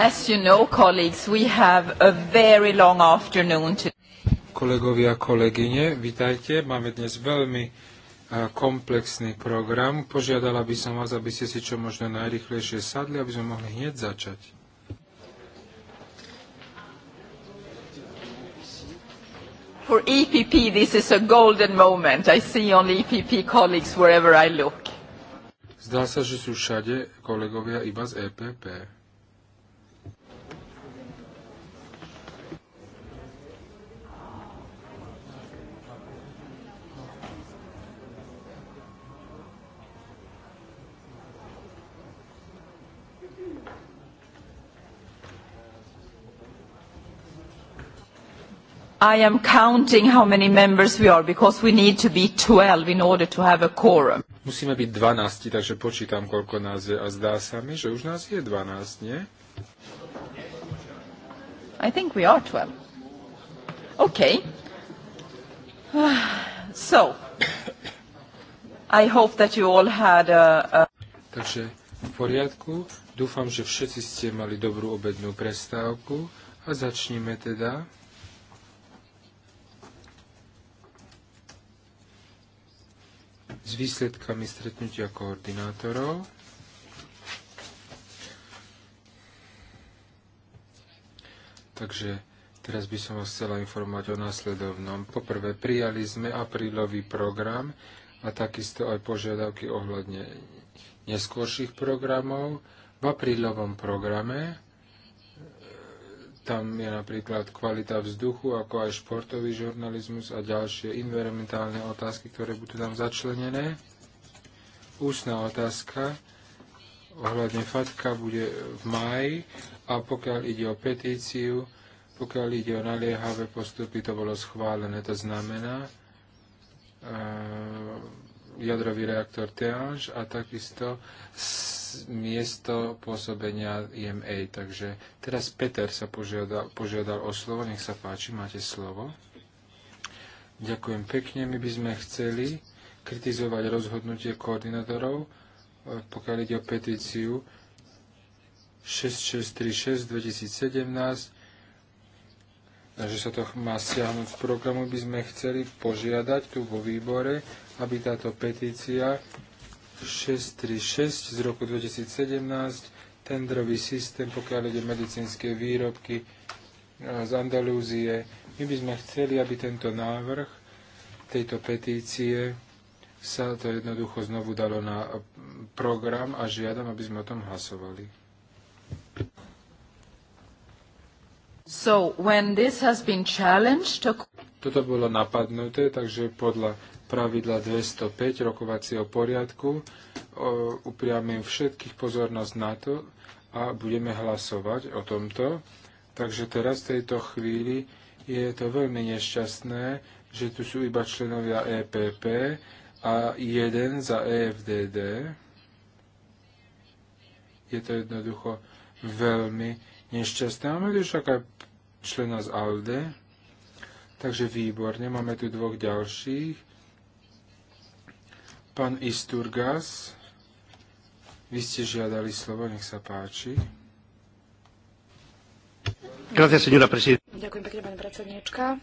As you know, colleagues, we have a very long afternoon today. Kolegovia, kolegyne, vitajte. Máme dnes veľmi komplexný program. Požiadala by som vás, aby ste si čo možno najrychlejšie sadli, aby sme mohli hneď začať. For EPP, this is a golden moment. I see only EPP colleagues wherever I look. Zdá sa, že sú všade kolegovia iba z EPP. I am counting how many members we are because we need to be 12 in order to have a quorum. Musíme byť 12, takže počítam, koľko nás je a zdá sa mi, že už nás je 12, nie? I think we are 12. Okay. So, I hope that you all had a, a... Takže v poriadku. Dúfam, že všetci ste mali dobrú obednú prestávku a začníme teda. s výsledkami stretnutia koordinátorov. Takže teraz by som vás chcela informovať o následovnom. Poprvé, prijali sme aprílový program a takisto aj požiadavky ohľadne neskôrších programov. V aprílovom programe tam je napríklad kvalita vzduchu, ako aj športový žurnalizmus a ďalšie environmentálne otázky, ktoré budú tam začlenené. Ústna otázka ohľadne FATKA bude v máji a pokiaľ ide o petíciu, pokiaľ ide o naliehavé postupy, to bolo schválené. To znamená, e jadrový reaktor Teáž a takisto miesto pôsobenia IMA. E Takže teraz Peter sa požiadal, požiadal o slovo. Nech sa páči, máte slovo. Ďakujem pekne. My by sme chceli kritizovať rozhodnutie koordinátorov, eh, pokiaľ ide o petíciu 6636 2017 že sa to má stiahnuť z programu, by sme chceli požiadať tu vo výbore, aby táto petícia 636 z roku 2017, tendrový systém, pokiaľ ide medicínske výrobky e, z Andalúzie. My by sme chceli, aby tento návrh tejto petície sa to jednoducho znovu dalo na program a žiadam, aby sme o tom hlasovali. So, when this has been challenged... Toto bolo napadnuté, takže podľa pravidla 205 rokovacieho poriadku. Upriamím všetkých pozornosť na to a budeme hlasovať o tomto. Takže teraz v tejto chvíli je to veľmi nešťastné, že tu sú iba členovia EPP a jeden za EFDD. Je to jednoducho veľmi nešťastné. Máme tu však aj člena z ALDE, takže výborne. Máme tu dvoch ďalších. Pán Isturgas, vy ste žiadali slovo, nech sa páči. Gracias, señora presidenta. Ďakujem pekne, pani predsedníčka.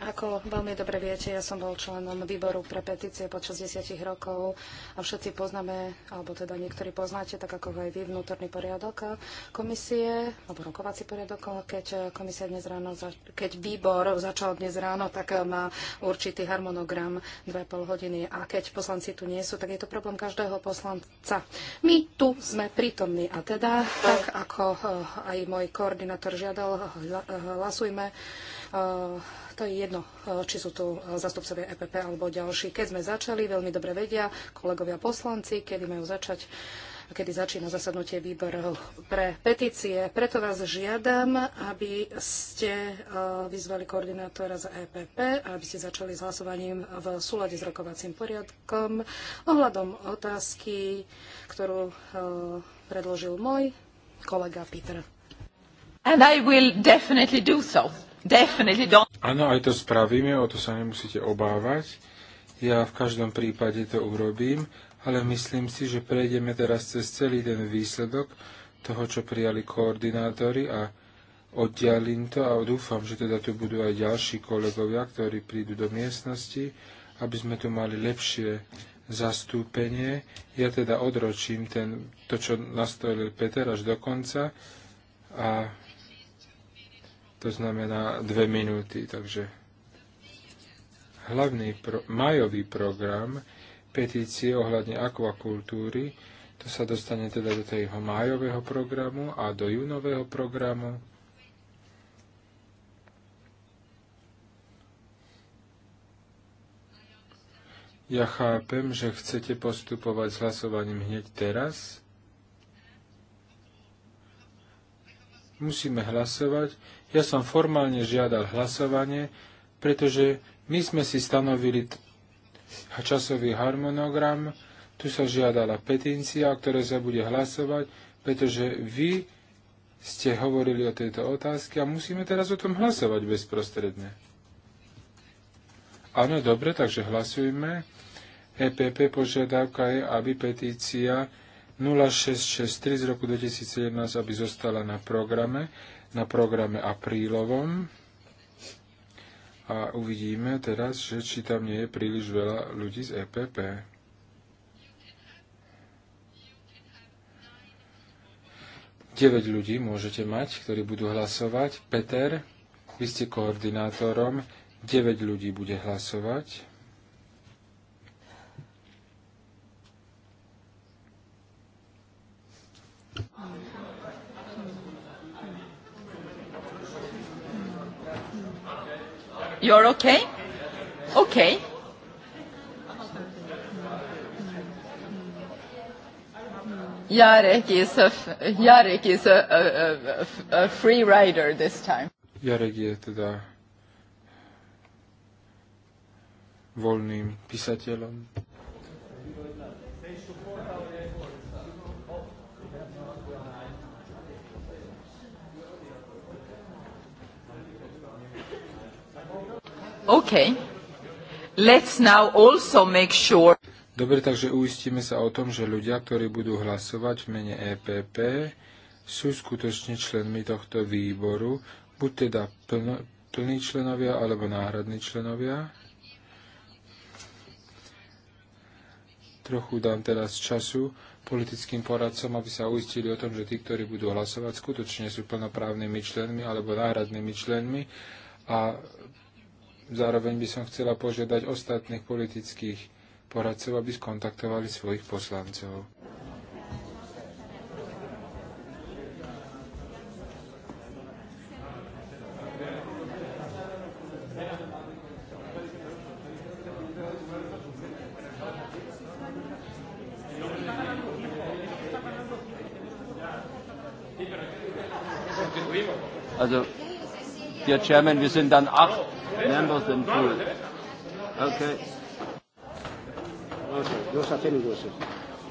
Ako veľmi dobre viete, ja som bol členom výboru pre petície počas desiatich rokov a všetci poznáme, alebo teda niektorí poznáte, tak ako aj vy, vnútorný poriadok komisie, alebo rokovací poriadok, keď, komisia dnes ráno, keď výbor začal dnes ráno, tak má určitý harmonogram 2,5 hodiny a keď poslanci tu nie sú, tak je to problém každého poslanca. My tu sme prítomní a teda, tak ako eh, aj môj koordinátor žiadal, eh, eh, hlasujme Eh, to je jedno, eh, či sú tu eh, zastupcovia EPP alebo ďalší. Keď sme začali, veľmi dobre vedia kolegovia poslanci, kedy majú začať a kedy začína zasadnutie výborov pre petície. Preto vás žiadam, aby ste vyzvali koordinátora za EPP, a aby ste začali s hlasovaním v súlade s rokovacím poriadkom ohľadom otázky, ktorú predložil môj kolega Peter. And I will definitely do so. Áno, aj to spravíme, o to sa nemusíte obávať. Ja v každom prípade to urobím, ale myslím si, že prejdeme teraz cez celý ten výsledok toho, čo prijali koordinátori a oddialím to a dúfam, že teda tu budú aj ďalší kolegovia, ktorí prídu do miestnosti, aby sme tu mali lepšie zastúpenie. Ja teda odročím ten, to, čo nastojil Peter až do konca a to znamená dve minúty. Takže hlavný pro, majový program petície ohľadne akvakultúry, to sa dostane teda do tejho májového programu a do júnového programu. Ja chápem, že chcete postupovať s hlasovaním hneď teraz. Musíme hlasovať. Ja som formálne žiadal hlasovanie, pretože my sme si stanovili časový harmonogram, tu sa žiadala petícia, o ktorej sa bude hlasovať, pretože vy ste hovorili o tejto otázke a musíme teraz o tom hlasovať bezprostredne. Áno, dobre, takže hlasujme. EPP požiadavka je, aby petícia 0663 z roku 2017, aby zostala na programe na programe aprílovom a uvidíme teraz, že či tam nie je príliš veľa ľudí z EPP. Deväť ľudí môžete mať, ktorí budú hlasovať. Peter, vy ste koordinátorom, 9 ľudí bude hlasovať. You're okay? Okay. Jarek is a, Jarek is a, a, a, a free rider this time. Jarek je teda voľným písateľom. Okay. Let's now also make sure... Dobre, takže uistíme sa o tom, že ľudia, ktorí budú hlasovať v mene EPP, sú skutočne členmi tohto výboru, buď teda pln, plní členovia alebo náhradní členovia. Trochu dám teraz času politickým poradcom, aby sa uistili o tom, že tí, ktorí budú hlasovať, skutočne sú plnoprávnymi členmi alebo náhradnými členmi a Zároveň by som chcela požiadať ostatných politických poradcov, aby skontaktovali svojich poslancov. Also, dear Chairman, wir sind dann acht members and food. Okay.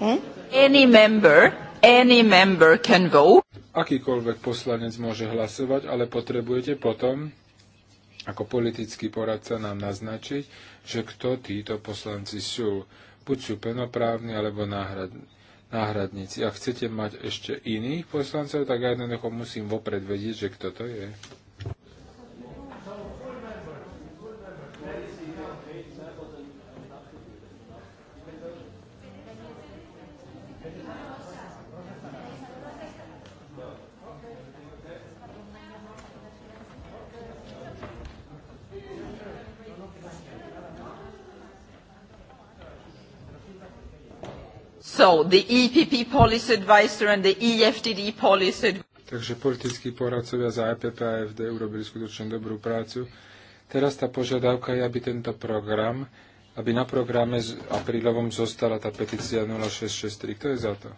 Eh? Any member, any member can vote. Akýkoľvek poslanec môže hlasovať, ale potrebujete potom ako politický poradca nám naznačiť, že kto títo poslanci sú. Buď sú plnoprávni alebo náhradníci. Ak chcete mať ešte iných poslancov, tak ja jednoducho musím vopred vedieť, že kto to je. No, the EPP policy advisor and the EFTD policy Takže politickí poradcovia za EPP a e FD urobili skutočne dobrú prácu. Teraz tá požiadavka je, aby tento program, aby na programe s aprílovom zostala tá petícia 0663. Kto je za to?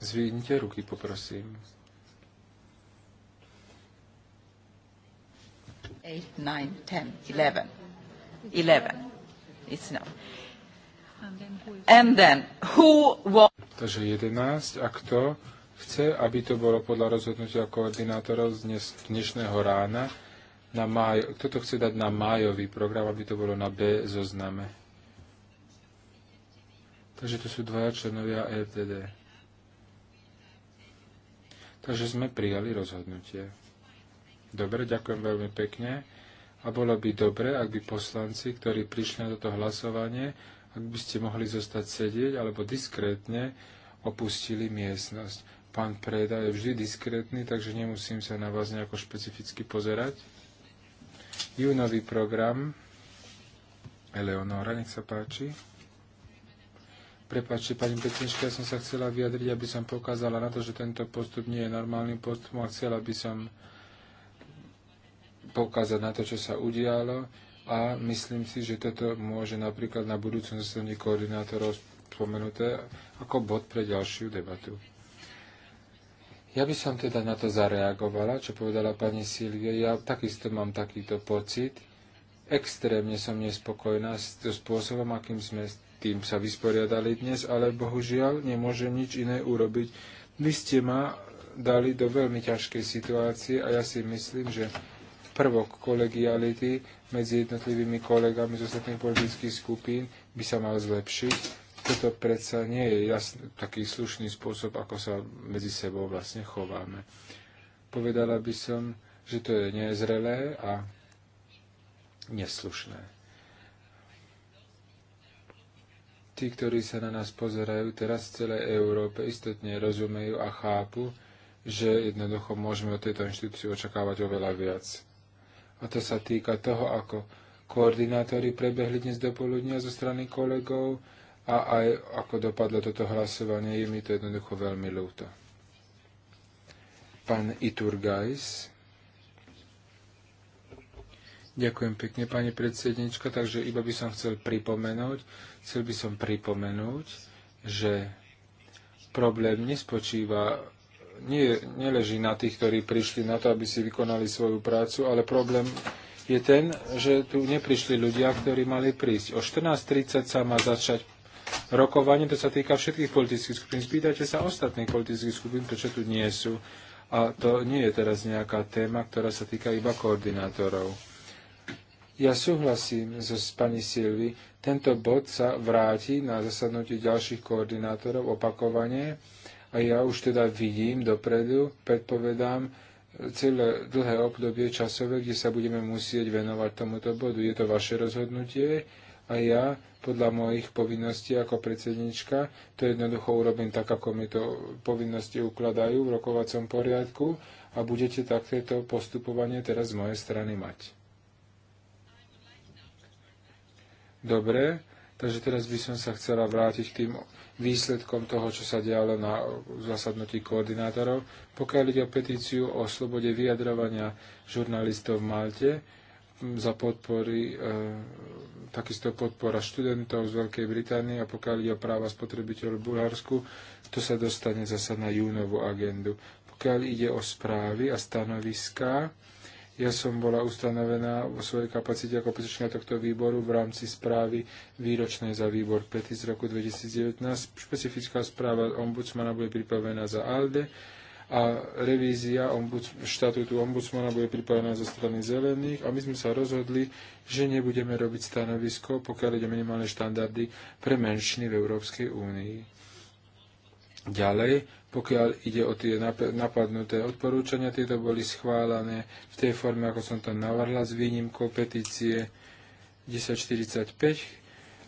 Zvíjnite ruky, poprosím. 8, 9, 10, 11. 11. It's not. And then, who Takže 11, a kto chce, aby to bolo podľa rozhodnutia koordinátorov z dnes, dnešného rána, na máj, kto to chce dať na májový program, aby to bolo na B zozname. Takže to sú dvaja členovia RTD. E Takže sme prijali rozhodnutie. Dobre, ďakujem veľmi pekne. A bolo by dobre, ak by poslanci, ktorí prišli na toto hlasovanie, ak by ste mohli zostať sedieť alebo diskrétne opustili miestnosť. Pán Preda je vždy diskrétny, takže nemusím sa na vás nejako špecificky pozerať. Júnový program. Eleonora, nech sa páči. Prepačte, pani predsednička, ja som sa chcela vyjadriť, aby som pokázala na to, že tento postup nie je normálnym postupom a chcela by som poukázať na to, čo sa udialo. A myslím si, že toto môže napríklad na budúcom zasadení koordinátorov spomenuté ako bod pre ďalšiu debatu. Ja by som teda na to zareagovala, čo povedala pani Silvia. Ja takisto mám takýto pocit. Extrémne som nespokojná s tým spôsobom, akým sme s tým sa vysporiadali dnes, ale bohužiaľ nemôžem nič iné urobiť. Vy ste ma dali do veľmi ťažkej situácie a ja si myslím, že prvok kolegiality medzi jednotlivými kolegami z ostatných politických skupín by sa mal zlepšiť. Toto predsa nie je jasný, taký slušný spôsob, ako sa medzi sebou vlastne chováme. Povedala by som, že to je nezrelé a neslušné. Tí, ktorí sa na nás pozerajú teraz v celej Európe, istotne rozumejú a chápu, že jednoducho môžeme od tejto inštitúcie očakávať oveľa viac. A to sa týka toho, ako koordinátori prebehli dnes do poludnia zo strany kolegov a aj ako dopadlo toto hlasovanie. Je mi to jednoducho veľmi ľúto. Pán Iturgajs. Ďakujem pekne, pani predsednička. Takže iba by som chcel pripomenúť, chcel by som pripomenúť, že problém nespočíva nie, neleží na tých, ktorí prišli na to, aby si vykonali svoju prácu, ale problém je ten, že tu neprišli ľudia, ktorí mali prísť. O 14.30 sa má začať rokovanie, to sa týka všetkých politických skupín. Spýtajte sa ostatných politických skupín, prečo tu nie sú. A to nie je teraz nejaká téma, ktorá sa týka iba koordinátorov. Ja súhlasím so s pani Silvi, tento bod sa vráti na zasadnutie ďalších koordinátorov opakovane a ja už teda vidím dopredu, predpovedám, celé dlhé obdobie časové, kde sa budeme musieť venovať tomuto bodu. Je to vaše rozhodnutie a ja podľa mojich povinností ako predsednička to jednoducho urobím tak, ako mi to povinnosti ukladajú v rokovacom poriadku a budete takéto postupovanie teraz z mojej strany mať. Dobre, Takže teraz by som sa chcela vrátiť k tým výsledkom toho, čo sa dialo na zasadnutí koordinátorov. Pokiaľ ide o petíciu o slobode vyjadrovania žurnalistov v Malte, za podpory, e, takisto podpora študentov z Veľkej Británie a pokiaľ ide o práva spotrebiteľov v Bulharsku, to sa dostane zasa na júnovú agendu. Pokiaľ ide o správy a stanoviská, ja som bola ustanovená vo svojej kapacite ako predsedčina tohto výboru v rámci správy výročnej za výbor 5 z roku 2019. Špecifická správa ombudsmana bude pripravená za ALDE a revízia ombuds- štatútu ombudsmana bude pripravená zo strany zelených a my sme sa rozhodli, že nebudeme robiť stanovisko, pokiaľ ide minimálne štandardy pre menšiny v Európskej únii. Ďalej, pokiaľ ide o tie napadnuté odporúčania, tieto boli schválené v tej forme, ako som to navrhla, s výnimkou petície 1045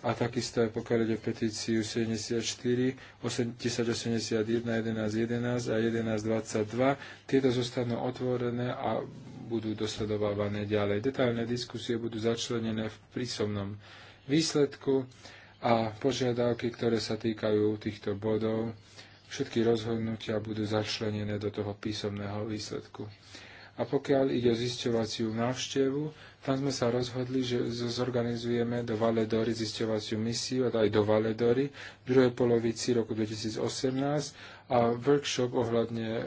a takisto aj pokiaľ ide o petíciu 74, 1081, 1111 a 1122. Tieto zostanú otvorené a budú dosledovávané ďalej. Detailné diskusie budú začlenené v prísomnom výsledku a požiadavky, ktoré sa týkajú týchto bodov, všetky rozhodnutia budú začlenené do toho písomného výsledku. A pokiaľ ide o zisťovaciu návštevu, tam sme sa rozhodli, že zorganizujeme do Valedory zisťovaciu misiu, a aj do Valedory, v druhej polovici roku 2018 a workshop ohľadne e,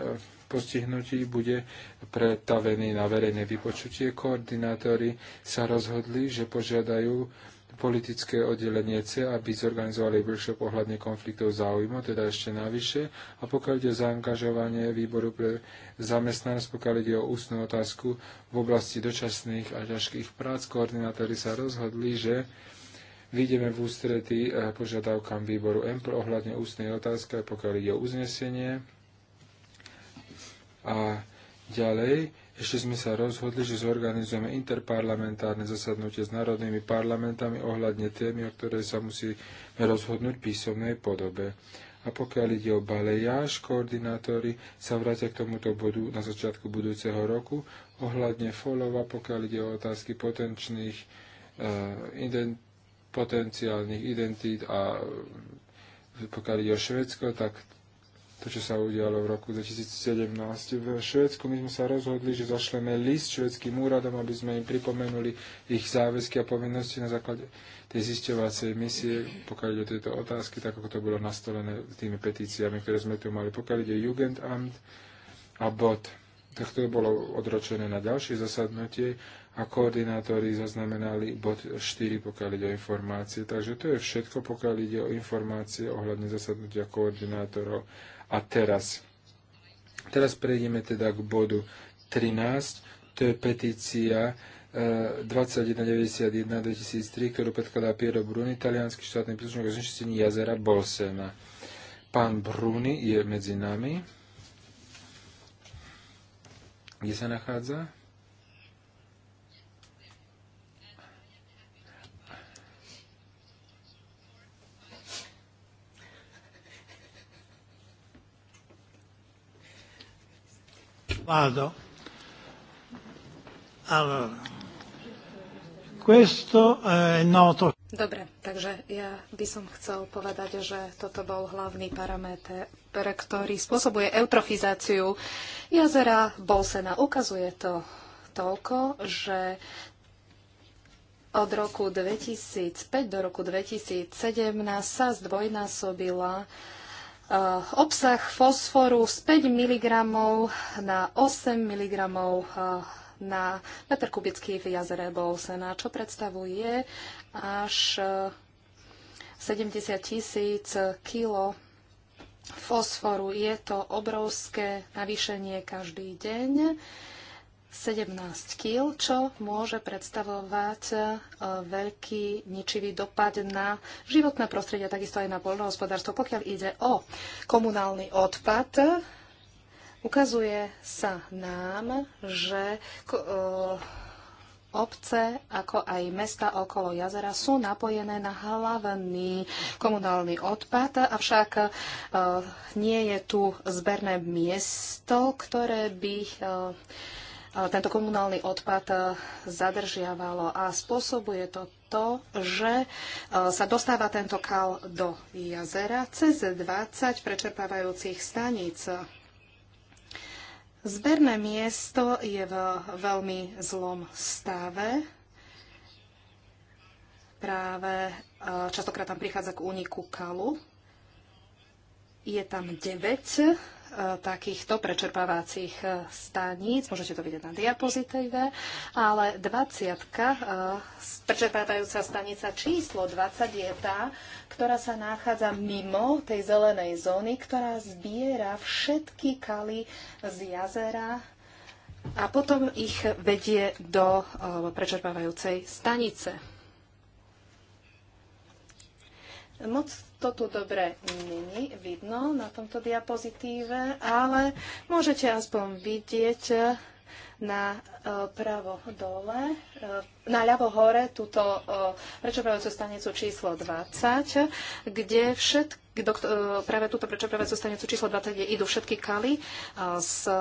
postihnutí bude pretavený na verejné vypočutie. Koordinátori sa rozhodli, že požiadajú politické oddelenie C, aby zorganizovali bližšie ohľadne konfliktov záujmu, teda ešte navyše. A pokiaľ ide o zaangažovanie výboru pre zamestnanosť, pokiaľ ide o ústnu otázku v oblasti dočasných a ťažkých prác, koordinátori sa rozhodli, že vidíme v ústretí eh, požiadavkám výboru EMPL ohľadne ústnej otázky, pokiaľ ide o uznesenie. A ďalej, ešte sme sa rozhodli, že zorganizujeme interparlamentárne zasadnutie s národnými parlamentami ohľadne témy, o ktorej sa musíme rozhodnúť v písomnej podobe. A pokiaľ ide o balejáž, koordinátori sa vrátia k tomuto bodu na začiatku budúceho roku. Ohľadne folova, pokiaľ ide o otázky potenčných, eh, ident, potenciálnych identít a eh, pokiaľ ide o Švedsko, tak to, čo sa udialo v roku 2017. V Švedsku my sme sa rozhodli, že zašleme list švedským úradom, aby sme im pripomenuli ich záväzky a povinnosti na základe tej zisťovacej misie, pokiaľ ide o tieto otázky, tak ako to bolo nastolené tými petíciami, ktoré sme tu mali. Pokiaľ ide Jugendamt a bot. tak to bolo odročené na ďalšie zasadnutie a koordinátori zaznamenali bod 4, pokiaľ ide o informácie. Takže to je všetko, pokiaľ ide o informácie ohľadne zasadnutia koordinátorov. A teraz, teraz prejdeme teda k bodu 13, to je petícia 2191-2003, e, ktorú predkladá Piero Bruni, italianský štátny príslušník o znečistení jazera Bolsena. Pán Bruni je medzi nami. Kde sa nachádza? Vado. Allora. Questo è noto. Dobre, takže ja by som chcel povedať, že toto bol hlavný parameter, ktorý spôsobuje eutrofizáciu jazera Bolsena. Ukazuje to toľko, že od roku 2005 do roku 2017 sa zdvojnásobila Eh, obsah fosforu z 5 mg na 8 mg eh, na meter kubický v jazere Bolsena, čo predstavuje až 70 eh, tisíc kilo fosforu. Je to obrovské navýšenie každý deň 17 kg, čo môže predstavovať e, veľký ničivý dopad na životné prostredie, takisto aj na poľnohospodárstvo. Pokiaľ ide o komunálny odpad, ukazuje sa nám, že e, obce, ako aj mesta okolo jazera sú napojené na hlavný komunálny odpad, avšak e, nie je tu zberné miesto, ktoré by tento komunálny odpad e, zadržiavalo a spôsobuje to to, že e, sa dostáva tento kal do jazera cez 20 prečerpávajúcich staníc. Zberné miesto je v veľmi zlom stave. Práve e, častokrát tam prichádza k úniku kalu. Je tam 9 takýchto prečerpávacích e, staníc. Môžete to vidieť na diapozitíve. Ale 20 e, prečerpávajúca stanica číslo 20 je tá, ktorá sa nachádza mimo tej zelenej zóny, ktorá zbiera všetky kaly z jazera a potom ich vedie do e, prečerpávajúcej stanice. Moc to tu dobre není vidno na tomto diapozitíve, ale môžete aspoň vidieť na e, pravo dole, e, na ľavo hore túto e, prečopravujúcu stanicu číslo 20, kde všetky práve túto prečopravujúcu stanicu číslo 20, kde idú všetky kaly z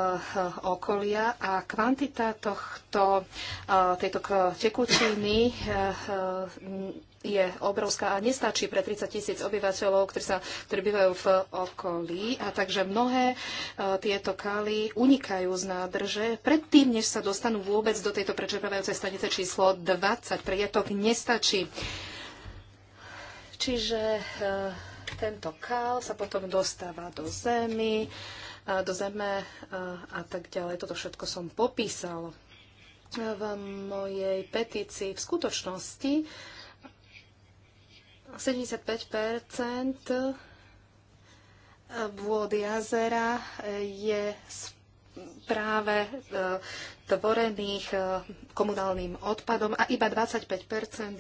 okolia a kvantita tohto, tejto tekutiny je obrovská a nestačí pre 30 tisíc obyvateľov, ktorí, sa, ktorí bývajú v okolí. A takže mnohé e, tieto kaly unikajú z nádrže predtým, než sa dostanú vôbec do tejto prečerpávajúcej stanice číslo 20. Prietok nestačí. Čiže e, tento kál sa potom dostáva do zemi, e, do zeme a tak ďalej. Toto všetko som popísal v mojej petícii. V skutočnosti 75 vôd jazera je práve e, tvorených e, komunálnym odpadom a iba 25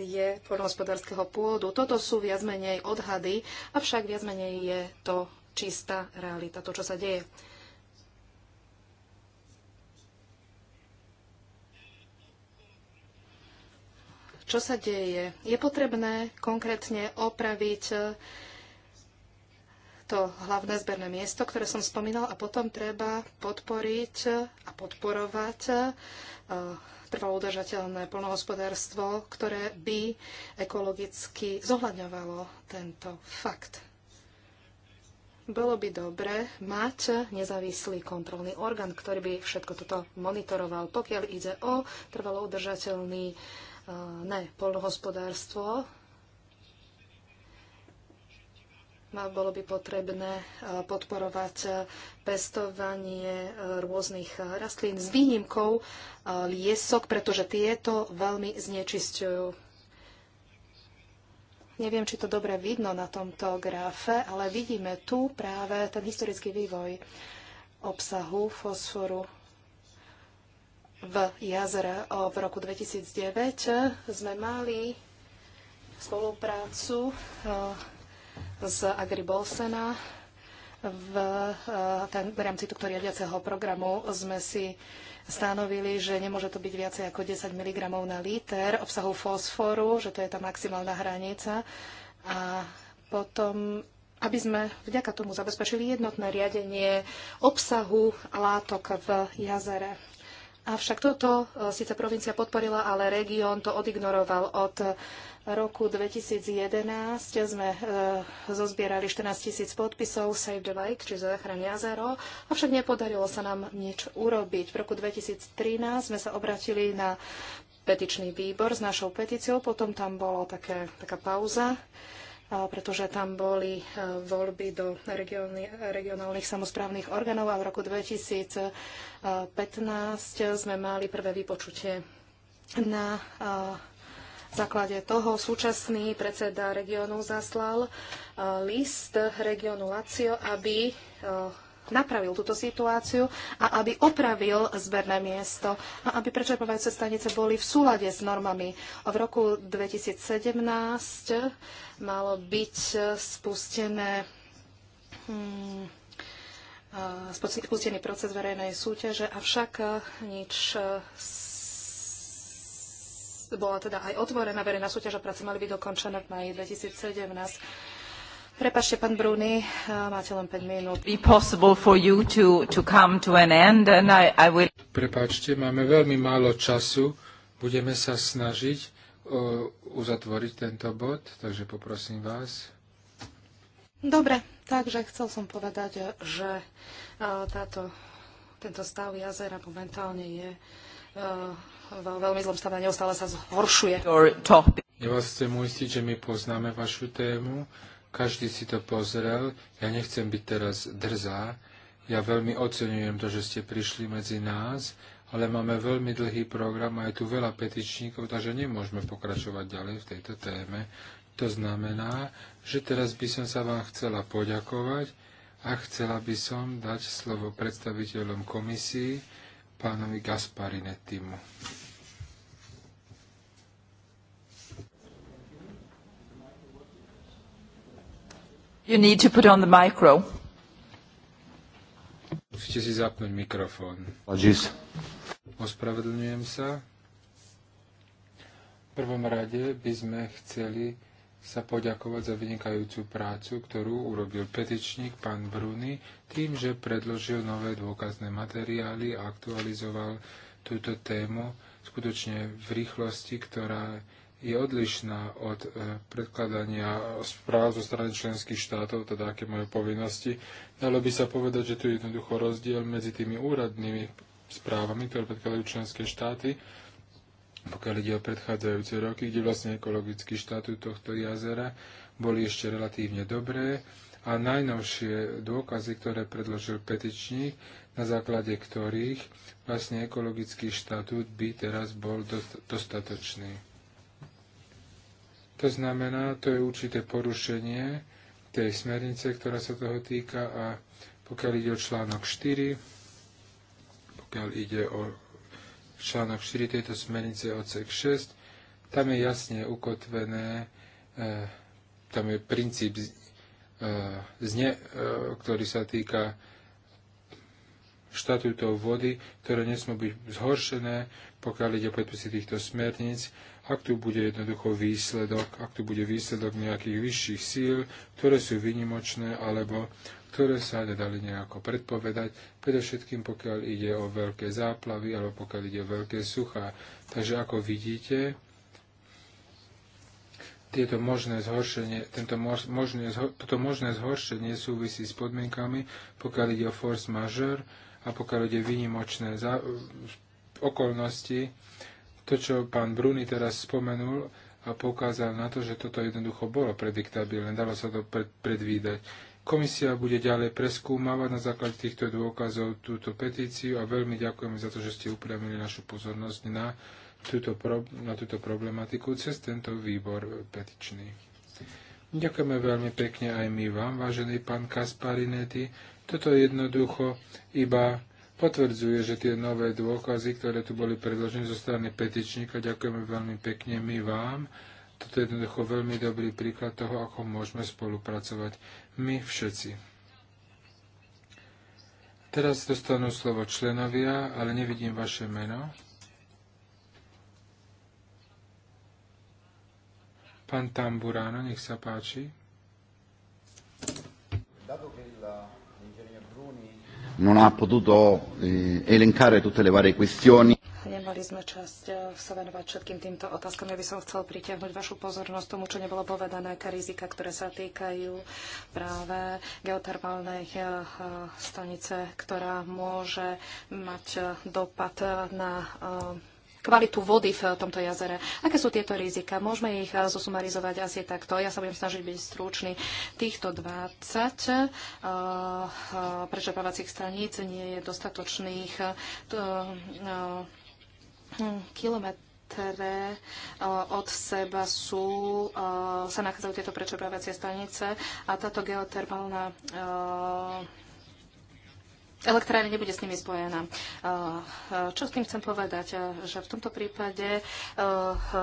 je poľnohospodárskeho pôdu. Toto sú viac menej odhady, avšak viac menej je to čistá realita, to, čo sa deje. čo sa deje. Je potrebné konkrétne opraviť e, to hlavné zberné miesto, ktoré som spomínal, a potom treba podporiť a podporovať e, trvalo udržateľné polnohospodárstvo, ktoré by ekologicky zohľadňovalo tento fakt. Bolo by dobre mať nezávislý kontrolný orgán, ktorý by všetko toto monitoroval, pokiaľ ide o trvalo udržateľný uh, ne polnohospodárstvo, bolo by potrebné podporovať pestovanie rôznych rastlín s výnimkou liesok, pretože tieto veľmi znečisťujú. Neviem, či to dobre vidno na tomto grafe, ale vidíme tu práve ten historický vývoj obsahu fosforu v jazere v roku 2009 sme mali spoluprácu z Agri Bolsena v, ten, v rámci tohto riadiaceho programu sme si stanovili, že nemôže to byť viacej ako 10 mg na liter obsahu fosforu, že to je tá maximálna hranica. A potom, aby sme vďaka tomu zabezpečili jednotné riadenie obsahu látok v jazere. Avšak toto e, síce provincia podporila, ale región to odignoroval od roku 2011 sme e, zozbierali 14 tisíc podpisov Save the Lake, čiže zachráň jazero, avšak nepodarilo sa nám nič urobiť. V roku 2013 sme sa obratili na petičný výbor s našou petíciou, potom tam bola taká pauza pretože tam boli e, voľby do regionálnych, regionálnych samozprávnych orgánov a v roku 2015 sme mali prvé vypočutie na e, základe toho súčasný predseda regiónu zaslal e, list regiónu Lazio, aby napravil túto situáciu a aby opravil zberné miesto a aby prečerpovajúce stanice boli v súlade s normami. V roku 2017 malo byť spustené hmm, spustený proces verejnej súťaže, avšak e, nič e, bola teda aj otvorená verejná súťaž a práce mali byť dokončené v maji 2017. Prepašte, pán Bruni, eh, máte len 5 minút. Be possible for you to, to come to an end and I, I will... Prepačte, máme veľmi málo času. Budeme sa snažiť o, eh, uzatvoriť tento bod, takže poprosím vás. Dobre, takže chcel som povedať, eh, že táto, tento stav jazera momentálne je v veľmi zlom stave a neustále sa zhoršuje. Ja vás chcem uistiť, že my poznáme vašu tému každý si to pozrel. Ja nechcem byť teraz drzá. Ja veľmi oceňujem to, že ste prišli medzi nás, ale máme veľmi dlhý program a je tu veľa petičníkov, takže nemôžeme pokračovať ďalej v tejto téme. To znamená, že teraz by som sa vám chcela poďakovať a chcela by som dať slovo predstaviteľom komisii, pánovi Gasparinettimu. You need to put on the micro. Musíte si zapnúť mikrofón. Apologies. Ospravedlňujem sa. V prvom rade by sme chceli sa poďakovať za vynikajúcu prácu, ktorú urobil petičník pán Bruny tým, že predložil nové dôkazné materiály a aktualizoval túto tému skutočne v rýchlosti, ktorá je odlišná od e, predkladania správ zo strany členských štátov, teda aké majú povinnosti. Dalo by sa povedať, že tu je jednoducho rozdiel medzi tými úradnými správami, ktoré predkladajú členské štáty, pokiaľ ide o predchádzajúce roky, kde vlastne ekologický štátu tohto jazera boli ešte relatívne dobré a najnovšie dôkazy, ktoré predložil petičník, na základe ktorých vlastne ekologický štatút by teraz bol dostatočný. To znamená, to je určité porušenie tej smernice, ktorá sa toho týka a pokiaľ ide o článok 4, pokiaľ ide o článok 4 tejto smernice odsek 6, tam je jasne ukotvené, e, tam je princíp, e, zne, e, ktorý sa týka štatútov vody, ktoré nesmú byť zhoršené, pokiaľ ide o predpisy týchto smerníc ak tu bude jednoducho výsledok, ak tu bude výsledok nejakých vyšších síl, ktoré sú vynimočné alebo ktoré sa nedali nejako predpovedať, predovšetkým pokiaľ ide o veľké záplavy alebo pokiaľ ide o veľké suchá. Takže ako vidíte, tieto možné zhoršenie, tento možné, toto možné zhoršenie súvisí s podmienkami, pokiaľ ide o force majeure a pokiaľ ide o výnimočné okolnosti, to, čo pán Bruni teraz spomenul a poukázal na to, že toto jednoducho bolo prediktabilné, dalo sa to predvídať. Komisia bude ďalej preskúmavať na základe týchto dôkazov túto petíciu a veľmi ďakujeme za to, že ste upriamili našu pozornosť na túto, pro, na túto problematiku cez tento výbor petičný. Ďakujeme veľmi pekne aj my vám, vážený pán Kasparinetti. Toto jednoducho iba potvrdzuje, že tie nové dôkazy, ktoré tu boli predložené zo strany petičníka, ďakujeme veľmi pekne my vám. Toto je jednoducho veľmi dobrý príklad toho, ako môžeme spolupracovať my všetci. Teraz dostanú slovo členovia, ale nevidím vaše meno. Pán Tamburáno, nech sa páči non ha potuto eh, elencare tutte le varie questioni. Nemali sme časť eh, sa venovať všetkým týmto otázkam. Ja by som chcel pritiahnuť vašu pozornosť tomu, čo nebolo povedané, aká rizika, ktoré sa týkajú práve geotermálnej eh, stanice, ktorá môže mať dopad na uh, kvalitu vody v tomto jazere. Aké sú tieto rizika? Môžeme ich eh, zosumarizovať asi takto. Ja sa budem snažiť byť stručný. Týchto 20 eh, eh, prečerpávacích staníc nie je dostatočných hm, kilometrov ktoré od seba sú, sa nachádzajú tieto prečerpávacie stanice a táto geotermálna elektrárne nebude s nimi spojená. Eh, čo s tým chcem povedať? Eh, že v tomto prípade eh,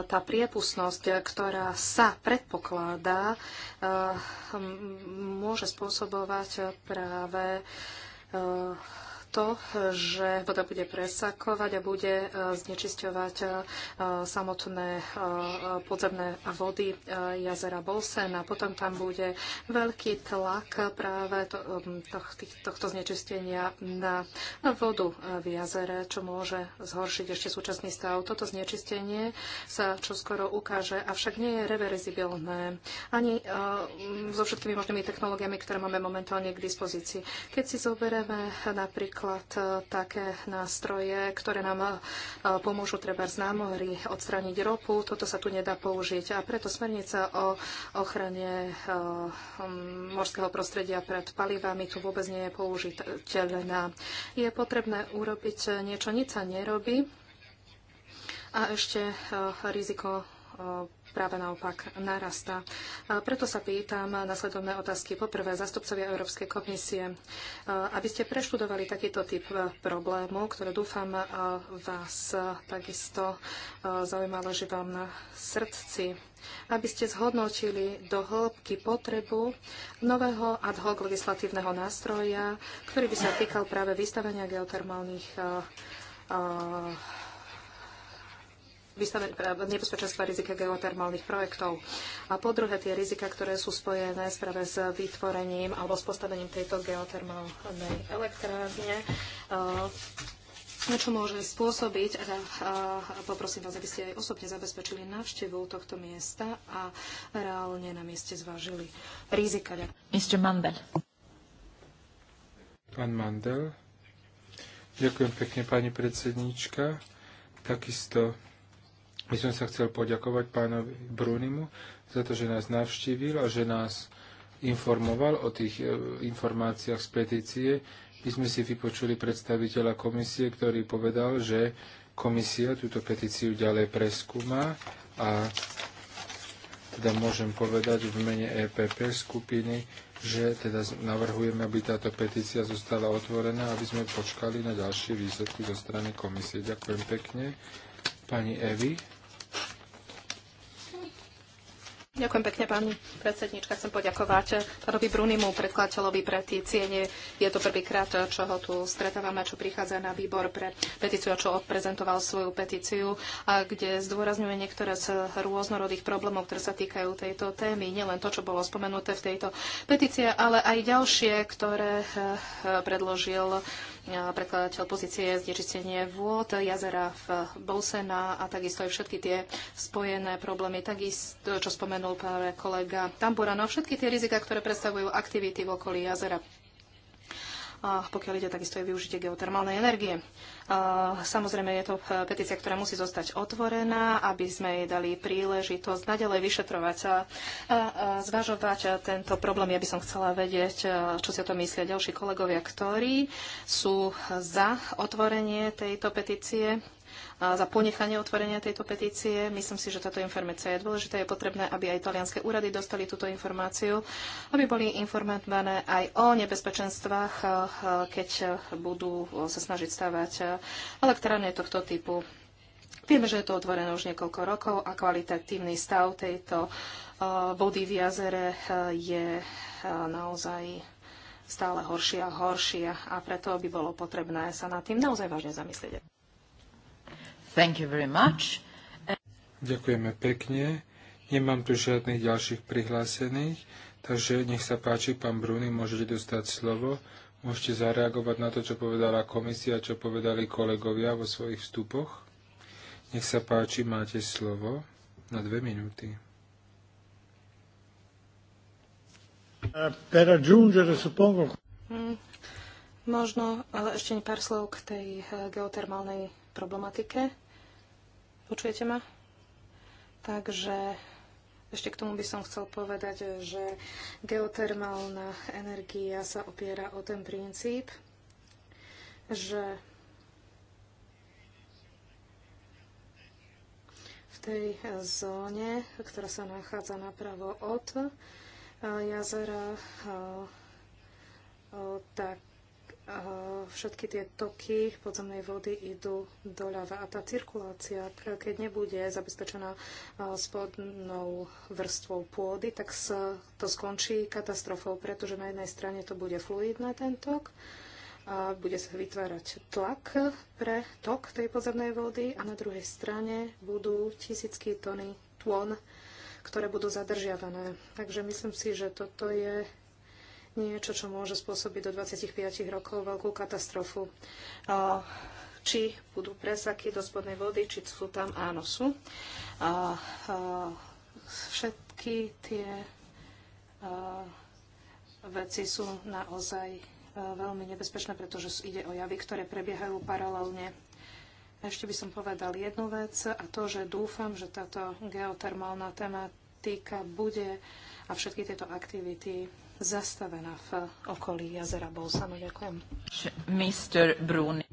tá priepustnosť, ktorá sa predpokladá, môže spôsobovať práve to, že voda bude presakovať a bude e, znečisťovať e, samotné e, podzemné vody jazera Bolsen a potom tam bude veľký tlak práve tohto znečistenia na vodu v jazere, čo môže zhoršiť ešte súčasný stav. Toto znečistenie sa čoskoro ukáže, avšak nie je reverzibilné ani so všetkými možnými technológiami, ktoré máme momentálne k dispozícii. Keď si zoberieme napríklad napríklad e, také nástroje, ktoré nám e, pomôžu treba z námory odstrániť ropu. Toto sa tu nedá použiť a preto smernica o ochrane e, morského prostredia pred palivami tu vôbec nie je použiteľná. Je potrebné urobiť niečo, nič sa nerobí a ešte riziko práve naopak narastá. A preto sa pýtam nasledovné otázky. Poprvé, zastupcovia Európskej komisie, aby ste preštudovali takýto typ e, problému, ktoré dúfam vás e, takisto e, zaujímalo, že vám na srdci aby ste zhodnotili do hĺbky potrebu nového ad hoc legislatívneho nástroja, ktorý by sa týkal práve vystavenia geotermálnych uh, uh, nebezpečenstva rizika geotermálnych projektov. A po druhé, tie rizika, ktoré sú spojené práve s vytvorením alebo s postavením tejto geotermálnej elektrárne, eh, čo môže spôsobiť. A, a, a poprosím vás, aby ste aj osobne zabezpečili návštevu tohto miesta a reálne na mieste zvážili rizika. Mr. Mandel. Pán Mandel. Ďakujem pekne, pani predsedníčka. Takisto by som sa chcel poďakovať pánovi Brunimu za to, že nás navštívil a že nás informoval o tých e, informáciách z petície. My sme si vypočuli predstaviteľa komisie, ktorý povedal, že komisia túto petíciu ďalej preskúma a teda môžem povedať v mene EPP skupiny, že teda navrhujeme, aby táto petícia zostala otvorená, aby sme počkali na ďalšie výsledky zo strany komisie. Ďakujem pekne. Pani Evi. Ďakujem pekne, pani predsednička. Chcem poďakovať pánovi Brunimu, predkladateľovi petície. Nie, je to prvýkrát, čo ho tu stretávame, čo prichádza na výbor pre petíciu a čo odprezentoval svoju petíciu, a kde zdôrazňuje niektoré z rôznorodých problémov, ktoré sa týkajú tejto témy. Nielen to, čo bolo spomenuté v tejto petície, ale aj ďalšie, ktoré eh, eh, predložil predkladateľ pozície znežistenie vôd, jazera v Bolsena a takisto aj všetky tie spojené problémy, takisto, čo spomenul práve kolega Tambura, no všetky tie rizika, ktoré predstavujú aktivity v okolí jazera pokiaľ ide takisto aj využitie geotermálnej energie. Samozrejme, je to e, petícia, ktorá musí zostať otvorená, aby sme jej dali príležitosť naďalej vyšetrovať a, a zvažovať e, tento problém. Ja by som chcela vedieť, e, čo si o tom myslia ďalší kolegovia, ktorí sú za otvorenie tejto petície za ponechanie otvorenia tejto petície. Myslím si, že táto informácia je dôležitá. Je potrebné, aby aj italianské úrady dostali túto informáciu, aby boli informované aj o nebezpečenstvách, keď budú sa snažiť stavať elektrárne tohto typu. Vieme, že je to otvorené už niekoľko rokov a kvalitatívny stav tejto vody v jazere je naozaj stále horšia a horšia a preto by bolo potrebné sa nad tým naozaj vážne zamyslieť. Thank you very much. Ďakujeme pekne. Nemám tu žiadnych ďalších prihlásených, takže nech sa páči, pán Bruny, môžete dostať slovo. Môžete zareagovať na to, čo povedala komisia, čo povedali kolegovia vo svojich vstupoch. Nech sa páči, máte slovo na dve minúty. Hmm, možno, ale ešte pár slov k tej eh, geotermálnej problematike Počujete ma? Takže ešte k tomu by som chcel povedať, že geotermálna energia sa opiera o ten princíp, že v tej zóne, ktorá sa nachádza napravo od jazera, tak všetky tie toky podzemnej vody idú doľava a tá cirkulácia, keď nebude zabezpečená spodnou vrstvou pôdy, tak to skončí katastrofou, pretože na jednej strane to bude fluidné ten tok, a bude sa vytvárať tlak pre tok tej podzemnej vody a na druhej strane budú tisícky tony tón, ktoré budú zadržiavané. Takže myslím si, že toto je niečo, čo môže spôsobiť do 25 rokov veľkú katastrofu. Či budú presaky do spodnej vody, či sú tam, áno sú. A, a, všetky tie a, veci sú naozaj veľmi nebezpečné, pretože ide o javy, ktoré prebiehajú paralelne ešte by som povedal jednu vec a to, že dúfam, že táto geotermálna tematika bude a všetky tieto aktivity zastavená v okolí jazera Bolsano. Ďakujem. Mr. Bruni.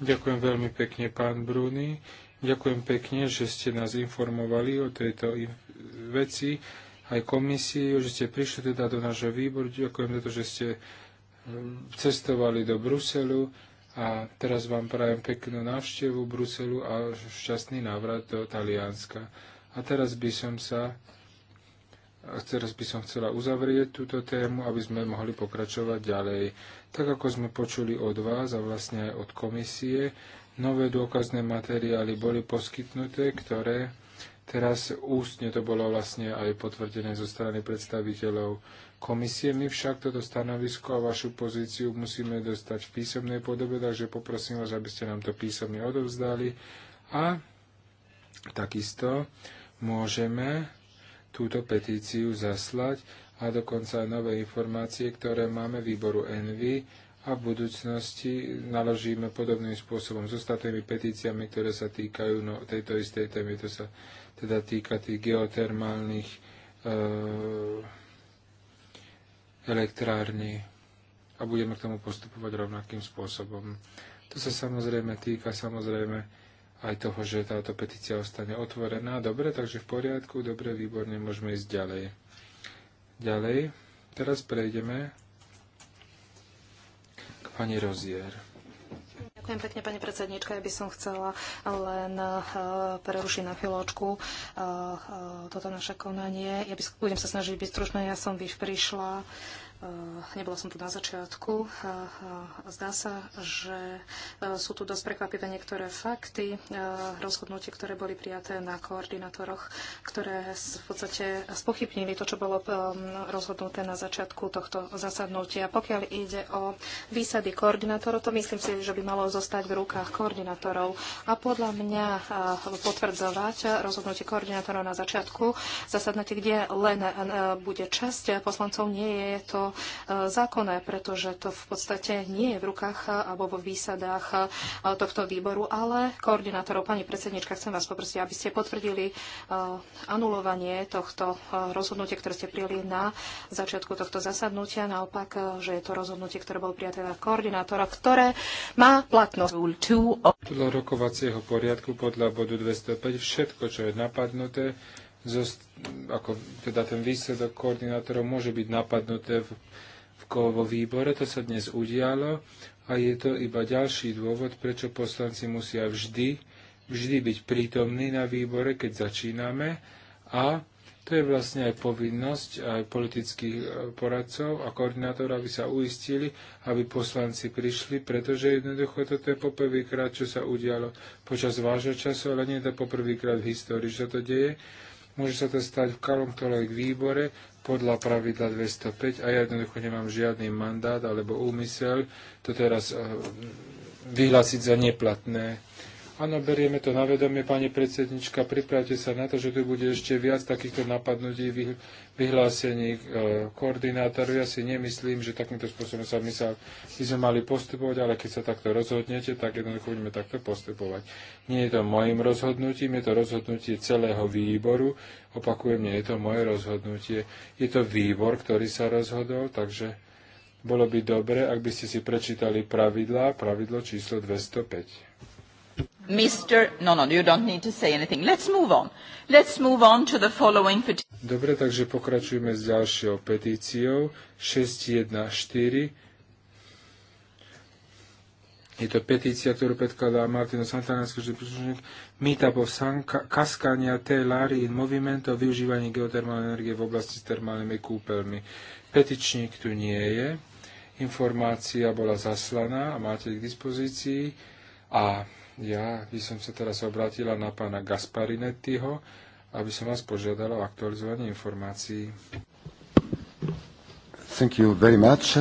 Ďakujem veľmi pekne, pán Bruni. Ďakujem pekne, že ste nás informovali o tejto veci, aj komisii, že ste prišli teda do nášho výboru. Ďakujem za to, že ste hm, cestovali do Bruselu a teraz vám prajem peknú návštevu Bruselu a šťastný návrat do Talianska. A teraz by som sa teraz by som chcela uzavrieť túto tému, aby sme mohli pokračovať ďalej. Tak ako sme počuli od vás a vlastne aj od komisie, nové dôkazné materiály boli poskytnuté, ktoré teraz ústne to bolo vlastne aj potvrdené zo strany predstaviteľov komisie. My však toto stanovisko a vašu pozíciu musíme dostať v písomnej podobe, takže poprosím vás, aby ste nám to písomne odovzdali a takisto môžeme túto petíciu zaslať a dokonca aj nové informácie, ktoré máme výboru Envy a v budúcnosti naložíme podobným spôsobom s ostatnými petíciami, ktoré sa týkajú no, tejto istej témy. To sa teda týka tých geotermálnych e, elektrární a budeme k tomu postupovať rovnakým spôsobom. To sa samozrejme týka samozrejme aj toho, že táto petícia ostane otvorená. Dobre, takže v poriadku, dobre, výborne, môžeme ísť ďalej. Ďalej, teraz prejdeme k pani Rozier. Ďakujem pekne, pani predsednička. Ja by som chcela len eh, prerušiť na chvíľočku eh, eh, toto naše konanie. Ja by, budem sa snažiť byť stručná. Ja som vyš prišla uh, Eh, nebola som tu na začiatku. Eh, zdá sa, že eh, sú tu dosť prekvapivé niektoré fakty, rozhodnutie, ktoré boli prijaté na koordinátoroch, ktoré v podstate spochybnili to, čo bolo ehm, rozhodnuté na začiatku tohto zasadnutia. Pokiaľ ide o výsady koordinátorov, to myslím si, že by malo zostať v rukách koordinátorov. A podľa mňa potvrdzovať rozhodnutie koordinátorov na začiatku zasadnutie, kde len bude časť poslancov, nie je to E, zákonné, pretože to v podstate nie je v rukách alebo vo výsadách e, tohto výboru, ale koordinátorov. Pani predsednička, chcem vás poprosiť, aby ste potvrdili e, anulovanie tohto rozhodnutia, ktoré ste prijali na začiatku tohto zasadnutia. Naopak, že je to rozhodnutie, ktoré bolo prijaté na koordinátora, ktoré má platnosť. Podľa rokovacieho poriadku, podľa bodu 205, všetko, čo je napadnuté, ako teda ten výsledok koordinátorov môže byť napadnuté v, v vo výbore. To sa dnes udialo a je to iba ďalší dôvod, prečo poslanci musia vždy, vždy byť prítomní na výbore, keď začíname a to je vlastne aj povinnosť aj politických e, poradcov a koordinátorov, aby sa uistili, aby poslanci prišli, pretože jednoducho toto je poprvýkrát, čo sa udialo počas vášho času, ale nie je to poprvýkrát v histórii, že to deje. Môže sa to stať v kalom ktoromkoľvek výbore podľa pravidla 205 a ja jednoducho nemám žiadny mandát alebo úmysel to teraz eh, vyhlásiť za neplatné. Áno, berieme to na vedomie, pani predsednička. Pripravte sa na to, že tu bude ešte viac takýchto napadnutí, vyhlásení e, koordinátorov. Ja si nemyslím, že takýmto spôsobom sa my, sa my sme mali postupovať, ale keď sa takto rozhodnete, tak jednoducho budeme takto postupovať. Nie je to mojim rozhodnutím, je to rozhodnutie celého výboru. Opakujem, nie je to moje rozhodnutie. Je to výbor, ktorý sa rozhodol, takže bolo by dobre, ak by ste si prečítali pravidlá, pravidlo číslo 205. No, no, Dobre, takže pokračujeme s ďalšou petíciou 614. Je to petícia, ktorú predkladá Martino Santanánsko, že príslušník po kaskania T. Lari in Movimento o využívaní geotermálnej energie v oblasti s termálnymi kúpeľmi. Petičník tu nie je. Informácia bola zaslaná a máte k dispozícii. A ja by som sa teraz obrátila na pána Gasparinettiho, aby som vás požiadala o aktualizovanie informácií. Thank you very much.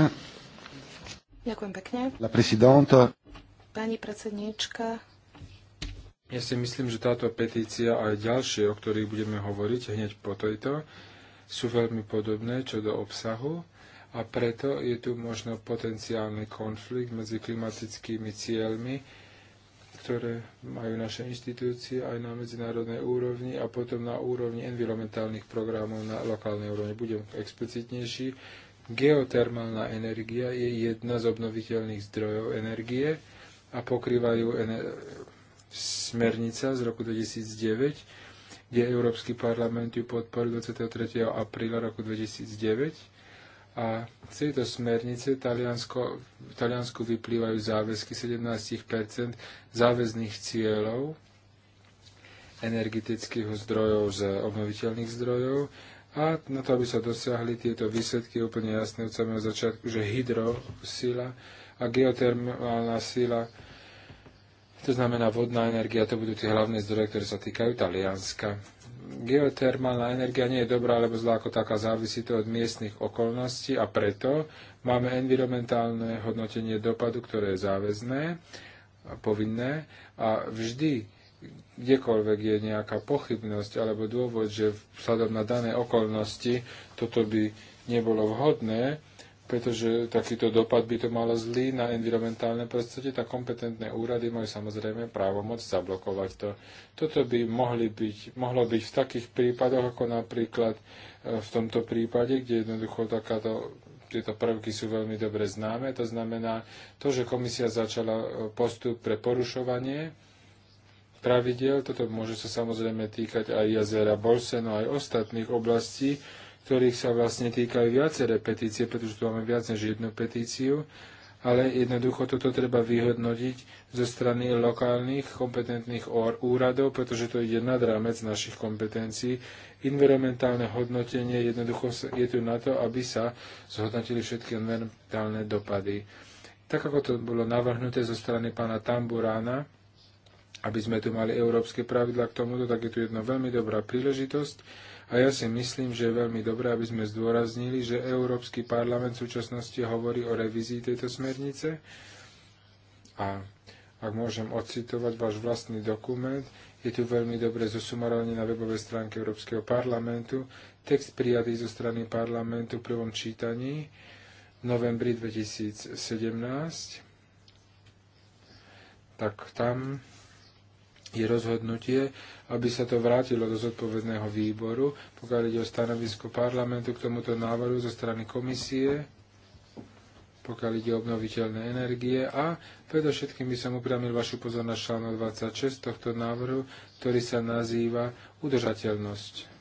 Ďakujem pekne. La presidenta. Pani predsedníčka. Ja si myslím, že táto petícia a aj ďalšie, o ktorých budeme hovoriť hneď po tejto, sú veľmi podobné čo do obsahu a preto je tu možno potenciálny konflikt medzi klimatickými cieľmi ktoré majú naše inštitúcie aj na medzinárodnej úrovni a potom na úrovni environmentálnych programov na lokálnej úrovni. Budem explicitnejší. Geotermálna energia je jedna z obnoviteľných zdrojov energie a pokrývajú smernica z roku 2009 kde Európsky parlament ju podporil 23. apríla roku 2009 a z tejto smernice Taliansko, v Taliansku vyplývajú záväzky 17 záväzných cieľov energetických zdrojov z obnoviteľných zdrojov. A na to, aby sa dosiahli tieto výsledky, je úplne jasné od samého začiatku, že hydrosila a geotermálna sila, to znamená vodná energia, to budú tie hlavné zdroje, ktoré sa týkajú Talianska geotermálna energia nie je dobrá alebo zlá ako taká, závisí to od miestnych okolností a preto máme environmentálne hodnotenie dopadu, ktoré je záväzné, povinné a vždy kdekoľvek je nejaká pochybnosť alebo dôvod, že vzhľadom na dané okolnosti toto by nebolo vhodné, pretože takýto dopad by to malo zlý na environmentálne prostredie, tak kompetentné úrady majú samozrejme právo moc zablokovať to. Toto by mohli byť, mohlo byť v takých prípadoch, ako napríklad e, v tomto prípade, kde jednoducho takáto tieto prvky sú veľmi dobre známe. To znamená to, že komisia začala e, postup pre porušovanie pravidel. Toto môže sa samozrejme týkať aj jazera Bolseno, aj ostatných oblastí, ktorých sa vlastne týkajú viaceré petície, pretože tu máme viac než jednu petíciu, ale jednoducho toto treba vyhodnotiť zo strany lokálnych kompetentných úradov, pretože to ide nad rámec našich kompetencií. Environmentálne hodnotenie jednoducho je tu na to, aby sa zhodnotili všetky environmentálne dopady. Tak ako to bolo navrhnuté zo strany pána Tamburána, aby sme tu mali európske pravidla k tomuto, tak je tu jedna veľmi dobrá príležitosť a ja si myslím, že je veľmi dobré, aby sme zdôraznili, že Európsky parlament v súčasnosti hovorí o revízii tejto smernice. A ak môžem ocitovať váš vlastný dokument, je tu veľmi dobre zosumarovanie na webovej stránke Európskeho parlamentu, text prijatý zo strany parlamentu v prvom čítaní v novembri 2017. Tak tam je rozhodnutie, aby sa to vrátilo do zodpovedného výboru, pokiaľ ide o stanovisko parlamentu k tomuto návrhu zo strany komisie, pokiaľ ide o obnoviteľné energie a predovšetkým by som upriamil vašu pozornosť článok 26 tohto návrhu, ktorý sa nazýva udržateľnosť.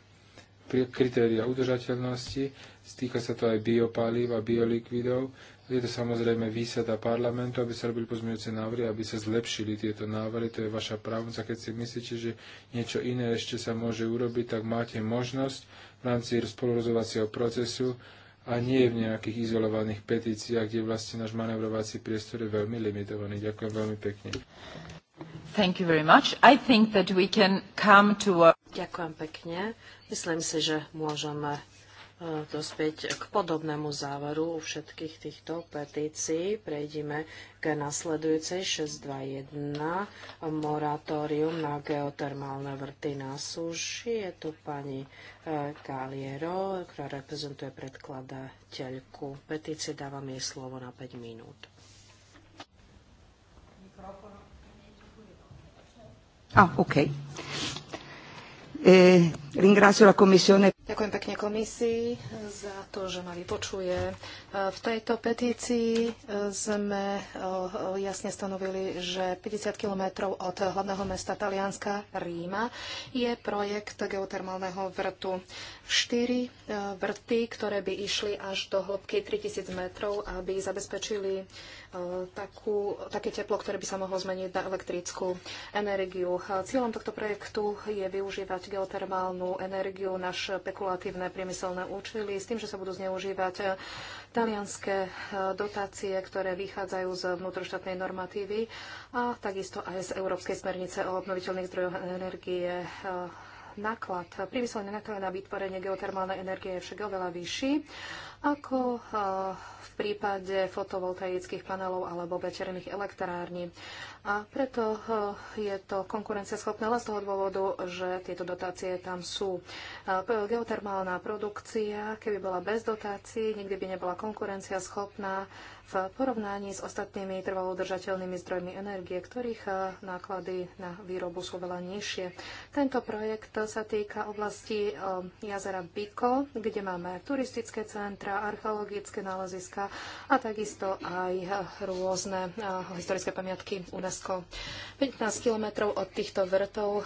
Kritéria udržateľnosti, stýka sa to aj biopalív a biolikvidov, je to samozrejme výsada parlamentu, aby sa robili pozmeňujúce návrhy, aby sa zlepšili tieto návrhy. To je vaša právnica. Keď si myslíte, že niečo iné ešte sa môže urobiť, tak máte možnosť v rámci spolurozovacieho procesu a nie v nejakých izolovaných petíciách, kde vlastne náš manevrovací priestor je veľmi limitovaný. Ďakujem veľmi pekne. Thank you very much. I think that we can come to a... Ďakujem pekne. Myslím si, že môžeme dospieť k podobnému záveru u všetkých týchto petícií. Prejdime k nasledujúcej 621 moratórium na geotermálne vrty na súši. Je tu pani Kaliero, e, ktorá reprezentuje predkladateľku petície. Dávam jej slovo na 5 minút. oh, okay. E, Ďakujem pekne komisii za to, že ma vypočuje. V tejto petícii e, sme e, jasne stanovili, že 50 kilometrov od hlavného mesta Talianska, Ríma, je projekt geotermálneho vrtu. Štyri e, vrty, ktoré by išli až do hĺbky 3000 metrov, aby zabezpečili takú, také teplo, ktoré by sa mohlo zmeniť na elektrickú energiu. Cieľom tohto projektu je využívať geotermálnu jadrovú energiu na špekulatívne priemyselné účely s tým, že sa budú zneužívať eh, talianské eh, dotácie, ktoré vychádzajú z vnútroštátnej normatívy a takisto aj z Európskej smernice o obnoviteľných zdrojoch energie eh, náklad, priemyselný náklad na vytvorenie geotermálnej energie je však oveľa vyšší ako eh, v prípade fotovoltaických panelov alebo večerných elektrární. A preto eh, je to konkurencieschopné len z toho dôvodu, že tieto dotácie tam sú. Geotermálna produkcia, keby bola bez dotácií, nikdy by nebola konkurencia schopná v porovnaní s ostatnými trvalo zdrojmi energie, ktorých eh, náklady na výrobu sú veľa nižšie. Tento projekt sa týka oblasti eh, jazera Biko, kde máme turistické centra, archeologické náleziska a takisto aj eh, rôzne historické pamiatky UNESCO. 15 kilometrov od týchto vrtov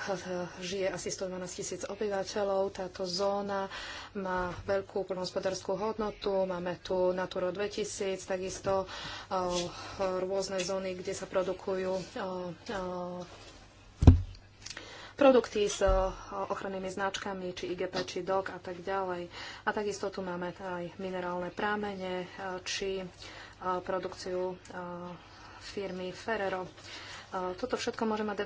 žije asi 112 tisíc obyvateľov. Táto zóna má veľkú poľnohospodárskú hodnotu, máme tu Naturo 2000, takisto tieto eh, rôzne zóny, kde sa produkujú eh, eh, produkty s ochrannými značkami, či IGP, či DOC a tak ďalej. A takisto tu máme aj minerálne prámene, či produkciu firmy Ferrero. Toto všetko môže mať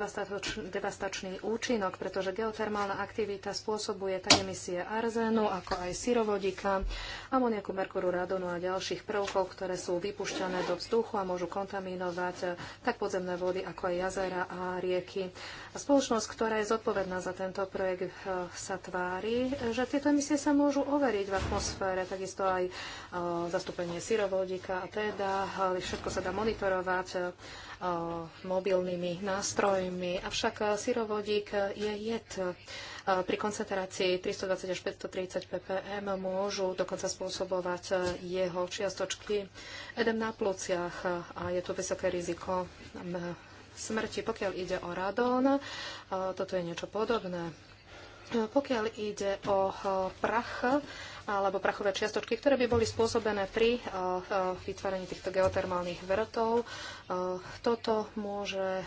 devastačný účinok, pretože geotermálna aktivita spôsobuje tak emisie arzénu, ako aj syrovodika, amoniaku, merkuru, radonu a ďalších prvkov, ktoré sú vypušťané do vzduchu a môžu kontaminovať eh, tak podzemné vody, ako aj jazera a rieky. Spoločnosť, ktorá je zodpovedná za tento projekt, eh, sa tvári, že tieto emisie sa môžu overiť v atmosfére, takisto aj eh, zastúpenie syrovodíka a teda eh, všetko sa dá monitorovať mobilnými nástrojmi. Avšak syrovodík je jed. Pri koncentrácii 320 až 530 ppm môžu dokonca spôsobovať jeho čiastočky edem na pluciach a je tu vysoké riziko smrti. Pokiaľ ide o radón, toto je niečo podobné. Pokiaľ ide o prach alebo prachové čiastočky, ktoré by boli spôsobené pri vytvorení týchto geotermálnych vrtov, toto môže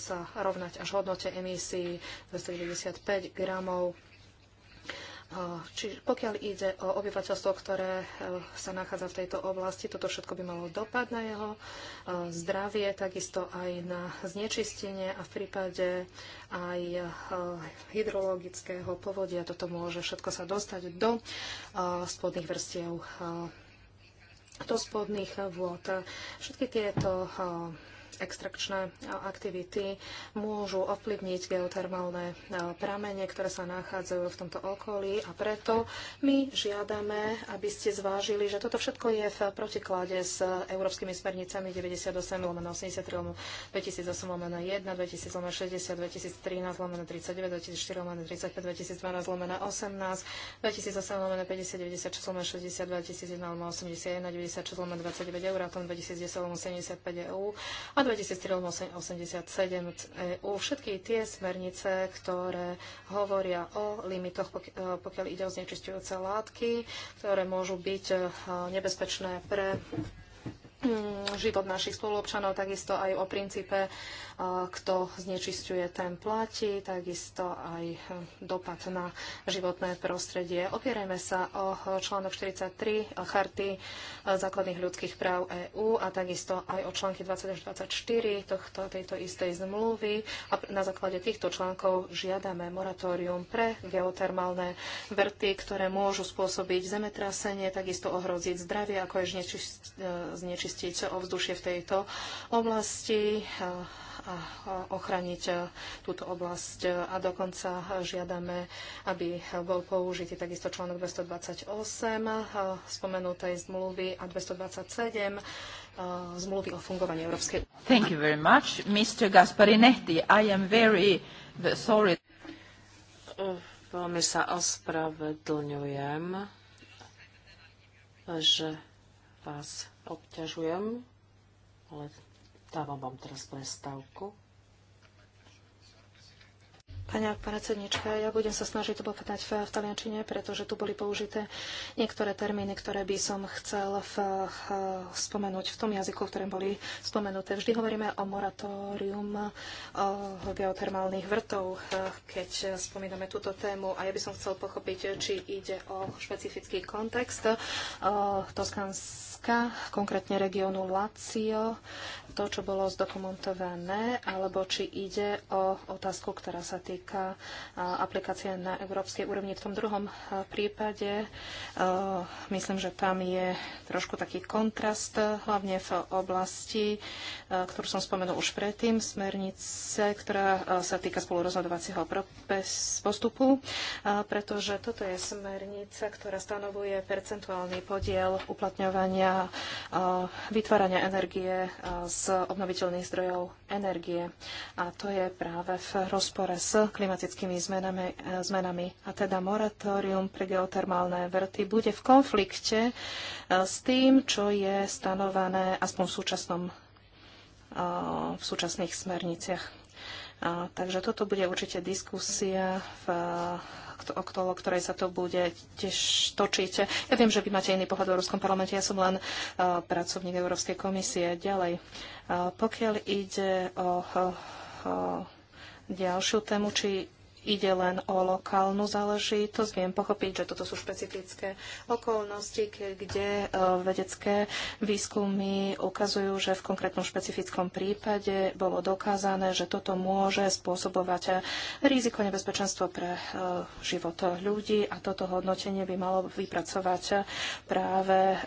sa rovnať až hodnote emisí 295 gramov Čiže pokiaľ ide o obyvateľstvo, ktoré sa nachádza v tejto oblasti, toto všetko by malo dopad na jeho zdravie, takisto aj na znečistenie a v prípade aj hydrologického povodia toto môže všetko sa dostať do spodných vrstiev do spodných vôd. Všetky tieto extrakčné e, aktivity môžu ovplyvniť geotermálne e, pramene, ktoré sa nachádzajú v tomto okolí a preto my žiadame, aby ste zvážili, že toto všetko je v protiklade s európskymi smernicami 98 lomeno 83 lomeno 2008 lomeno 1, 2000 lomeno 60, 2013 lomeno 39, 2004 lomeno 35, 2012 lomeno 18, 2008 lomeno 50, 96 lomeno 60, 2001 lomeno 81, 96 lomeno 29 eur, 2010 lomeno 75 EU a a 2087 EU. Všetky tie smernice, ktoré hovoria o limitoch, e, pokiaľ ide o znečistujúce látky, ktoré môžu byť e, nebezpečné pre Mm, život našich spoluobčanov, takisto aj o princípe, kto znečisťuje, ten platí, takisto aj hm, dopad na životné prostredie. Opierajme sa o článok 43 Charty základných ľudských práv EÚ a takisto aj o články 20 až 24 tohto, tejto istej zmluvy a na základe týchto článkov žiadame moratórium pre geotermálne vrty, ktoré môžu spôsobiť zemetrasenie, takisto ohroziť zdravie, ako je znečisť, znečistiť ovzdušie v tejto oblasti eh, a eh, ochraniť eh, túto oblasť a dokonca žiadame, aby bol použitý takisto článok 228 spomenutej zmluvy a 227 zmluvy o fungovaní Európskej Thank you very much. Mr. Gasparinetti, I am very sorry. Veľmi sa ospravedlňujem, že vás obťažujem, ale dávam vám teraz prestávku. Pani predsednička, ja budem sa snažiť to povedať v, v taliančine, pretože tu boli použité niektoré termíny, ktoré by som chcel v, v, spomenúť v tom jazyku, v ktorom boli spomenuté. Vždy hovoríme o moratórium o geotermálnych vrtov, keď spomíname túto tému. A ja by som chcel pochopiť, či ide o špecifický kontext. Talianska, konkrétne regiónu Lazio, to, čo bolo zdokumentované, alebo či ide o otázku, ktorá sa týka aplikácie na európskej úrovni. V tom druhom prípade myslím, že tam je trošku taký kontrast, hlavne v oblasti, ktorú som spomenul už predtým, smernice, ktorá sa týka spolurozhodovacieho postupu, pretože toto je smernica, ktorá stanovuje percentuálny podiel uplatňovania Eh, vytvárania energie eh, z obnoviteľných zdrojov energie. A to je práve v rozpore s klimatickými zmenami. Eh, zmenami. A teda moratórium pre geotermálne vrty bude v konflikte s tým, čo je stanovené aspoň v, súčasnom, v súčasných smerniciach. A, takže toto bude určite diskusia v okolo ktorej sa to bude tiež točiť. Ja viem, že vy máte iný pohľad v Európskom parlamente, ja som len e, pracovník Európskej komisie. Ďalej, e, pokiaľ ide o, o, o ďalšiu tému, či ide len o lokálnu záležitosť. Viem pochopiť, že toto sú špecifické okolnosti, kde e, vedecké výskumy ukazujú, že v konkrétnom špecifickom prípade bolo dokázané, že toto môže spôsobovať e, riziko nebezpečenstvo pre e, život ľudí a toto hodnotenie by malo vypracovať práve,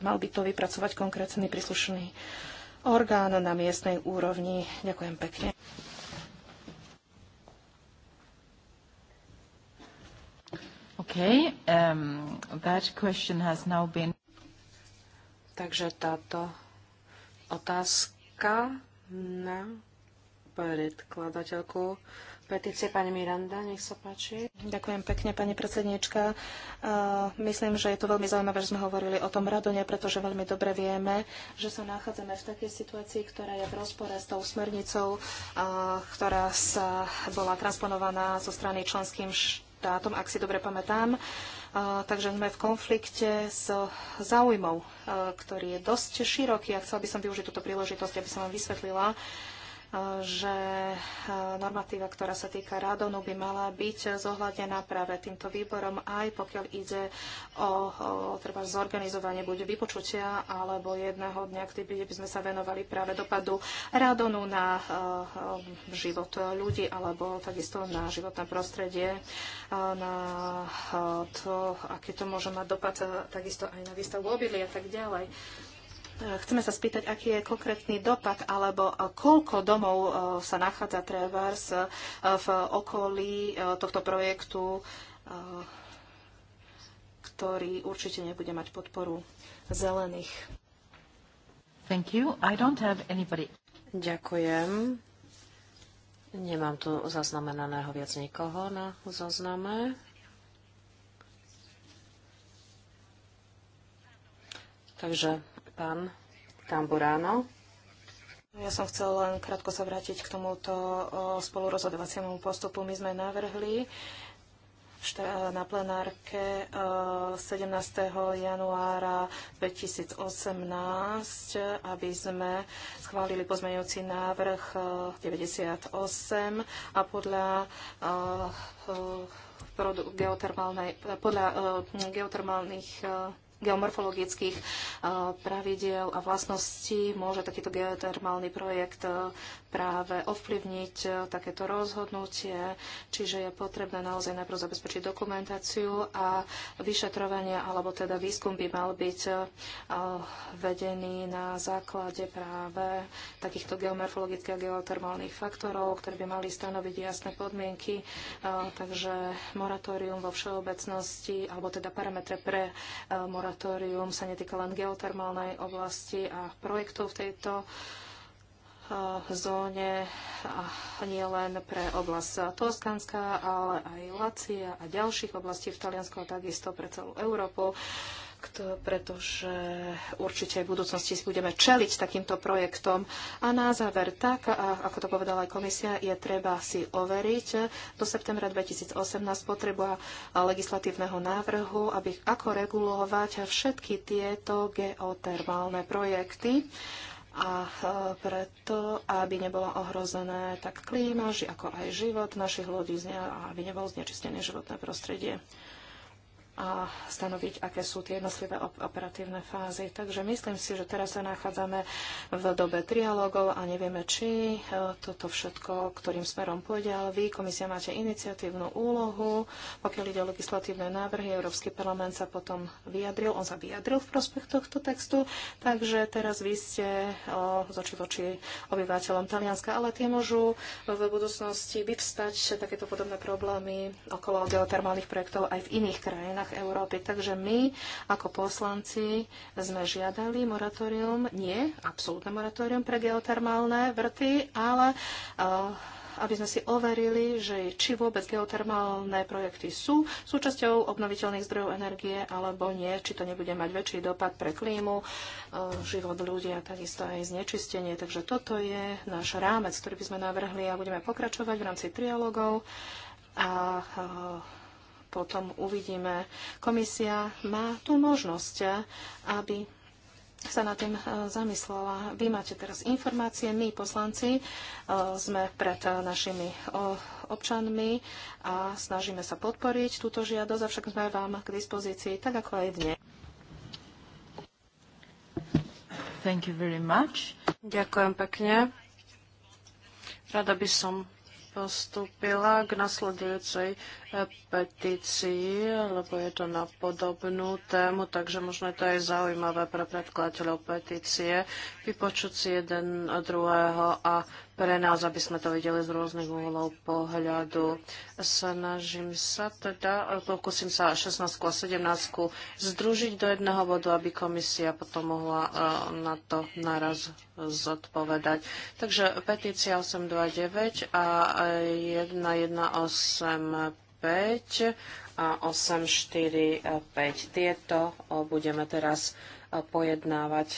mal by to vypracovať konkrétny príslušný orgán na miestnej úrovni. Ďakujem pekne. Okay, um, that question has now been... Takže táto otázka na predkladateľku petície pani Miranda, nech sa páči. Ďakujem pekne, pani predsednička. Uh, myslím, že je to veľmi zaujímavé, že sme hovorili o tom radone, pretože veľmi dobre vieme, že sa nachádzame v takej situácii, ktorá je v rozpore s tou smernicou, uh, ktorá sa bola transponovaná zo strany členským št- štátom, ak si dobre pamätám. E, takže sme v konflikte s záujmov, e, ktorý je dosť široký a chcela by som využiť túto príležitosť, aby som vám vysvetlila, že e, normatíva, ktorá sa týka radonu, by mala byť zohľadená práve týmto výborom, aj pokiaľ ide o, o treba zorganizovanie buď vypočutia, alebo jedného dňa, kde by sme sa venovali práve dopadu radonu na e, e, život ľudí, alebo takisto na životné prostredie, na to, aké to môže mať dopad takisto aj na výstavbu obily a tak ďalej. Chceme sa spýtať, aký je konkrétny dopad, alebo koľko domov e, sa nachádza Trevers e, v okolí e, tohto projektu, ktorý určite nebude mať podporu zelených. Thank you. I don't have anybody. Ďakujem. Nemám tu zaznamenaného viac nikoho na zozname. Takže Pán Tamburáno. Ja som chcel len krátko sa vrátiť k tomuto spolurozhodovaciemu postupu. My sme navrhli na plenárke 17. januára 2018, aby sme schválili pozmeňujúci návrh 98 a podľa geotermálnej, podľa geotermálnych geomorfologických eh, pravidiel a vlastností môže takýto geotermálny projekt eh, práve ovplyvniť e, takéto rozhodnutie, čiže je potrebné naozaj najprv zabezpečiť dokumentáciu a vyšetrovanie alebo teda výskum by mal byť e, vedený na základe práve takýchto geomorfologických a geotermálnych faktorov, ktoré by mali stanoviť jasné podmienky. E, takže moratórium vo všeobecnosti, alebo teda parametre pre moratórium sa netýka len geotermálnej oblasti a projektov v tejto zóne a nie len pre oblasť Toskanská, ale aj Lacia a ďalších oblastí v Taliansku a takisto pre celú Európu, pretože určite v budúcnosti budeme čeliť takýmto projektom. A na záver, tak ako to povedala aj komisia, je treba si overiť. Do septembra 2018 potreba legislatívneho návrhu, aby ako regulovať všetky tieto geotermálne projekty a e, preto, aby nebolo ohrozené tak klíma, ako aj život našich ľudí, aby nebol znečistené životné prostredie a stanoviť, aké sú tie jednotlivé operatívne fázy. Takže myslím si, že teraz sa nachádzame v dobe trialogov a nevieme, či e, toto všetko, ktorým smerom pôjde, ale vy, komisia, máte iniciatívnu úlohu. Pokiaľ ide o legislatívne návrhy, Európsky parlament sa potom vyjadril, on sa vyjadril v prospech tohto textu, takže teraz vy ste e, z očí voči obyvateľom Talianska, ale tie môžu v budúcnosti vyvstať takéto podobné problémy okolo geotermálnych projektov aj v iných krajinách krajinách Európy. Takže my ako poslanci sme žiadali moratórium, nie absolútne moratórium pre geotermálne vrty, ale eh, aby sme si overili, že či vôbec geotermálne projekty sú súčasťou obnoviteľných zdrojov energie alebo nie, či to nebude mať väčší dopad pre klímu, eh, život ľudí a takisto aj znečistenie. Takže toto je náš rámec, ktorý by sme navrhli a budeme pokračovať v rámci trialogov a eh, potom uvidíme. Komisia má tú možnosť, aby sa nad tým e, zamyslela. Vy máte teraz informácie, my poslanci e, sme pred našimi občanmi a snažíme sa podporiť túto žiadosť, avšak sme vám k dispozícii, tak ako aj dnes. Thank you very much. Ďakujem pekne. Rada by som postúpila k nasledujúcej eh, petícii, lebo je to na podobnú tému, takže možno je to aj zaujímavé pre predkladateľov petície vypočuť si jeden eh, druhého a pre nás, aby sme to videli z rôznych uhlov pohľadu. Snažím sa teda, pokúsim sa 16 a 17 združiť do jedného bodu, aby komisia potom mohla e, na to naraz zodpovedať. Takže petícia 829 a 1185 a 845. Tieto e, budeme teraz e, pojednávať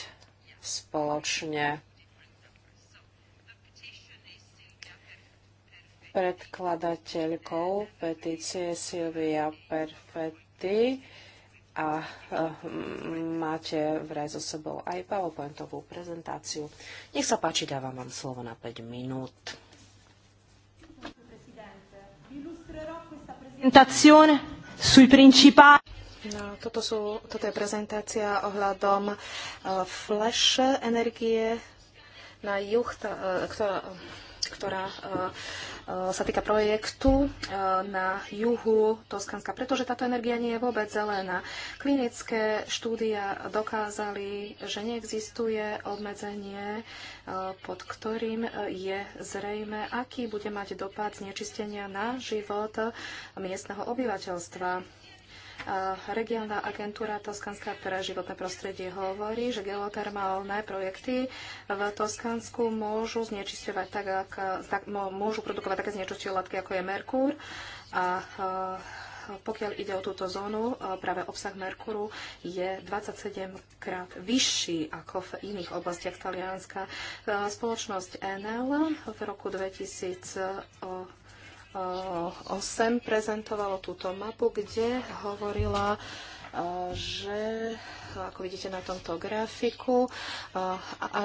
spoločne. predkladateľkou petície Silvia Perfetti a hm, máte vraj so sebou aj PowerPointovú prezentáciu. Nech sa páči, dávam vám slovo na 5 minút. No, toto, sú, toto je prezentácia ohľadom e, flash energie na juh, e, ktorá, ktorá e, Eh, sa týka projektu eh, na juhu Toskanska, pretože táto energia nie je vôbec zelená. Klinické štúdia dokázali, že neexistuje obmedzenie, eh, pod ktorým je zrejme, aký bude mať dopad znečistenia na život miestneho obyvateľstva Regionálna agentúra Toskanská pre životné prostredie hovorí, že geotermálne projekty v Toskansku môžu znečisťovať tak, ak, tak môžu produkovať také znečisťujúce látky, ako je merkúr. A, e, pokiaľ ide o túto zónu, e, práve obsah Merkuru je 27 krát vyšší ako v iných oblastiach Talianska. E, spoločnosť NL v roku 2000 8 prezentovalo túto mapu, kde hovorila, e, že ako vidíte na tomto grafiku, e,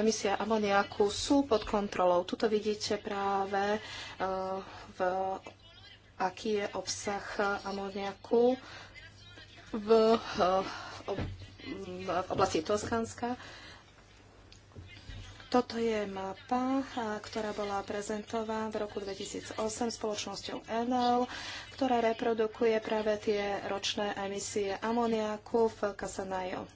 emisia amoniaku sú pod kontrolou. Tuto vidíte práve e, v aký je obsah amoniaku v, v oblasti Toskánska toto je mapa, ktorá bola prezentovaná v roku 2008 spoločnosťou Enel, ktorá reprodukuje práve tie ročné emisie amoniaku v Casanajo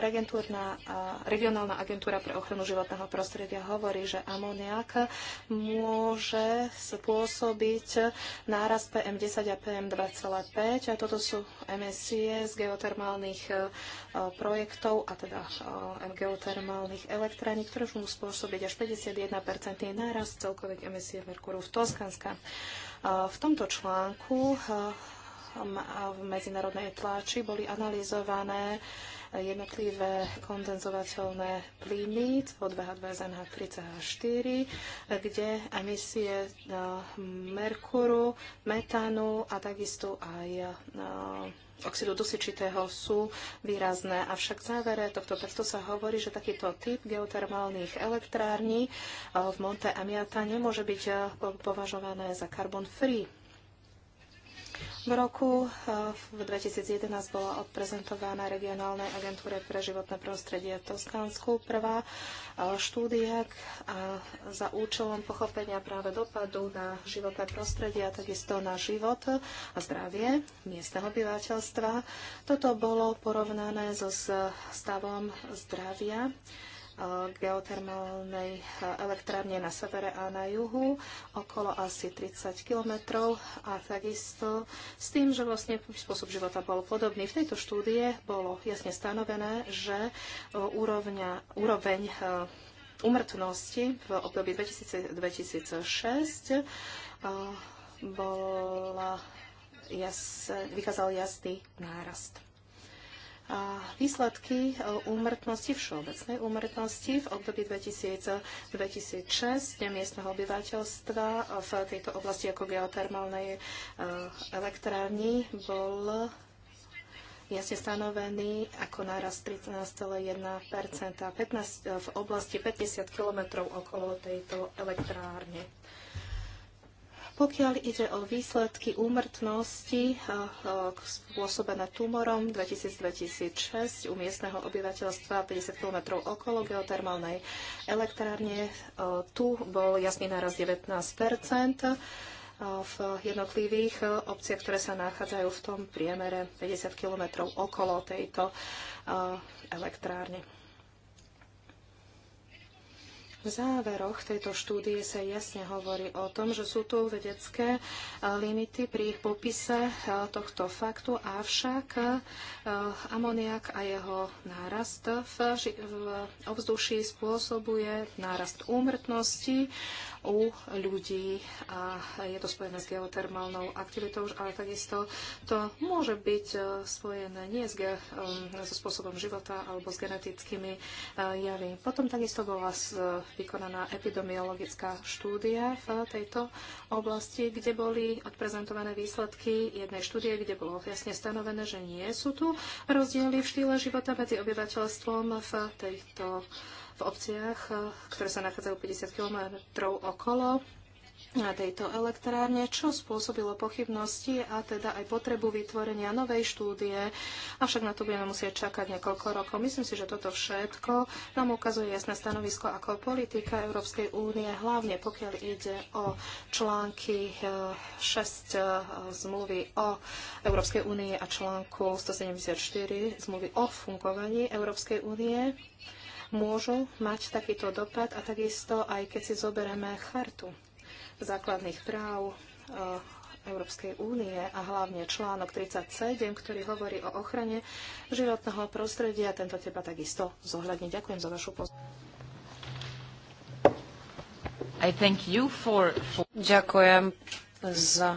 agentúrna, regionálna agentúra pre ochranu životného prostredia hovorí, že amoniak môže spôsobiť náraz PM10 a PM2,5 a toto sú emisie z geotermálnych e, projektov a teda e, geotermálnych elektrární, ktoré môžu spôsobiť až 51 náraz celkových emisie Merkuru v Toskánska. V tomto článku e, v medzinárodnej tlači boli analyzované jednotlivé kondenzovateľné plyny CO2, H2, NH3, CH4, kde emisie e, merkuru, metánu a takisto aj e, oxidu dusičitého sú výrazné. Avšak v závere tohto textu sa hovorí, že takýto typ geotermálnych elektrární e, v Monte Amiata nemôže byť považované za carbon free v roku eh, v 2011 bola odprezentovaná regionálnej agentúre pre životné prostredie v Toskánsku prvá eh, štúdia eh, za účelom pochopenia práve dopadu na životné prostredie a takisto na život a zdravie miestneho obyvateľstva. Toto bolo porovnané so stavom zdravia geotermálnej elektrárne na severe a na juhu, okolo asi 30 kilometrov a takisto s tým, že vlastne spôsob života bol podobný. V tejto štúdie bolo jasne stanovené, že e, úrovňa, úroveň e, umrtnosti v období 2000-2006 e, bola jas, vykázal jasný nárast výsledky e, úmrtnosti, všeobecnej úmrtnosti v období 2000-2006 miestneho obyvateľstva v tejto oblasti ako geotermálnej e, elektrárni bol jasne stanovený ako náraz 13,1 15, v oblasti 50 km okolo tejto elektrárne. Pokiaľ ide o výsledky úmrtnosti eh, eh, spôsobené tumorom 2000-2006 u miestneho obyvateľstva 50 km okolo geotermálnej elektrárne, eh, tu bol jasný náraz 19 v jednotlivých obciach, ktoré sa nachádzajú v tom priemere 50 km okolo tejto elektrárne. V záveroch tejto štúdie sa jasne hovorí o tom, že sú tu vedecké e, limity pri popise e, tohto faktu, avšak e, amoniak a jeho nárast v, ovzduší spôsobuje nárast úmrtnosti u ľudí a je to spojené s geotermálnou aktivitou, ale takisto to môže byť spojené nie s ge- so spôsobom života alebo s genetickými javy. Potom takisto bola vykonaná epidemiologická štúdia v tejto oblasti, kde boli odprezentované výsledky jednej štúdie, kde bolo jasne stanovené, že nie sú tu rozdiely v štýle života medzi obyvateľstvom v tejto v obciach, ktoré sa nachádzajú 50 km okolo na tejto elektrárne, čo spôsobilo pochybnosti a teda aj potrebu vytvorenia novej štúdie, avšak na to budeme musieť čakať niekoľko rokov. Myslím si, že toto všetko nám ukazuje jasné stanovisko ako politika Európskej únie, hlavne pokiaľ ide o články 6 eh, eh, zmluvy o Európskej únie a článku 174 zmluvy o fungovaní Európskej únie môžu mať takýto dopad a takisto aj keď si zoberieme chartu základných práv eh, Európskej únie a hlavne článok 37, ktorý hovorí o ochrane životného prostredia. Tento teba takisto zohľadne. Ďakujem za vašu pozornosť. For, Ďakujem za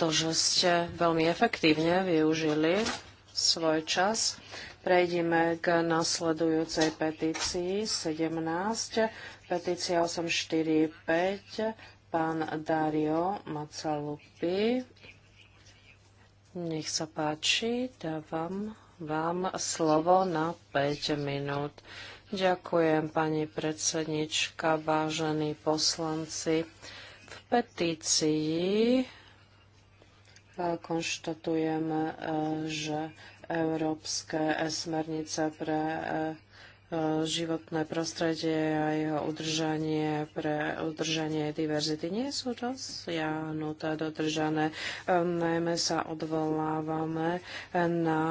to, že ste veľmi efektívne využili svoj čas. Prejdeme k nasledujúcej petícii 17, petícia 845 pán Dario Macalupi. Nech sa páči, dávam vám slovo na 5 minút. Ďakujem, pani predsednička, vážení poslanci. V petícii e, konštatujeme, e, že európske smernice pre e, životné prostredie a jeho udržanie pre udržanie diverzity nie sú dosiahnuté, dodržané. Ehm, najmä sa odvolávame na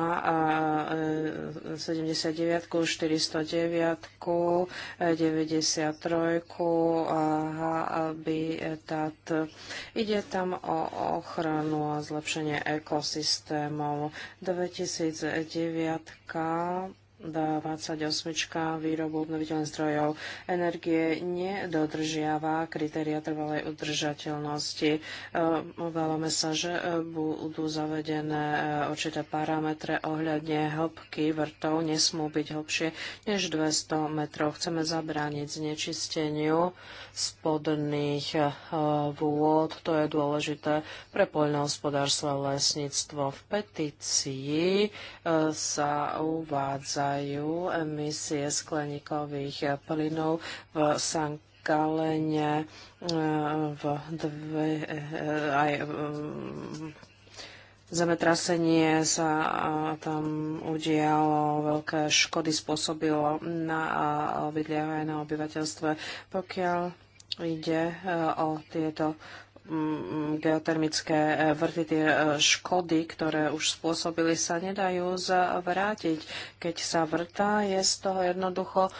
79, 409, 93 habitat. Ide tam o ochranu a zlepšenie ekosystémov. 2009 28. výrobu obnoviteľných zdrojov energie nedodržiava kritéria trvalej udržateľnosti. E, obávame sa, že e, budú zavedené e, určité parametre ohľadne hĺbky vrtov. Nesmú byť hlbšie než 200 metrov. Chceme zabrániť znečisteniu spodných vôd. To je dôležité pre poľnohospodárstvo a lesníctvo. V petícii sa uvádza týkajú emisie skleníkových plynov v Sankt Galene, eh, v dve, eh, aj mm, zemetrasenie sa eh, tam udialo, veľké škody spôsobilo na obydliach na obyvateľstve. Pokiaľ ide o tieto Mm, geotermické e, vrty, tie e, škody, ktoré už spôsobili, sa nedajú zvrátiť. Keď sa vrtá, je z toho jednoducho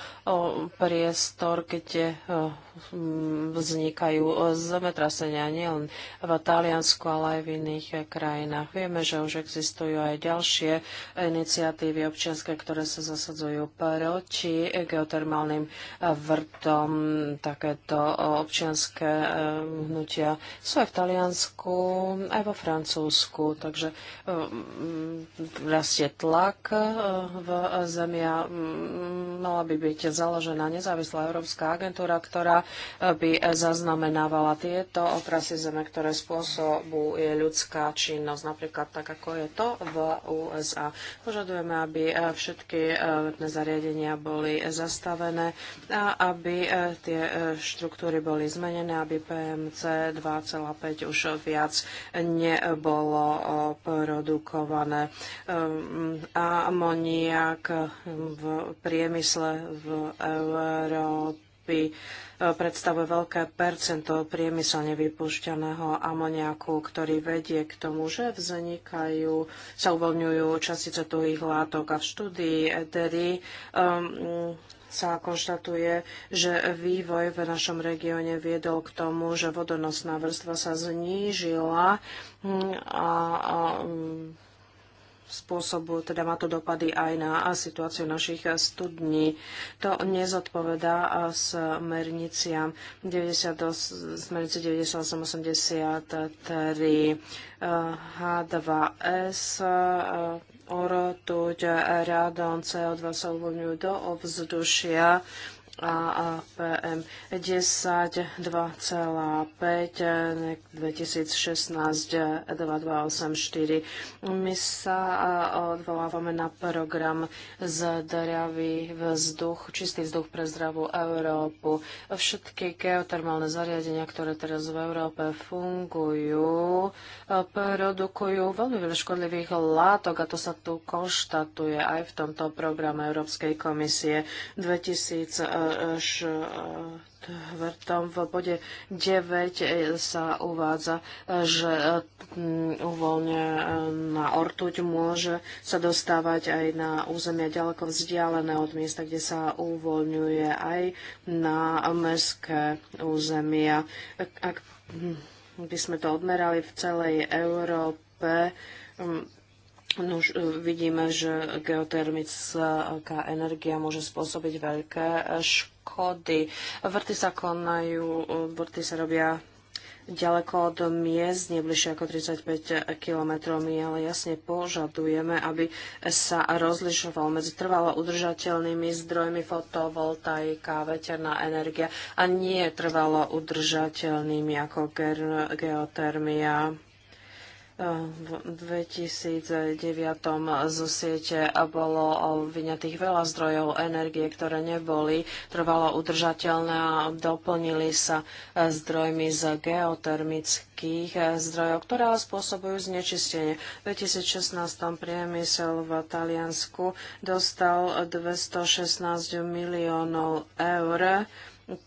priestor, je e, Mm, vznikajú zemetrasenia nielen v Taliansku, ale aj v iných krajinách. Vieme, že už existujú aj ďalšie iniciatívy občianske, ktoré sa zasadzujú proti geotermálnym vrtom. Takéto občianske eh, hnutia sú aj v Taliansku, aj vo Francúzsku, takže eh, rastie tlak eh, v zemi a mm, mala by byť založená nezávislá Európska agentúra, ktorá by zaznamenávala tieto otrasy zeme, ktoré spôsobuje ľudská činnosť, napríklad tak, ako je to v USA. Požadujeme, aby eh, všetky vetné eh, zariadenia boli zastavené a aby eh, tie štruktúry boli zmenené, aby PMC 2,5 už viac nebolo produkované. Ehm, amoniak v priemysle v Európe predstavuje veľké percento priemyselne vypúšťaného amoniaku, ktorý vedie k tomu, že vznikajú, sa uvoľňujú častice tuhých látok a v štúdii EDRI um, sa konštatuje, že vývoj v našom regióne viedol k tomu, že vodonosná vrstva sa znížila hm, a, a hm, spôsobu, teda má to dopady aj na situáciu našich studní. To nezodpovedá smerniciam 90, 9883 H2S ortuť, radon, CO2 sa uvoľňujú do ovzdušia a PM 10 2,5 2016 2284. My sa odvolávame na program Zdravý vzduch, čistý vzduch pre zdravú Európu. Všetky geotermálne zariadenia, ktoré teraz v Európe fungujú, produkujú veľmi veľa škodlivých látok a to sa tu konštatuje aj v tomto programe Európskej komisie 2000 E, štvrtom v bode 9 e, sa uvádza, e, že na ortuť môže sa dostávať aj na územia ďaleko vzdialené od miesta, kde sa uvoľňuje aj na mestské územia. Ak by sme to odmerali v celej Európe, No už e, vidíme, že geotermická energia môže spôsobiť veľké škody. Vrty sa konajú, e, vrty sa robia ďaleko od miest, nebližšie ako 35 km. My ale jasne požadujeme, aby sa rozlišoval medzi trvalo udržateľnými zdrojmi fotovoltaika, veterná energia a nie trvalo udržateľnými ako geotermia v 2009 zo siete bolo vyňatých veľa zdrojov energie, ktoré neboli trvalo udržateľné a doplnili sa zdrojmi z geotermických zdrojov, ktoré ale spôsobujú znečistenie. V 2016 priemysel v Taliansku dostal 216 miliónov eur.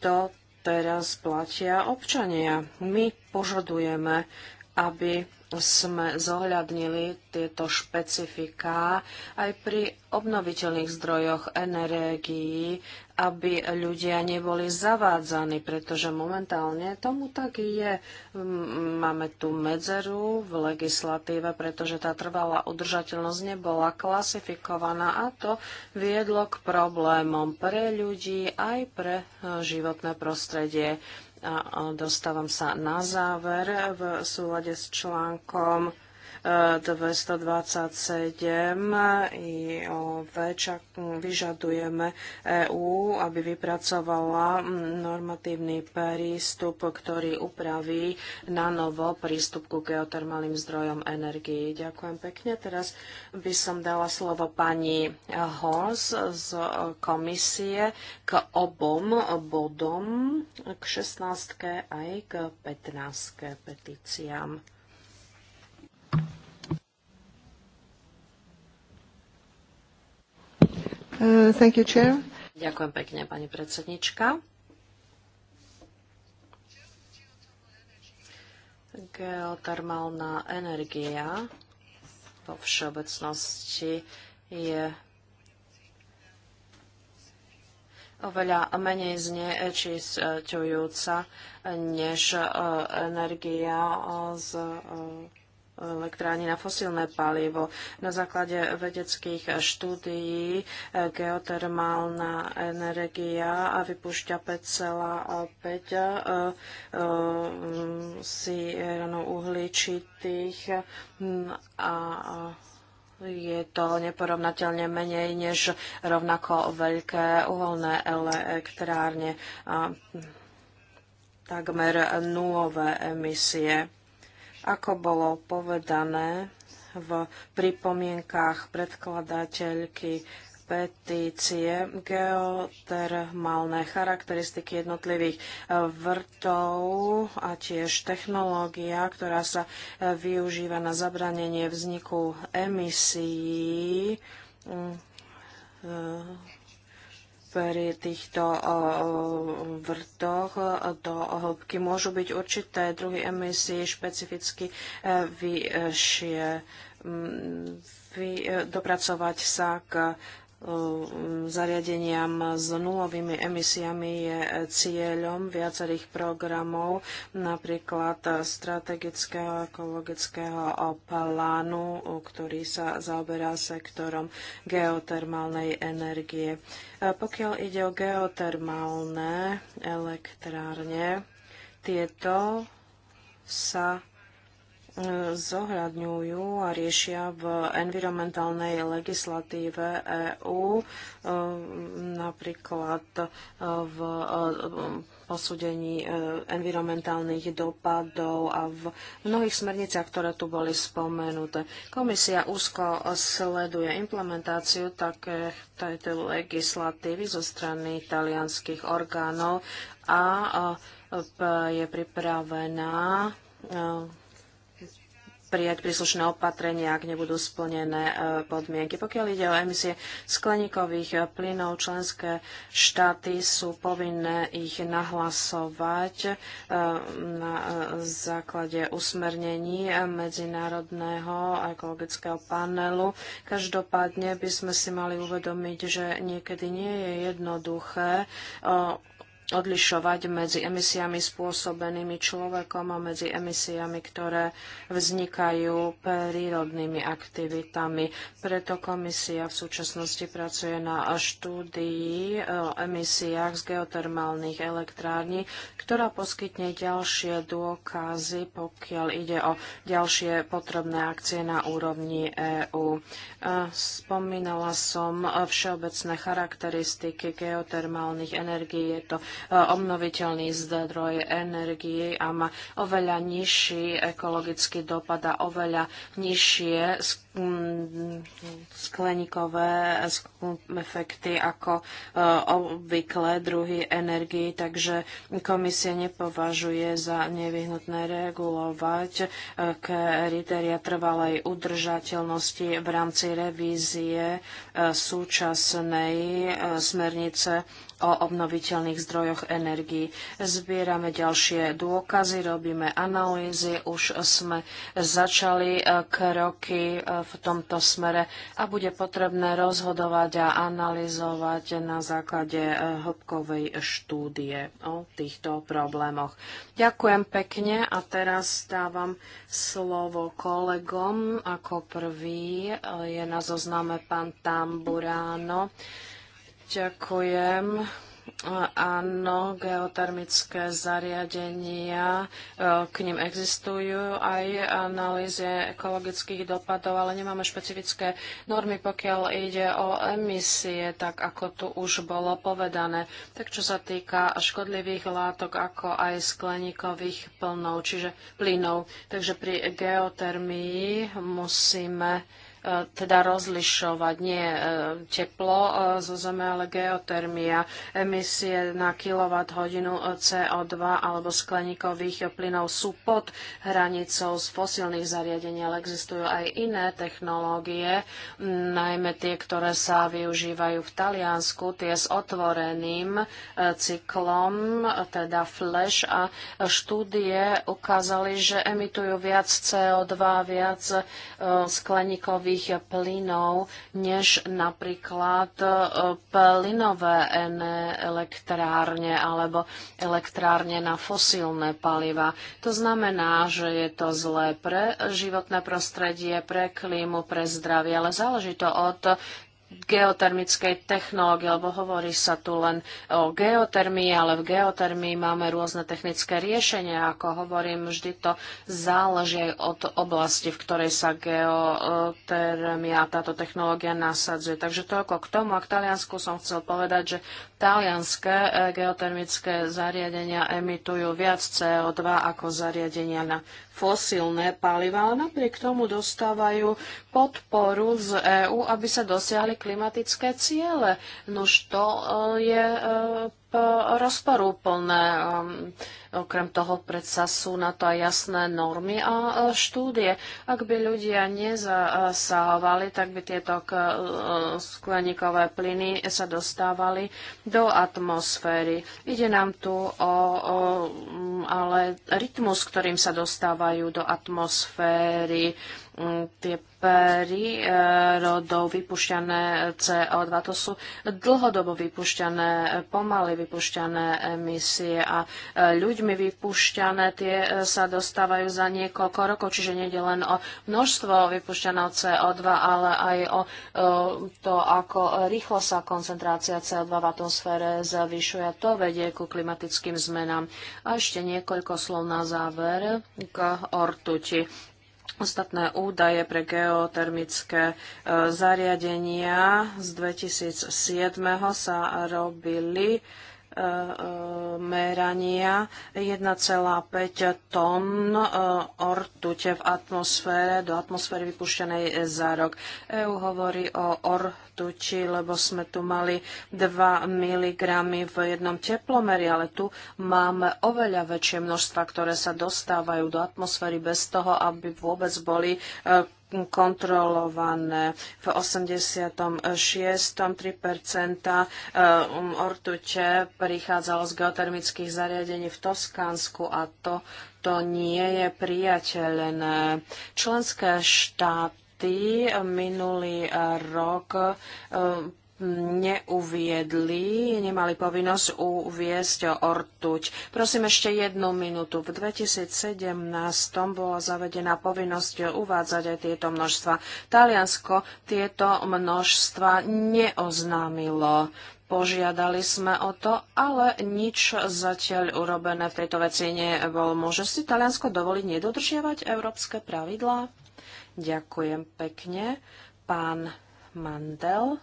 To teraz platia občania. My požadujeme, aby sme zohľadnili tieto špecifiká aj pri obnoviteľných zdrojoch energií, aby ľudia neboli zavádzaní, pretože momentálne tomu tak je. Máme tu medzeru v legislatíve, pretože tá trvalá udržateľnosť nebola klasifikovaná a to viedlo k problémom pre ľudí aj pre e, životné prostredie. A dostávam sa na záver v súlade s článkom 227 čak, vyžadujeme EÚ, aby vypracovala normatívny prístup, ktorý upraví na novo prístup ku geotermálnym zdrojom energii. Ďakujem pekne. Teraz by som dala slovo pani Hors z komisie k obom bodom, k 16. aj k 15. petíciám. Uh, thank you, chair. Ďakujem pekne, pani predsednička. Geotermálna energia vo všeobecnosti je oveľa menej znečisťujúca než uh, energia z uh, elektrárni na fosílne palivo. Na základe vedeckých štúdií eh, geotermálna energia vypúšťa 5,5 eh, eh, si uhličitých hm, a je to neporovnateľne menej než rovnako veľké uholné elektrárne a hm, takmer nulové emisie. Ako bolo povedané v pripomienkách predkladateľky petície geotermálne charakteristiky jednotlivých eh, vrtov a tiež technológia, ktorá sa eh, využíva na zabranenie vzniku emisí, mm, eh, pri týchto vrtoch do hĺbky môžu byť určité druhy emisí špecificky e, vyššie. Vy, e, dopracovať sa k Ehm, zariadeniam s nulovými emisiami je cieľom viacerých programov, napríklad strategického ekologického plánu, ktorý sa zaoberá sektorom geotermálnej energie. E, pokiaľ ide o geotermálne elektrárne, tieto sa zohľadňujú a riešia v environmentálnej legislatíve EÚ, e, napríklad e, v e, posúdení environmentálnych dopadov a v mnohých smerniciach, ktoré tu boli spomenuté. Komisia úzko sleduje implementáciu také tejto legislatívy zo strany talianských orgánov a je pripravená prijať príslušné opatrenia, ak nebudú splnené e, podmienky. Pokiaľ ide o emisie skleníkových e, plynov, členské štáty sú povinné ich nahlasovať e, na základe usmernení Medzinárodného ekologického panelu. Každopádne by sme si mali uvedomiť, že niekedy nie je jednoduché odlišovať medzi emisiami spôsobenými človekom a medzi emisiami, ktoré vznikajú prírodnými aktivitami. Preto komisia v súčasnosti pracuje na štúdii o emisiách z geotermálnych elektrární, ktorá poskytne ďalšie dôkazy, pokiaľ ide o ďalšie potrebné akcie na úrovni EÚ. Spomínala som všeobecné charakteristiky geotermálnych energií. Je to Eh, obnoviteľný zdroj energie a má oveľa nižší ekologický dopad a oveľa nižšie skleníkové efekty ako e, obvykle druhy energii, takže Komisie nepovažuje za nevyhnutné regulovať e, kritéria trvalej udržateľnosti v rámci revízie e, súčasnej smernice o obnoviteľných zdrojoch energii. Zbierame ďalšie dôkazy, robíme analýzy, už sme začali kroky v tomto smere a bude potrebné rozhodovať a analyzovať na základe eh, hĺbkovej štúdie o týchto problémoch. Ďakujem pekne a teraz dávam slovo kolegom. Ako prvý eh, je na zozname pán Tamburáno. Ďakujem. Áno, geotermické zariadenia, e, k ním existujú aj analýzy ekologických dopadov, ale nemáme špecifické normy, pokiaľ ide o emisie, tak ako tu už bolo povedané. Tak čo sa týka škodlivých látok, ako aj skleníkových plnov, čiže plynov. Takže pri geotermii musíme teda rozlišovať nie e, teplo e, zo zeme, ale geotermia, emisie na kWh e, CO2 alebo skleníkových plynov sú pod hranicou z fosilných zariadení, ale existujú aj iné technológie, najmä tie, ktoré sa využívajú v Taliansku, tie s otvoreným cyklom, teda flash a štúdie ukázali, že emitujú viac CO2, viac skleníkových skleníkových plynov než napríklad e, plynové elektrárne alebo elektrárne na fosílne paliva. To znamená, že je to zlé pre životné prostredie, pre klímu, pre zdravie, ale záleží to od geotermickej technológie, lebo hovorí sa tu len o geotermii, ale v geotermii máme rôzne technické riešenia. Ako hovorím, vždy to záleží aj od oblasti, v ktorej sa geotermia, táto technológia nasadzuje. Takže toľko k tomu. A k Taliansku som chcel povedať, že Talianské e, geotermické zariadenia emitujú viac CO2 ako zariadenia na fosílne paliva, ale napriek tomu dostávajú podporu z EÚ, aby sa dosiahli klimatické ciele. Nož to e, je e, Eh, rozporúplné. Ehm, okrem toho predsa sú na to aj jasné normy a eh, štúdie. Ak by ľudia nezasahovali, tak by tieto eh, skleníkové plyny sa dostávali do atmosféry. Ide nám tu o, o mm, ale rytmus, ktorým sa dostávajú do atmosféry Mm, tie e, rodov vypušťané CO2. To sú dlhodobo vypušťané, pomaly vypušťané emisie a e, ľuďmi vypušťané tie e, sa dostávajú za niekoľko rokov, čiže nejde len o množstvo vypušťaného CO2, ale aj o to, ako rýchlo sa koncentrácia CO2 v atmosfére zvyšuje. to vedie ku klimatickým zmenám. A ešte niekoľko slov na záver k ortuti. Ostatné údaje pre geotermické e, zariadenia z 2007 sa robili Eh, merania 1,5 tón eh, ortute v atmosfére, do atmosféry vypušťanej za rok. EU hovorí o ortuči, lebo sme tu mali 2 mg v jednom teplomeri, ale tu máme oveľa väčšie množstva, ktoré sa dostávajú do atmosféry bez toho, aby vôbec boli eh, kontrolované. V 86. 3% ortute prichádzalo z geotermických zariadení v Toskánsku a to, to nie je priateľné. Členské štáty minulý rok eh, neuviedli, nemali povinnosť uviesť ortuť. Prosím ešte jednu minútu. V 2017 bola zavedená povinnosť uvádzať aj tieto množstva. Taliansko tieto množstva neoznámilo. Požiadali sme o to, ale nič zatiaľ urobené v tejto veci nebolo. Môže si Taliansko dovoliť nedodržiavať európske pravidlá? Ďakujem pekne. Pán Mandel.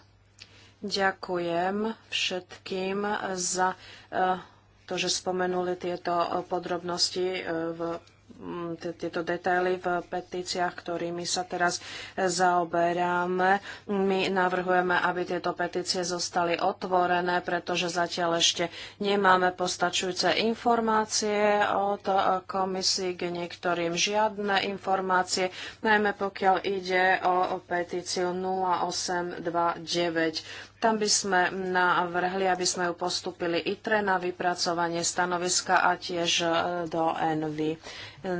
Ďakujem všetkým za eh, to, že spomenuli tieto eh, podrobnosti eh, v mm, tieto detaily v petíciách, ktorými sa teraz zaoberáme. My navrhujeme, aby tieto petície zostali otvorené, pretože zatiaľ ešte nemáme postačujúce informácie od komisii, k niektorým žiadne informácie, najmä pokiaľ ide o petíciu 0829. Tam by sme navrhli, aby sme ju postupili ITRE na vypracovanie stanoviska a tiež e, do NV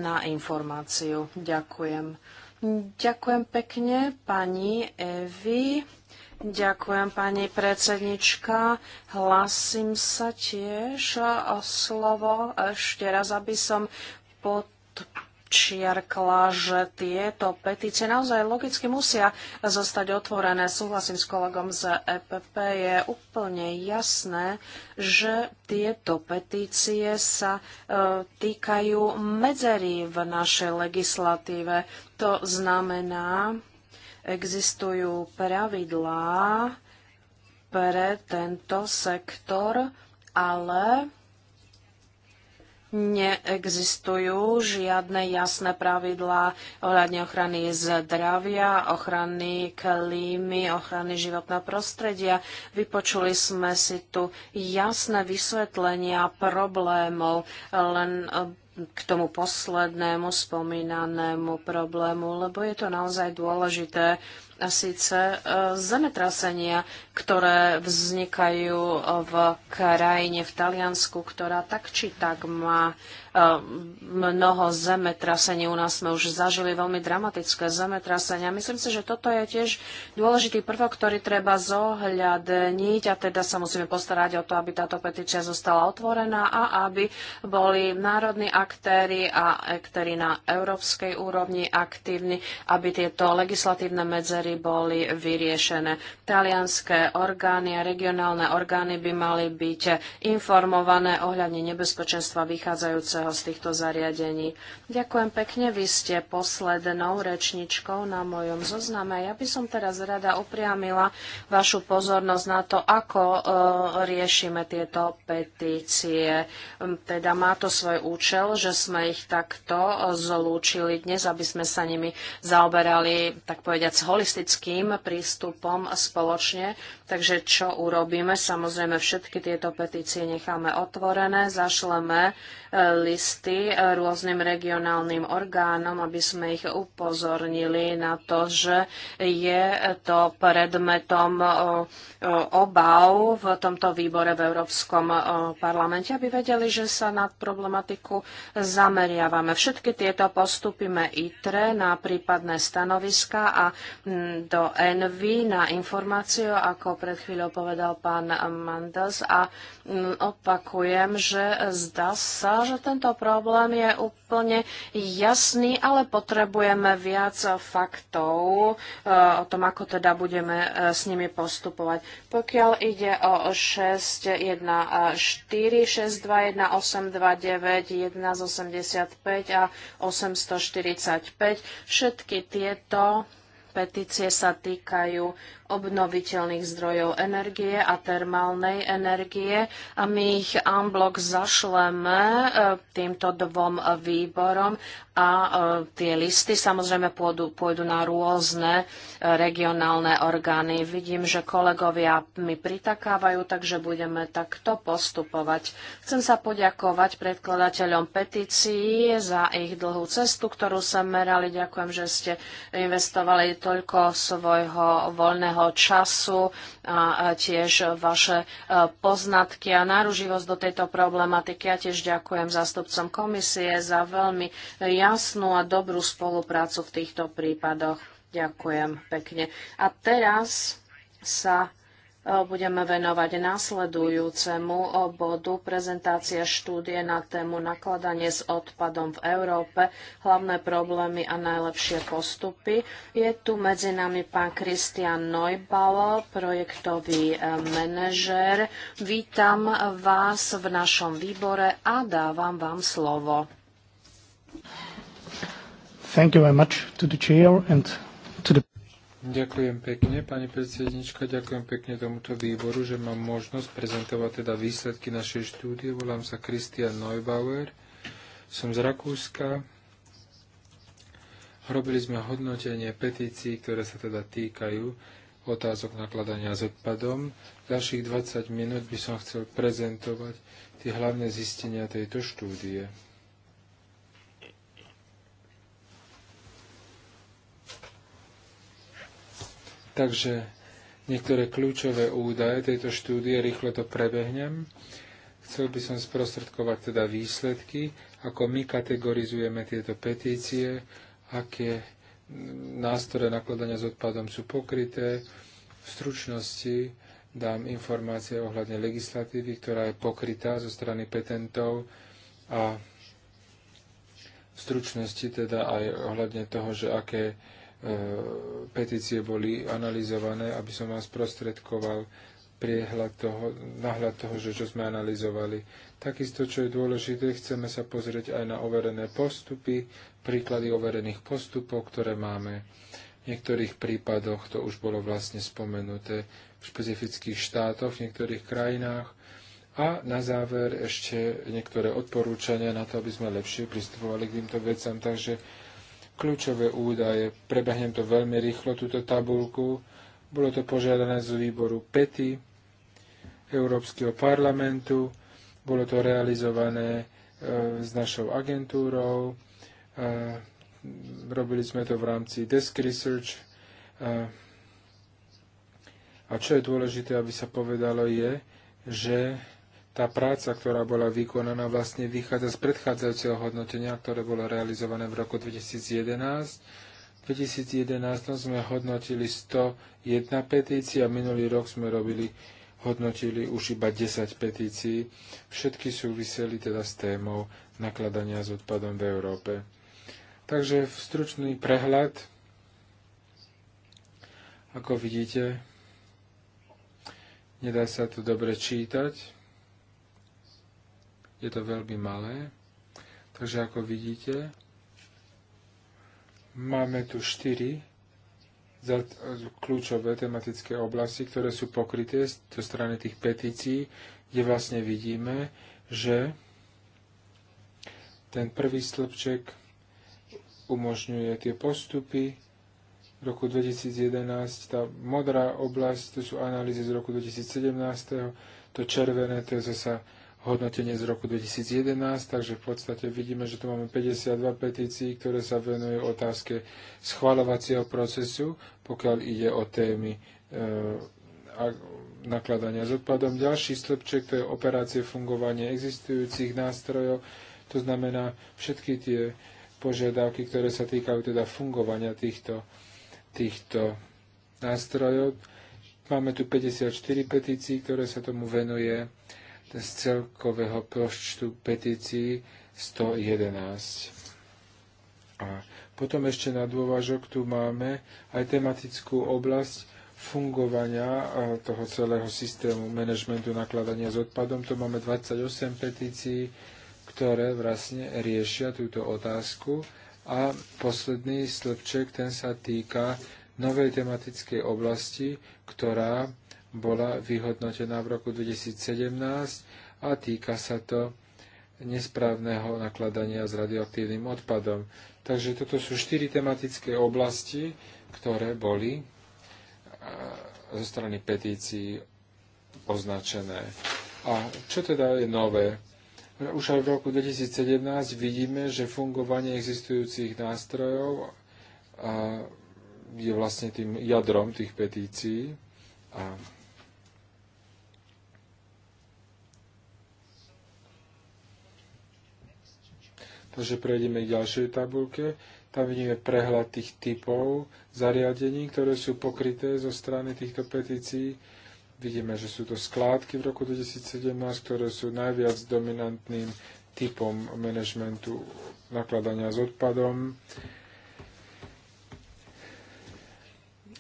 na informáciu. Ďakujem. Ďakujem pekne pani Evi. Ďakujem, pani predsednička. Hlasím sa tiež o slovo ešte raz, aby som podporila podčiarkla, že tieto petície naozaj logicky musia zostať otvorené. Súhlasím s kolegom z EPP, je úplne jasné, že tieto petície sa e, týkajú medzerí v našej legislatíve. To znamená, existujú pravidlá pre tento sektor, ale neexistujú žiadne jasné pravidlá ohľadne ochrany zdravia, ochrany klímy, ochrany životného prostredia. Vypočuli sme si tu jasné vysvetlenia problémov, len eh, k tomu poslednému spomínanému problému, lebo je to naozaj dôležité a síce e, zemetrasenia, ktoré vznikajú e, v krajine, v Taliansku, ktorá tak či tak má e, mnoho zemetrasení. U nás sme už zažili veľmi dramatické zemetrasenia. Myslím si, že toto je tiež dôležitý prvok, ktorý treba zohľadniť a teda sa musíme postarať o to, aby táto petícia zostala otvorená a aby boli národní aktéry a aktéry na európskej úrovni aktívni, aby tieto legislatívne medzery boli vyriešené. Talianské orgány a regionálne orgány by mali byť informované ohľadne nebezpečenstva vychádzajúceho z týchto zariadení. Ďakujem pekne, vy ste poslednou rečničkou na mojom zozname. Ja by som teraz rada upriamila vašu pozornosť na to, ako e, riešime tieto petície. Teda má to svoj účel, že sme ich takto e, zlúčili dnes, aby sme sa nimi zaoberali, tak povediať, holisticky holistickým prístupom spoločne Takže čo urobíme? Samozrejme, všetky tieto petície necháme otvorené, zašleme e, listy e, rôznym regionálnym orgánom, aby sme ich upozornili na to, že je to predmetom e, obav v tomto výbore v Európskom parlamente, aby vedeli, že sa na problematiku zameriavame. Všetky tieto postupíme ITRE na prípadné stanoviska a do ENVY na informáciu, ako ako pred chvíľou povedal pán Mandels a mm, opakujem, že zdá sa, že tento problém je úplne jasný, ale potrebujeme viac faktov e, o tom, ako teda budeme e, s nimi postupovať. Pokiaľ ide o 614 621, 829, 185 a 845, všetky tieto petície sa týkajú obnoviteľných zdrojov energie a termálnej energie a my ich unblock zašleme e, týmto dvom výborom a e, tie listy samozrejme pôjdu, pôjdu na rôzne e, regionálne orgány. Vidím, že kolegovia mi pritakávajú, takže budeme takto postupovať. Chcem sa poďakovať predkladateľom petícií za ich dlhú cestu, ktorú sa merali. Ďakujem, že ste investovali toľko svojho voľného času a tiež vaše e, poznatky a náruživosť do tejto problematiky. Ja tiež ďakujem zástupcom komisie za veľmi jasnú a dobrú spoluprácu v týchto prípadoch. Ďakujem pekne. A teraz sa budeme venovať následujúcemu bodu prezentácia štúdie na tému nakladanie s odpadom v Európe, hlavné problémy a najlepšie postupy. Je tu medzi nami pán Kristian Neubal, projektový eh, manažér. Vítam vás v našom výbore a dávam vám slovo. Thank you very much to the chair and Ďakujem pekne, pani predsednička, ďakujem pekne tomuto výboru, že mám možnosť prezentovať teda výsledky našej štúdie. Volám sa Kristian Neubauer, som z Rakúska. Robili sme hodnotenie petícií, ktoré sa teda týkajú otázok nakladania s odpadom. Ďalších 20 minút by som chcel prezentovať tie hlavné zistenia tejto štúdie. Takže niektoré kľúčové údaje tejto štúdie, rýchlo to prebehnem. Chcel by som sprostredkovať teda výsledky, ako my kategorizujeme tieto petície, aké nástroje nakladania s odpadom sú pokryté. V stručnosti dám informácie ohľadne legislatívy, ktorá je pokrytá zo strany petentov a v stručnosti teda aj ohľadne toho, že aké E, petície boli analyzované, aby som vás prostredkoval priehľad toho, náhľad toho, že čo sme analyzovali. Takisto, čo je dôležité, chceme sa pozrieť aj na overené postupy, príklady overených postupov, ktoré máme. V niektorých prípadoch to už bolo vlastne spomenuté v špecifických štátoch, v niektorých krajinách. A na záver ešte niektoré odporúčania na to, aby sme lepšie pristupovali k týmto vecam. Takže kľúčové údaje. Prebehnem to veľmi rýchlo, túto tabulku. Bolo to požiadané z výboru PETI Európskeho parlamentu. Bolo to realizované e, s našou agentúrou. E, robili sme to v rámci Desk Research. E, a čo je dôležité, aby sa povedalo, je, že tá práca, ktorá bola vykonaná, vlastne vychádza z predchádzajúceho hodnotenia, ktoré bolo realizované v roku 2011. V 2011 sme hodnotili 101 petícií a minulý rok sme robili, hodnotili už iba 10 petícií. Všetky súviseli teda s témou nakladania s odpadom v Európe. Takže v stručný prehľad, ako vidíte, nedá sa to dobre čítať je to veľmi malé. Takže ako vidíte, máme tu štyri e, kľúčové tematické oblasti, ktoré sú pokryté zo strany tých petícií, kde vlastne vidíme, že ten prvý stĺpček umožňuje tie postupy. V roku 2011 tá modrá oblasť, to sú analýzy z roku 2017, to červené, to je zasa hodnotenie z roku 2011, takže v podstate vidíme, že tu máme 52 petícií, ktoré sa venujú otázke schvaľovacieho procesu, pokiaľ ide o témy e, nakladania s odpadom. Ďalší stĺpček to je operácie fungovania existujúcich nástrojov, to znamená všetky tie požiadavky, ktoré sa týkajú teda fungovania týchto, týchto nástrojov. Máme tu 54 petícií, ktoré sa tomu venuje z celkového počtu petícií 111. A potom ešte na dôvažok tu máme aj tematickú oblasť fungovania toho celého systému manažmentu nakladania s odpadom. Tu máme 28 petícií, ktoré vlastne riešia túto otázku. A posledný slepček, ten sa týka novej tematickej oblasti, ktorá bola vyhodnotená v roku 2017 a týka sa to nesprávneho nakladania s radioaktívnym odpadom. Takže toto sú štyri tematické oblasti, ktoré boli zo strany petícií označené. A čo teda je nové? Už aj v roku 2017 vidíme, že fungovanie existujúcich nástrojov je vlastne tým jadrom tých petícií. A Takže prejdeme k ďalšej tabulke. Tam vidíme prehľad tých typov zariadení, ktoré sú pokryté zo strany týchto petícií. Vidíme, že sú to skládky v roku 2017, ktoré sú najviac dominantným typom manažmentu nakladania s odpadom.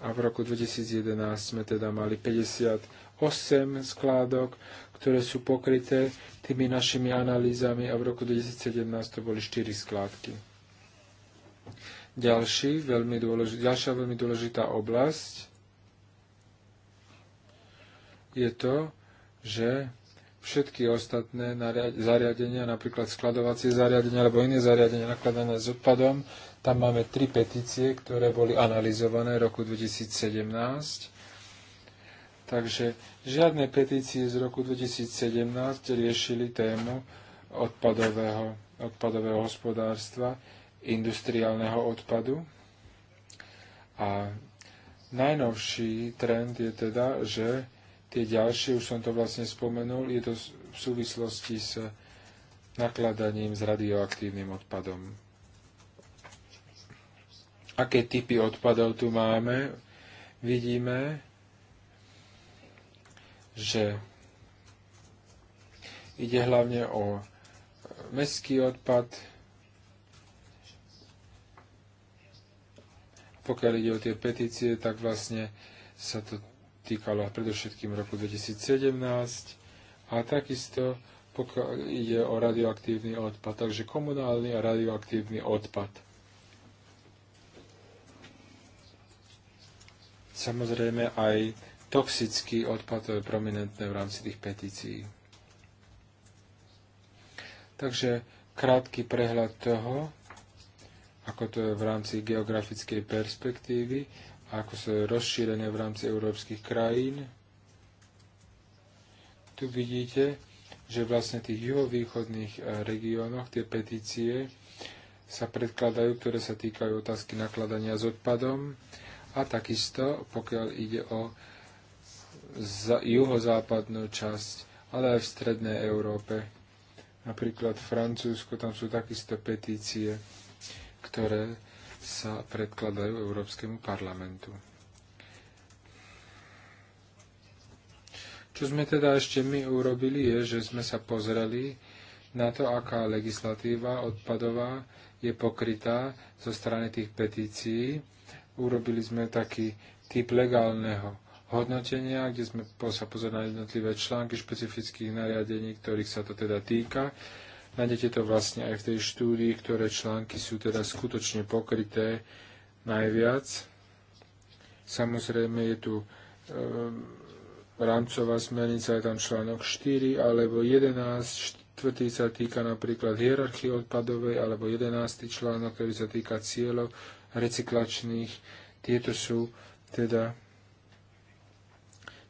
A v roku 2011 sme teda mali 50 8 skládok, ktoré sú pokryté tými našimi analýzami a v roku 2017 to boli 4 skládky. Ďalší, veľmi dôležitá, ďalšia veľmi dôležitá oblasť je to, že všetky ostatné zariadenia, napríklad skladovacie zariadenia alebo iné zariadenia nakladané s odpadom, tam máme tri petície, ktoré boli analyzované v roku 2017 Takže žiadne petície z roku 2017 riešili tému odpadového, odpadového hospodárstva, industriálneho odpadu. A najnovší trend je teda, že tie ďalšie, už som to vlastne spomenul, je to v súvislosti s nakladaním s radioaktívnym odpadom. Aké typy odpadov tu máme? Vidíme, že ide hlavne o mestský odpad, pokiaľ ide o tie petície, tak vlastne sa to týkalo predovšetkým roku 2017 a takisto pokiaľ ide o radioaktívny odpad, takže komunálny a radioaktívny odpad. Samozrejme aj toxický odpad, to je prominentné v rámci tých petícií. Takže krátky prehľad toho, ako to je v rámci geografickej perspektívy, ako sú rozšírené v rámci európskych krajín. Tu vidíte, že vlastne v tých juhovýchodných eh, regiónoch tie petície sa predkladajú, ktoré sa týkajú otázky nakladania s odpadom a takisto, pokiaľ ide o juhozápadnú časť, ale aj v strednej Európe. Napríklad v Francúzsku, tam sú takisto petície, ktoré sa predkladajú Európskemu parlamentu. Čo sme teda ešte my urobili, je, že sme sa pozreli na to, aká legislatíva odpadová je pokrytá zo strany tých petícií. Urobili sme taký typ legálneho hodnotenia, kde sme sa pozerali na jednotlivé články špecifických nariadení, ktorých sa to teda týka. Nájdete to vlastne aj v tej štúdii, ktoré články sú teda skutočne pokryté najviac. Samozrejme je tu e, rámcová smernica, je tam článok 4 alebo 11, štvrtý sa týka napríklad hierarchie odpadovej, alebo 11. článok, ktorý sa týka cieľov recyklačných. Tieto sú teda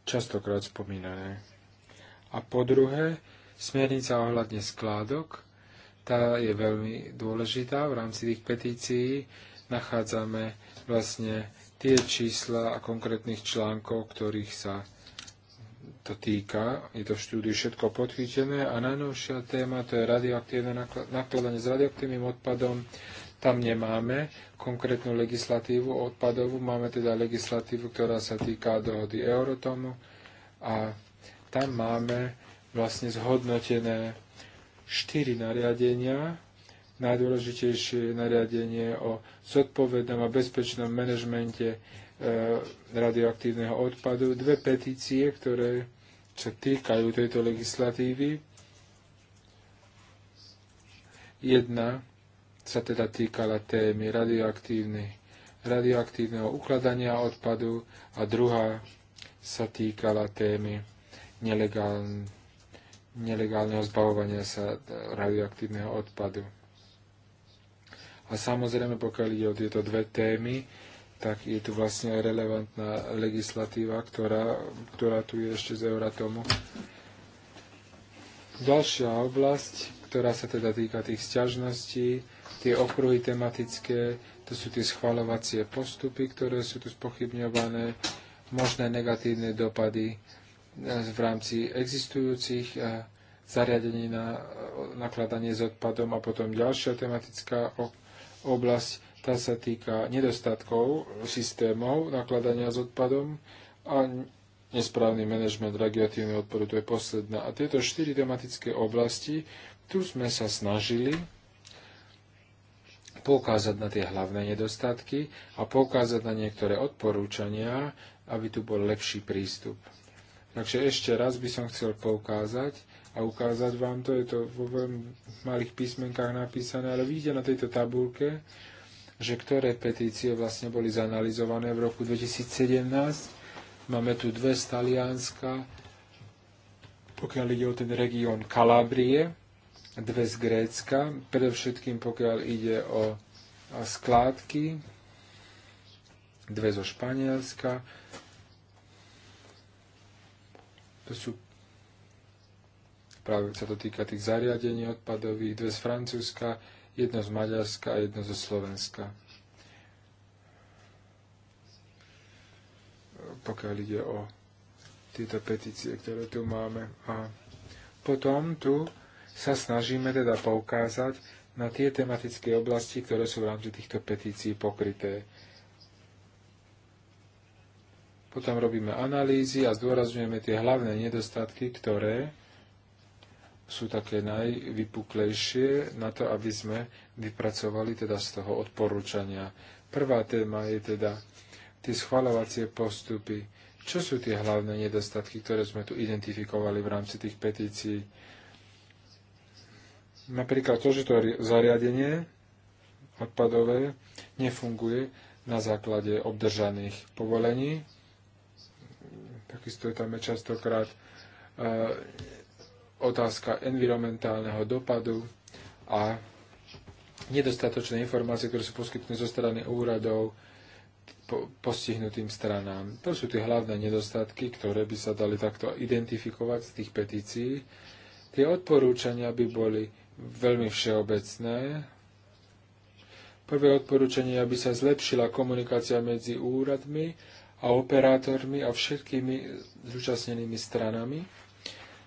častokrát spomínané. A po druhé, smernica ohľadne skládok, tá je veľmi dôležitá. V rámci tých petícií nachádzame vlastne tie čísla a konkrétnych článkov, ktorých sa to týka. Je to v štúdiu všetko podchytené a najnovšia téma to je nakladanie s radioaktívnym odpadom tam nemáme konkrétnu legislatívu odpadovú, máme teda legislatívu, ktorá sa týka dohody Eurotomu a tam máme vlastne zhodnotené štyri nariadenia. Najdôležitejšie je nariadenie o zodpovednom a bezpečnom manažmente e, radioaktívneho odpadu. Dve petície, ktoré sa týkajú tejto legislatívy. Jedna sa teda týkala témy radioaktívneho ukladania odpadu a druhá sa týkala témy nelegálneho zbavovania sa radioaktívneho odpadu. A samozrejme, pokiaľ ide o tieto dve témy, tak je tu vlastne aj relevantná legislatíva, ktorá, ktorá tu je ešte z Euratomu. Ďalšia oblasť, ktorá sa teda týka tých sťažností, tie okruhy tematické, to sú tie schvalovacie postupy, ktoré sú tu spochybňované, možné negatívne dopady e, v rámci existujúcich e, zariadení na e, nakladanie s odpadom a potom ďalšia tematická oblasť, tá sa týka nedostatkov systémov nakladania s odpadom a nesprávny manažment radioaktívneho odporu, to je posledná. A tieto štyri tematické oblasti, tu sme sa snažili poukázať na tie hlavné nedostatky a poukázať na niektoré odporúčania, aby tu bol lepší prístup. Takže ešte raz by som chcel poukázať a ukázať vám to, je to vo veľmi malých písmenkách napísané, ale vidíte na tejto tabulke, že ktoré petície vlastne boli zanalizované v roku 2017. Máme tu dve z Talianska, pokiaľ ide o ten región Kalabrie, dve z Grécka, predovšetkým pokiaľ ide o skládky, dve zo Španielska. To sú práve sa to týka tých zariadení odpadových, dve z Francúzska, jedno z Maďarska a jedno zo Slovenska. Pokiaľ ide o tieto petície, ktoré tu máme. A potom tu sa snažíme teda poukázať na tie tematické oblasti, ktoré sú v rámci týchto petícií pokryté. Potom robíme analýzy a zdôrazňujeme tie hlavné nedostatky, ktoré sú také najvypuklejšie na to, aby sme vypracovali teda z toho odporúčania. Prvá téma je teda tie schvalovacie postupy. Čo sú tie hlavné nedostatky, ktoré sme tu identifikovali v rámci tých petícií? Napríklad to, že to zariadenie odpadové nefunguje na základe obdržaných povolení. Takisto je tam častokrát e, otázka environmentálneho dopadu a nedostatočné informácie, ktoré sú poskytnuté zo strany úradov po, postihnutým stranám. To sú tie hlavné nedostatky, ktoré by sa dali takto identifikovať z tých petícií. Tie odporúčania by boli veľmi všeobecné. Prvé odporúčanie, aby sa zlepšila komunikácia medzi úradmi a operátormi a všetkými zúčastnenými stranami.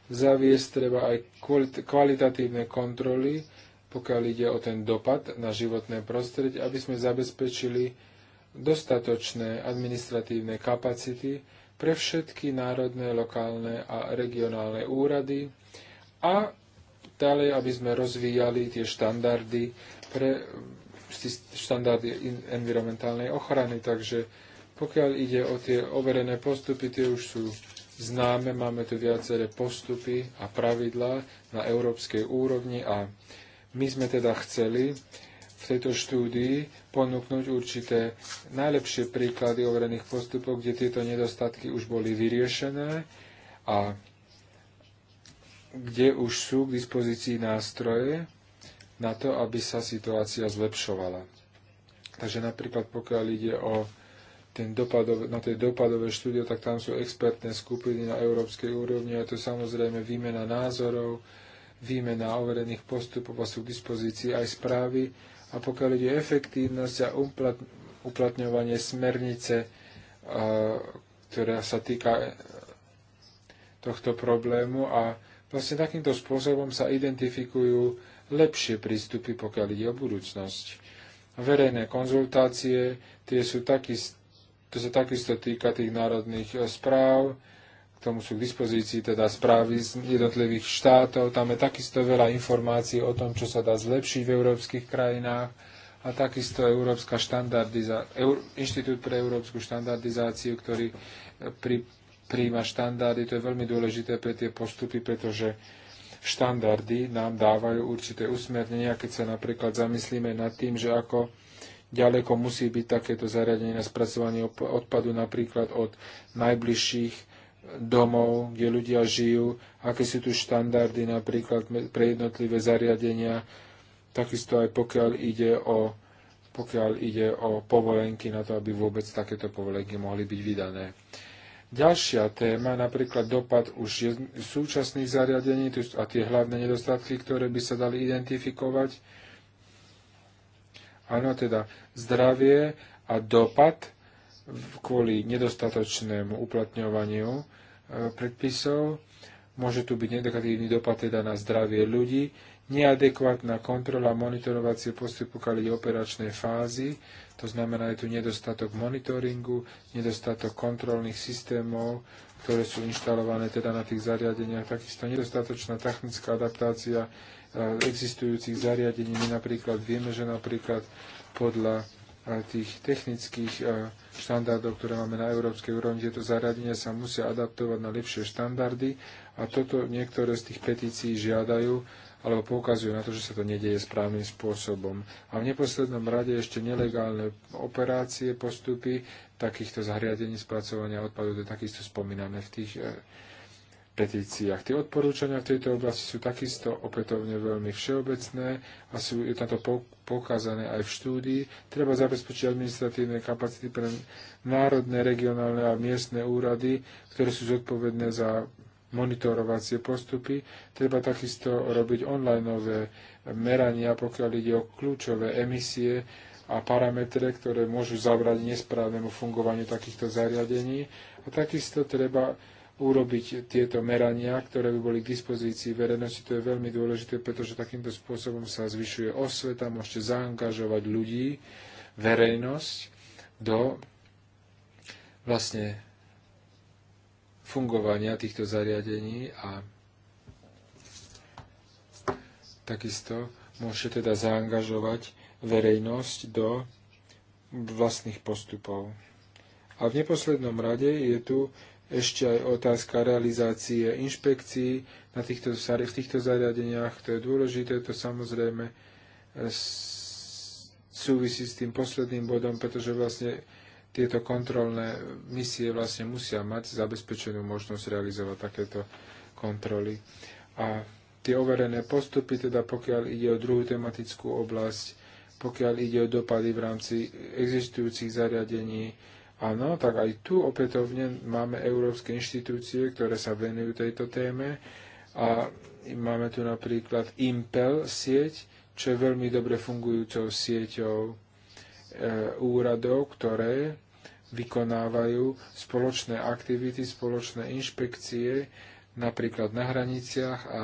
Zaviesť treba aj kvalitatívne kontroly, pokiaľ ide o ten dopad na životné prostredie, aby sme zabezpečili dostatočné administratívne kapacity pre všetky národné, lokálne a regionálne úrady a ďalej, aby sme rozvíjali tie štandardy pre štandardy environmentálnej ochrany. Takže pokiaľ ide o tie overené postupy, tie už sú známe, máme tu viaceré postupy a pravidlá na európskej úrovni a my sme teda chceli v tejto štúdii ponúknuť určité najlepšie príklady overených postupov, kde tieto nedostatky už boli vyriešené a kde už sú k dispozícii nástroje na to, aby sa situácia zlepšovala. Takže napríklad pokiaľ ide o ten dopadov, na tie dopadové štúdio, tak tam sú expertné skupiny na európskej úrovni a to samozrejme výmena názorov, výmena overených postupov a sú k dispozícii aj správy. A pokiaľ ide o efektívnosť a uplatňovanie smernice, ktorá sa týka tohto problému a Vlastne takýmto spôsobom sa identifikujú lepšie prístupy, pokiaľ ide o budúcnosť. Verejné konzultácie, tie sú takisto, to sa takisto týka tých národných e, správ, k tomu sú k dispozícii teda správy z jednotlivých štátov, tam je takisto veľa informácií o tom, čo sa dá zlepšiť v európskych krajinách a takisto Európska štandardiza- Eur- Inštitút pre európsku štandardizáciu, ktorý e, pri- príjma štandardy. To je veľmi dôležité pre tie postupy, pretože štandardy nám dávajú určité usmernenia, keď sa napríklad zamyslíme nad tým, že ako ďaleko musí byť takéto zariadenie na spracovanie odpadu napríklad od najbližších domov, kde ľudia žijú, aké sú tu štandardy napríklad pre jednotlivé zariadenia, takisto aj pokiaľ ide o, pokiaľ ide o povolenky na to, aby vôbec takéto povolenky mohli byť vydané. Ďalšia téma, napríklad dopad už súčasných zariadení a tie hlavné nedostatky, ktoré by sa dali identifikovať. Áno, teda zdravie a dopad kvôli nedostatočnému uplatňovaniu e, predpisov. Môže tu byť negatívny dopad teda na zdravie ľudí, neadekvátna kontrola monitorovacie postupu, kali operačnej fázy, to znamená, je tu nedostatok monitoringu, nedostatok kontrolných systémov, ktoré sú inštalované teda na tých zariadeniach, takisto nedostatočná technická adaptácia e, existujúcich zariadení. My napríklad vieme, že napríklad podľa e, tých technických e, štandardov, ktoré máme na európskej úrovni, tieto zariadenia sa musia adaptovať na lepšie štandardy a toto niektoré z tých petícií žiadajú alebo poukazujú na to, že sa to nedieje správnym spôsobom. A v neposlednom rade ešte nelegálne operácie, postupy takýchto zahriadení spracovania odpadu, to takisto spomínané v tých eh, petíciách. Tie odporúčania v tejto oblasti sú takisto opätovne veľmi všeobecné a sú je na to poukázané aj v štúdii. Treba zabezpečiť administratívne kapacity pre národné, regionálne a miestne úrady, ktoré sú zodpovedné za monitorovacie postupy. Treba takisto robiť onlineové merania, pokiaľ ide o kľúčové emisie a parametre, ktoré môžu zabrať nesprávnemu fungovaniu takýchto zariadení. A takisto treba urobiť tieto merania, ktoré by boli k dispozícii verejnosti. To je veľmi dôležité, pretože takýmto spôsobom sa zvyšuje osveta, môžete zaangažovať ľudí, verejnosť do vlastne fungovania týchto zariadení a takisto môžete teda zaangažovať verejnosť do vlastných postupov. A v neposlednom rade je tu ešte aj otázka realizácie inšpekcií na týchto, v týchto zariadeniach. To je dôležité, to samozrejme súvisí s tým posledným bodom, pretože vlastne tieto kontrolné misie vlastne musia mať zabezpečenú možnosť realizovať takéto kontroly. A tie overené postupy, teda pokiaľ ide o druhú tematickú oblasť, pokiaľ ide o dopady v rámci existujúcich zariadení, áno, tak aj tu opätovne máme európske inštitúcie, ktoré sa venujú tejto téme a máme tu napríklad Impel sieť, čo je veľmi dobre fungujúcou sieťou e, úradov, ktoré vykonávajú spoločné aktivity, spoločné inšpekcie, napríklad na hraniciach a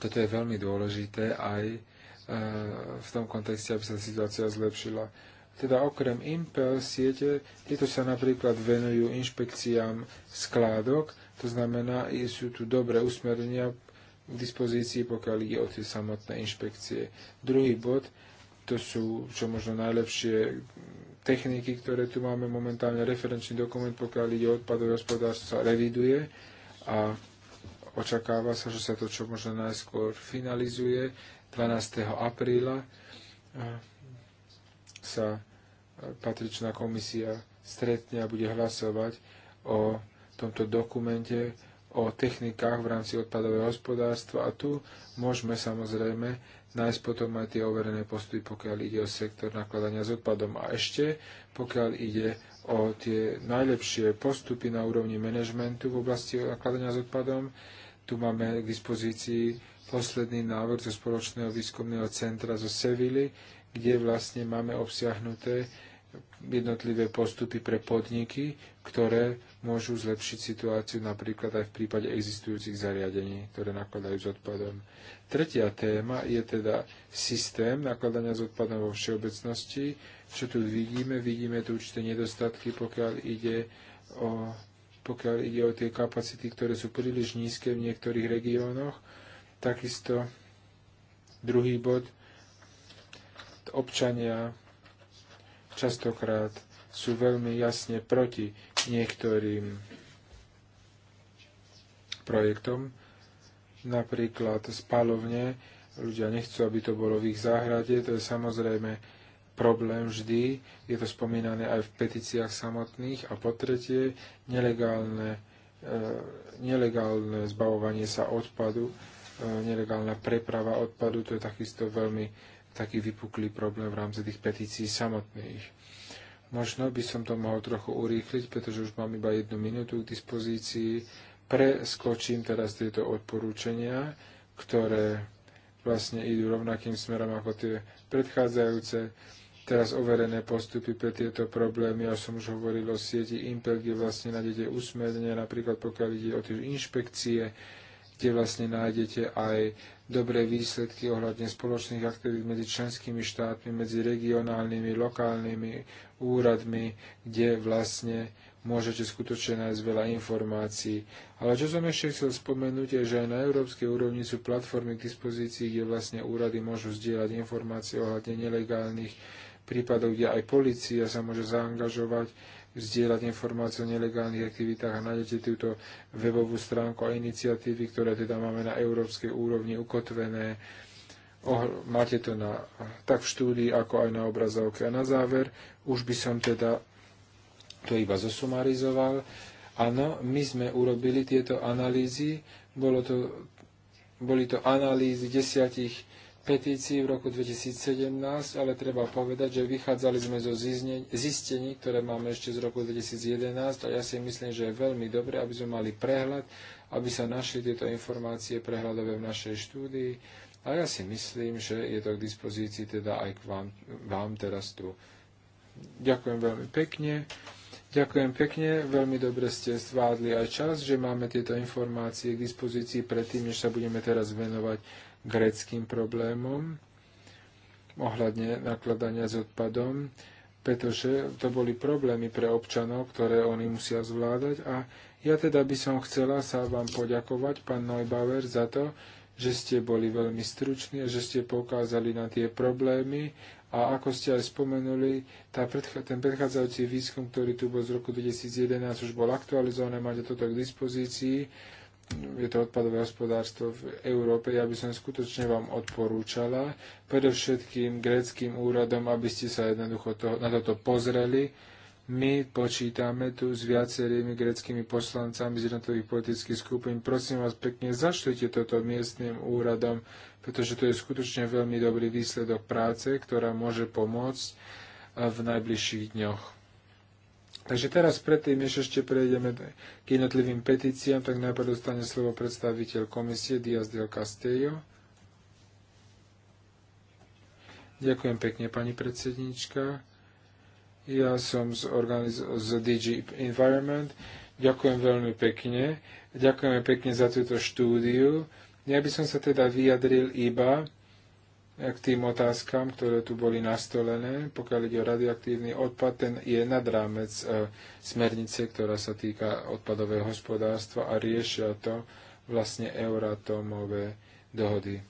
toto je veľmi dôležité aj e, v tom kontexte, aby sa situácia zlepšila. Teda okrem Impel siete, tieto sa napríklad venujú inšpekciám skládok, to znamená, sú tu dobré usmernenia k dispozícii, pokiaľ ide o tie samotné inšpekcie. Druhý bod, to sú čo možno najlepšie techniky, ktoré tu máme momentálne, referenčný dokument, pokiaľ ide o odpadové hospodárstvo, sa reviduje a očakáva sa, že sa to čo možno najskôr finalizuje. 12. apríla sa patričná komisia stretne a bude hlasovať o tomto dokumente, o technikách v rámci odpadového hospodárstva a tu môžeme samozrejme nájsť potom aj tie overené postupy, pokiaľ ide o sektor nakladania s odpadom. A ešte, pokiaľ ide o tie najlepšie postupy na úrovni manažmentu v oblasti nakladania s odpadom, tu máme k dispozícii posledný návrh zo spoločného výskumného centra zo Sevily, kde vlastne máme obsiahnuté jednotlivé postupy pre podniky, ktoré môžu zlepšiť situáciu napríklad aj v prípade existujúcich zariadení, ktoré nakladajú s odpadom. Tretia téma je teda systém nakladania s odpadom vo všeobecnosti. Čo tu vidíme? Vidíme tu určité nedostatky, pokiaľ ide o, pokiaľ ide o tie kapacity, ktoré sú príliš nízke v niektorých regiónoch. Takisto druhý bod, občania častokrát sú veľmi jasne proti niektorým projektom, napríklad spalovne. Ľudia nechcú, aby to bolo v ich záhrade, to je samozrejme problém vždy, je to spomínané aj v petíciách samotných. A po tretie, nelegálne, e, nelegálne zbavovanie sa odpadu, e, nelegálna preprava odpadu, to je takisto veľmi taký vypuklý problém v rámci tých petícií samotných. Možno by som to mohol trochu urýchliť, pretože už mám iba jednu minútu k dispozícii. Preskočím teraz tieto odporúčania, ktoré vlastne idú rovnakým smerom ako tie predchádzajúce. Teraz overené postupy pre tieto problémy, ja som už hovoril o sieti Impel, kde vlastne nájdete usmernenia, napríklad pokiaľ ide o tie inšpekcie, kde vlastne nájdete aj dobré výsledky ohľadne spoločných aktivít medzi členskými štátmi, medzi regionálnymi, lokálnymi úradmi, kde vlastne môžete skutočne nájsť veľa informácií. Ale čo som ešte chcel spomenúť, je, že aj na európskej úrovni sú platformy k dispozícii, kde vlastne úrady môžu zdieľať informácie ohľadne nelegálnych prípadov, kde aj policia sa môže zaangažovať vzdielať informácie o nelegálnych aktivitách a nájdete túto webovú stránku a iniciatívy, ktoré teda máme na európskej úrovni ukotvené. máte to na, tak v štúdii, ako aj na obrazovke. A na záver, už by som teda to iba zosumarizoval. Áno, my sme urobili tieto analýzy, bolo to, boli to analýzy desiatich Petícii v roku 2017, ale treba povedať, že vychádzali sme zo zistení, ktoré máme ešte z roku 2011 a ja si myslím, že je veľmi dobré, aby sme mali prehľad, aby sa našli tieto informácie prehľadové v našej štúdii a ja si myslím, že je to k dispozícii teda aj k vám, vám teraz tu. Ďakujem veľmi pekne. Ďakujem pekne, veľmi dobre ste zvládli aj čas, že máme tieto informácie k dispozícii predtým, než sa budeme teraz venovať greckým problémom ohľadne nakladania s odpadom, pretože to boli problémy pre občanov, ktoré oni musia zvládať. A ja teda by som chcela sa vám poďakovať, pán Neubauer, za to, že ste boli veľmi struční a že ste poukázali na tie problémy a ako ste aj spomenuli, tá predcha- ten predchádzajúci výskum, ktorý tu bol z roku 2011, už bol aktualizovaný, máte toto k dispozícii je to odpadové hospodárstvo v Európe, ja by som skutočne vám odporúčala, predovšetkým gréckým úradom, aby ste sa jednoducho to, na toto pozreli. My počítame tu s viacerými greckými poslancami z jednotlivých politických skupín. Prosím vás pekne, zašlite toto miestnym úradom, pretože to je skutočne veľmi dobrý výsledok práce, ktorá môže pomôcť v najbližších dňoch. Takže teraz predtým, než ešte prejdeme k jednotlivým petíciám, tak najprv dostane slovo predstaviteľ komisie Diaz del Castello. Ďakujem pekne, pani predsednička. Ja som z, organiz- z DG Environment. Ďakujem veľmi pekne. Ďakujeme pekne za túto štúdiu. Ja by som sa teda vyjadril iba k tým otázkam, ktoré tu boli nastolené. Pokiaľ ide o radioaktívny odpad, ten je nad rámec e, smernice, ktorá sa týka odpadového hospodárstva a riešia to vlastne euratomové dohody.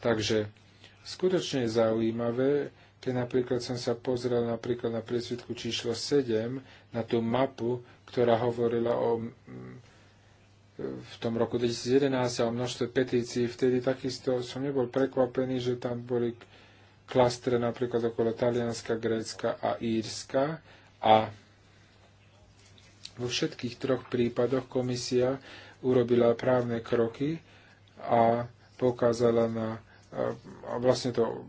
Takže skutočne je zaujímavé, keď napríklad som sa pozrel napríklad na presvitku číslo 7, na tú mapu, ktorá hovorila o v tom roku 2011 a o množstve petícií. Vtedy takisto som nebol prekvapený, že tam boli klastre napríklad okolo Talianska, Grécka a Írska a vo všetkých troch prípadoch komisia urobila právne kroky a pokázala na a vlastne to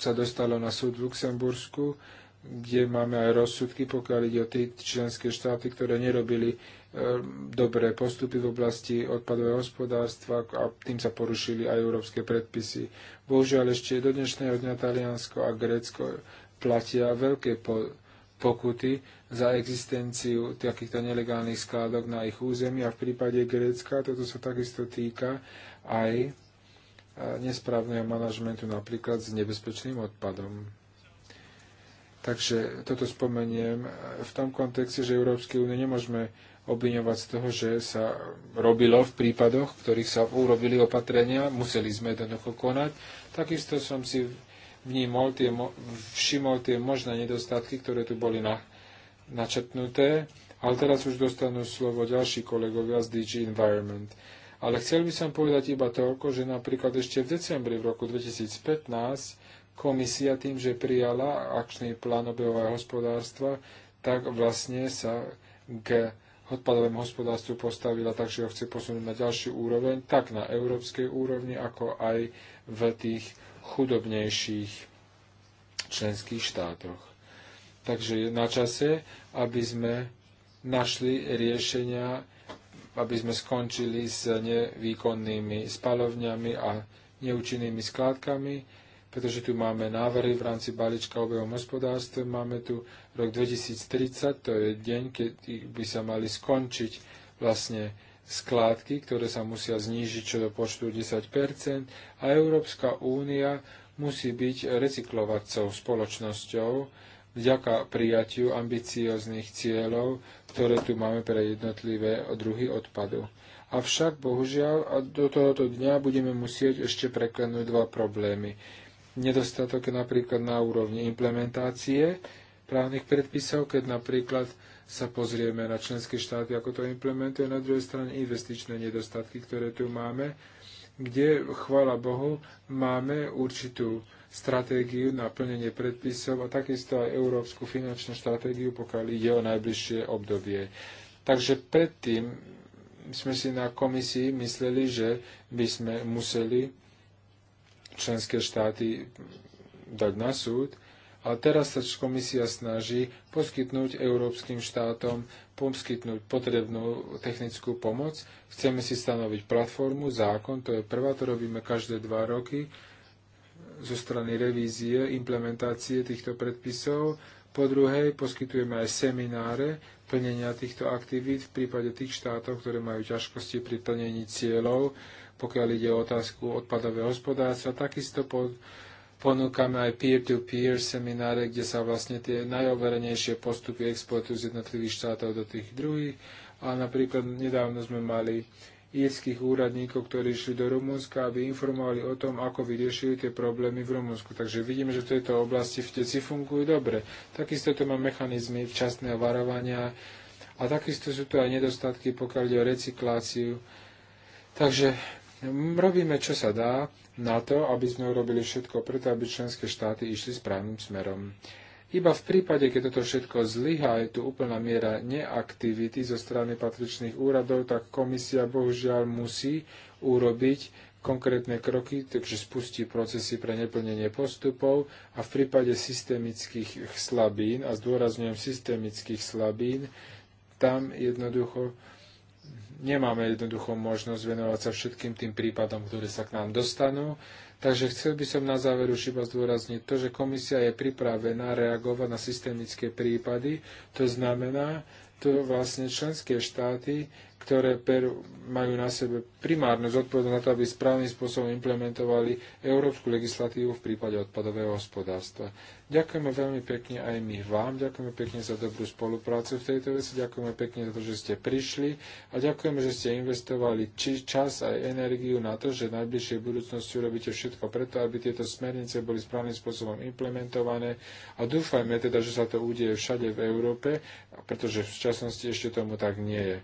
sa dostalo na súd v Luxembursku, kde máme aj rozsudky, pokiaľ ide o tie členské štáty, ktoré nerobili Ehm, dobré postupy v oblasti odpadového hospodárstva a tým sa porušili aj európske predpisy. Bohužiaľ ešte do dnešného dňa Taliansko a Grécko platia veľké po- pokuty za existenciu takýchto nelegálnych skládok na ich území a v prípade Grécka toto sa takisto týka aj e, nesprávneho manažmentu napríklad s nebezpečným odpadom. Takže toto spomeniem e, v tom kontexte, že Európskej únie nemôžeme obviňovať z toho, že sa robilo v prípadoch, v ktorých sa urobili opatrenia, museli sme jednoducho konať. Takisto som si vnímol tie, všimol tie možné nedostatky, ktoré tu boli na, načetnuté. ale teraz už dostanú slovo ďalší kolegovia z DG Environment. Ale chcel by som povedať iba toľko, že napríklad ešte v decembri v roku 2015 komisia tým, že prijala akčný plán obehového hospodárstva, tak vlastne sa k odpadovému hospodárstvu postavila, takže ho chce posunúť na ďalší úroveň, tak na európskej úrovni, ako aj v tých chudobnejších členských štátoch. Takže je na čase, aby sme našli riešenia, aby sme skončili s nevýkonnými spalovňami a neúčinnými skládkami, pretože tu máme návrhy v rámci balíčka obehom obevom hospodárstve. Máme tu rok 2030, to je deň, keď by sa mali skončiť vlastne skládky, ktoré sa musia znížiť čo do počtu 10 a Európska únia musí byť recyklovacou spoločnosťou vďaka prijatiu ambicióznych cieľov, ktoré tu máme pre jednotlivé druhy odpadu. Avšak, bohužiaľ, do tohoto dňa budeme musieť ešte preklenúť dva problémy nedostatok napríklad na úrovni implementácie právnych predpisov, keď napríklad sa pozrieme na členské štáty, ako to implementuje, na druhej strane investičné nedostatky, ktoré tu máme, kde, chvála Bohu, máme určitú stratégiu na plnenie predpisov a takisto aj európsku finančnú stratégiu, pokiaľ ide o najbližšie obdobie. Takže predtým sme si na komisii mysleli, že by sme museli členské štáty dať na súd, ale teraz sa komisia snaží poskytnúť európskym štátom poskytnúť potrebnú technickú pomoc. Chceme si stanoviť platformu, zákon, to je prvá, to robíme každé dva roky zo strany revízie, implementácie týchto predpisov. Po druhej, poskytujeme aj semináre plnenia týchto aktivít v prípade tých štátov, ktoré majú ťažkosti pri plnení cieľov pokiaľ ide o otázku odpadového hospodárstva. Takisto pod, ponúkame aj peer-to-peer -peer semináre, kde sa vlastne tie najoverenejšie postupy exportu z jednotlivých štátov do tých druhých. A napríklad nedávno sme mali írskych úradníkov, ktorí išli do Rumunska, aby informovali o tom, ako vyriešili tie problémy v Rumunsku. Takže vidíme, že v tejto oblasti vteci fungujú dobre. Takisto to má mechanizmy včasného varovania a takisto sú tu aj nedostatky, pokiaľ ide o recikláciu. Takže Robíme, čo sa dá na to, aby sme urobili všetko preto, aby členské štáty išli správnym smerom. Iba v prípade, keď toto všetko zlyhá, je tu úplná miera neaktivity zo strany patričných úradov, tak komisia bohužiaľ musí urobiť konkrétne kroky, takže spustí procesy pre neplnenie postupov a v prípade systemických slabín, a zdôrazňujem systemických slabín, tam jednoducho nemáme jednoducho možnosť venovať sa všetkým tým prípadom, ktoré sa k nám dostanú. Takže chcel by som na záver už iba zdôrazniť to, že komisia je pripravená reagovať na systemické prípady. To znamená, to vlastne členské štáty ktoré majú na sebe primárnu zodpovednosť na to, aby správnym spôsobom implementovali európsku legislatívu v prípade odpadového hospodárstva. Ďakujeme veľmi pekne aj my vám, ďakujeme pekne za dobrú spoluprácu v tejto veci, ďakujeme pekne za to, že ste prišli a ďakujeme, že ste investovali či čas aj energiu na to, že v najbližšej budúcnosti urobíte všetko preto, aby tieto smernice boli správnym spôsobom implementované a dúfajme teda, že sa to udeje všade v Európe, pretože v časnosti ešte tomu tak nie je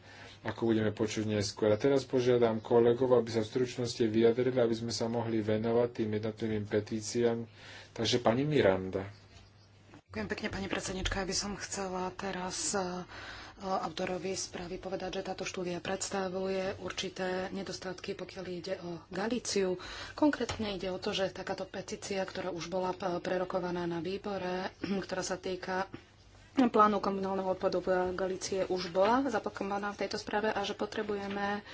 ako budeme počuť neskôr. A teraz požiadam kolegov, aby sa v stručnosti vyjadrili, aby sme sa mohli venovať tým jednotlivým petíciám. Takže pani Miranda. Ďakujem pekne, pani predsednička. Ja by som chcela teraz e, autorovi správy povedať, že táto štúdia predstavuje určité nedostatky, pokiaľ ide o Galíciu. Konkrétne ide o to, že takáto petícia, ktorá už bola e, prerokovaná na výbore, ktorá sa týka plánu komunálneho odpadu v Galície už bola zapakovaná v tejto správe a že potrebujeme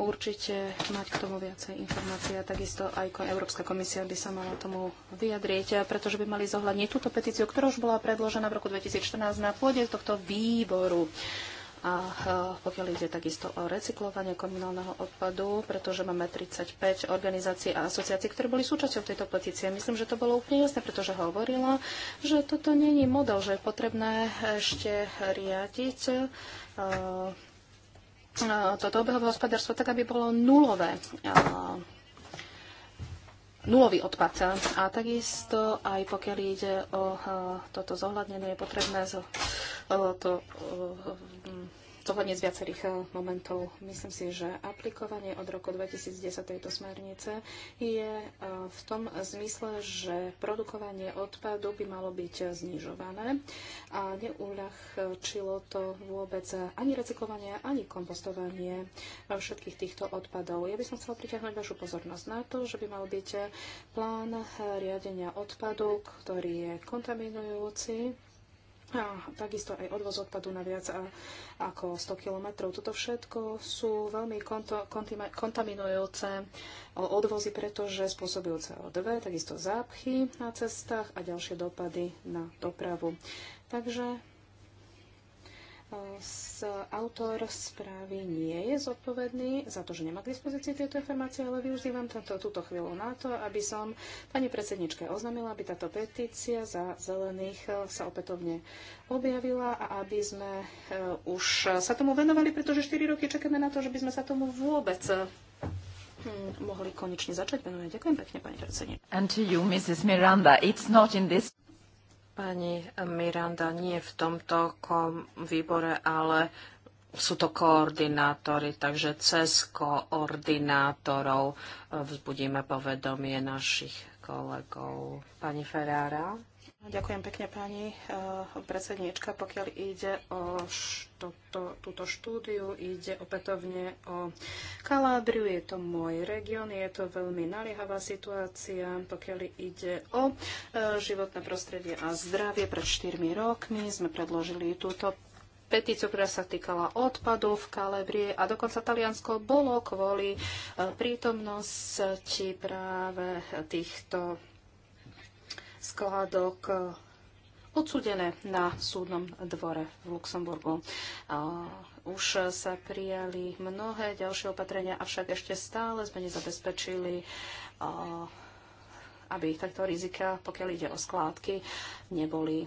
určite mať k tomu viacej informácií a takisto aj Európska komisia by sa mala tomu vyjadrieť, pretože by mali zohľadniť túto petíciu, ktorá už bola predložená v roku 2014 na pôde tohto výboru. A e, pokiaľ ide takisto o recyklovanie komunálneho odpadu, pretože máme 35 organizácií a asociácií, ktoré boli súčasťou tejto petície. Myslím, že to bolo úplne jasné, pretože hovorila, že toto není model, že je potrebné ešte riadiť e, e, toto obehové hospodárstvo tak, aby bolo nulové nulový odpad. A takisto aj pokiaľ ide o e, toto zohľadnenie, je potrebné e, to e, zohľadne z viacerých eh, momentov. Myslím si, že aplikovanie od roku 2010 tejto smernice je eh, v tom zmysle, že produkovanie odpadu by malo byť eh, znižované a neuľahčilo to vôbec ani recyklovanie, ani kompostovanie všetkých týchto odpadov. Ja by som chcela priťahnuť vašu pozornosť na to, že by mal byť plán riadenia odpadu, ktorý je kontaminujúci a takisto aj odvoz odpadu na viac ako 100 kilometrov. Toto všetko sú veľmi konto, kontima, kontaminujúce odvozy, pretože spôsobujú CO2, takisto zápchy na cestách a ďalšie dopady na dopravu. Takže autor správy nie je zodpovedný za to, že nemá k dispozícii tieto informácie, ale využívam tento, túto chvíľu na to, aby som pani predsedničke oznamila, aby táto petícia za zelených eh, sa opätovne objavila a aby sme eh, už sa tomu venovali, pretože 4 roky čakáme na to, že by sme sa tomu vôbec eh, hm, mohli konečne začať venovať. Ďakujem pekne, pani predsednička. And to you, Mrs. Miranda, it's not in this... Pani Miranda, nie v tomto výbore, ale sú to koordinátory, takže cez koordinátorov eh, vzbudíme povedomie našich kolegov. Pani Ferrara. Ďakujem pekne pani eh, predsedníčka. Pokiaľ ide o što, to, túto štúdiu, ide opätovne o Kalábriu. Je to môj región, je to veľmi naliehavá situácia. Pokiaľ ide o eh, životné prostredie a zdravie, pred 4 rokmi sme predložili túto petíciu, ktorá sa týkala odpadu v Kalebrie a dokonca Taliansko bolo kvôli eh, prítomnosti práve týchto skládok eh, odsudené na súdnom dvore v Luxemburgu. Už sa prijali mnohé ďalšie opatrenia, avšak ešte stále sme nezabezpečili, eh, aby takto rizika, pokiaľ ide o skládky, neboli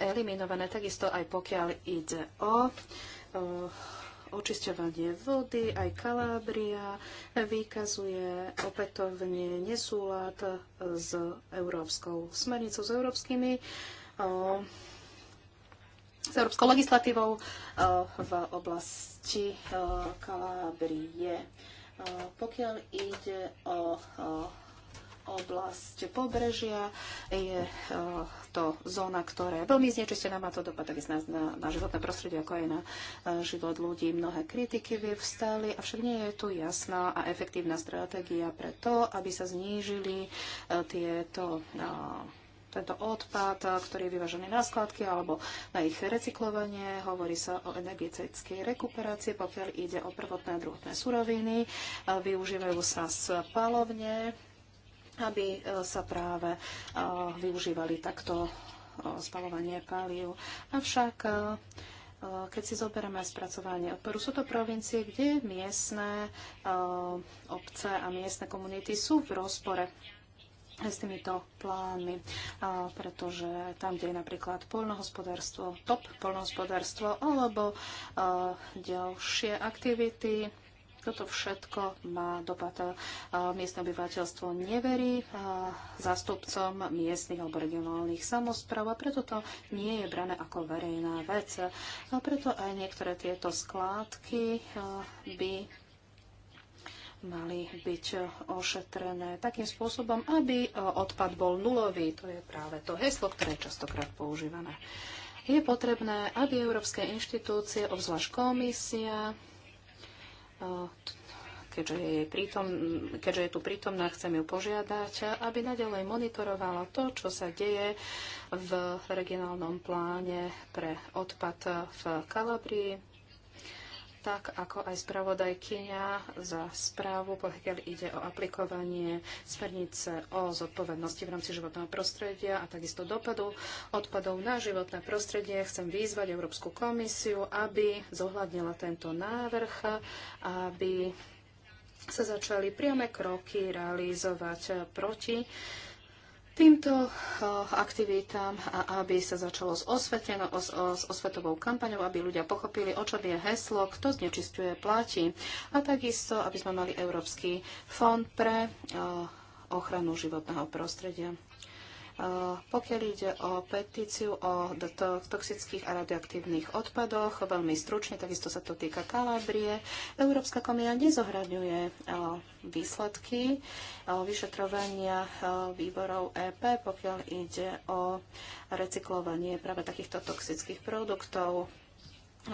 eliminované. Takisto aj pokiaľ ide o eh, očisťovanie vody, aj Kalábria vykazuje opätovne nesúlad s európskou smernicou, s európskymi s európskou legislatívou v oblasti Kalábrie. Pokiaľ ide o oblasť pobrežia. Je e, to zóna, ktorá je veľmi znečistená, má to dopad tak na, na, na životné prostredie, ako aj na e, život ľudí. Mnohé kritiky vyvstali, avšak nie je tu jasná a efektívna stratégia pre to, aby sa znížili e, tieto tento odpad, ktorý je vyvážený na skladky alebo na ich recyklovanie. Hovorí sa o energetickej rekuperácii, pokiaľ ide o prvotné a druhotné suroviny. Využívajú sa spalovne aby e, sa práve e, využívali takto e, spalovanie palív. Avšak keď si zoberieme spracovanie odporu, sú to provincie, kde miestne obce a miestne komunity sú v rozpore s týmito plánmi, pretože tam, kde je napríklad poľnohospodárstvo, top poľnohospodárstvo alebo ďalšie aktivity, toto všetko má dopad. Miestne obyvateľstvo neverí zástupcom miestnych alebo regionálnych samozpráv a preto to nie je brané ako verejná vec. A preto aj niektoré tieto skládky by mali byť ošetrené takým spôsobom, aby odpad bol nulový. To je práve to heslo, ktoré je častokrát používané. Je potrebné, aby európske inštitúcie, obzvlášť komisia, keďže je, prítom, keďže je tu prítomná, chcem ju požiadať, aby nadalej monitorovala to, čo sa deje v regionálnom pláne pre odpad v Kalabrii, tak ako aj spravodajkyňa za správu, pokiaľ ide o aplikovanie smernice o zodpovednosti v rámci životného prostredia a takisto dopadu odpadov na životné prostredie. Chcem vyzvať Európsku komisiu, aby zohľadnila tento návrh, aby sa začali priame kroky realizovať proti týmto eh, aktivitám, aby sa začalo s, s, s osvetovou kampaňou, aby ľudia pochopili, o čom je heslo, kto znečistuje, platí. A takisto, aby sme mali Európsky fond pre eh, ochranu životného prostredia. Eh, pokiaľ ide o petíciu o toxických a radioaktívnych odpadoch, veľmi stručne, takisto sa to týka Kalabrie, Európska komia nezohradňuje eh, výsledky eh, vyšetrovania výborov EP, pokiaľ ide o recyklovanie práve takýchto toxických produktov.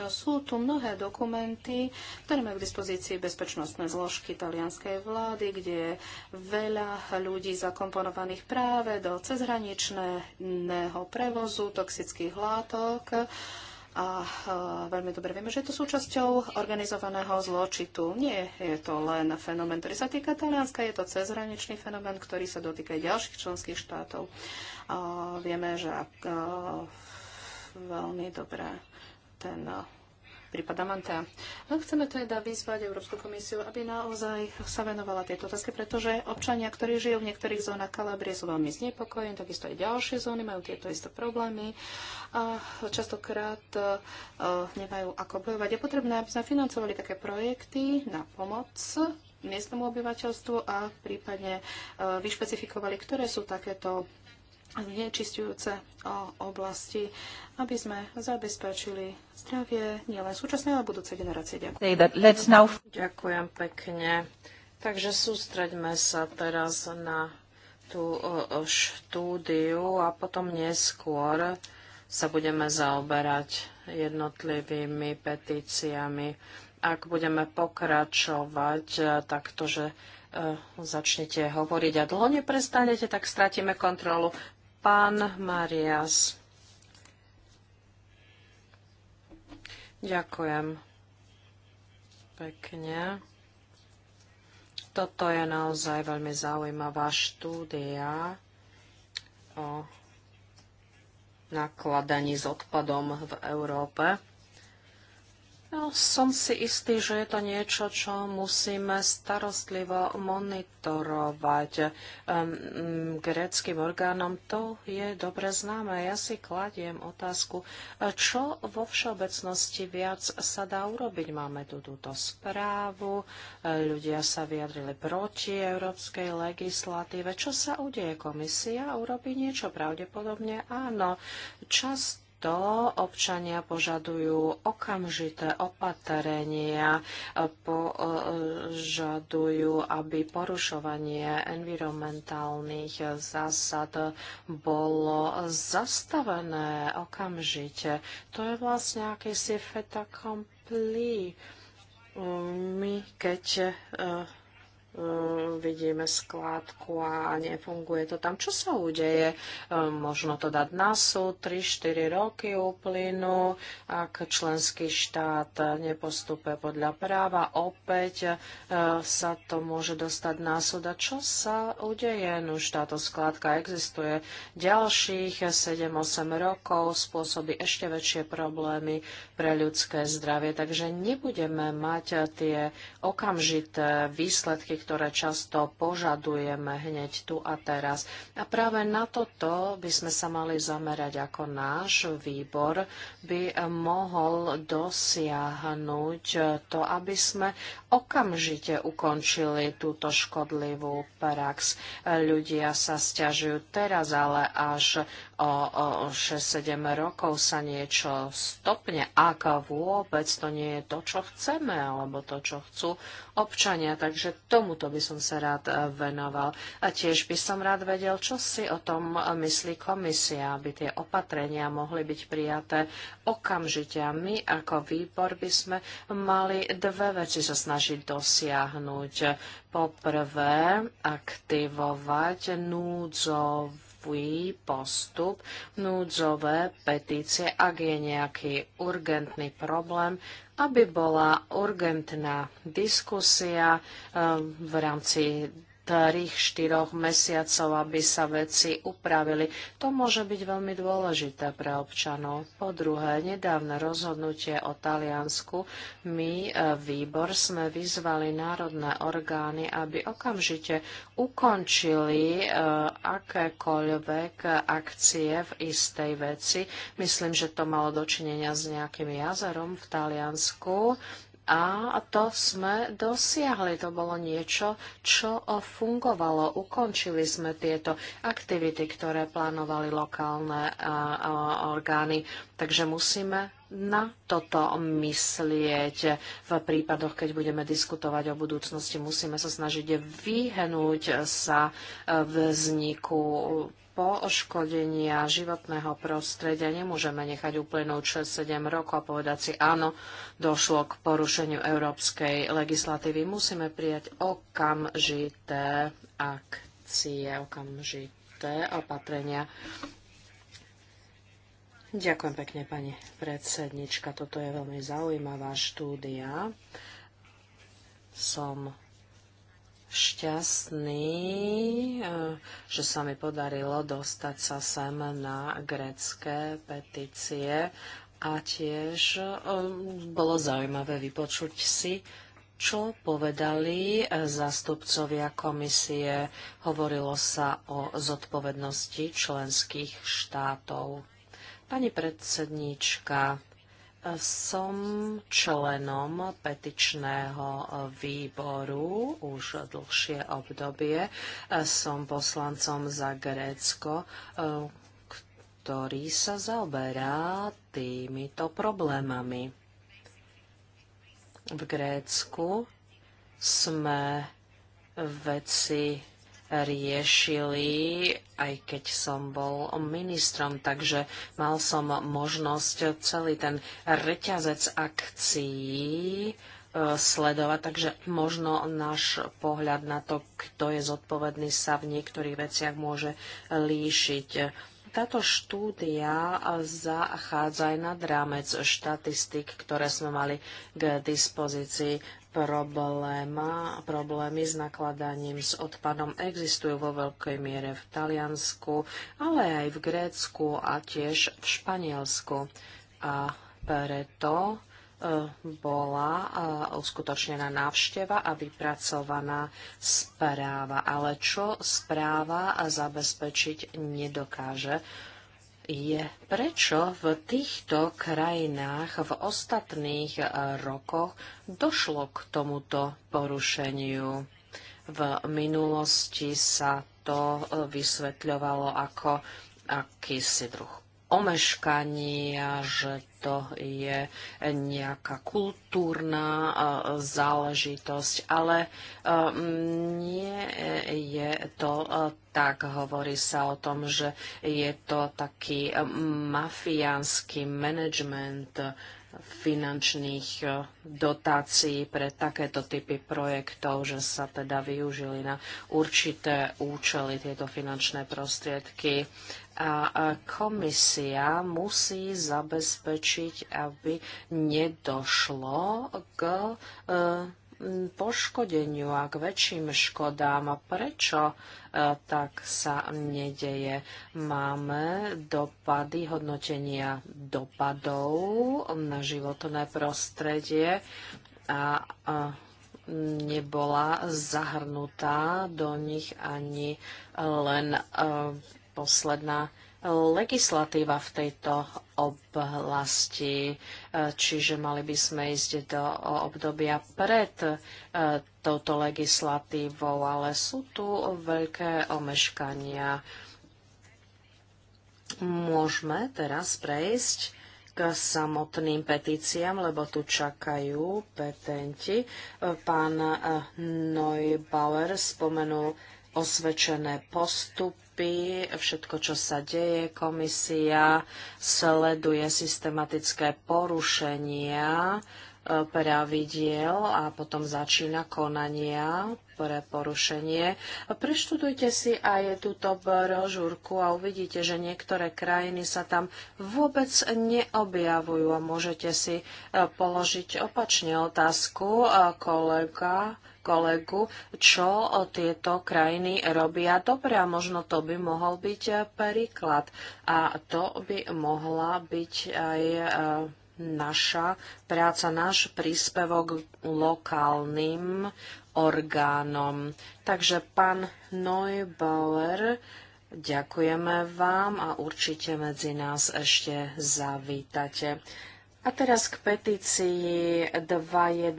Sú tu mnohé dokumenty, ktoré majú k dispozícii bezpečnostné zložky talianskej vlády, kde je veľa ľudí zakomponovaných práve do cezhraničného prevozu toxických látok a e, veľmi dobre vieme, že je to súčasťou organizovaného zločitu. Nie je to len fenomén, ktorý sa týka Talianska, je to cezhraničný fenomén, ktorý sa dotýka aj ďalších členských štátov. A vieme, že a, e, veľmi dobré ten eh, prípad Amantea. No chceme teda vyzvať Európsku komisiu, aby naozaj sa venovala tejto otázke, pretože občania, ktorí žijú v niektorých zónach Kalabrie, sú veľmi znepokojení, takisto aj ďalšie zóny majú tieto isté problémy a častokrát uh, nemajú ako bojovať. Je potrebné, aby sme financovali také projekty na pomoc miestnemu obyvateľstvu a prípadne uh, vyšpecifikovali, ktoré sú takéto znečistujúce oblasti, aby sme zabezpečili zdravie nielen súčasnej, ale budúcej generácie. Ďakujem. Ďakujem pekne. Takže sústreďme sa teraz na tú štúdiu a potom neskôr sa budeme zaoberať jednotlivými petíciami. Ak budeme pokračovať e, takto, že e, začnete hovoriť a dlho neprestanete, tak stratíme kontrolu pán Marias. Ďakujem pekne. Toto je naozaj veľmi zaujímavá štúdia o nakladaní s odpadom v Európe. No Som si istý, že je to niečo, čo musíme starostlivo monitorovať. Um, gréckým orgánom to je dobre známe. Ja si kladiem otázku, e, čo vo všeobecnosti viac sa dá urobiť. Máme tu túto správu, e, ľudia sa vyjadrili proti európskej legislatíve. Čo sa udeje? Komisia urobí niečo? Pravdepodobne áno. Často preto občania požadujú okamžité opatrenia, požadujú, aby porušovanie environmentálnych zásad bolo zastavené okamžite. To je vlastne akýsi feta accompli. My, keď uh, Mm, vidíme skládku a nefunguje to tam. Čo sa udeje? Mm, možno to dať na súd, 3-4 roky uplynú, ak členský štát nepostupuje podľa práva, opäť e, sa to môže dostať na súd. A čo sa udeje? No už táto skládka existuje ďalších 7-8 rokov, spôsobí ešte väčšie problémy pre ľudské zdravie. Takže nebudeme mať tie okamžité výsledky, ktoré často požadujeme hneď tu a teraz. A práve na toto by sme sa mali zamerať, ako náš výbor by mohol dosiahnuť to, aby sme okamžite ukončili túto škodlivú prax. Ľudia sa stiažujú teraz, ale až o, o 6-7 rokov sa niečo stopne, a ak vôbec to nie je to, čo chceme, alebo to, čo chcú občania. Takže tomuto by som sa rád e, venoval. A tiež by som rád vedel, čo si o tom myslí komisia, aby tie opatrenia mohli byť prijaté okamžite. A my ako výbor by sme mali dve veci sa snažiť dosiahnuť. Poprvé, aktivovať núdzov svoj postup, núdzové petície, ak je nejaký urgentný problém, aby bola urgentná diskusia eh, v rámci starých štyroch mesiacov, aby sa veci upravili. To môže byť veľmi dôležité pre občanov. Po druhé, nedávne rozhodnutie o Taliansku. My, e, výbor, sme vyzvali národné orgány, aby okamžite ukončili e, akékoľvek akcie v istej veci. Myslím, že to malo dočinenia s nejakým jazerom v Taliansku a to sme dosiahli. To bolo niečo, čo fungovalo. Ukončili sme tieto aktivity, ktoré plánovali lokálne orgány. Takže musíme na toto myslieť. V prípadoch, keď budeme diskutovať o budúcnosti, musíme sa snažiť vyhnúť sa e, vzniku poškodenia životného prostredia nemôžeme nechať uplynúť 6-7 rokov a povedať si áno, došlo k porušeniu európskej legislatívy. Musíme prijať okamžité akcie, okamžité opatrenia. Ďakujem pekne, pani predsednička. Toto je veľmi zaujímavá štúdia. Som šťastný, e, že sa mi podarilo dostať sa sem na grecké petície a tiež e, bolo zaujímavé vypočuť si, čo povedali e, zástupcovia komisie. Hovorilo sa o zodpovednosti členských štátov. Pani predsedníčka, som členom petičného výboru už dlhšie obdobie. Som poslancom za Grécko, ktorý sa zaoberá týmito problémami. V Grécku sme veci riešili, aj keď som bol ministrom, takže mal som možnosť celý ten reťazec akcií e, sledovať, takže možno náš pohľad na to, kto je zodpovedný, sa v niektorých veciach môže líšiť. Táto štúdia zachádza aj nad rámec štatistik, ktoré sme mali k dispozícii probléma, problémy s nakladaním s odpadom existujú vo veľkej miere v Taliansku, ale aj v Grécku a tiež v Španielsku. A preto e, bola e, uskutočnená návšteva a vypracovaná správa. Ale čo správa zabezpečiť nedokáže? je, prečo v týchto krajinách v ostatných eh, rokoch došlo k tomuto porušeniu. V minulosti sa to eh, vysvetľovalo ako akýsi druh omeškania, že to je nejaká kultúrna e, záležitosť, ale e, nie je to e, tak. Hovorí sa o tom, že je to taký mafiánsky management finančných e, dotácií pre takéto typy projektov, že sa teda využili na určité účely tieto finančné prostriedky. A komisia musí zabezpečiť, aby nedošlo k e, poškodeniu a k väčším škodám. Prečo E, tak sa nedeje. Máme dopady, hodnotenia dopadov na životné prostredie a, a nebola zahrnutá do nich ani len e, posledná legislatíva v tejto oblasti, e, čiže mali by sme ísť do obdobia pred e, touto legislatívou, ale sú tu veľké omeškania. Môžeme teraz prejsť k samotným petíciám, lebo tu čakajú petenti. E, pán Neubauer spomenul osvedčené postupy služby, všetko, čo sa deje. Komisia sleduje systematické porušenia e, pravidiel a potom začína konania pre porušenie. Preštudujte si aj túto brožúrku a uvidíte, že niektoré krajiny sa tam vôbec neobjavujú a môžete si e, položiť opačne otázku e, kolega kolegu, čo tieto krajiny robia dobre a možno to by mohol byť eh, príklad. A to by mohla byť aj eh, naša práca, náš príspevok lokálnym orgánom. Takže pán Neubauer, ďakujeme vám a určite medzi nás ešte zavítate. A teraz k petícii 212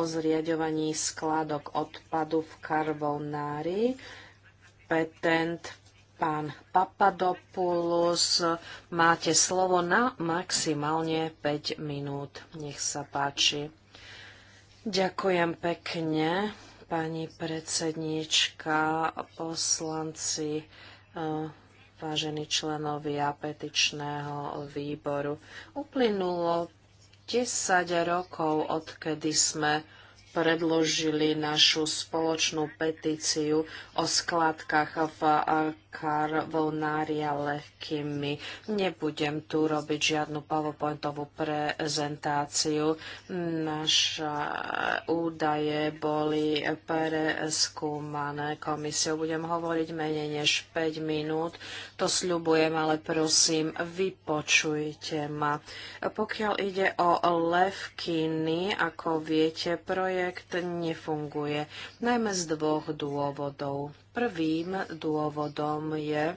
o zriadovaní skládok odpadu v Karbonári. Petent pán Papadopoulos, máte slovo na maximálne 5 minút. Nech sa páči. Ďakujem pekne, pani predsednička, poslanci eh, vážení členovia petičného výboru. Uplynulo 10 rokov, odkedy sme predložili našu spoločnú petíciu o skladkách v karvonária lehkými. Nebudem tu robiť žiadnu PowerPointovú prezentáciu. Naše údaje boli preskúmané komisiou. Budem hovoriť menej než 5 minút. To sľubujem, ale prosím, vypočujte ma. Pokiaľ ide o levkiny, ako viete, projekt projekt nefunguje. Najmä z dvoch dôvodov. Prvým dôvodom je, e,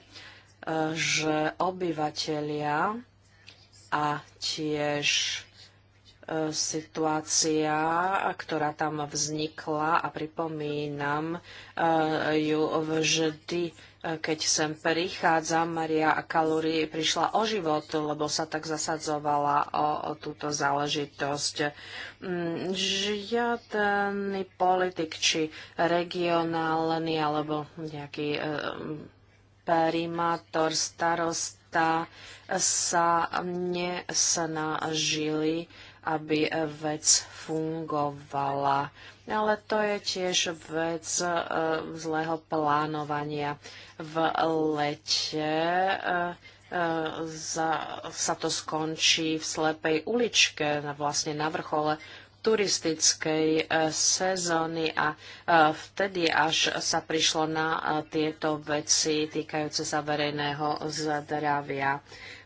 že obyvateľia a tiež e, situácia, ktorá tam vznikla a pripomínam e, ju vždy keď sem prichádza, Maria Kaluri prišla o život, lebo sa tak zasadzovala o, o túto záležitosť. Žiadny politik, či regionálny, alebo nejaký e, primátor, starosta sa nesnažili aby e, vec fungovala. Ale to je tiež vec e, zlého plánovania v lete e, za, sa to skončí v slepej uličke, vlastne na vrchole turistickej sezóny a vtedy až sa prišlo na tieto veci týkajúce sa verejného zdravia.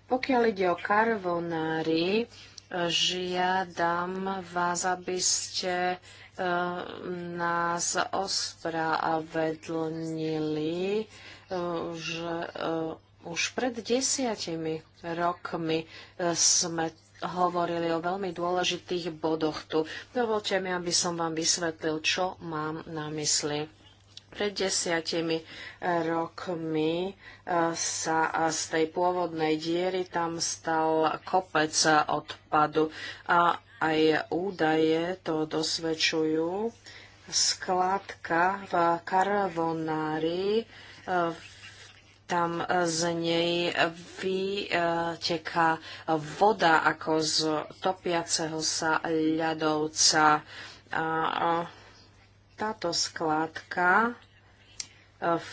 Pokiaľ ide o karbonári, Žiadam vás, aby ste e, nás ospravedlnili, e, že e, už pred desiatimi rokmi sme hovorili o veľmi dôležitých bodoch tu. Dovolte mi, aby som vám vysvetlil, čo mám na mysli. Pred desiatimi eh, rokmi eh, sa eh, z tej pôvodnej diery tam stal kopec odpadu a aj údaje to dosvedčujú. Skladka v Karvonári tam z nej vyteká voda ako z topiaceho sa ľadovca. A táto skládka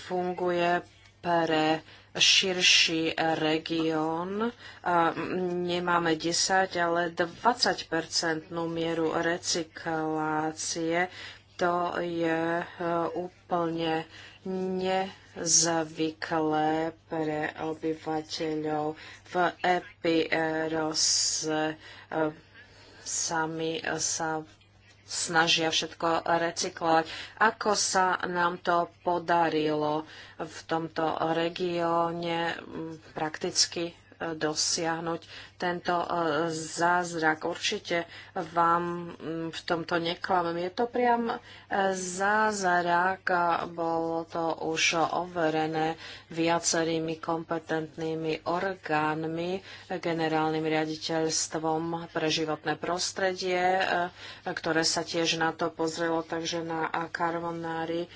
funguje pre širší región. Nemáme 10, ale 20-percentnú mieru recyklácie. To je e, úplne nezvyklé pre obyvateľov. V Epiros e, sami sa snažia všetko recyklovať. Ako sa nám to podarilo v tomto regióne prakticky dosiahnuť tento e, zázrak. Určite vám mm, v tomto neklamem. Je to priam e, zázrak a bolo to už overené viacerými kompetentnými orgánmi, generálnym riaditeľstvom pre životné prostredie, e, ktoré sa tiež na to pozrelo, takže na karbonári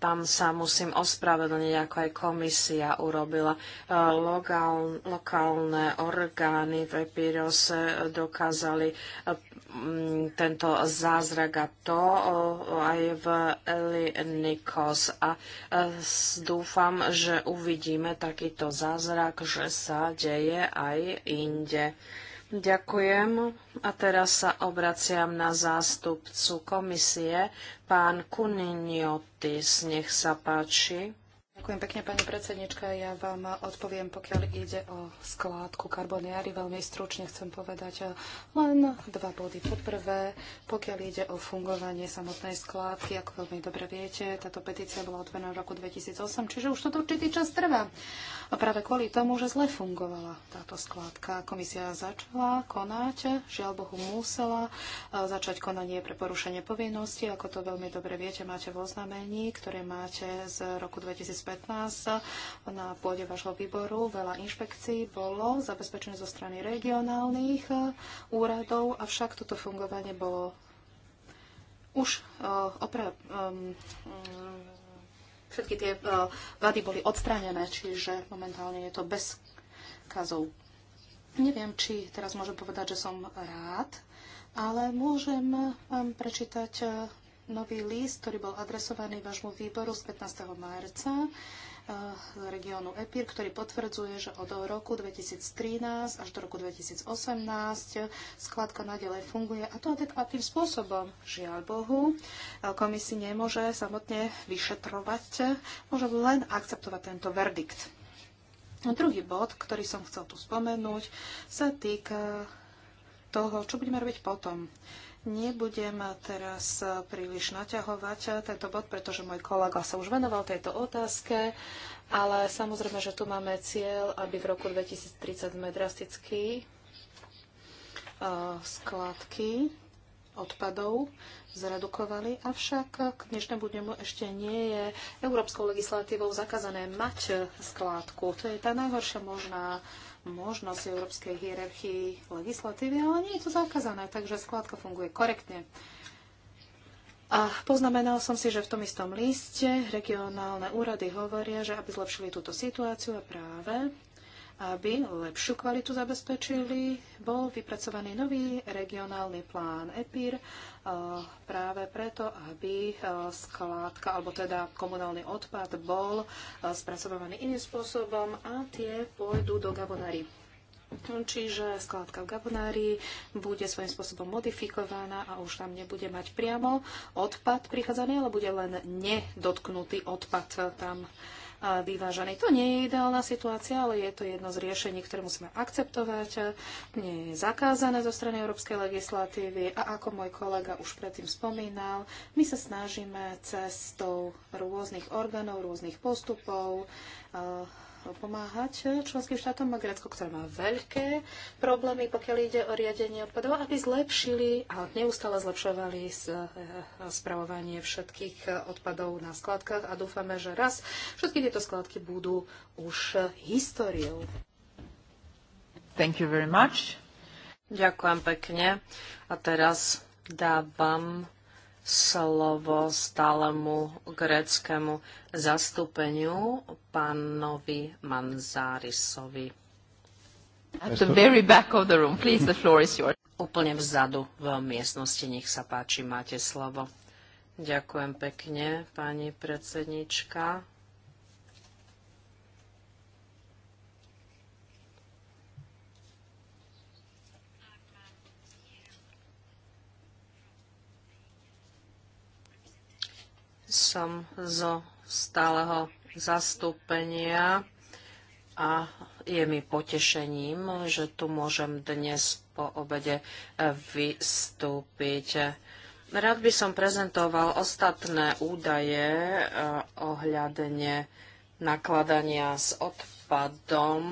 tam sa musím ospravedlniť, ako aj komisia urobila. Lokálne orgány strany v dokázali eh, mm, tento zázrak a to eh, aj v Eli Nikos. A eh, dúfam, že uvidíme takýto zázrak, že sa deje aj inde. Ďakujem. A teraz sa obraciam na zástupcu komisie, pán Kuniniotis. Nech sa páči. Ďakujem pekne, pani predsednička. Ja vám odpoviem, pokiaľ ide o skládku karboniary. Veľmi stručne chcem povedať eh, len dva body. Po prvé, pokiaľ ide o fungovanie samotnej skládky, ako veľmi dobre viete, táto petícia bola otvorená v roku 2008, čiže už toto určitý čas trvá. A práve kvôli tomu, že zle fungovala táto skládka, komisia začala konať, žiaľ Bohu musela eh, začať konanie pre porušenie povinnosti, ako to veľmi dobre viete, máte v oznamení, ktoré máte z roku 2005 2015 na pôde vášho výboru veľa inšpekcií bolo zabezpečené zo strany regionálnych eh, úradov, avšak toto fungovanie bolo už eh, opra- ehm, všetky tie eh, vady boli odstranené, čiže momentálne je to bez kazov. Neviem, či teraz môžem povedať, že som rád, ale môžem vám prečítať nový list, ktorý bol adresovaný vášmu výboru z 15. marca z eh, regiónu EPIR, ktorý potvrdzuje, že od roku 2013 až do roku 2018 skladka nadalej funguje a to adekvátnym spôsobom. Žiaľ Bohu, eh, komisi nemôže samotne vyšetrovať, eh, môže len akceptovať tento verdikt. Druhý bod, ktorý som chcel tu spomenúť, sa týka toho, čo budeme robiť potom. Nebudem teraz príliš naťahovať tento bod, pretože môj kolega sa už venoval tejto otázke, ale samozrejme, že tu máme cieľ, aby v roku 2030 sme drasticky eh, skladky odpadov zredukovali, avšak k dnešnému dňu ešte nie je európskou legislatívou zakázané mať skládku. To je tá najhoršia možná možnosť európskej hierarchii legislatívy, ale nie je to zakázané, takže skladka funguje korektne. A poznamenal som si, že v tom istom liste regionálne úrady hovoria, že aby zlepšili túto situáciu a práve aby lepšiu kvalitu zabezpečili, bol vypracovaný nový regionálny plán EPIR práve preto, aby skládka, alebo teda komunálny odpad bol spracovaný iným spôsobom a tie pôjdu do Gabonári. Čiže skládka v Gabonári bude svojím spôsobom modifikovaná a už tam nebude mať priamo odpad prichádzaný, ale bude len nedotknutý odpad tam vyvážaný. To nie je ideálna situácia, ale je to jedno z riešení, ktoré musíme akceptovať. Nie je zakázané zo strany európskej legislatívy a ako môj kolega už predtým spomínal, my sa snažíme cestou rôznych orgánov, rôznych postupov, pomáhať členským štátom a Grécko, ktoré má veľké problémy, pokiaľ ide o riadenie odpadov, aby zlepšili a neustále zlepšovali eh, spravovanie všetkých odpadov na skladkách a dúfame, že raz všetky tieto skladky budú už históriou. Thank you very much. Ďakujem pekne. A teraz dávam slovo stálemu gréckému zastúpeniu pánovi Manzárisovi. At the very back of the room, please, the floor is yours. Úplne vzadu v miestnosti, nech sa páči, máte slovo. Ďakujem pekne, pani predsednička. som zo stáleho zastúpenia a je mi potešením, že tu môžem dnes po obede e, vystúpiť. Rád by som prezentoval ostatné údaje e, ohľadne nakladania s odpadom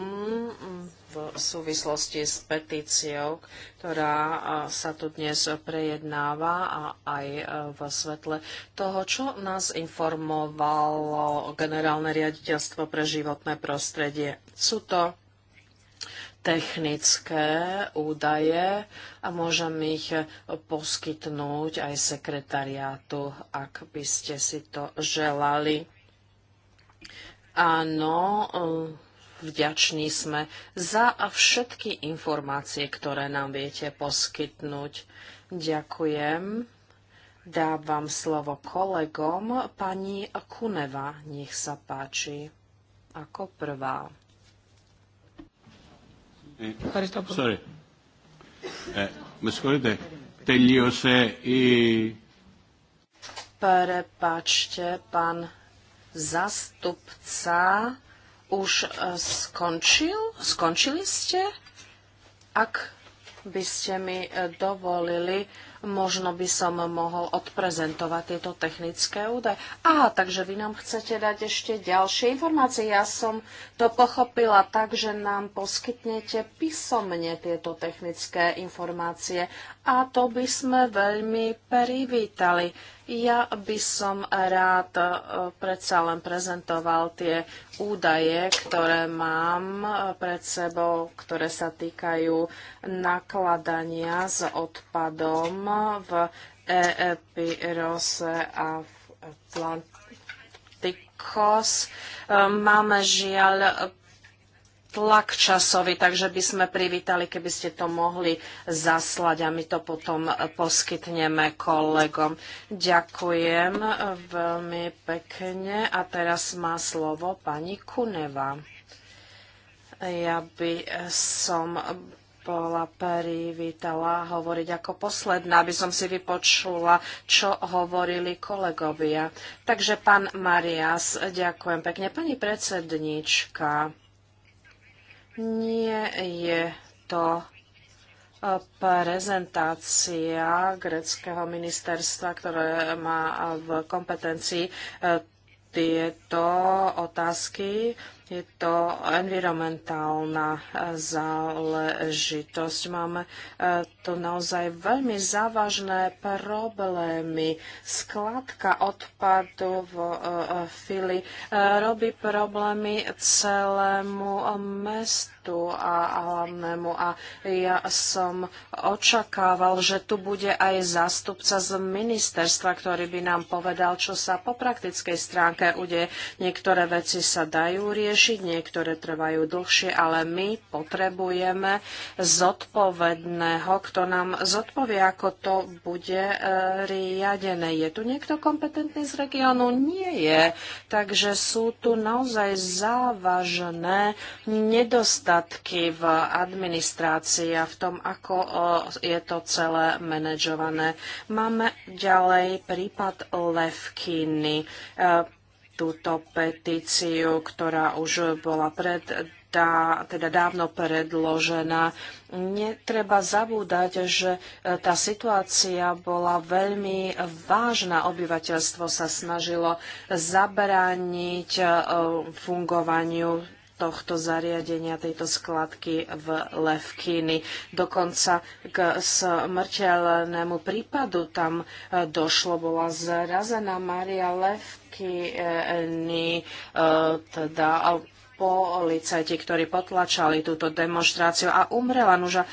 v súvislosti s petíciou, ktorá sa tu dnes prejednáva a aj e, v svetle toho, čo nás informovalo Generálne riaditeľstvo pre životné prostredie. Sú to technické údaje a môžem ich poskytnúť aj sekretariátu, ak by ste si to želali. Áno, e, vďační sme za všetky informácie, ktoré nám viete poskytnúť. Ďakujem. Dávam slovo kolegom. Pani Kuneva, nech sa páči, ako prvá. Eh, Prepačte, pán zastupca už e, skončil? Skončili ste? Ak by ste mi e, dovolili, možno by som mohol odprezentovať tieto technické údaje. Aha, takže vy nám chcete dať ešte ďalšie informácie. Ja som to pochopila tak, že nám poskytnete písomne tieto technické informácie a to by sme veľmi privítali. Ja by som rád e, predsa len prezentoval tie údaje, ktoré mám e, pred sebou, ktoré sa týkajú nakladania s odpadom v Epirose a v Atlantikos. E, máme žiaľ tlak časový, takže by sme privítali, keby ste to mohli zaslať a my to potom poskytneme kolegom. Ďakujem veľmi pekne a teraz má slovo pani Kuneva. Ja by som bola privítala hovoriť ako posledná, aby som si vypočula, čo hovorili kolegovia. Takže pán Marias, ďakujem pekne. Pani predsednička, nie je to e, prezentácia greckého ministerstva, ktoré má v kompetencii e, tieto otázky. Je to environmentálna e, záležitosť. Máme e, tu naozaj veľmi závažné problémy. Skladka odpadu v e, Fili robí problémy celému mestu a hlavnému. A ja som očakával, že tu bude aj zástupca z ministerstva, ktorý by nám povedal, čo sa po praktickej stránke udeje. Niektoré veci sa dajú riešiť riešiť, niektoré trvajú dlhšie, ale my potrebujeme zodpovedného, kto nám zodpovie, ako to bude e, riadené. Je tu niekto kompetentný z regiónu? Nie je. Takže sú tu naozaj závažné nedostatky v administrácii a v tom, ako e, je to celé manažované. Máme ďalej prípad Levkiny e, túto petíciu, ktorá už bola pred tá, teda dávno predložená. Netreba zabúdať, že e, tá situácia bola veľmi vážna. Obyvateľstvo sa snažilo zabrániť e, fungovaniu tohto zariadenia, tejto skladky v Levkýny. Dokonca k smrteľnému prípadu tam e, došlo, bola zrazená Maria Levkýny, e, teda policajti, ktorí potlačali túto demonstráciu a umrela. Nuža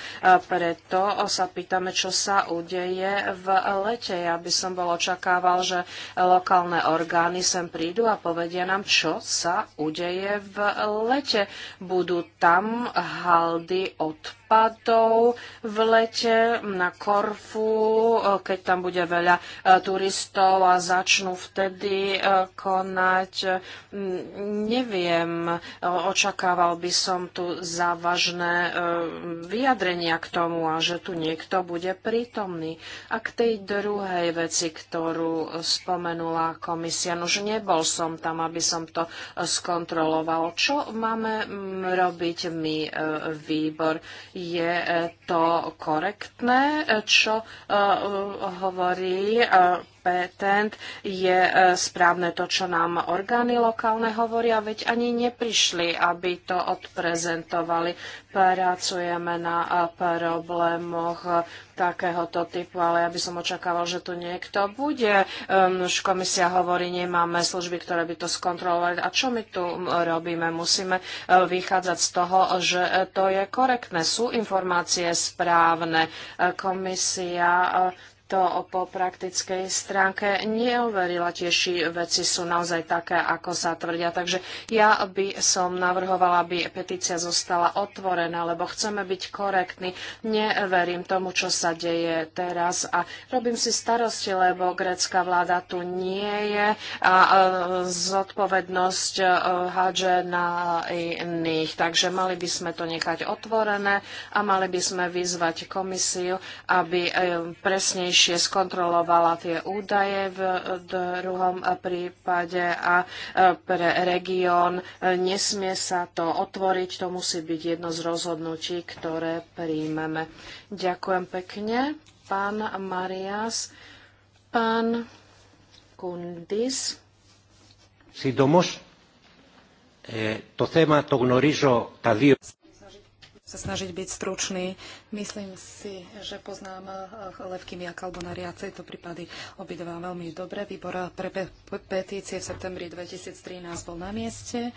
preto sa pýtame, čo sa udeje v lete. Ja by som bol očakával, že lokálne orgány sem prídu a povedia nám, čo sa udeje v lete. Budú tam haldy od nápadov v lete na Korfu, e, keď tam bude veľa e, turistov a začnú vtedy e, konať. Mm, neviem, očakával by som tu závažné vyjadrenia k tomu a že tu niekto bude prítomný. A k tej druhej veci, ktorú spomenula komisia, no už nebol som tam, aby som to skontroloval. Čo máme robiť my, výbor? je eh, to korektné, eh, čo eh, hovorí petent, je e, správne to, čo nám orgány lokálne hovoria, veď ani neprišli, aby to odprezentovali. Pracujeme na e, problémoch e, takéhoto typu, ale ja by som očakával, že tu niekto bude. už komisia hovorí, nemáme služby, ktoré by to skontrolovali. A čo my tu robíme? Musíme vychádzať z toho, že to je korektné. Sú informácie správne. Komisia to po praktickej stránke neoverila. Tiež či veci sú naozaj také, ako sa tvrdia. Takže ja by som navrhovala, aby petícia zostala otvorená, lebo chceme byť korektní. Neverím tomu, čo sa deje teraz a robím si starosti, lebo grécka vláda tu nie je a e, zodpovednosť e, hádže na iných. Takže mali by sme to nechať otvorené a mali by sme vyzvať komisiu, aby e, presnejšie lepšie skontrolovala tie údaje v druhom prípade a e, pre región e, nesmie sa to otvoriť. To musí byť jedno z rozhodnutí, ktoré príjmeme. Ďakujem pekne. Pán Marias, pán Kundis. Si domos, eh, to téma to γνωρίζω tá δύο sa snažiť byť stručný. Myslím si, že poznám eh, Levkymi a Kalbonária to prípady obidva veľmi dobre. Výbor pre petície v septembri 2013 bol na mieste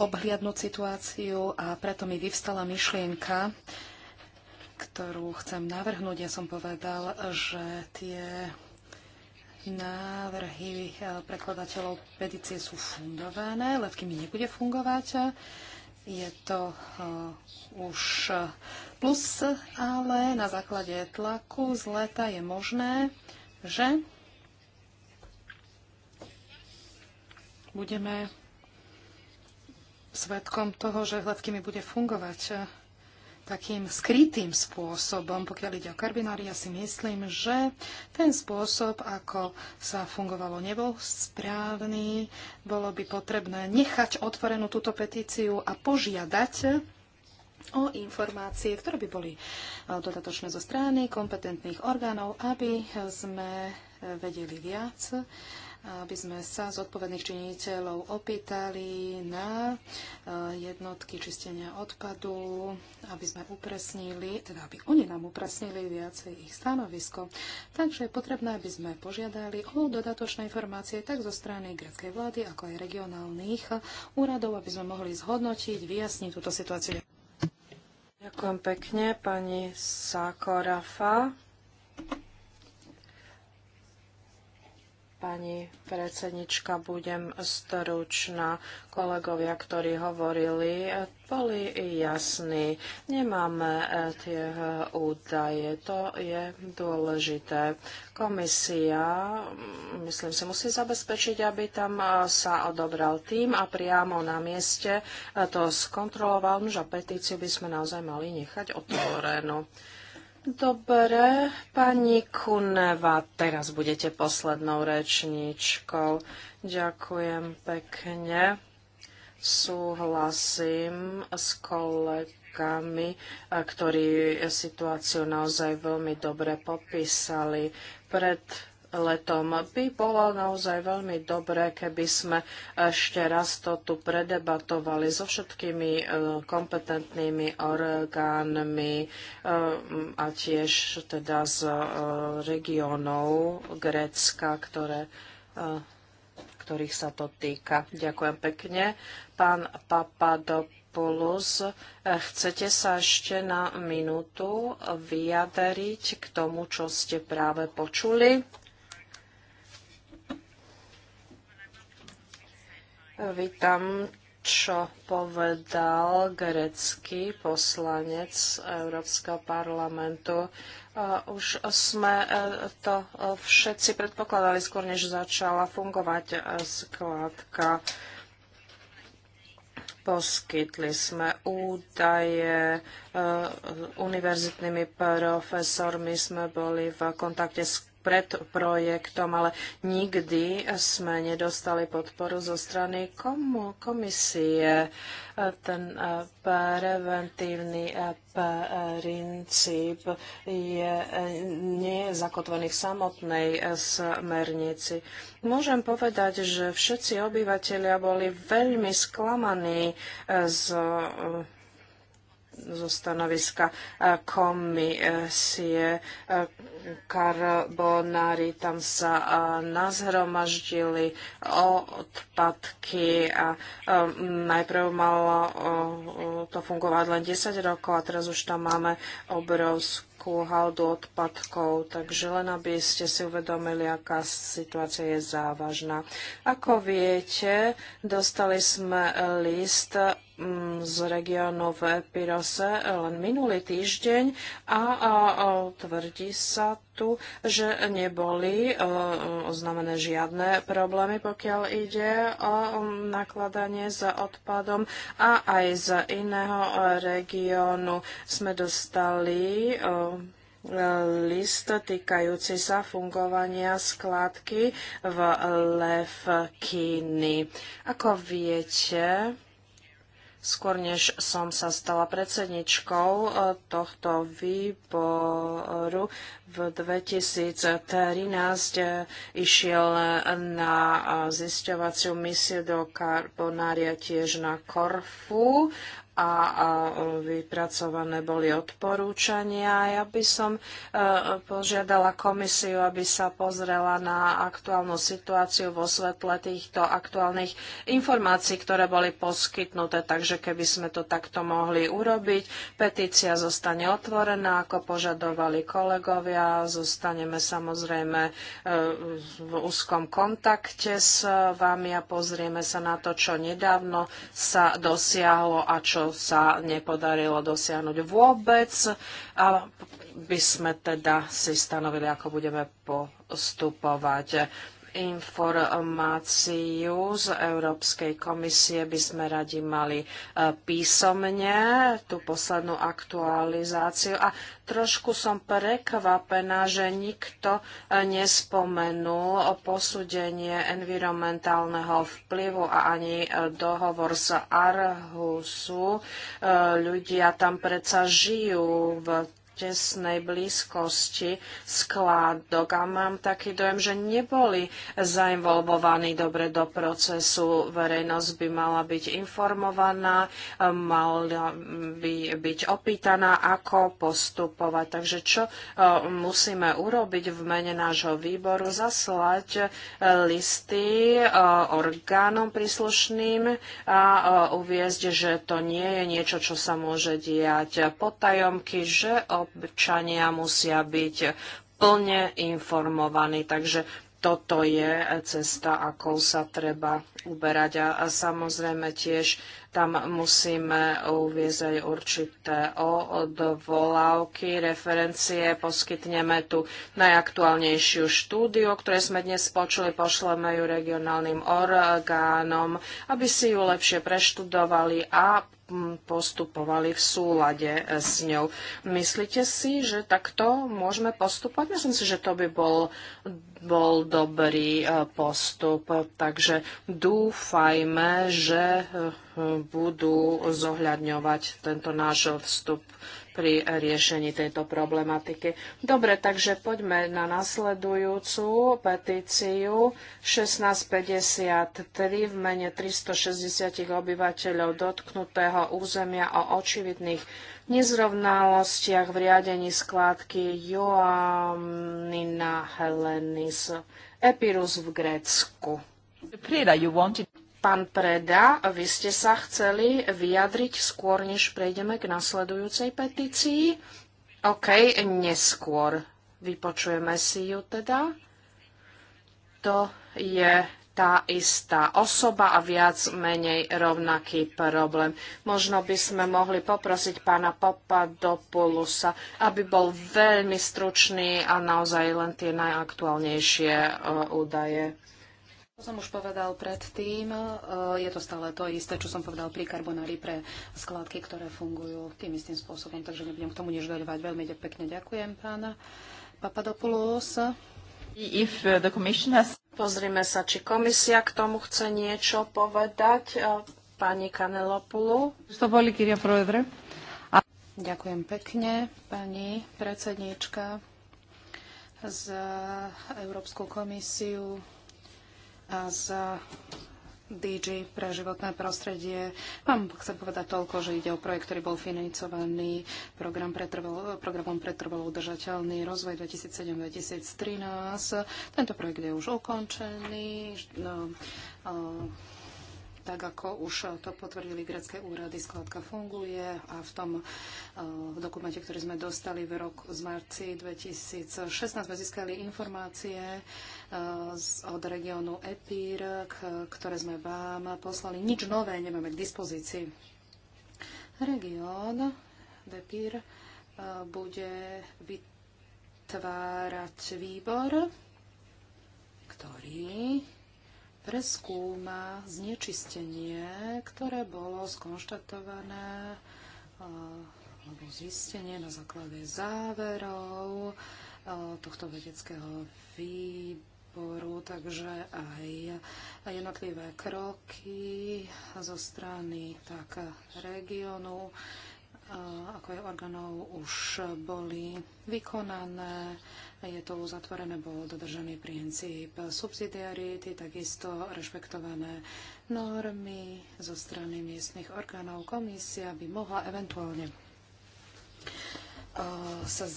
obhliadnúť situáciu a preto mi vyvstala myšlienka, ktorú chcem navrhnúť. Ja som povedal, že tie návrhy eh, prekladateľov petície sú fundované, Levky mi nebude fungovať je to eh, už eh, plus, ale na základe tlaku z leta je možné, že budeme svetkom toho, že hladkými bude fungovať takým skrytým spôsobom, pokiaľ ide o karbinári, ja si myslím, že ten spôsob, ako sa fungovalo, nebol správny. Bolo by potrebné nechať otvorenú túto petíciu a požiadať o informácie, ktoré by boli e, dodatočné zo strany kompetentných orgánov, aby sme e, vedeli viac aby sme sa zodpovedných činiteľov opýtali na eh, jednotky čistenia odpadu, aby sme upresnili, teda aby oni nám upresnili viacej ich stanovisko. Takže je potrebné, aby sme požiadali o dodatočné informácie tak zo strany greckej vlády, ako aj regionálnych úradov, aby sme mohli zhodnotiť, vyjasniť túto situáciu. Ďakujem pekne, pani Sákorafa. Pani predsednička, budem stručná. Kolegovia, ktorí hovorili, boli jasní. Nemáme e, tie e, údaje. To je dôležité. Komisia, mm, myslím si, musí zabezpečiť, aby tam e, sa odobral tým a priamo na mieste to skontroloval. že petíciu by sme naozaj mali nechať otvorenú. Dobre, pani Kuneva, teraz budete poslednou rečníčkou. Ďakujem pekne. Súhlasím s kolegami, ktorí situáciu naozaj veľmi dobre popísali. Pred letom. By bolo naozaj veľmi dobré, keby sme ešte raz to tu predebatovali so všetkými e, kompetentnými orgánmi e, a tiež teda z e, regiónov Grécka, ktoré ktorých sa to týka. Ďakujem pekne. Pán Papadopoulos, chcete sa ešte na minútu vyjadriť k tomu, čo ste práve počuli? Vítam, čo povedal grecký poslanec Európskeho parlamentu. Už sme e, to e, všetci predpokladali skôr, než začala fungovať e, skládka. Poskytli sme údaje, univerzitnými profesormi sme boli v kontakte s pred projektom, ale nikdy sme nedostali podporu zo strany komu, komisie. Ten e, preventívny e, princíp je, e, nie je zakotvený v samotnej smernici. Môžem povedať, že všetci obyvateľia boli veľmi sklamaní z zo stanoviska e, komisie e, karbonári. Tam sa e, nazhromaždili odpadky a najprv malo to fungovať len 10 rokov a teraz už tam máme obrovskú haldu odpadkov, takže len aby ste si uvedomili, aká situácia je závažná. Ako viete, dostali sme list Mm, z regionu v Pirose len minulý týždeň a, a, a tvrdí sa tu, že neboli e, e, oznamené žiadne problémy, pokiaľ ide o nakladanie za odpadom a aj z iného regiónu sme dostali e, list týkajúci sa fungovania skládky v Levkiny. Ako viete, Skôr než som sa stala predsedničkou e, tohto výboru v 2013 e, išiel na e, zisťovaciu misiu do Karbonária tiež na Korfu a, a vypracované boli odporúčania. Ja by som e, požiadala komisiu, aby sa pozrela na aktuálnu situáciu vo svetle týchto aktuálnych informácií, ktoré boli poskytnuté. Takže keby sme to takto mohli urobiť, petícia zostane otvorená, ako požadovali kolegovia. Zostaneme samozrejme e, v úzkom kontakte s vami a pozrieme sa na to, čo nedávno sa dosiahlo a čo sa nepodarilo dosiahnuť vôbec a by sme teda si stanovili, ako budeme postupovať informáciu z Európskej komisie by sme radi mali e, písomne, tú poslednú aktualizáciu. A trošku som prekvapená, že nikto e, nespomenul o posúdenie environmentálneho vplyvu a ani e, dohovor z Arhusu. Ľudia tam predsa žijú v tesnej blízkosti skládok a mám taký dojem, že neboli zainvolvovaní dobre do procesu. Verejnosť by mala byť informovaná, mala by byť opýtaná, ako postupovať. Takže čo e, musíme urobiť v mene nášho výboru? Zaslať e, listy e, orgánom príslušným a uviezť, že to nie je niečo, čo sa môže diať potajomky, že o občania musia byť plne informovaní. Takže toto je cesta, ako sa treba uberať. A, a samozrejme tiež tam musíme uviezť aj určité odvolávky, referencie. Poskytneme tu najaktuálnejšiu štúdiu, ktoré sme dnes počuli, pošleme ju regionálnym orgánom, aby si ju lepšie preštudovali a Mm, postupovali v súlade e, s ňou. Myslíte si, že takto môžeme postupovať? Myslím si, že to by bol, bol dobrý e, postup. Takže dúfajme, že e, budú zohľadňovať tento náš vstup pri riešení tejto problematiky. Dobre, takže poďme na nasledujúcu petíciu 1653 v mene 360 obyvateľov dotknutého územia o očividných nezrovnalostiach v riadení skládky Joannina Helenis Epirus v Grécku. Preda, you wanted... Pán Preda, vy ste sa chceli vyjadriť skôr, než prejdeme k nasledujúcej petícii? OK, neskôr. Vypočujeme si ju teda. To je tá istá osoba a viac menej rovnaký problém. Možno by sme mohli poprosiť pána Pulusa, aby bol veľmi stručný a naozaj len tie najaktuálnejšie e, údaje. To som už povedal predtým, eh, je to stále to isté, čo som povedal pri karbonári pre skladky, ktoré fungujú tým istým spôsobom, takže nebudem k tomu nič doľovať. Veľmi pekne ďakujem, pána Papadopoulos. If eh, the commission has... Pozrime sa, či komisia k tomu chce niečo povedať. Eh, pani Kanelopoulou. Ďakujem pekne, pani predsedníčka za Európsku komisiu z DG pre životné prostredie. Vám chcem povedať toľko, že ide o projekt, ktorý bol financovaný program pretrval, programom pretrvalo udržateľný rozvoj 2007-2013. Tento projekt je už ukončený. No, tak ako už to potvrdili grecké úrady, skladka funguje a v tom v eh, dokumente, ktorý sme dostali v roku z marci 2016, sme získali informácie eh, od regiónu EPIR, ktoré sme vám poslali. Nič nové nemáme k dispozícii. Región EPIR eh, bude vytvárať výbor, ktorý preskúma znečistenie, ktoré bolo skonštatované alebo zistenie na základe záverov tohto vedeckého výboru, takže aj jednotlivé kroky zo strany tak regionu ako je orgánov, už boli vykonané. Je to uzatvorené, bol dodržený princíp subsidiarity, takisto rešpektované normy zo strany miestnych orgánov. Komisia by mohla eventuálne uh, sa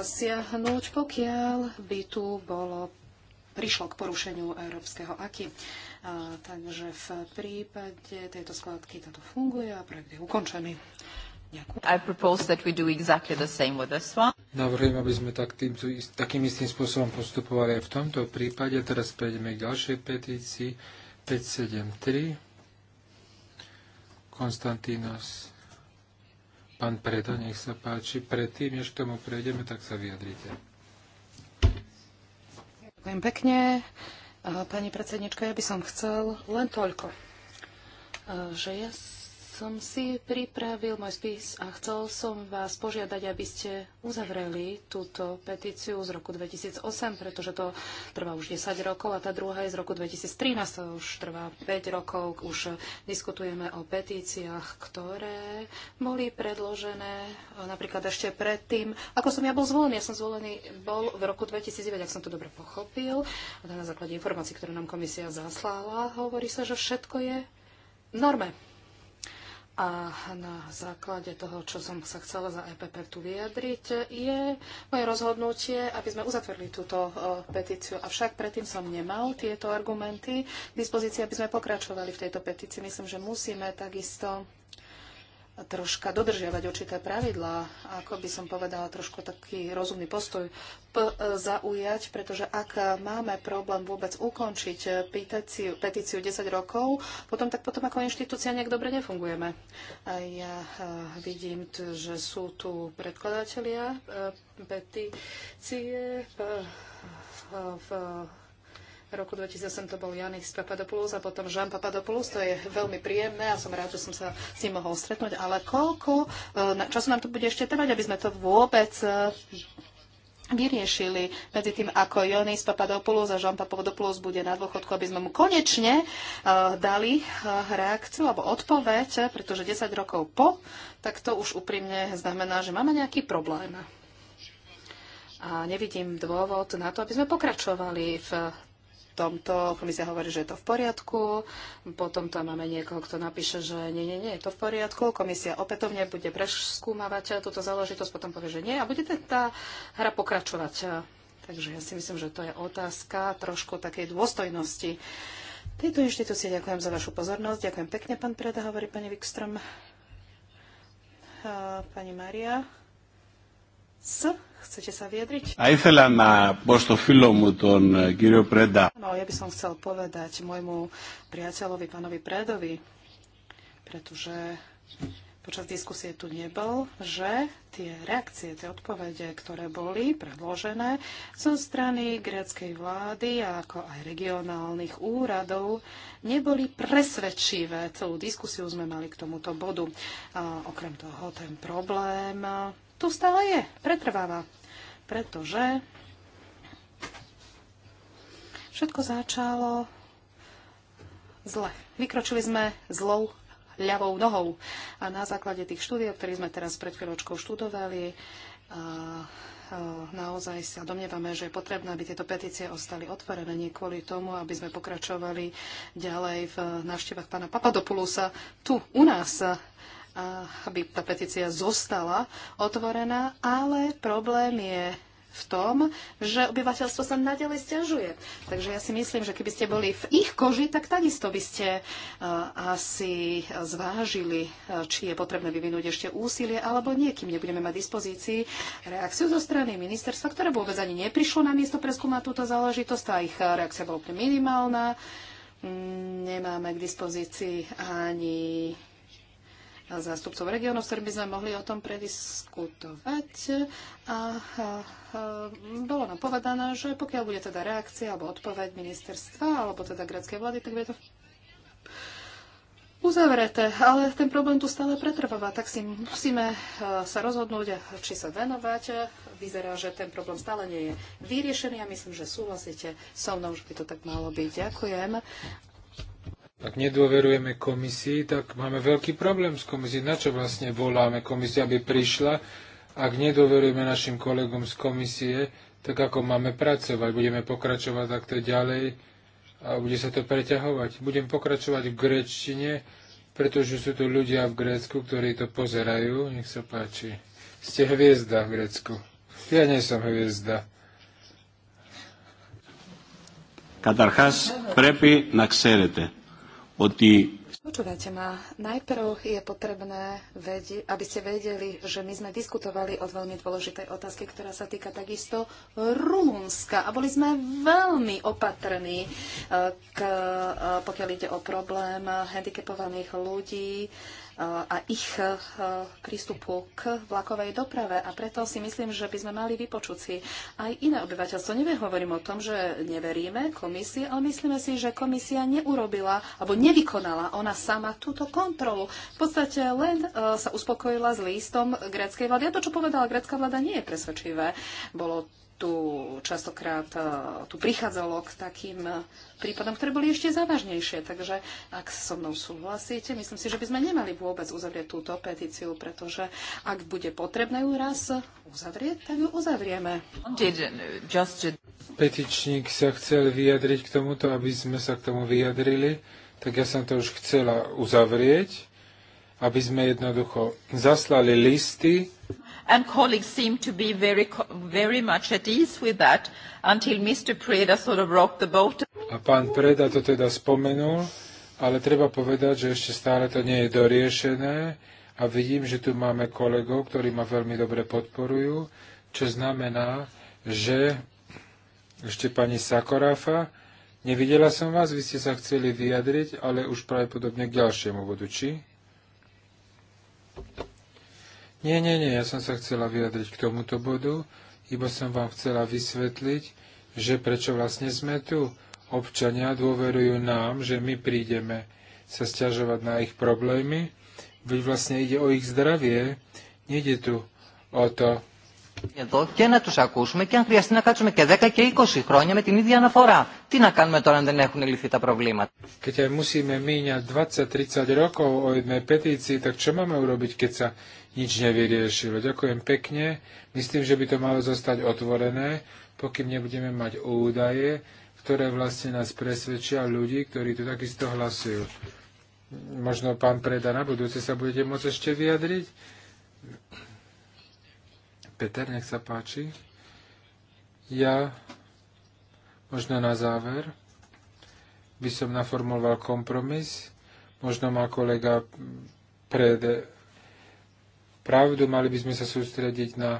zasiahnuť, pokiaľ by tu bolo prišlo k porušeniu európskeho aky. A, takže v prípade tejto skladky toto funguje a projekt je ukončený. Ďakujem. I propose that we do exactly the same with this one. Navrhujem, aby sme tak tým, takým istým spôsobom postupovali aj v tomto prípade. Teraz prejdeme k ďalšej petícii 573. Konstantínos. Pán Predo, nech sa páči. Predtým, než k tomu prejdeme, tak sa vyjadrite. Ďakujem pekne. Pani predsednička, ja by som chcel len toľko, eh, že ja som si pripravil môj spis a chcel som vás požiadať, aby ste uzavreli túto petíciu z roku 2008, pretože to trvá už 10 rokov a tá druhá je z roku 2013, to už trvá 5 rokov. Už diskutujeme o petíciách, ktoré boli predložené e, napríklad ešte predtým, ako som ja bol zvolený. Ja som zvolený bol v roku 2009, ak som to dobre pochopil. A na základe informácií, ktoré nám komisia zaslala, hovorí sa, že všetko je v norme a na základe toho, čo som sa chcela za EPP tu vyjadriť, je moje rozhodnutie, aby sme uzatvorili túto e, petíciu. Avšak predtým som nemal tieto argumenty k dispozícii, aby sme pokračovali v tejto petícii. Myslím, že musíme takisto troška dodržiavať určité pravidlá, ako by som povedala, trošku taký rozumný postoj e, zaujať, pretože ak máme problém vôbec ukončiť e, petíciu, petíciu 10 rokov, potom tak potom ako inštitúcia nejak dobre nefungujeme. A ja e, vidím, že sú tu predkladatelia petície v, v, v v roku 2008 to bol Janis Papadopoulos a potom Jean Papadopoulos. To je veľmi príjemné a som rád, že som sa s ním mohol stretnúť. Ale koľko e, času nám to bude ešte trvať, aby sme to vôbec e, vyriešili medzi tým, ako Jonis Papadopoulos a Jean Papadopoulos bude na dôchodku, aby sme mu konečne uh, dali uh, reakciu alebo odpoveď, pretože 10 rokov po, tak to už úprimne znamená, že máme nejaký problém. A nevidím dôvod na to, aby sme pokračovali v tomto komisia hovorí, že je to v poriadku, potom tam máme niekoho, kto napíše, že nie, nie, nie, je to v poriadku, komisia opätovne bude preskúmavať túto záležitosť, potom povie, že nie a bude teda tá hra pokračovať. Takže ja si myslím, že to je otázka trošku takej dôstojnosti tejto inštitúcie. Ďakujem za vašu pozornosť. Ďakujem pekne, pán Preda, hovorí pani Wikström. Pani Maria. S Chcete sa vyjadriť? A ήθελα na πω στο φίλο μου τον No, ja by som chcel povedať môjmu priateľovi, pánovi Predovi, pretože počas diskusie tu nebol, že tie reakcie, tie odpovede, ktoré boli predložené zo strany gréckej vlády ako aj regionálnych úradov, neboli presvedčivé. Celú diskusiu sme mali k tomuto bodu. A okrem toho ten problém tu stále je, pretrváva. Pretože všetko začalo zle. Vykročili sme zlou ľavou nohou. A na základe tých štúdiov, ktoré sme teraz pred chvíľočkou študovali, a, a naozaj sa domnievame, že je potrebné, aby tieto petície ostali otvorené nie kvôli tomu, aby sme pokračovali ďalej v návštevách pána Papadopulusa tu u nás aby tá petícia zostala otvorená, ale problém je v tom, že obyvateľstvo sa nadalej stiažuje. Takže ja si myslím, že keby ste boli v ich koži, tak takisto by ste uh, asi zvážili, či je potrebné vyvinúť ešte úsilie alebo niekým nebudeme mať dispozícii reakciu zo strany ministerstva, ktoré vôbec ani neprišlo na miesto preskúmať túto záležitosť. a ich reakcia bola úplne minimálna. Nemáme k dispozícii ani zástupcov regionov, s ktorými sme mohli o tom prediskutovať. A, a, a bolo nám povedané, že pokiaľ bude teda reakcia alebo odpoveď ministerstva alebo teda greckej vlády, tak bude to uzavreté, ale ten problém tu stále pretrváva, tak si musíme e, sa rozhodnúť, či sa venovať. Vyzerá, že ten problém stále nie je vyriešený a myslím, že súhlasíte so mnou, že by to tak malo byť. Ďakujem. Ak nedôverujeme komisii, tak máme veľký problém s komisií. Na čo vlastne voláme Komisia, aby prišla? Ak nedôverujeme našim kolegom z komisie, tak ako máme pracovať? Budeme pokračovať takto ďalej a bude sa to preťahovať. Budem pokračovať v grečtine, pretože sú tu ľudia v Grécku, ktorí to pozerajú. Nech sa páči. Ste hviezda v Grécku. Ja nie som hviezda. Katarchas, prepi na ξέρετε ότι Počúvajte ma, najprv je potrebné, aby ste vedeli, že my sme diskutovali o veľmi dôležitej otázke, ktorá sa týka takisto Rumunska. A boli sme veľmi opatrní, e, k, e, pokiaľ ide o problém handicapovaných ľudí a ich e, prístupu k vlakovej doprave. A preto si myslím, že by sme mali vypočuť si aj iné obyvateľstvo. Neviem, hovorím o tom, že neveríme komisii, ale myslíme si, že komisia neurobila alebo nevykonala ona sama túto kontrolu. V podstate len e, sa uspokojila s listom gréckej vlády. A to, čo povedala grécka vláda, nie je presvedčivé. Bolo tu častokrát e, tu prichádzalo k takým e, prípadom, ktoré boli ešte závažnejšie. Takže ak so mnou súhlasíte, myslím si, že by sme nemali vôbec uzavrieť túto petíciu, pretože ak bude potrebné ju raz uzavrieť, tak ju uzavrieme. Petičník sa chcel vyjadriť k tomuto, aby sme sa k tomu vyjadrili, tak ja som to už chcela uzavrieť, aby sme jednoducho zaslali listy and colleagues seemed to be very, very much at ease with that until Mr. Preda sort of rocked the boat. A pán Preda to teda spomenul, ale treba povedať, že ešte stále to nie je doriešené a vidím, že tu máme kolegov, ktorí ma veľmi dobre podporujú, čo znamená, že ešte pani Sakorafa, nevidela som vás, vy ste sa chceli vyjadriť, ale už pravdepodobne k ďalšiemu bodu, či? Nie, nie, nie, ja som sa chcela vyjadriť k tomuto bodu, iba som vám chcela vysvetliť, že prečo vlastne sme tu. Občania dôverujú nám, že my prídeme sa stiažovať na ich problémy, veď vlastne ide o ich zdravie, nejde tu o to. Εδώ και να τους ακούσουμε και αν χρειαστεί να κάτσουμε και 10 και 20 χρόνια με την ίδια αναφορά. Τι να κάνουμε τώρα αν δεν έχουν λυθεί τα προβλήματα. Και aj musíme μήνια 20-30 ρόκο o jednej petícii, tak čo máme urobiť, keď nič nevyriešilo. Ďakujem pekne. Myslím, že by to malo zostať otvorené, pokým nebudeme mať údaje, ktoré vlastne nás presvedčia ľudí, ktorí tu takisto hlasujú. Možno pán Preda, na budúce sa budete môcť ešte vyjadriť? Peter, nech sa páči. Ja, možno na záver, by som naformoval kompromis. Možno má kolega Prede pravdu, mali by sme sa sústrediť na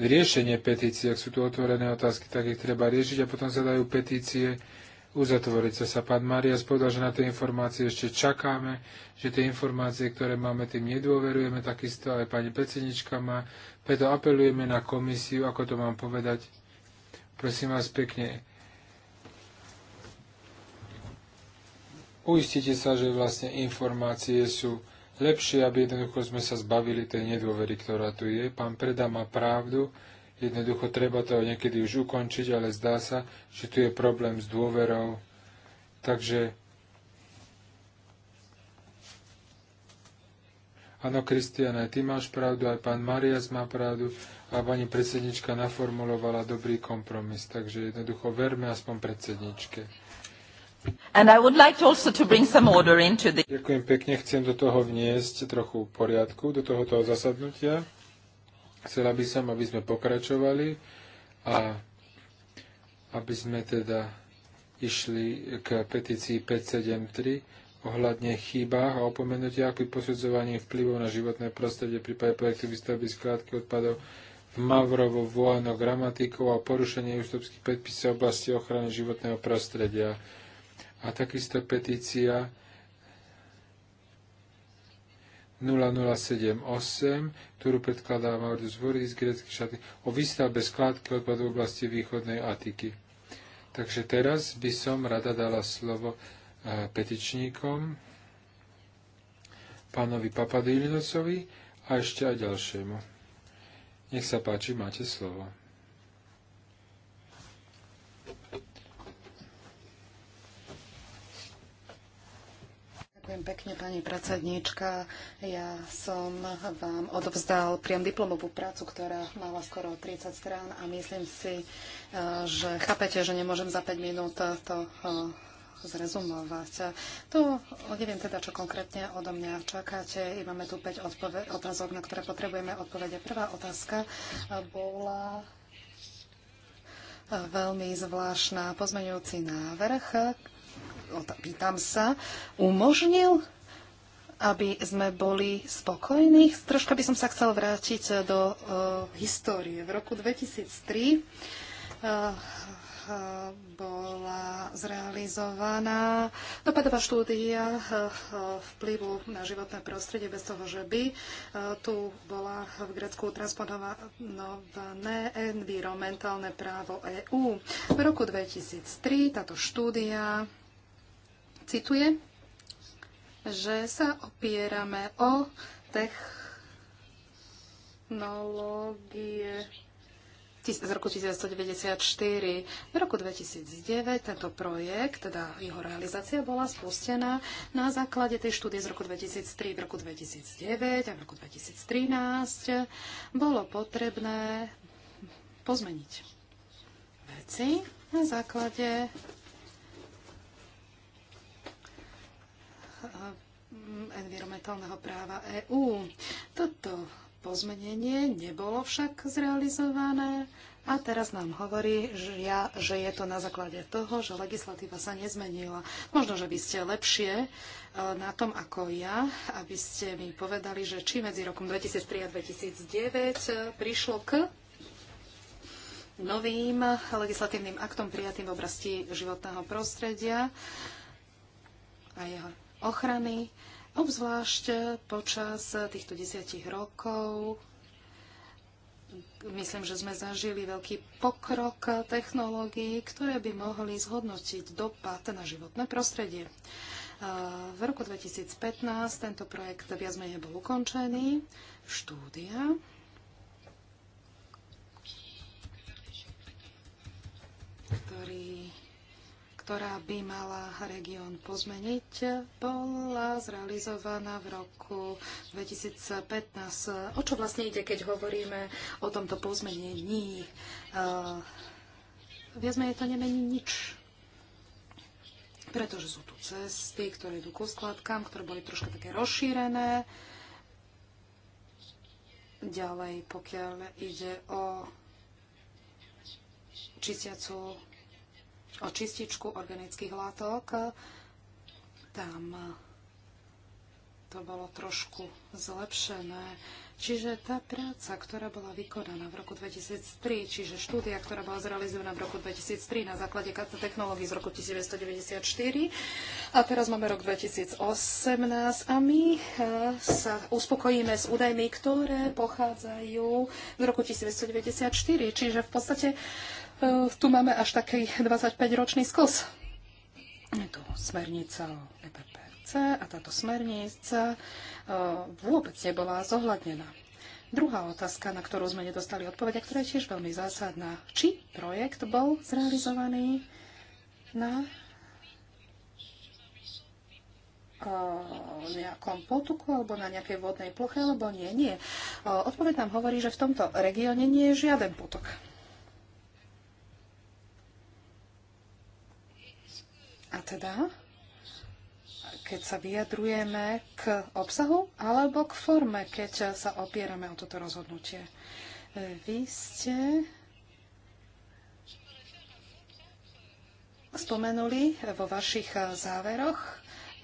riešenie petícií. Ak sú tu otvorené otázky, tak ich treba riešiť a potom sa dajú petície uzatvoriť. Sa sa pán Marias povedal, že na tie informácie ešte čakáme, že tie informácie, ktoré máme, tým nedôverujeme, takisto aj pani predsednička má. Preto apelujeme na komisiu, ako to mám povedať. Prosím vás pekne, uistite sa, že vlastne informácie sú lepšie, aby jednoducho sme sa zbavili tej nedôvery, ktorá tu je. Pán Preda má pravdu, jednoducho treba to niekedy už ukončiť, ale zdá sa, že tu je problém s dôverou. Takže Áno, Kristian, aj ty máš pravdu, aj pán Marias má pravdu a pani predsednička naformulovala dobrý kompromis. Takže jednoducho verme aspoň predsedničke. Ďakujem pekne, chcem do toho vniesť trochu poriadku, do tohoto zasadnutia. Chcela by som, aby sme pokračovali a aby sme teda išli k petícii 573 ohľadne chýbách a opomenutiach pri posudzovaní vplyvov na životné prostredie v prípade projektu výstavby skládky odpadov v Mavrovo, Vuano, Gramatikov a porušenie ústupských predpisov v oblasti ochrany životného prostredia a takisto petícia 0078, ktorú predkladá Maurus Voris z šaty o výstavbe skládky odpadu v oblasti východnej Atiky. Takže teraz by som rada dala slovo e, petičníkom, pánovi Papadilinosovi a ešte aj ďalšiemu. Nech sa páči, máte slovo. Ďakujem pekne, pani predsedníčka. Ja som vám odovzdal priam diplomovú prácu, ktorá mala skoro 30 strán a myslím si, eh, že chápete, že nemôžem za 5 minút to eh, zrezumovať. Tu neviem teda, čo konkrétne odo mňa čakáte. I máme tu 5 otázok, na ktoré potrebujeme odpovede. Prvá otázka eh, bola veľmi zvláštna pozmeňujúci návrh, No pýtam sa, umožnil aby sme boli spokojní. Troška by som sa chcel vrátiť do uh, histórie. V roku 2003 uh, e, e, bola zrealizovaná dopadová štúdia vplyvu na životné prostredie bez toho, že by tu bola v Grecku transponované environmentálne právo EÚ. V roku 2003 táto štúdia cituje, že sa opierame o technológie z roku 1994. V roku 2009 tento projekt, teda jeho realizácia bola spustená na základe tej štúdie z roku 2003. V roku 2009 a v roku 2013 bolo potrebné pozmeniť veci na základe Eh, environmentálneho práva EÚ. Toto pozmenenie nebolo však zrealizované a teraz nám hovorí, že, ja, že je to na základe toho, že legislatíva sa nezmenila. Možno, že by ste lepšie eh, na tom ako ja, aby ste mi povedali, že či medzi rokom 2003 a 2009 eh, prišlo k novým legislatívnym aktom prijatým v oblasti životného prostredia a jeho ochrany, obzvlášť počas týchto desiatich rokov. Myslím, že sme zažili veľký pokrok technológií, ktoré by mohli zhodnotiť dopad na životné prostredie. V roku 2015 tento projekt viac menej bol ukončený. Štúdia ktorá by mala región pozmeniť, bola zrealizovaná v roku 2015. O čo vlastne ide, keď hovoríme o tomto pozmenení? Uh, viac to nemení nič pretože sú tu cesty, ktoré idú ku skladkám, ktoré boli troška také rozšírené. Ďalej, pokiaľ ide o čistiacu o čističku organických látok. Tam to bolo trošku zlepšené. Čiže tá práca, ktorá bola vykonaná v roku 2003, čiže štúdia, ktorá bola zrealizovaná v roku 2003 na základe technológií z roku 1994, a teraz máme rok 2018 a my eh, sa uspokojíme s údajmi, ktoré pochádzajú z roku 1994, čiže v podstate E, tu máme až taký 25-ročný skos. Je tu smernica o EPPC a táto smernica e, vôbec nebola zohľadnená. Druhá otázka, na ktorú sme nedostali odpoveď, a ktorá je tiež veľmi zásadná. Či projekt bol zrealizovaný na e, nejakom potuku alebo na nejakej vodnej ploche, alebo nie, nie. Odpoveď nám hovorí, že v tomto regióne nie je žiaden potok. A teda, keď sa vyjadrujeme k obsahu alebo k forme, keď sa opierame o toto rozhodnutie. E, vy ste spomenuli vo vašich e, záveroch,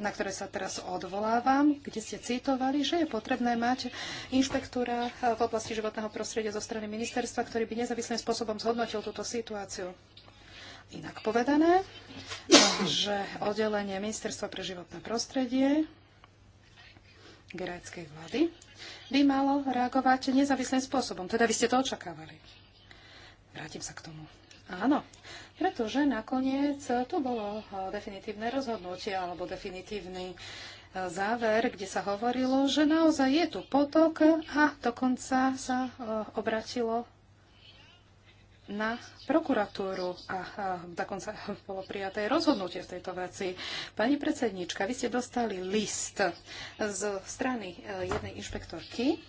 na ktoré sa teraz odvolávam, kde ste citovali, že je potrebné mať inšpektúra e, v oblasti životného prostredia zo strany ministerstva, ktorý by nezávislým spôsobom zhodnotil túto situáciu. Inak povedané, že oddelenie Ministerstva pre životné prostredie gréckej vlády by malo reagovať nezávislým spôsobom. Teda vy ste to očakávali. Vrátim sa k tomu. Áno, pretože nakoniec tu bolo e, definitívne rozhodnutie alebo definitívny e, záver, kde sa hovorilo, že naozaj je tu potok a dokonca sa e, obratilo na prokuratúru a, dokonca bolo prijaté rozhodnutie v tejto veci. Pani predsednička, vy ste dostali list z strany e, jednej inšpektorky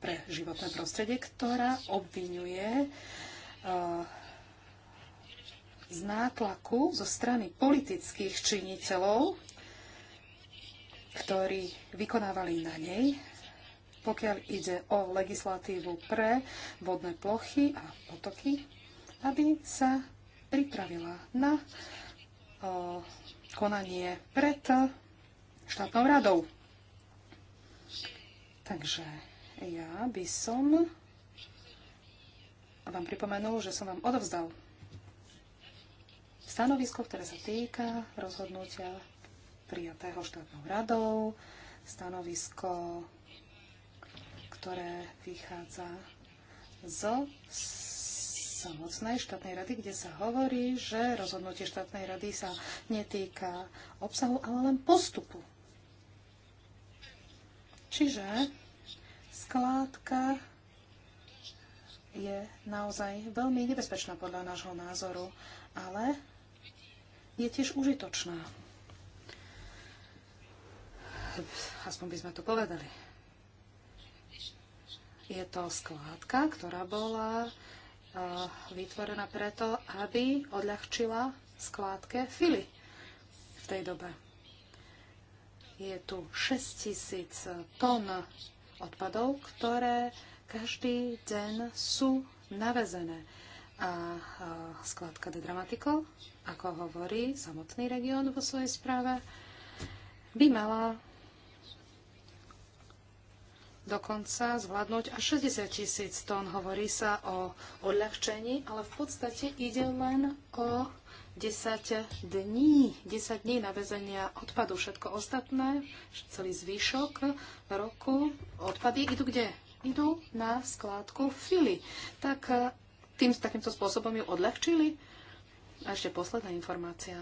pre životné prostredie, ktorá obvinuje e, z nátlaku zo strany politických činiteľov, ktorí vykonávali na nej pokiaľ ide o legislatívu pre vodné plochy a potoky, aby sa pripravila na o, konanie pred štátnou radou. Takže ja by som vám pripomenul, že som vám odovzdal stanovisko, ktoré sa týka rozhodnutia prijatého štátnou radou, stanovisko ktoré vychádza zo samotnej štátnej rady, kde sa hovorí, že rozhodnutie štátnej rady sa netýka obsahu, ale len postupu. Čiže skládka je naozaj veľmi nebezpečná podľa nášho názoru, ale je tiež užitočná. Aspoň by sme to povedali. Je to skládka, ktorá bola eh, vytvorená preto, aby odľahčila skládke fily v tej dobe. Je tu 6000 tón odpadov, ktoré každý deň sú navezené. A eh, skladka de Dramatico, ako hovorí samotný región vo svojej správe, by mala dokonca zvládnuť až 60 tisíc tón. Hovorí sa o odľahčení, ale v podstate ide len o 10 dní, 10 dní na väzenia odpadu. Všetko ostatné, celý zvyšok roku, odpady idú kde? Idú na skládku fily. Tak e, tým, takýmto spôsobom ju odľahčili. A ešte posledná informácia.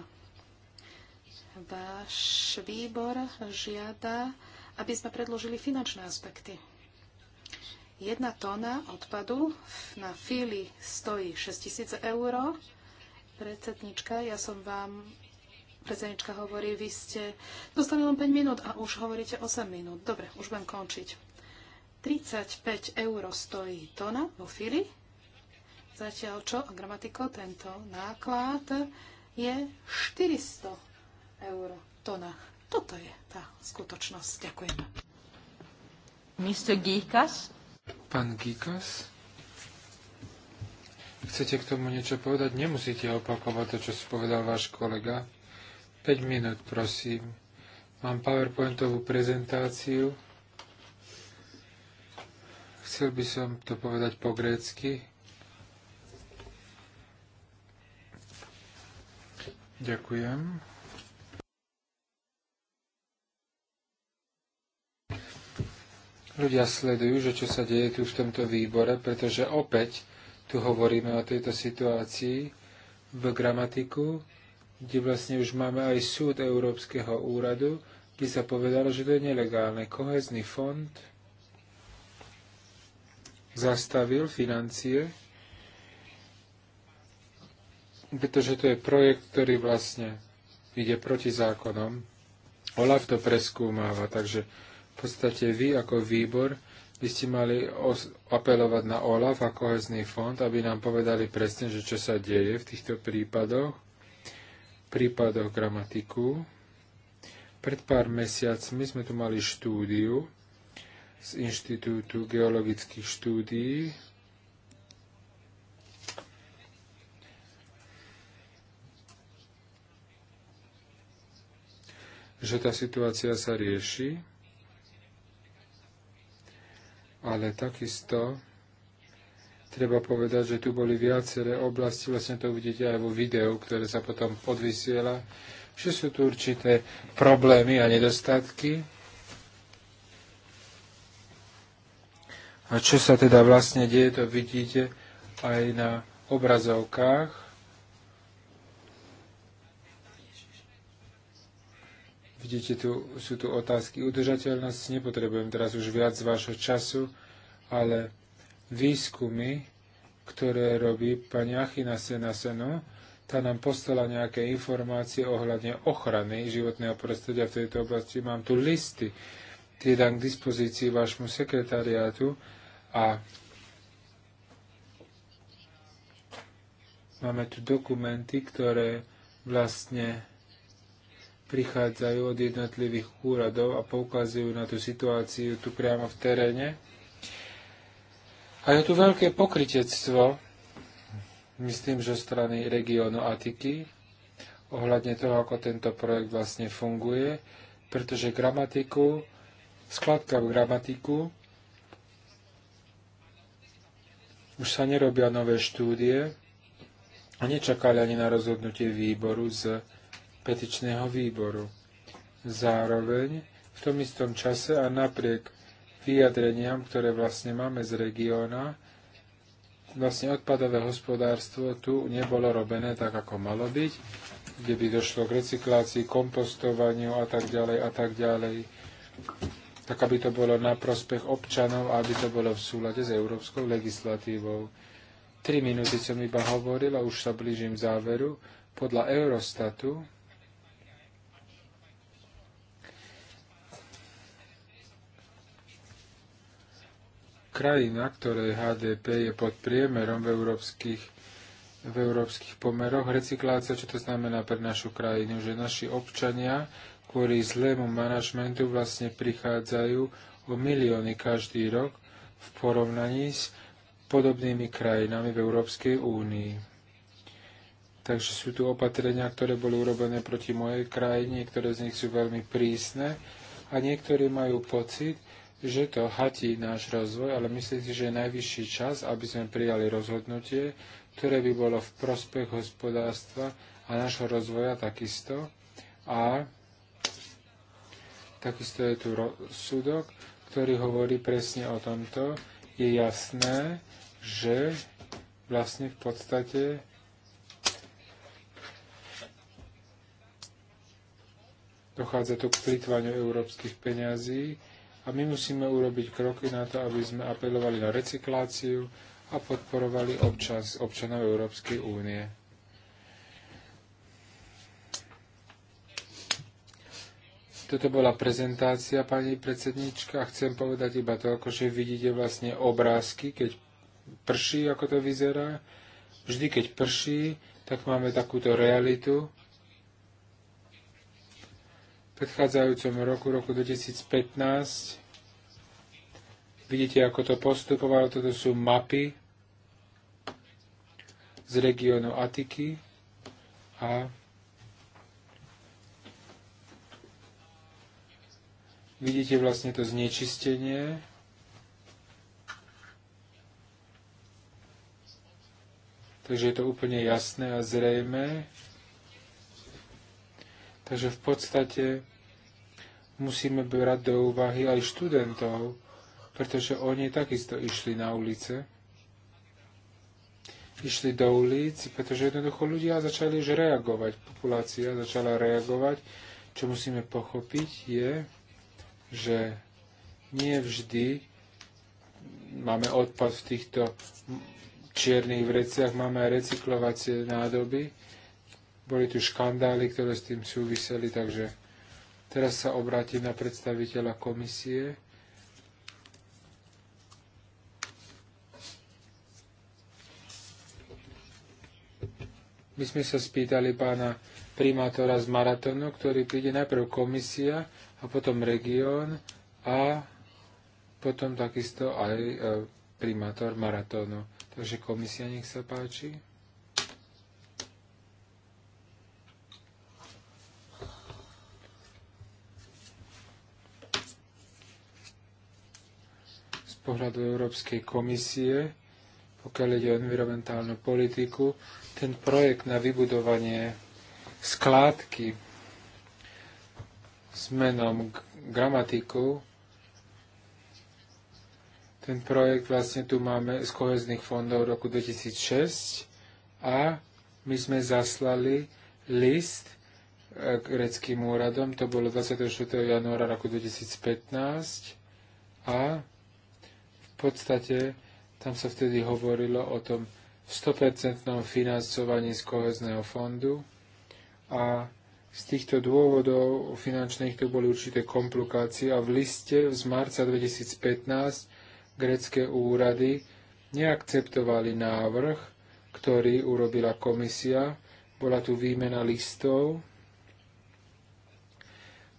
Váš výbor žiada aby sme predložili finančné aspekty. Jedna tóna odpadu na fíli stojí 6000 eur. Predsednička, ja som vám predsednička hovorí, vy ste dostali len 5 minút a už hovoríte 8 minút. Dobre, už budem končiť. 35 eur stojí tona vo fili, zatiaľ čo gramatiko tento náklad je 400 eur tona. Toto je tá skutočnosť. Ďakujem. Mr. Gíkas? Pán Gíkas? Chcete k tomu niečo povedať? Nemusíte opakovať to, čo si povedal váš kolega. 5 minút, prosím. Mám PowerPointovú prezentáciu. Chcel by som to povedať po grécky. Ďakujem. ľudia sledujú, že čo sa deje tu v tomto výbore, pretože opäť tu hovoríme o tejto situácii v gramatiku, kde vlastne už máme aj súd Európskeho úradu, kde sa povedalo, že to je nelegálne. Kohezný fond zastavil financie, pretože to je projekt, ktorý vlastne ide proti zákonom. Olaf to preskúmáva, takže podstate vy ako výbor by ste mali apelovať na OLAF a kohezný fond, aby nám povedali presne, že čo sa deje v týchto prípadoch, prípadoch gramatiku. Pred pár mesiacmi sme tu mali štúdiu z Inštitútu geologických štúdií. že tá situácia sa rieši ale takisto treba povedať, že tu boli viaceré oblasti, vlastne to uvidíte aj vo videu, ktoré sa potom podvysiela, že sú tu určité problémy a nedostatky. A čo sa teda vlastne deje, to vidíte aj na obrazovkách. Vidíte, tu, sú tu otázky udržateľnosti. Nepotrebujem teraz už viac z vášho času, ale výskumy, ktoré robí pani Achina Senaseno, tá nám postala nejaké informácie ohľadne ochrany životného prostredia v tejto oblasti. Mám tu listy, tie dám k dispozícii vášmu sekretariátu a máme tu dokumenty, ktoré vlastne prichádzajú od jednotlivých úradov a poukazujú na tú situáciu tu priamo v teréne. A je tu veľké pokritectvo, myslím, že strany regiónu Atiky, ohľadne toho, ako tento projekt vlastne funguje, pretože gramatiku, skladka v gramatiku, už sa nerobia nové štúdie a nečakali ani na rozhodnutie výboru z petičného výboru. Zároveň v tom istom čase a napriek vyjadreniam, ktoré vlastne máme z regióna, vlastne odpadové hospodárstvo tu nebolo robené tak, ako malo byť, kde by došlo k recyklácii, kompostovaniu a tak ďalej a tak ďalej, tak aby to bolo na prospech občanov a aby to bolo v súlade s európskou legislatívou. Tri minúty som iba hovoril a už sa blížim záveru. Podľa Eurostatu krajina, ktorej HDP je pod priemerom v európskych, v európskych pomeroch. Recyklácia, čo to znamená pre našu krajinu, že naši občania kvôli zlému manažmentu vlastne prichádzajú o milióny každý rok v porovnaní s podobnými krajinami v Európskej únii. Takže sú tu opatrenia, ktoré boli urobené proti mojej krajine, niektoré z nich sú veľmi prísne a niektorí majú pocit, že to hatí náš rozvoj, ale myslím si, že je najvyšší čas, aby sme prijali rozhodnutie, ktoré by bolo v prospech hospodárstva a nášho rozvoja takisto. A takisto je tu súdok, ktorý hovorí presne o tomto. Je jasné, že vlastne v podstate dochádza tu k plýtvaniu európskych peňazí, a my musíme urobiť kroky na to, aby sme apelovali na recykláciu a podporovali občas, občanov Európskej únie. Toto bola prezentácia pani predsednička a chcem povedať iba toľko, že vidíte vlastne obrázky, keď prší, ako to vyzerá. Vždy, keď prší, tak máme takúto realitu predchádzajúcom roku, roku 2015. Vidíte, ako to postupovalo. Toto sú mapy z regiónu Atiky a vidíte vlastne to znečistenie. Takže je to úplne jasné a zrejme. Takže v podstate musíme brať do úvahy aj študentov, pretože oni takisto išli na ulice. Išli do ulic, pretože jednoducho ľudia začali už reagovať. Populácia začala reagovať. Čo musíme pochopiť je, že nie vždy máme odpad v týchto čiernych vreciach, máme aj recyklovacie nádoby. Boli tu škandály, ktoré s tým súviseli, takže Teraz sa obrátim na predstaviteľa komisie. My sme sa spýtali pána primátora z Maratonu, ktorý príde najprv komisia a potom región a potom takisto aj e, primátor maratónu. Takže komisia, nech sa páči. pohľadu Európskej komisie, pokiaľ ide o environmentálnu politiku, ten projekt na vybudovanie skládky s menom gramatikou, ten projekt vlastne tu máme z kohezných fondov roku 2006 a my sme zaslali list k e, greckým úradom, to bolo 24. januára roku 2015 a podstate tam sa vtedy hovorilo o tom 100% financovaní z kohezného fondu a z týchto dôvodov finančných to boli určité komplikácie a v liste z marca 2015 grecké úrady neakceptovali návrh, ktorý urobila komisia. Bola tu výmena listov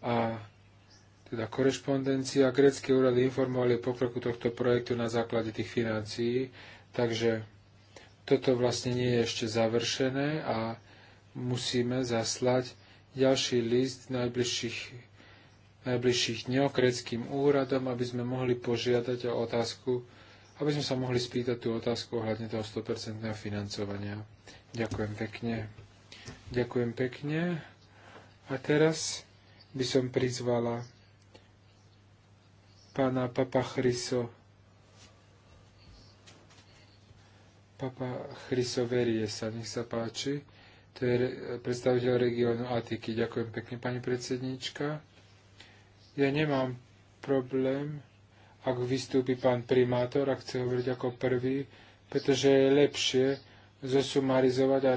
a teda korešpondencia. Grecké úrady informovali o pokroku tohto projektu na základe tých financií, takže toto vlastne nie je ešte završené a musíme zaslať ďalší list v najbližších, najbližších dňoch greckým úradom, aby sme mohli požiadať o otázku, aby sme sa mohli spýtať tú otázku ohľadne toho 100% financovania. Ďakujem pekne. Ďakujem pekne. A teraz by som prizvala pána Papa Chryso Papa verie sa, nech sa páči. To je predstaviteľ regiónu Atiky. Ďakujem pekne, pani predsedníčka. Ja nemám problém, ak vystúpi pán primátor, ak chce hovoriť ako prvý, pretože je lepšie zosumarizovať a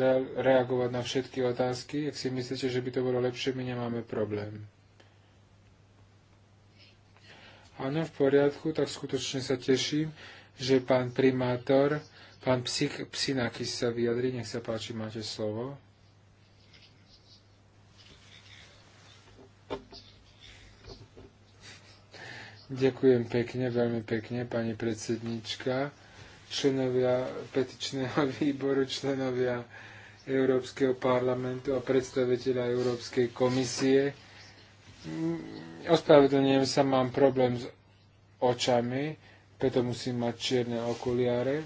reagovať na všetky otázky. Ak si myslíte, že by to bolo lepšie, my nemáme problém. Áno, v poriadku, tak skutočne sa teším, že pán primátor, pán Psik, Psinakis sa vyjadri. Nech sa páči, máte slovo. Ďakujem pekne, veľmi pekne, pani predsednička, členovia petičného výboru, členovia Európskeho parlamentu a predstaviteľa Európskej komisie. Mm, ospravedlňujem sa, mám problém s očami, preto musím mať čierne okuliare.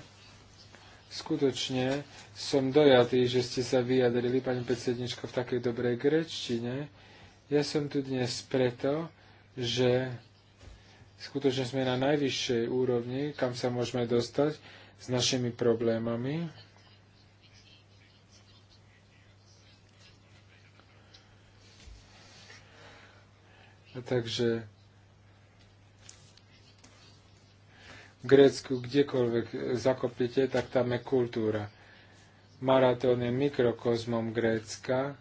Skutočne som dojatý, že ste sa vyjadrili, pani predsednička, v takej dobrej grečtine. Ja som tu dnes preto, že skutočne sme na najvyššej úrovni, kam sa môžeme dostať s našimi problémami. A Takže v Grécku kdekoľvek zakopnete, tak tam je kultúra. Maratón je mikrokozmom Grécka.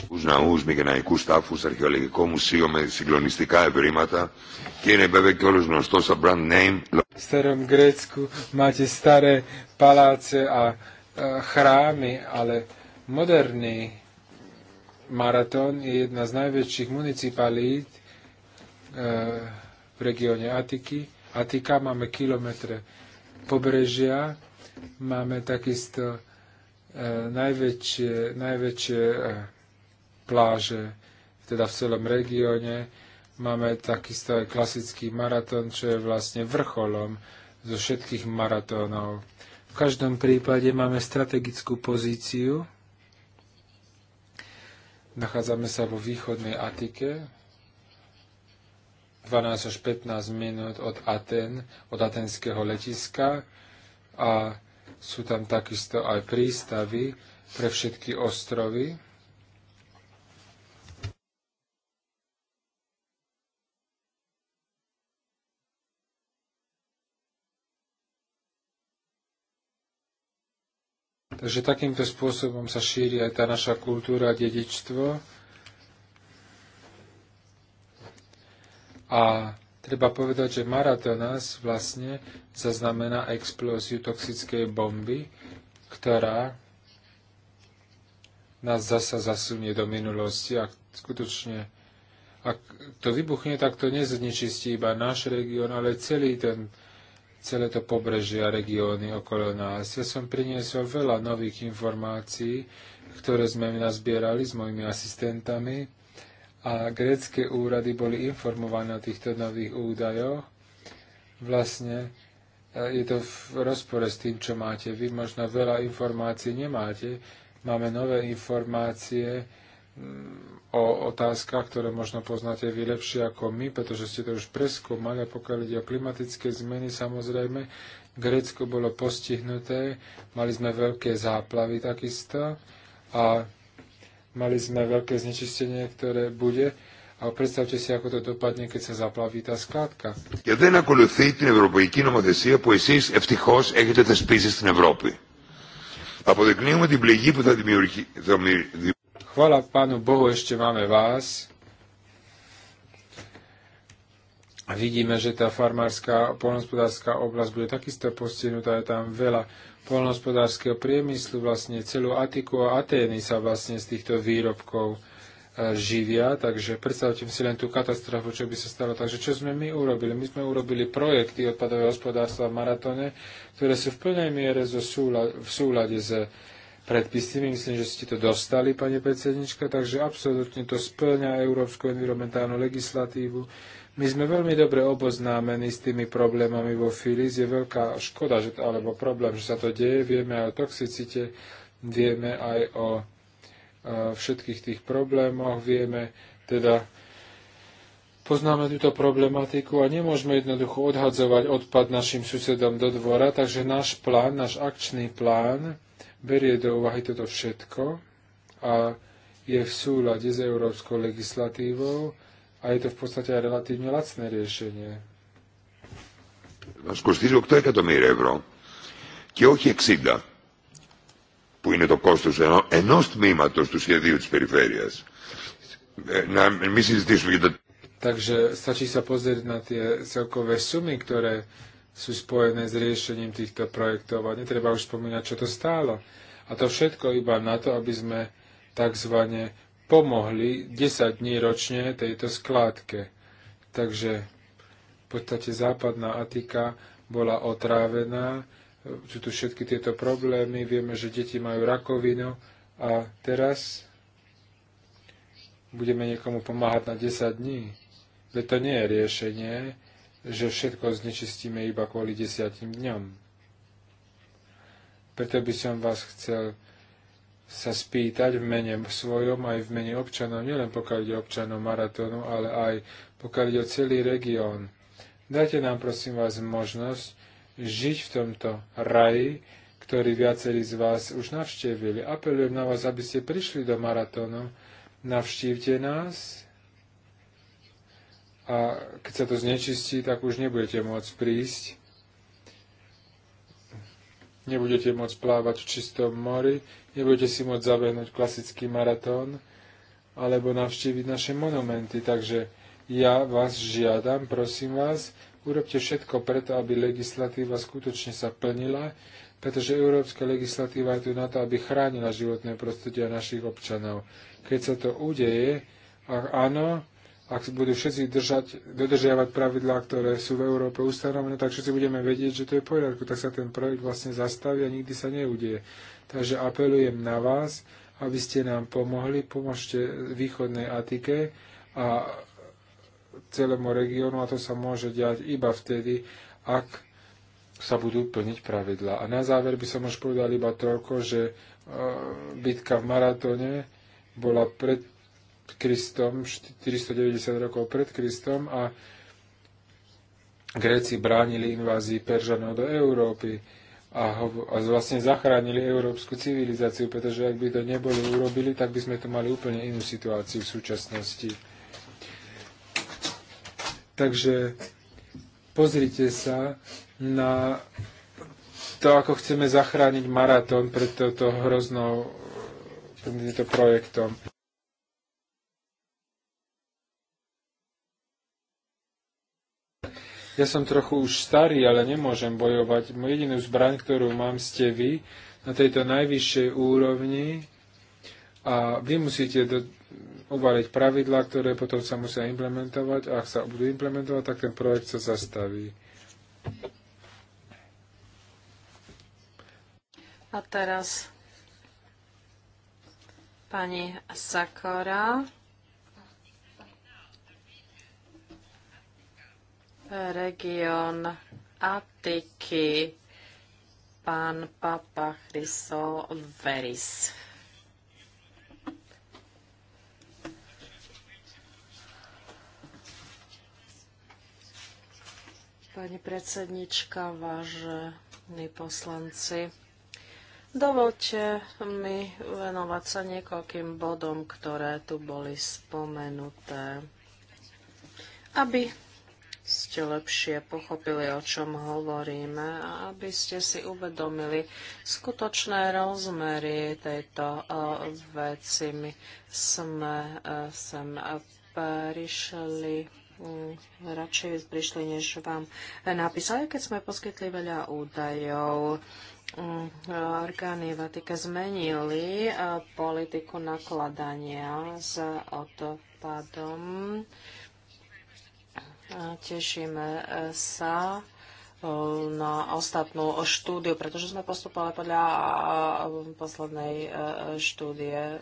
Τους ναούς Μικεναϊκούς τάφους, αρχαιολογικό μουσείο με συγκλονιστικά ευρήματα και είναι βέβαια και όλος γνωστός σαν brand name. V Γκρέτσκου, μάτι στάρε παλάτσε paláce a chrámy, ale Maratón je jedna z najväčších municipalít e, v regióne Atiky. Atika máme kilometre pobrežia, máme takisto e, najväčšie, najväčšie e, pláže, teda v celom regióne. Máme takisto aj klasický maratón, čo je vlastne vrcholom zo všetkých maratónov. V každom prípade máme strategickú pozíciu, Nachádzame sa vo východnej Atike, 12 až 15 minút od Aten, od atenského letiska a sú tam takisto aj prístavy pre všetky ostrovy. Takže takýmto spôsobom sa šíri aj tá naša kultúra a dedičstvo. A treba povedať, že Maratonas vlastne zaznamená explóziu toxickej bomby, ktorá nás zasa zasunie do minulosti a skutočne ak to vybuchne, tak to neznečistí iba náš región, ale celý ten celé to pobrežie a regióny okolo nás. Ja som priniesol veľa nových informácií, ktoré sme nazbierali s mojimi asistentami a grécké úrady boli informované o týchto nových údajoch. Vlastne e, je to v rozpore s tým, čo máte. Vy možno veľa informácií nemáte. Máme nové informácie, Mm, o otázkach, ktoré možno poznáte vy lepšie ako my, pretože ste to už preskúmali. A pokiaľ ide o klimatické zmeny, samozrejme, Grécko bolo postihnuté, mali sme veľké záplavy takisto a mali sme veľké znečistenie, ktoré bude. A predstavte si, ako to dopadne, keď sa zaplaví tá skládka. Και δεν ακολουθεί tým ευρωπαϊκή νομοθεσία που εσείς ευτυχώς έχετε θεσπίσει στην Ευρώπη. Αποδεικνύουμε την πληγή που θα δημιουργηθεί Chvala Pánu Bohu, ešte máme vás. A vidíme, že tá farmárska polnospodárska oblasť bude takisto postihnutá. Je tam veľa polnospodárskeho priemyslu, vlastne celú Atiku a Atény sa vlastne z týchto výrobkov e, živia, takže predstavte si len tú katastrofu, čo by sa stalo. Takže čo sme my urobili? My sme urobili projekty odpadového hospodárstva v Maratone, ktoré sú v plnej miere zo súla, v súlade s predpisy. Myslím, že ste to dostali, pani predsednička, takže absolútne to splňa európsku environmentálnu legislatívu. My sme veľmi dobre oboznámení s tými problémami vo Filiz. Je veľká škoda, že, alebo problém, že sa to deje. Vieme aj o toxicite, vieme aj o e, všetkých tých problémoch, vieme teda poznáme túto problematiku a nemôžeme jednoducho odhadzovať odpad našim susedom do dvora, takže náš plán, náš akčný plán berie do úvahy toto všetko a je v súlade s európskou legislatívou a je to v podstate aj relatívne lacné riešenie. Μας κοστίζει 8 εκατομμύρια euro. και όχι exida. που είναι το κόστος ενός τμήματος του σχεδίου της περιφέρειας. Να μην συζητήσουμε για τα... Takže stačí sa pozrieť na tie celkové sumy, ktoré sú spojené s riešením týchto projektov a netreba už spomínať, čo to stálo. A to všetko iba na to, aby sme tzv. pomohli 10 dní ročne tejto skládke. Takže v podstate západná Atika bola otrávená, sú tu všetky tieto problémy, vieme, že deti majú rakovinu a teraz budeme niekomu pomáhať na 10 dní. Veď to nie je riešenie, že všetko znečistíme iba kvôli desiatim dňom. Preto by som vás chcel sa spýtať v mene svojom aj v mene občanov, nielen pokiaľ ide občanov maratónu, ale aj pokiaľ ide o celý región. Dajte nám prosím vás možnosť žiť v tomto raji, ktorý viacerí z vás už navštívili. Apelujem na vás, aby ste prišli do maratónu, navštívte nás, a keď sa to znečistí, tak už nebudete môcť prísť. Nebudete môcť plávať v čistom mori, nebudete si môcť zabehnúť klasický maratón alebo navštíviť naše monumenty. Takže ja vás žiadam, prosím vás, urobte všetko preto, aby legislatíva skutočne sa plnila, pretože európska legislatíva je tu na to, aby chránila životné prostredie našich občanov. Keď sa to udeje, ak áno, ak budú všetci držať, dodržiavať pravidlá, ktoré sú v Európe ustanovené, tak všetci budeme vedieť, že to je v poriadku, tak sa ten projekt vlastne zastaví a nikdy sa neudie. Takže apelujem na vás, aby ste nám pomohli, pomôžte východnej Atike a celému regiónu a to sa môže diať iba vtedy, ak sa budú plniť pravidlá. A na záver by som už povedal iba toľko, že e, bitka v maratóne bola pred Kristom, 490 rokov pred Kristom a Gréci bránili invázii Peržanov do Európy a, ho, a vlastne zachránili európsku civilizáciu, pretože ak by to neboli urobili, tak by sme tu mali úplne inú situáciu v súčasnosti. Takže pozrite sa na to, ako chceme zachrániť maratón pred toto hroznou, pred týmto projektom. Ja som trochu už starý, ale nemôžem bojovať. Jedinú zbraň, ktorú mám, ste vy na tejto najvyššej úrovni a vy musíte do, uvaliť pravidlá, ktoré potom sa musia implementovať a ak sa budú implementovať, tak ten projekt sa zastaví. A teraz pani Sakora. region Atiky, pán Papa Chryso Veris. Pani predsednička, vážení poslanci, dovolte mi venovať sa niekoľkým bodom, ktoré tu boli spomenuté. Aby ste lepšie pochopili, o čom hovoríme a aby ste si uvedomili skutočné rozmery tejto e, veci. My sme e, sem prišli mm, radšej prišli, než vám napísali, keď sme poskytli veľa údajov mm, orgány Vatika zmenili e, politiku nakladania s odpadom. Tešíme e, sa e, na ostatnú štúdiu, pretože sme postupovali podľa e, poslednej štúdie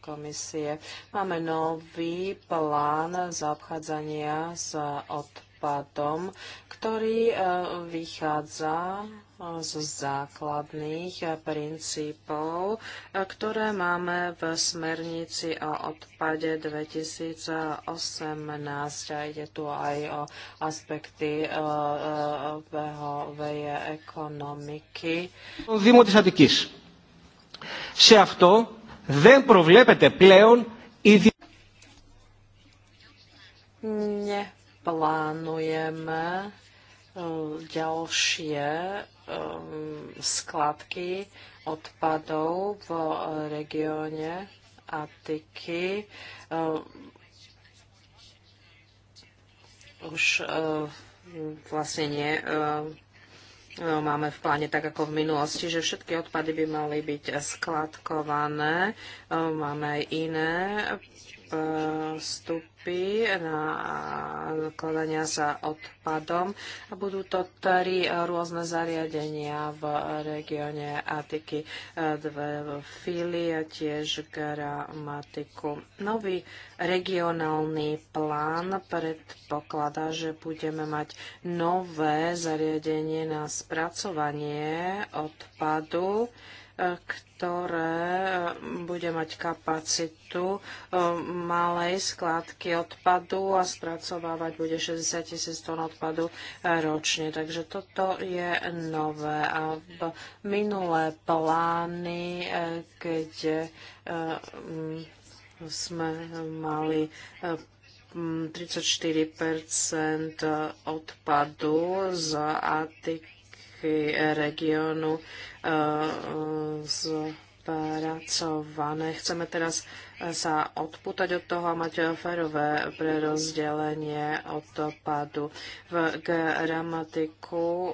komisie. Máme nový plán zaobchádzania s odpadom, ktorý vychádza z základných princípov, ktoré máme v smernici o odpade 2018. A ide tu aj o aspekty obehovej e, e, ekonomiky. Δήμο της Αττικής. Σε αυτό δεν προβλέπεται πλέον η... Neplánujeme Ehm, ďalšie ehm, skladky odpadov v eh, regióne Atiky. Ehm, už eh, vlastne nie no, máme v pláne tak ako v minulosti, že všetky odpady by mali byť skladkované. Máme aj iné postupy eh, stopy na kladania sa odpadom a budú to tri rôzne zariadenia v regióne Atiky, dve v Fili a tiež Gramatiku. Nový regionálny plán predpokladá, že budeme mať nové zariadenie na spracovanie odpadu, ktoré eh, bude mať kapacitu eh, malej skládky odpadu a spracovávať bude 60 tisíc tón odpadu eh, ročne. Takže toto je nové. A v minulé plány, keď mm, sme mali 34 mm, odpadu z Atiky, politiky regiónu eh, z spracované. Chceme teraz eh, sa odputať od toho a mať eh, ferové prerozdelenie odpadu. V gramatiku eh,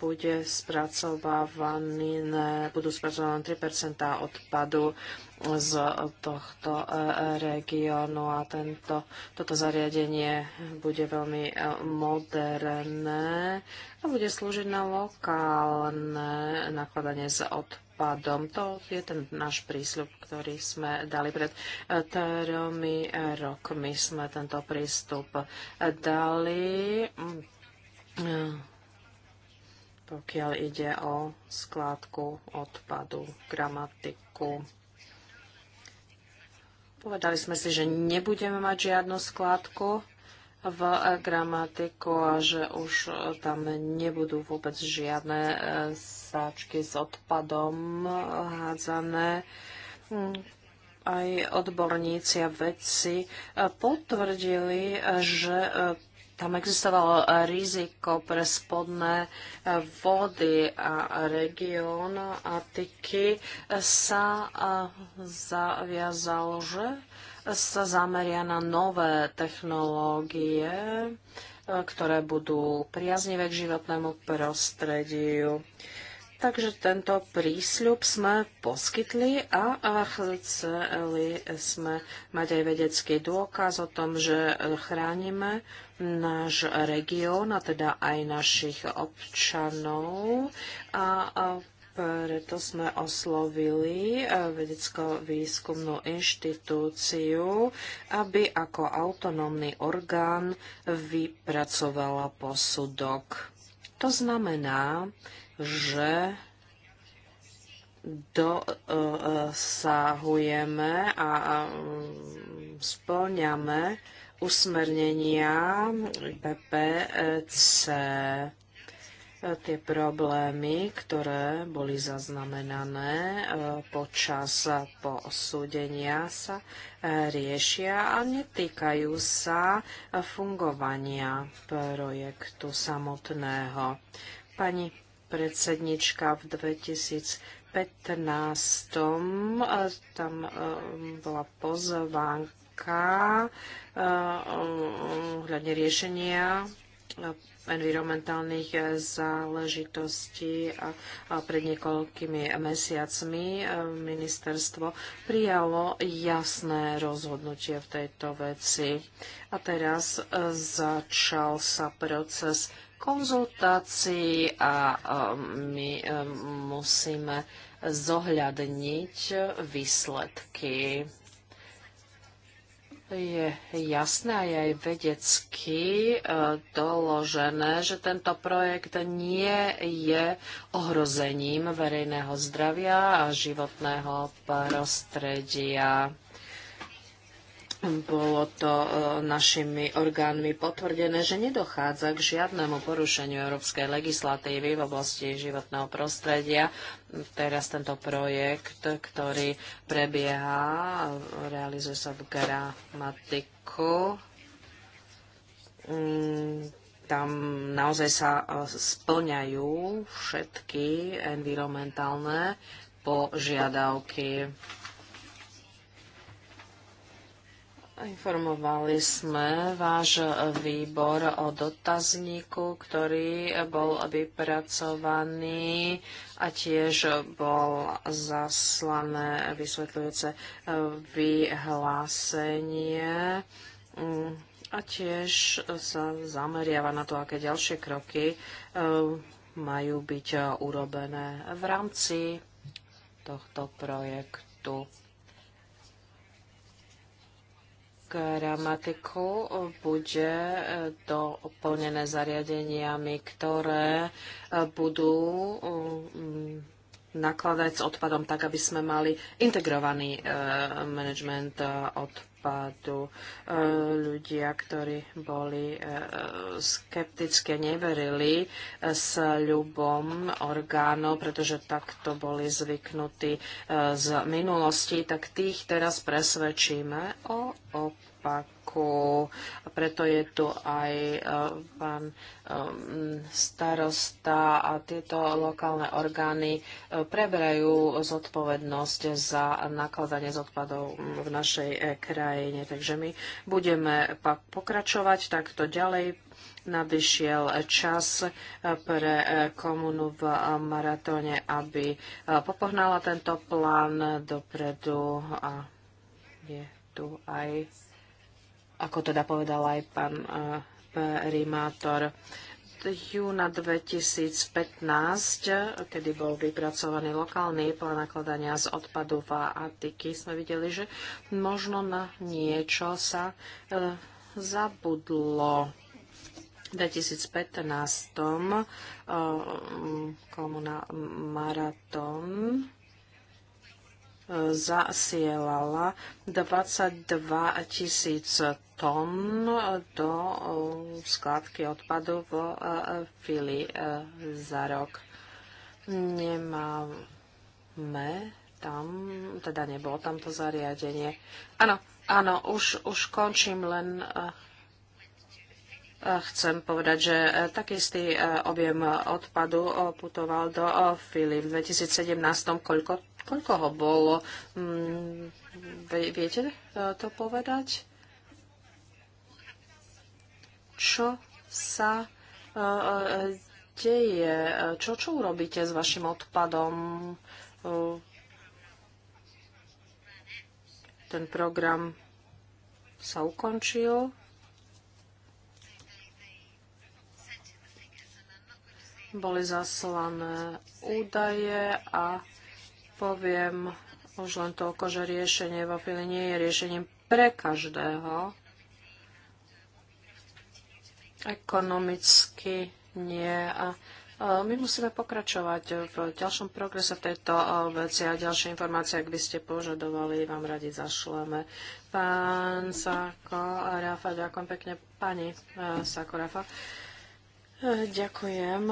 bude spracovávaný, budú spracované 3 odpadu z tohto regiónu a tento, toto zariadenie bude veľmi moderné a bude slúžiť na lokálne nakladanie z odpadu odpadom. To je ten náš prísľub, ktorý sme dali pred eh, tromi eh, rokmi. Sme tento prístup eh, dali pokiaľ ide o skládku odpadu, gramatiku. Povedali sme si, že nebudeme mať žiadnu skládku v gramatiku a že už tam nebudú vôbec žiadne e, sáčky s odpadom hádzané hm. aj odborníci a vedci e, potvrdili, e, že tam existovalo riziko pre spodné vody a región tyky sa zaviazal, že sa zameria na nové technológie, e, ktoré budú priaznivé k životnému prostrediu. Takže tento prísľub sme poskytli a, chceli sme mať aj vedecký dôkaz o tom, že chránime náš región a teda aj našich občanov a preto sme oslovili eh, vedecko-výskumnú inštitúciu, aby ako autonómny orgán vypracovala posudok. To znamená, že dosahujeme eh, a mm, splňame usmernenia PPC tie problémy, ktoré boli zaznamenané e, počas posúdenia sa e, riešia a netýkajú sa e, fungovania projektu samotného. Pani predsednička v 2015 tam bola pozvánka ohľadne riešenia environmentálnych eh, záležitostí a pred niekoľkými mesiacmi eh, ministerstvo prijalo jasné rozhodnutie v tejto veci. A teraz eh, začal sa proces konzultácií a my musíme zohľadniť výsledky je jasné a je aj vedecky e, doložené, že tento projekt nie je ohrozením verejného zdravia a životného prostredia bolo to e, našimi orgánmi potvrdené, že nedochádza k žiadnemu porušeniu európskej legislatívy v oblasti životného prostredia. Teraz tento projekt, ktorý prebieha, realizuje sa v gramatiku. Mm, tam naozaj sa e, splňajú všetky environmentálne požiadavky. Informovali sme váš výbor o dotazníku, ktorý bol vypracovaný a tiež bol zaslané vysvetľujúce vyhlásenie a tiež sa zameriava na to, aké ďalšie kroky e, majú byť urobené v rámci tohto projektu. gramatiku e, bude e, doplnené zariadeniami, ktoré e, budú nakladať s odpadom tak, aby sme mali integrovaný management odpadu odpadu. E, ľudia, ktorí boli e, skeptické, neverili e, s ľubom orgánov, pretože takto boli zvyknutí z minulosti, tak tých teraz presvedčíme o opäť opaku. Preto je tu aj e, pán e, starosta a tieto lokálne orgány e, preberajú zodpovednosť za nakladanie z odpadov v našej krajine. Takže my budeme pokračovať takto ďalej nadišiel čas pre komunu v maratóne, aby popohnala tento plán dopredu a je tu aj ako teda povedal aj pán e, primátor júna 2015, kedy bol vypracovaný lokálny plán nakladania z odpadu v Atiky, sme videli, že možno na niečo sa e, zabudlo. V 2015 e, komuna Maratón zasielala 22 tisíc tón do eh, skládky odpadu v eh, Fili eh, za rok. Nemáme tam, teda nebolo tam to zariadenie. Áno, áno, už, už končím len Chcem povedať, že taký istý objem odpadu putoval do Fili v 2017, koľko Koľko ho bolo? Mm, viete e, to povedať? Čo sa e, e, deje? Čo, čo urobíte s vašim odpadom? Ten program sa ukončil. Boli zaslané údaje a poviem už len toľko, že riešenie vafily nie je riešením pre každého. Ekonomicky nie. A my musíme pokračovať v ďalšom progrese v tejto veci a ďalšie informácie, ak by ste požadovali, vám radi zašleme. Pán Sako, Rafa, ďakujem pekne. Pani Sako, Rafa. Ďakujem.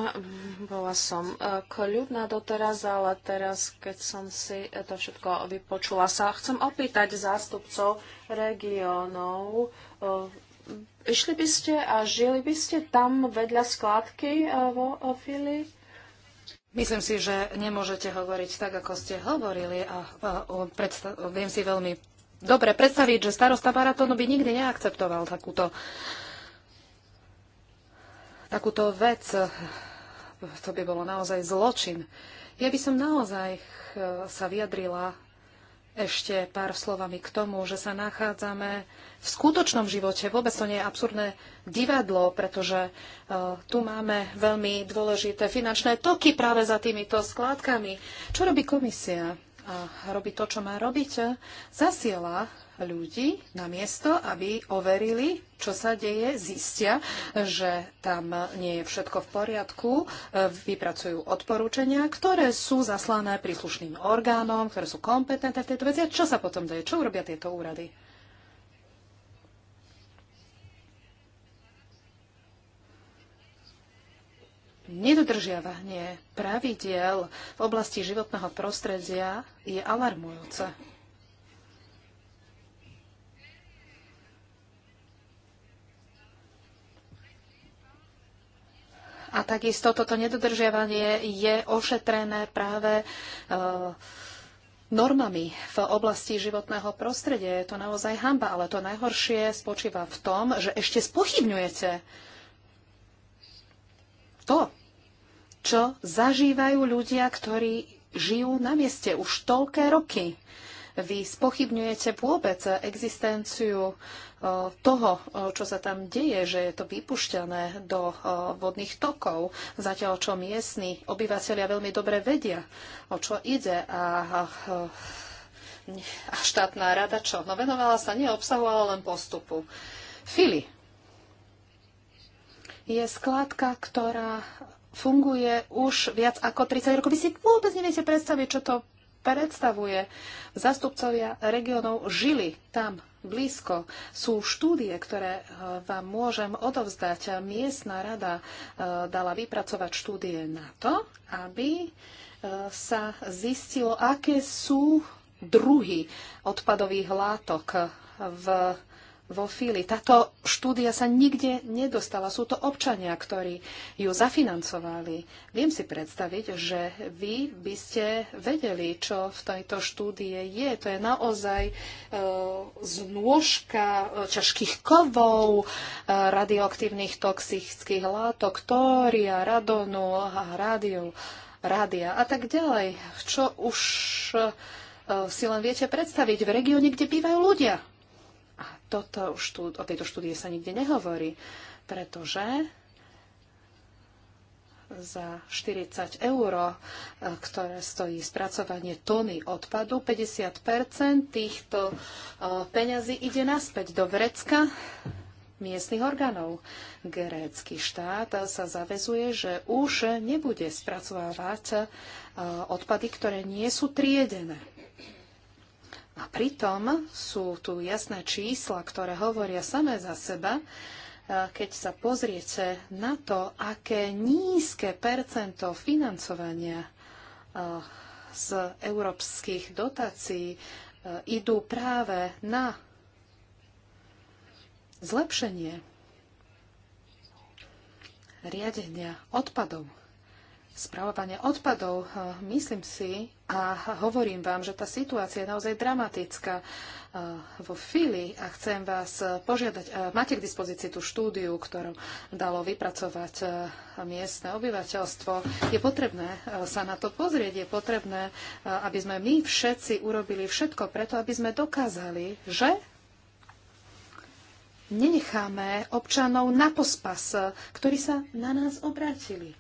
Bola som e, kľudná doteraz, ale teraz, keď som si e, to všetko vypočula, sa chcem opýtať zástupcov regiónov. E, išli by ste a žili by ste tam vedľa skladky vo Fili? Myslím si, že nemôžete hovoriť tak, ako ste hovorili a, a, a viem si veľmi dobre predstaviť, že starosta Baratónu by nikdy neakceptoval takúto uh, takúto vec. To by bolo naozaj zločin. Ja by som naozaj sa vyjadrila ešte pár slovami k tomu, že sa nachádzame v skutočnom živote. Vôbec to nie je absurdné divadlo, pretože uh, tu máme veľmi dôležité finančné toky práve za týmito skládkami. Čo robí komisia? A robí to, čo má robiť? Zasiela ľudí na miesto, aby overili, čo sa deje, zistia, že tam nie je všetko v poriadku, e, vypracujú odporúčania, ktoré sú zaslané príslušným orgánom, ktoré sú kompetentné v tejto veci. A čo sa potom deje? Čo urobia tieto úrady? Nedodržiavanie pravidiel v oblasti životného prostredia je alarmujúce. A takisto toto nedodržiavanie je ošetrené práve e, normami v oblasti životného prostredia. Je to naozaj hamba, ale to najhoršie spočíva v tom, že ešte spochybňujete to, čo zažívajú ľudia, ktorí žijú na mieste už toľké roky. Vy spochybňujete vôbec existenciu eh, toho, eh, čo sa tam deje, že je to vypušťané do eh, vodných tokov, zatiaľ čo miestni obyvateľia veľmi dobre vedia, o čo ide. A a štátna rada čo? No venovala sa nie obsahu, ale len postupu. Fili je skládka, ktorá funguje už viac ako 30 rokov. Vy si vôbec neviete predstaviť, čo to predstavuje. Zastupcovia regionov žili tam blízko. Sú štúdie, ktoré eh, vám môžem odovzdať. Miestna rada eh, dala vypracovať štúdie na to, aby eh, sa zistilo, aké sú druhy odpadových látok v vo Fíli. Táto štúdia sa nikde nedostala. Sú to občania, ktorí ju zafinancovali. Viem si predstaviť, že vy by ste vedeli, čo v tejto štúdie je. To je naozaj e, znôžka e, ťažkých kovov, e, radioaktívnych toxických látok, tória, radonu, a rádiu, rádia a tak ďalej. Čo už e, si len viete predstaviť v regióne, kde bývajú ľudia toto, o tejto štúdie sa nikde nehovorí, pretože za 40 eur, e, ktoré stojí spracovanie tony odpadu, 50 týchto e, peňazí ide naspäť do vrecka miestnych orgánov. Grécky štát sa zavezuje, že už nebude spracovávať e, odpady, ktoré nie sú triedené. A pritom sú tu jasné čísla, ktoré hovoria samé za seba, e, keď sa pozriete na to, aké nízke percento financovania e, z európskych dotácií e, idú práve na zlepšenie riadenia odpadov, spravovanie odpadov. Myslím si, a hovorím vám, že tá situácia je naozaj dramatická e, vo Fili a chcem vás e, požiadať, e, máte k dispozícii tú štúdiu, ktorú dalo vypracovať miestne obyvateľstvo. Je potrebné sa na to pozrieť, je potrebné, aby sme my všetci urobili všetko preto, aby sme dokázali, že nenecháme občanov na pospas, ktorí sa na nás obrátili.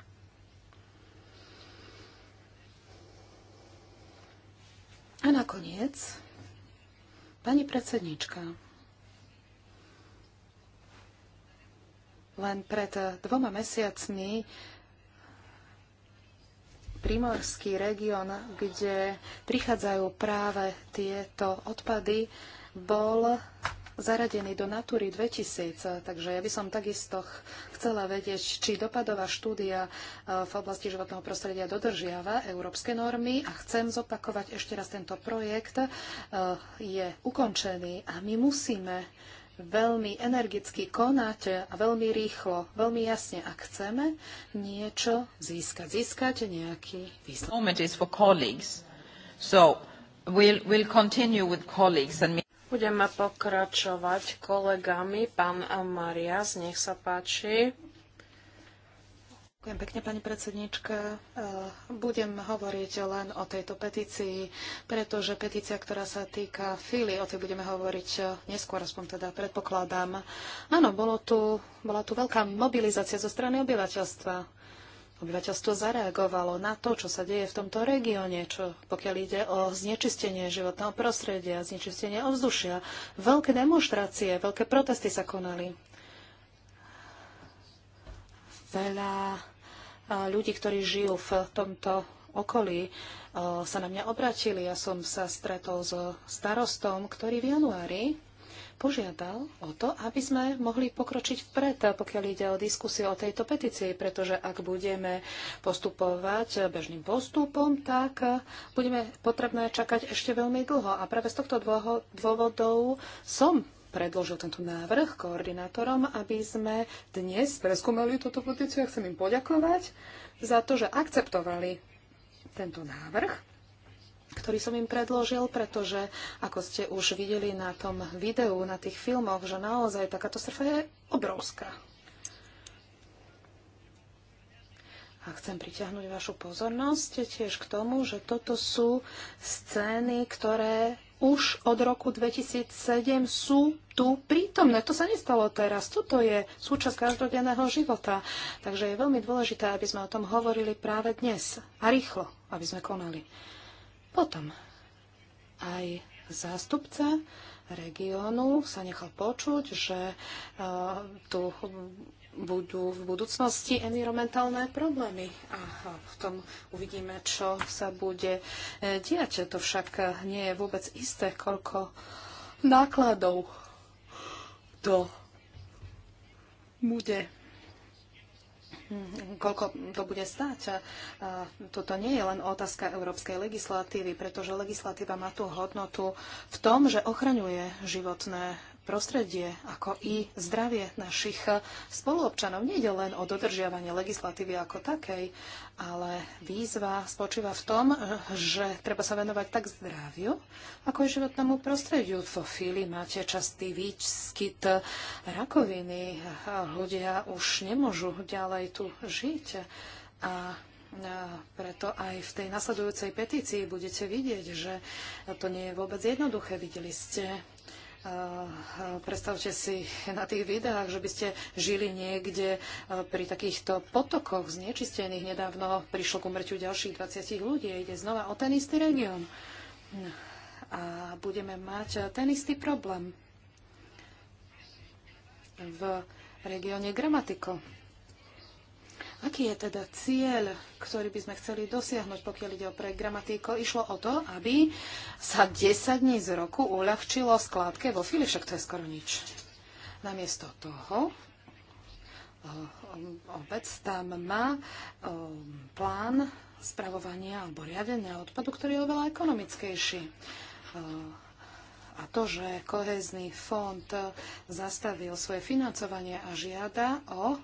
A nakoniec, pani predsednička, len pred dvoma mesiacmi primorský región, kde prichádzajú práve tieto odpady, bol zaradený do Natúry 2000, takže ja by som takisto chcela vedieť, či dopadová štúdia e, v oblasti životného prostredia dodržiava európske normy a chcem zopakovať ešte raz tento projekt e, je ukončený a my musíme veľmi energicky konať a veľmi rýchlo, veľmi jasne, ak chceme niečo získať, získať nejaký výsledok. So we'll, we'll continue with colleagues and Budeme pokračovať kolegami. Pán Marias, nech sa páči. Ďakujem pekne, pani predsednička. E, budem hovoriť len o tejto petícii, pretože petícia, ktorá sa týka Fíly, o tej budeme hovoriť neskôr, aspoň teda predpokladám. Áno, bolo tu, bola tu veľká mobilizácia zo strany obyvateľstva obyvateľstvo zareagovalo na to, čo sa deje v tomto regióne, čo pokiaľ ide o znečistenie životného prostredia, znečistenie ovzdušia. Veľké demonstrácie, veľké protesty sa konali. Veľa ľudí, ktorí žijú v tomto okolí, sa na mňa obratili. Ja som sa stretol so starostom, ktorý v januári požiadal o to, aby sme mohli pokročiť vpred, pokiaľ ide o diskusiu o tejto petícii, pretože ak budeme postupovať bežným postupom, tak budeme potrebné čakať ešte veľmi dlho. A práve z tohto dôvodov som predložil tento návrh koordinátorom, aby sme dnes preskúmali túto petíciu a chcem im poďakovať za to, že akceptovali tento návrh ktorý som im predložil, pretože ako ste už videli na tom videu, na tých filmoch, že naozaj tá katastrofa je obrovská. A chcem priťahnuť vašu pozornosť tiež k tomu, že toto sú scény, ktoré už od roku 2007 sú tu prítomné. To sa nestalo teraz. Toto je súčasť každodenného života. Takže je veľmi dôležité, aby sme o tom hovorili práve dnes a rýchlo, aby sme konali. Potom aj zástupca regiónu sa nechal počuť, že e, tu budú v budúcnosti environmentálne problémy a v tom uvidíme, čo sa bude e, diať. To však nie je vôbec isté, koľko nákladov to bude koľko to bude stáť. Toto nie je len otázka európskej legislatívy, pretože legislatíva má tú hodnotu v tom, že ochraňuje životné prostredie, ako i zdravie našich spoluobčanov. Nejde len o dodržiavanie legislatívy ako takej, ale výzva spočíva v tom, že treba sa venovať tak zdraviu, ako aj životnému prostrediu. V chvíli máte častý výskyt rakoviny. Ľudia už nemôžu ďalej tu žiť. A preto aj v tej nasledujúcej petícii budete vidieť, že to nie je vôbec jednoduché. Videli ste Eh, predstavte si na tých videách, že by ste žili niekde eh, pri takýchto potokoch znečistených. Nedávno prišlo k umrťu ďalších 20 ľudí. Ide znova o ten istý región. A budeme mať ten istý problém v regióne Gramatiko. Aký je teda cieľ, ktorý by sme chceli dosiahnuť, pokiaľ ide o projekt Gramatíko? Išlo o to, aby sa 10 dní z roku uľahčilo skládke vo chvíli, však to je skoro nič. Namiesto toho eh, obec tam má eh, plán spravovania alebo riadenia odpadu, ktorý je oveľa ekonomickejší eh, a to, že kohezný fond zastavil svoje financovanie a žiada o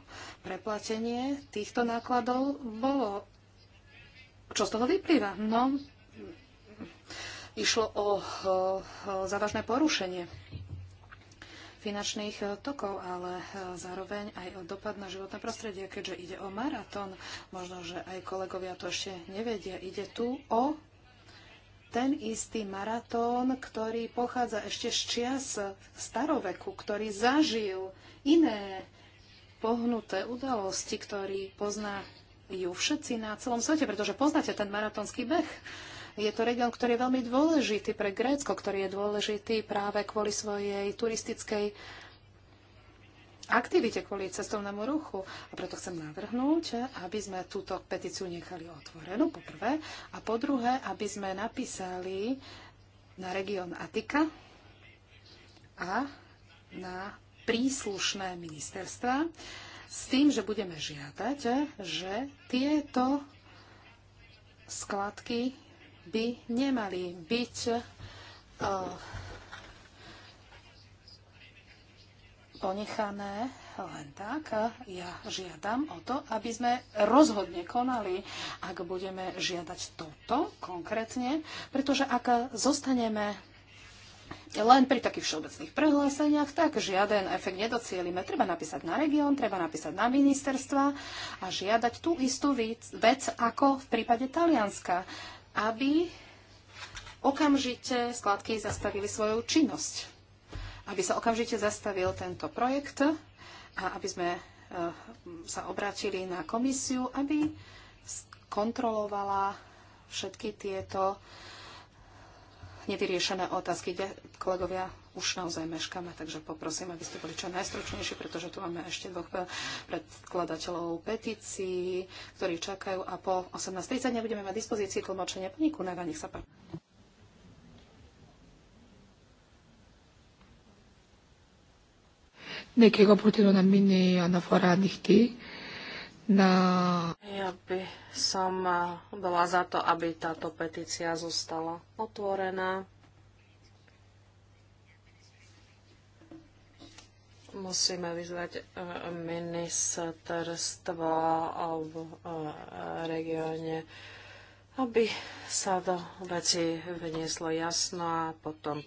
preplatenie týchto nákladov, bolo... Čo z toho vyplýva? No, išlo o, o, o závažné porušenie finančných tokov, ale zároveň aj o dopad na životné prostredie, keďže ide o maratón. Možno, že aj kolegovia to ešte nevedia. Ide tu o ten istý maratón, ktorý pochádza ešte z čias staroveku, ktorý zažil iné pohnuté udalosti, ktorý ju všetci na celom svete, pretože poznáte ten maratónsky beh. Je to región, ktorý je veľmi dôležitý pre Grécko, ktorý je dôležitý práve kvôli svojej turistickej uh, aktivite kvôli cestovnému ruchu. A preto chcem navrhnúť, aby sme túto petíciu nechali otvorenú, po prvé. A po druhé, aby sme napísali na región Atika a na príslušné ministerstva s tým, že budeme žiadať, že tieto skladky by nemali byť uh, ponechané len tak. Ja žiadam o to, aby sme rozhodne konali, ak budeme žiadať toto konkrétne, pretože ak zostaneme len pri takých všeobecných prehláseniach, tak žiaden efekt nedocielime. Treba napísať na región, treba napísať na ministerstva a žiadať tú istú vec ako v prípade Talianska, aby okamžite skladky zastavili svoju činnosť aby sa okamžite zastavil tento projekt a aby sme e, sa obrátili na komisiu, aby kontrolovala všetky tieto nevyriešené otázky. Kolegovia, už naozaj meškáme, takže poprosím, aby ste boli čo najstručnejší, pretože tu máme ešte dvoch predkladateľov petícií, ktorí čakajú a po 18.30 nebudeme mať dispozícii tlmočenia. Pani Kuneva, nech sa páči. Ναι, και εγώ προτείνω να μην είναι αναφορά ανοιχτή. Να... Ja by som bola za to, aby táto petícia zostala otvorená. Musíme vyzvať e, ministerstvo v e, regióne, aby sa do veci vnieslo jasno a potom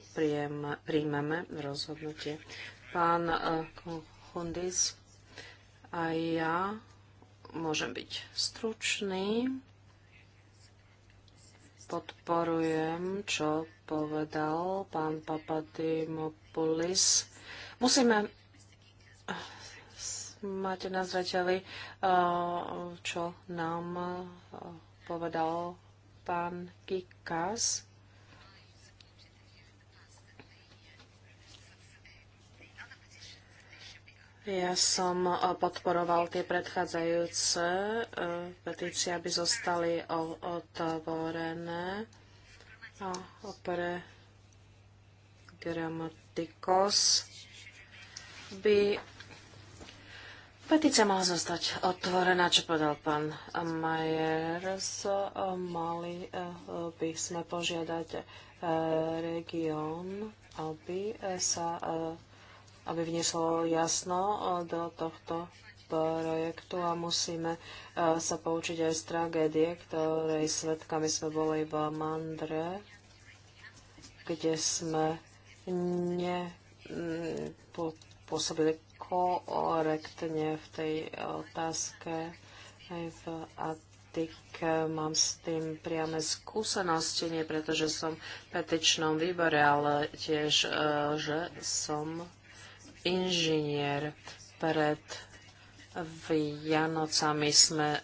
príjmeme rozhodnutie. Pán eh, Hondis, aj ja môžem byť stručný. Podporujem, čo povedal pán Papadimopoulos. Musíme eh, mať na zreteli, eh, čo nám povedal pán Kikas. Ja som e, podporoval tie predchádzajúce e, petície, aby zostali otvorené a opere gramatikos by Petícia mala zostať otvorená, čo povedal pán Majers. E, mali by sme požiadať región, aby sa aby vnieslo jasno e, do tohto projektu a musíme e, sa poučiť aj z tragédie, ktorej svetkami sme boli v Mandre, kde sme nepôsobili mm, korektne v tej otázke aj v Atike. Mám s tým priame skúsenosti, nie pretože som v petičnom výbore, ale tiež, e, že som inžinier. Pred Vianocami sme e,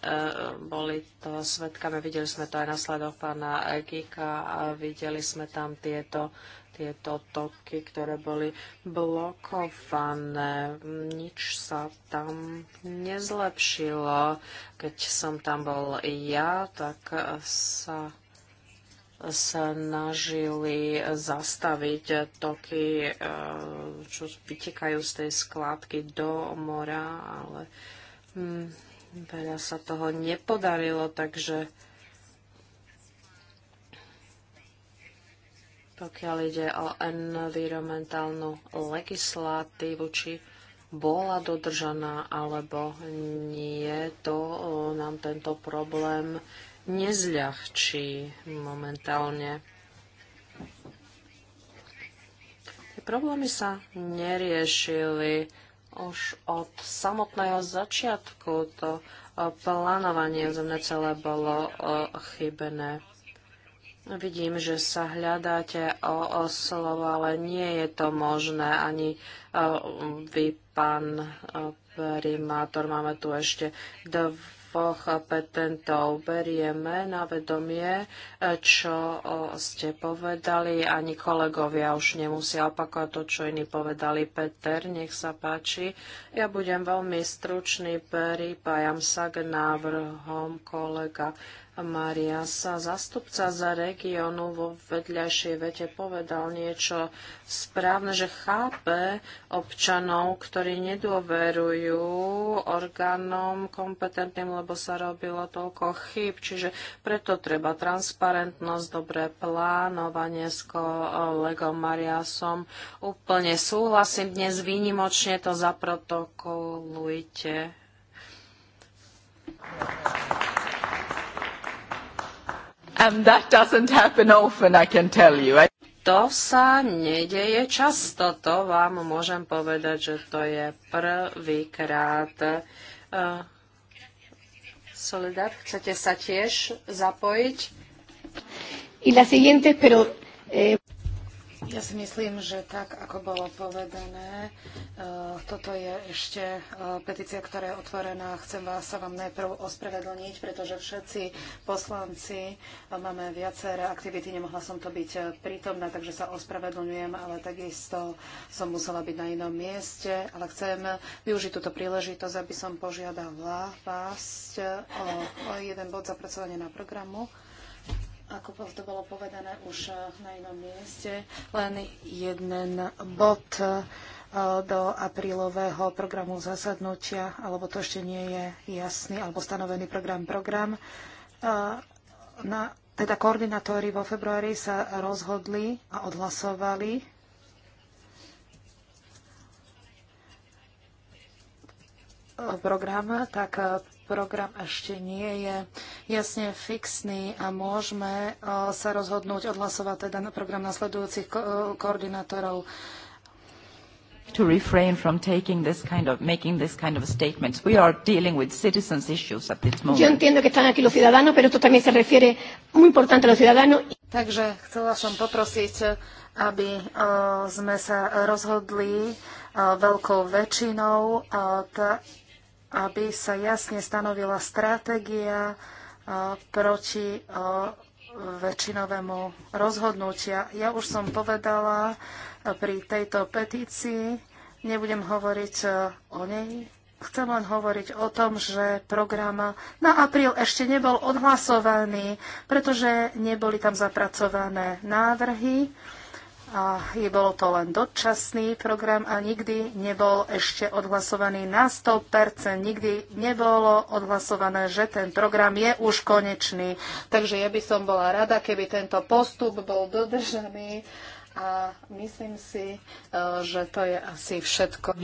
boli to svetkami, videli sme to aj na sledoch pána Gika a videli sme tam tieto tieto toky, ktoré boli blokované. Nič sa tam nezlepšilo. Keď som tam bol ja, tak sa snažili zastaviť toky, eh, čo vytekajú z tej skládky do mora, ale hm, veľa sa toho nepodarilo, takže pokiaľ ide o environmentálnu legislatívu, či bola dodržaná alebo nie, to eh, nám tento problém nezľahčí momentálne. Tie problémy sa neriešili už od samotného začiatku. To e, plánovanie zemne celé bolo e, chybené. Vidím, že sa hľadáte o, o slovo, ale nie je to možné. Ani o, e, vy, pán o, primátor, máme tu ešte dv- dvoch petentov. Berieme na vedomie, eh, čo ste povedali. Ani kolegovia už nemusia opakovať to, čo iní povedali. Peter, nech sa páči. Ja budem veľmi stručný, pripájam sa k návrhom kolega Mariasa sa zastupca za regiónu vo vedľajšej vete povedal niečo správne, že chápe občanov, ktorí nedôverujú orgánom kompetentným, lebo sa robilo toľko chyb, čiže preto treba transparentnosť, dobré plánovanie s kolegom Mariasom. Úplne súhlasím, dnes výnimočne to zaprotokolujte. Thank you. And that doesn't happen often, I can tell you. To sa nedeje často, to vám môžem povedať, že to je prvýkrát. Uh, eh, Soledad, chcete sa tiež zapojiť? I la siguiente, pero... Eh... Ja si myslím, že tak, ako bolo povedané, eh, toto je ešte eh, petícia, ktorá je otvorená. Chcem vás sa vám najprv ospravedlniť, pretože všetci poslanci eh, máme viaceré aktivity, nemohla som to byť prítomná, takže sa ospravedlňujem, ale takisto som musela byť na inom mieste. Ale chcem využiť túto príležitosť, aby som požiadala vás o jeden bod zapracovania na programu ako to bolo povedané už eh, na inom mieste, len jeden bod eh, do aprílového programu zasadnutia, alebo to ešte nie je jasný, alebo stanovený program, program. Eh, na, teda koordinátori vo februári sa rozhodli a odhlasovali programa, tak e, program ešte nie je jasne fixný a môžeme e, sa rozhodnúť odhlasovať teda na program nasledujúcich ko- e, koordinátorov to refrain from taking this kind of making this kind of statements. We are dealing with citizens issues at this moment. Yo entiendo que están aquí los ciudadanos, pero esto también se refiere muy importante a los ciudadanos. Takže chcela som poprosiť, aby uh, sme sa rozhodli uh, veľkou väčšinou uh, aby sa jasne stanovila stratégia proti väčšinovému rozhodnutia. Ja už som povedala pri tejto petícii, nebudem hovoriť o nej, chcem len hovoriť o tom, že program na apríl ešte nebol odhlasovaný, pretože neboli tam zapracované návrhy a je bolo to len dočasný program a nikdy nebol ešte odhlasovaný na 100%. Nikdy nebolo odhlasované, že ten program je už konečný. Takže ja by som bola rada, keby tento postup bol dodržaný a myslím si, e, že to je asi všetko.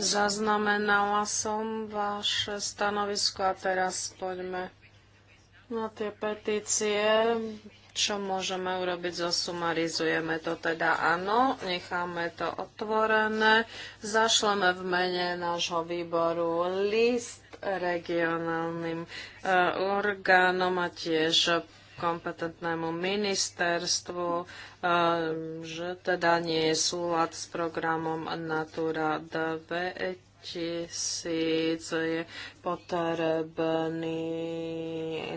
Zaznamenala som vaše stanovisko a teraz poďme na tie petície čo môžeme urobiť, zosumarizujeme to teda áno, necháme to otvorené, zašleme v mene nášho výboru list regionálnym eh, orgánom a tiež kompetentnému ministerstvu, eh, že teda nie je súlad s programom Natura 2000 tisíc je potrebný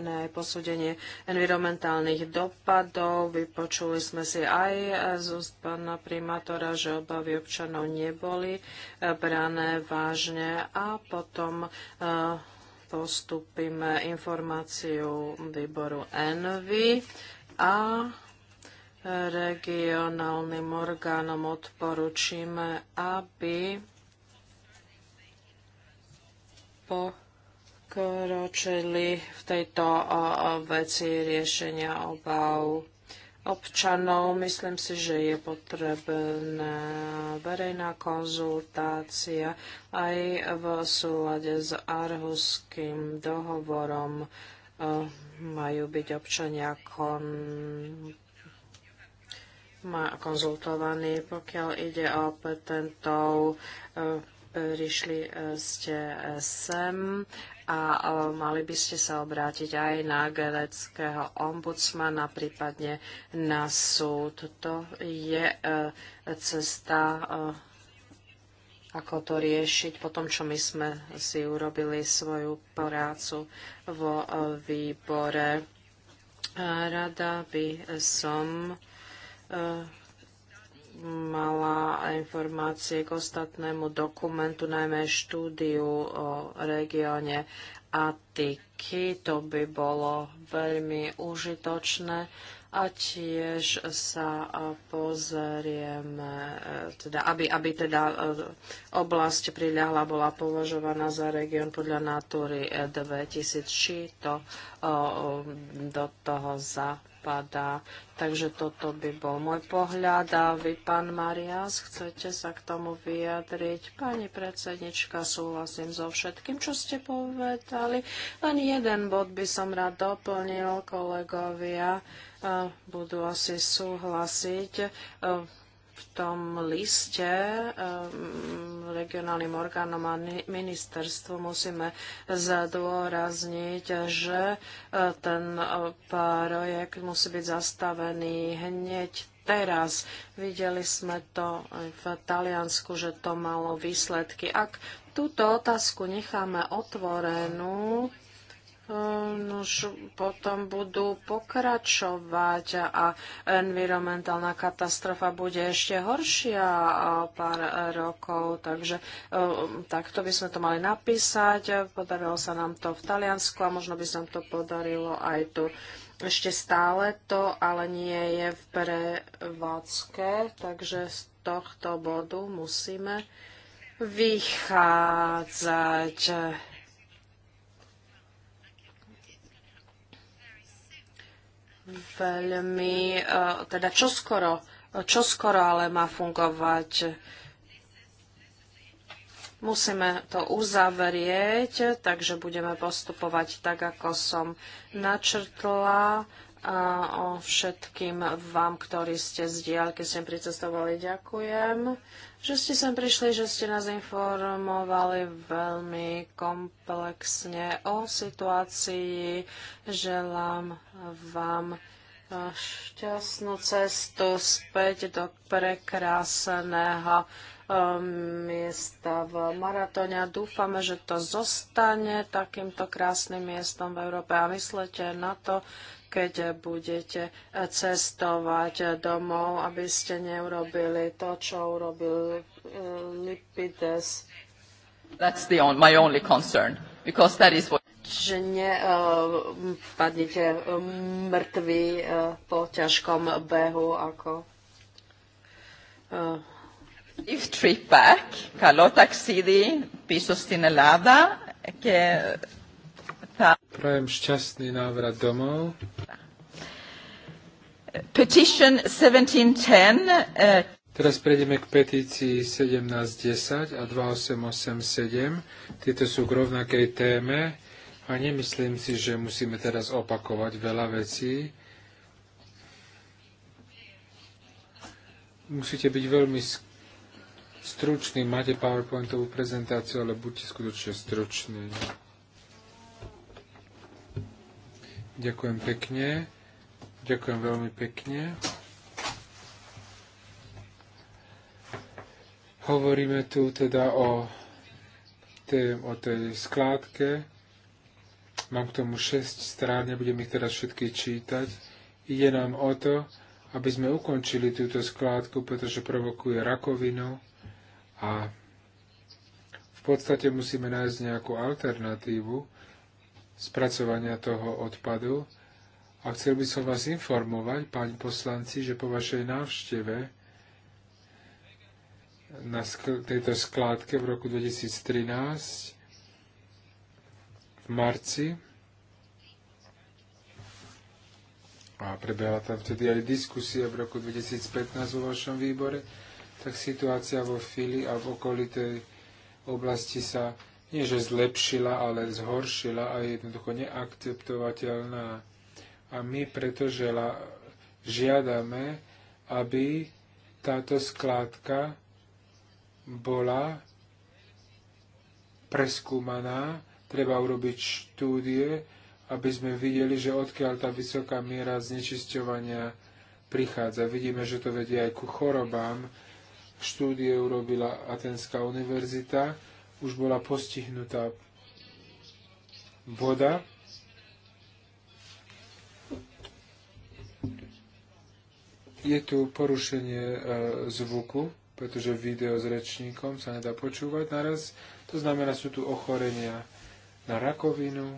iné posúdenie environmentálnych dopadov. Vypočuli sme si aj z úst pána primátora, že obavy občanov neboli eh, brané vážne a potom eh, postupíme informáciu výboru ENVY a regionálnym orgánom odporučíme, aby pokročili v tejto veci riešenia obav občanov. Myslím si, že je potrebná verejná konzultácia aj v súlade s Arhuským dohovorom. E, majú byť občania kon konzultovaní, pokiaľ ide o petentov e, prišli e, ste e, sem a e, mali by ste sa obrátiť aj na greckého ombudsmana, prípadne na súd. To je cesta ako to riešiť po tom, čo my sme si urobili svoju prácu vo výbore. Rada by som mala informácie k ostatnému dokumentu, najmä štúdiu o regióne Atiky. To by bolo veľmi užitočné a tiež sa pozrieme, e, teda, aby, aby teda e, oblasť priľahla bola považovaná za región podľa Natúry 2000, e, či to do toho za odpadá. Takže toto by bol môj pohľad. A vy, pán Marias, chcete sa k tomu vyjadriť? Pani predsednička, súhlasím so všetkým, čo ste povedali. Len jeden bod by som rád doplnil, kolegovia budú asi súhlasiť v tom liste ehm, regionálnym orgánom a ministerstvu musíme zdôrazniť, že e, ten e, projekt musí byť zastavený hneď teraz. Videli sme to aj v Taliansku, že to malo výsledky. Ak túto otázku necháme otvorenú, Nož potom budú pokračovať a environmentálna katastrofa bude ešte horšia pár rokov, takže e, takto by sme to mali napísať. Podarilo sa nám to v Taliansku a možno by sa nám to podarilo aj tu. Ešte stále to ale nie je v prevádzke, takže z tohto bodu musíme vychádzať. veľmi, e, teda čoskoro, čoskoro ale má fungovať. Musíme to uzavrieť, takže budeme postupovať tak, ako som načrtla o všetkým vám, ktorí ste z diálky sem pricestovali. Ďakujem, že ste sem prišli, že ste nás informovali veľmi komplexne o situácii. Želám vám eh, šťastnú cestu späť do prekrásneho eh, miesta v maratóne dúfame, že to zostane takýmto krásnym miestom v Európe a myslete na to, keď budete cestovať domov, aby ste neurobili to, čo urobil eh, Lipides. That's the on, my only concern, because that is what že nepadnete eh, uh, eh, mŕtvi uh, po ťažkom behu ako uh, If trip back, καλό ταξίδι πίσω στην Ελλάδα και θα... Prajem šťastný návrat domov. Petition 1710. Uh, teraz prejdeme k petícii 1710 a 2887. Tieto sú k rovnakej téme a nemyslím si, že musíme teraz opakovať veľa vecí. Musíte byť veľmi stručný, máte PowerPointovú prezentáciu, ale buďte skutočne struční. Ďakujem pekne. Ďakujem veľmi pekne. Hovoríme tu teda o tej, o tej skládke. Mám k tomu 6 strán, nebudem ich teraz všetky čítať. Ide nám o to, aby sme ukončili túto skládku, pretože provokuje rakovinu a v podstate musíme nájsť nejakú alternatívu spracovania toho odpadu a chcel by som vás informovať, páni poslanci, že po vašej návšteve na skl- tejto skládke v roku 2013 v marci a prebehla tam vtedy aj diskusia v roku 2015 vo vašom výbore, tak situácia vo Fili a v okolitej oblasti sa nie že zlepšila, ale zhoršila a je jednoducho neakceptovateľná a my preto žela, žiadame, aby táto skládka bola preskúmaná, treba urobiť štúdie, aby sme videli, že odkiaľ tá vysoká miera znečisťovania prichádza. Vidíme, že to vedie aj ku chorobám. Štúdie urobila Atenská univerzita, už bola postihnutá voda Je tu porušenie e, zvuku, pretože video s rečníkom sa nedá počúvať naraz. To znamená, sú tu ochorenia na rakovinu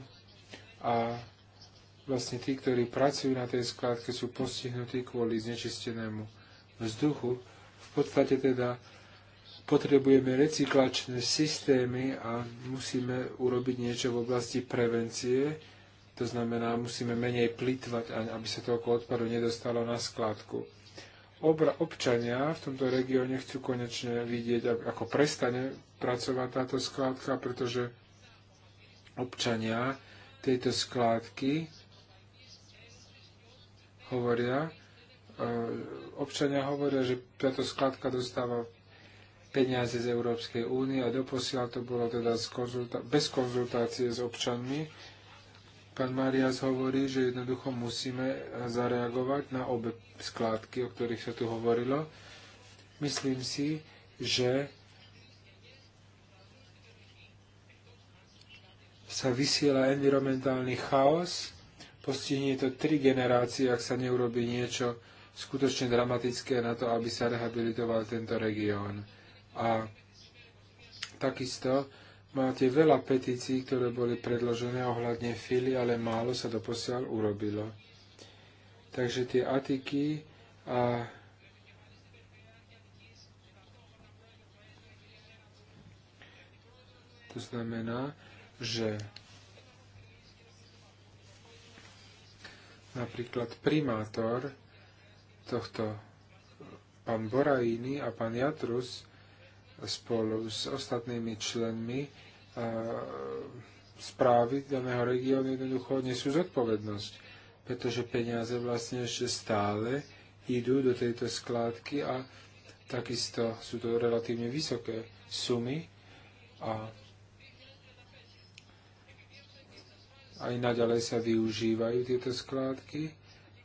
a vlastne tí, ktorí pracujú na tej skládke, sú postihnutí kvôli znečistenému vzduchu. V podstate teda potrebujeme recyklačné systémy a musíme urobiť niečo v oblasti prevencie, to znamená, musíme menej plitvať, aby sa okolo odpadu nedostalo na skladku obra občania v tomto regióne chcú konečne vidieť, ako prestane pracovať táto skládka, pretože občania tejto skládky hovoria, e, občania hovoria, že táto skladka dostáva peniaze z Európskej únie a doposiaľ to bolo teda bez konzultácie s občanmi Pán Marias hovorí, že jednoducho musíme zareagovať na obe skládky, o ktorých sa tu hovorilo. Myslím si, že sa vysiela environmentálny chaos, postihne to tri generácie, ak sa neurobi niečo skutočne dramatické na to, aby sa rehabilitoval tento región. A takisto Máte veľa petícií, ktoré boli predložené ohľadne fily, ale málo sa doposiaľ urobilo. Takže tie atiky a to znamená, že napríklad primátor tohto pán Boraini a pán Jatrus spolu s ostatnými členmi správy daného regiónu jednoducho nesú zodpovednosť, pretože peniaze vlastne ešte stále idú do tejto skládky a takisto sú to relatívne vysoké sumy a aj naďalej sa využívajú tieto skládky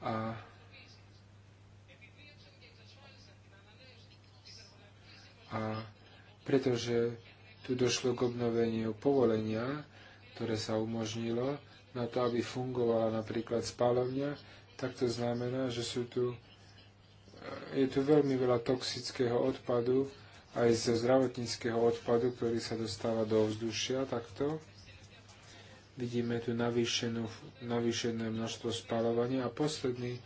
a a pretože tu došlo k obnoveniu povolenia, ktoré sa umožnilo na to, aby fungovala napríklad spálovňa, tak to znamená, že sú tu, e, je tu veľmi veľa toxického odpadu, aj zo zdravotníckého odpadu, ktorý sa dostáva do vzdušia takto. Vidíme tu navýšenú, navýšené množstvo spalovania a posledný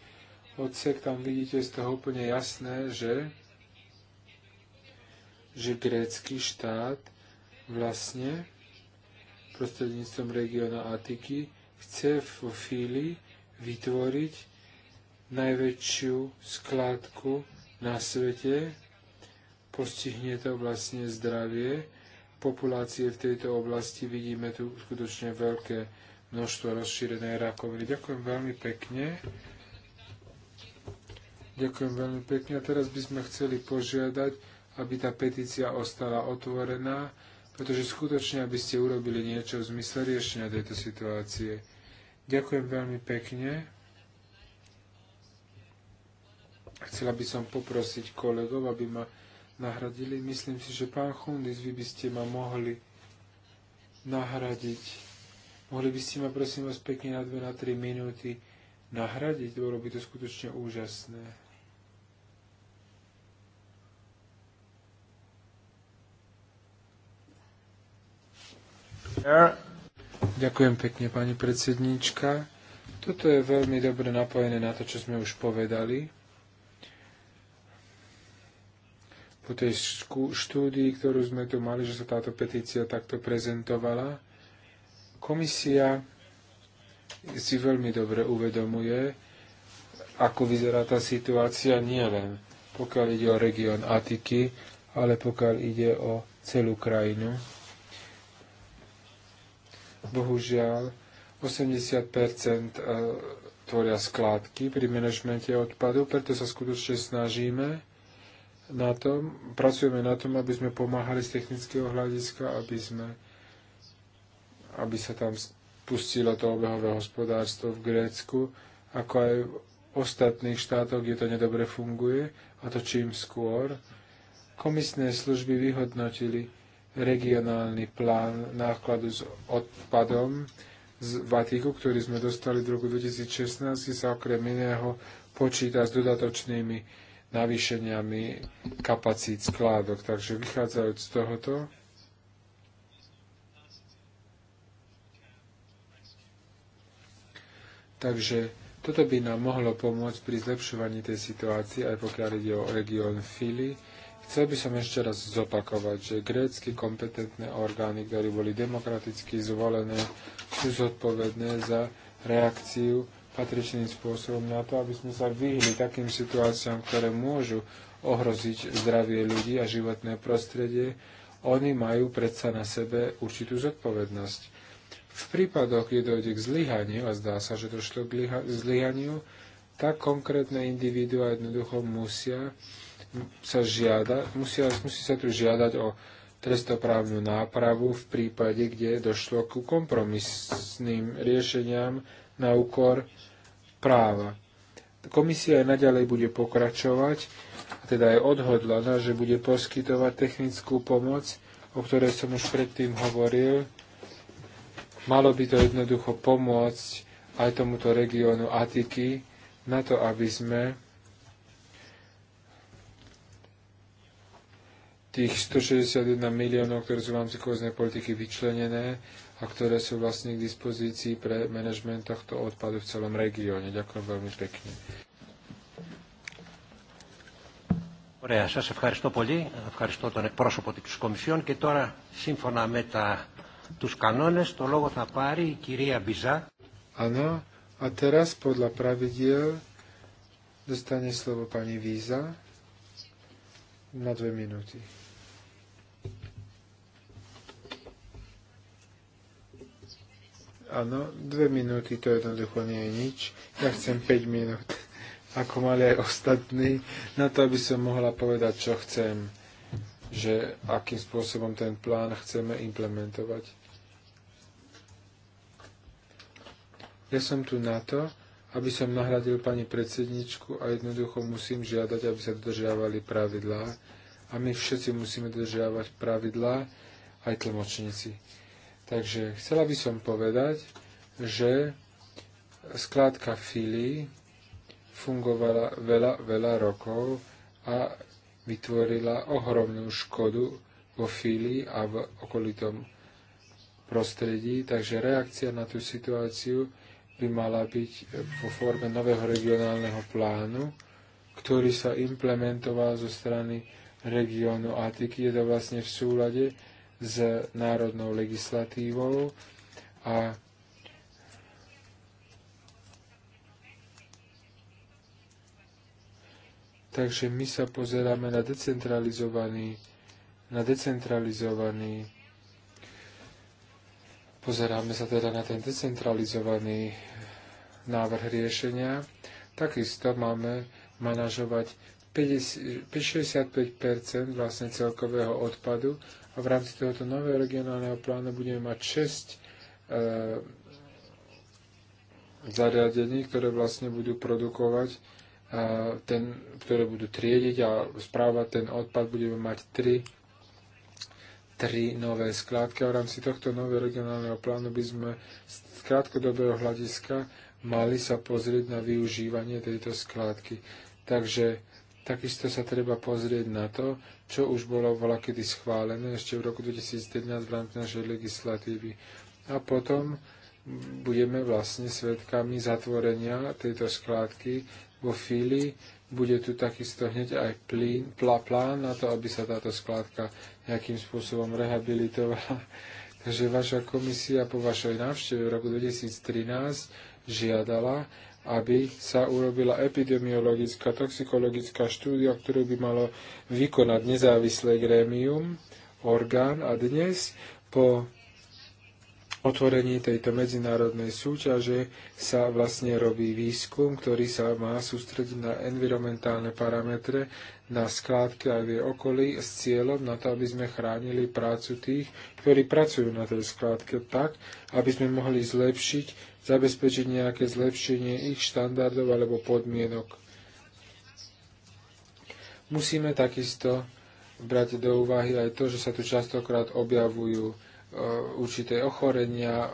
odsek tam vidíte z toho úplne jasné, že, že grécky štát vlastne prostredníctvom regiona Atiky chce vo Fíli vytvoriť najväčšiu skládku na svete. Postihne to vlastne zdravie populácie v tejto oblasti. Vidíme tu skutočne veľké množstvo rozšírenej rakoviny. Ďakujem veľmi pekne. Ďakujem veľmi pekne. A teraz by sme chceli požiadať, aby tá petícia ostala otvorená pretože skutočne, aby ste urobili niečo v zmysle riešenia tejto situácie. Ďakujem veľmi pekne. Chcela by som poprosiť kolegov, aby ma nahradili. Myslím si, že pán Chundis, vy by ste ma mohli nahradiť. Mohli by ste ma, prosím vás, pekne na 2 na tri minúty nahradiť. Bolo by to skutočne úžasné. Ďakujem pekne, pani predsedníčka. Toto je veľmi dobre napojené na to, čo sme už povedali. Po tej štúdii, ktorú sme tu mali, že sa táto petícia takto prezentovala, komisia si veľmi dobre uvedomuje, ako vyzerá tá situácia nielen pokiaľ ide o región Atiky, ale pokiaľ ide o celú krajinu. Bohužiaľ, 80 e, tvoria skládky pri manažmente odpadu, preto sa skutočne snažíme na tom, pracujeme na tom, aby sme pomáhali z technického hľadiska, aby, sme, aby sa tam pustilo to obehové hospodárstvo v Grécku, ako aj v ostatných štátoch, kde to nedobre funguje, a to čím skôr. Komisné služby vyhodnotili regionálny plán nákladu s odpadom z Vatiku, ktorý sme dostali v roku 2016, sa okrem iného počíta s dodatočnými navýšeniami kapacít skládok. Takže vychádzajúc z tohoto, Takže toto by nám mohlo pomôcť pri zlepšovaní tej situácie, aj pokiaľ ide o región Fili, Chcel by som ešte raz zopakovať, že grécky kompetentné orgány, ktoré boli demokraticky zvolené, sú zodpovedné za reakciu patričným spôsobom na to, aby sme sa vyhli takým situáciám, ktoré môžu ohroziť zdravie ľudí a životné prostredie. Oni majú predsa na sebe určitú zodpovednosť. V prípadoch, kde dojde k zlyhaniu, a zdá sa, že došlo k zlyhaniu, tak konkrétne individuá jednoducho musia sa žiada, musí, musí sa tu žiadať o trestoprávnu nápravu v prípade, kde došlo ku kompromisným riešeniam na úkor práva. Komisia aj naďalej bude pokračovať, teda je odhodlaná, že bude poskytovať technickú pomoc, o ktorej som už predtým hovoril. Malo by to jednoducho pomôcť aj tomuto regiónu Atiky na to, aby sme tých 161 miliónov, ktoré sú v rámci kohezné politiky vyčlenené a ktoré sú vlastne k dispozícii pre manažment tohto odpadu v celom regióne. Ďakujem veľmi pekne. Ωραία, σας ευχαριστώ πολύ. Ευχαριστώ τον εκπρόσωπο της Κομισιόν και τώρα σύμφωνα με τα, τους κανόνες το λόγο θα πάρει η κυρία Μπιζά. Ανά, a teraz podľa pravidiel dostane slovo pani Víza na dve minúty. Áno, dve minúty to jednoducho nie je nič. Ja chcem 5 minút, ako mali aj ostatní, na to, aby som mohla povedať, čo chcem, že akým spôsobom ten plán chceme implementovať. Ja som tu na to, aby som nahradil pani predsedničku a jednoducho musím žiadať, aby sa dodržiavali pravidlá. A my všetci musíme dodržiavať pravidlá, aj tlmočníci. Takže chcela by som povedať, že skládka Fili fungovala veľa, veľa rokov a vytvorila ohromnú škodu vo Fili a v okolitom prostredí, takže reakcia na tú situáciu by mala byť vo forme nového regionálneho plánu, ktorý sa implementoval zo strany regiónu Atiky. Je to vlastne v súlade s národnou legislatívou a Takže my sa pozeráme na decentralizovaný, na decentralizovaný, pozeráme sa teda na ten decentralizovaný návrh riešenia. Takisto máme manažovať 50, 65% vlastne celkového odpadu a v rámci tohoto nového regionálneho plánu budeme mať 6 e, zariadení, ktoré vlastne budú produkovať, e, ten, ktoré budú triediť a správať ten odpad. Budeme mať 3 tri nové skládky a v rámci tohto nového regionálneho plánu by sme z krátkodobého hľadiska mali sa pozrieť na využívanie tejto skládky. Takže Takisto sa treba pozrieť na to, čo už bolo vola kedy schválené ešte v roku 2013 v rámci našej legislatívy. A potom budeme vlastne svedkami zatvorenia tejto skládky vo chvíli. Bude tu takisto hneď aj plín, pla, plán na to, aby sa táto skládka nejakým spôsobom rehabilitovala. Takže vaša komisia po vašej návšteve v roku 2013 žiadala, aby sa urobila epidemiologická, toxikologická štúdia, ktorú by malo vykonať nezávislé grémium, orgán. A dnes po otvorení tejto medzinárodnej súťaže sa vlastne robí výskum, ktorý sa má sústrediť na environmentálne parametre, na skládke aj v jej okolí s cieľom na to, aby sme chránili prácu tých, ktorí pracujú na tej skládke tak, aby sme mohli zlepšiť zabezpečiť nejaké zlepšenie ich štandardov alebo podmienok. Musíme takisto brať do úvahy aj to, že sa tu častokrát objavujú e, určité ochorenia,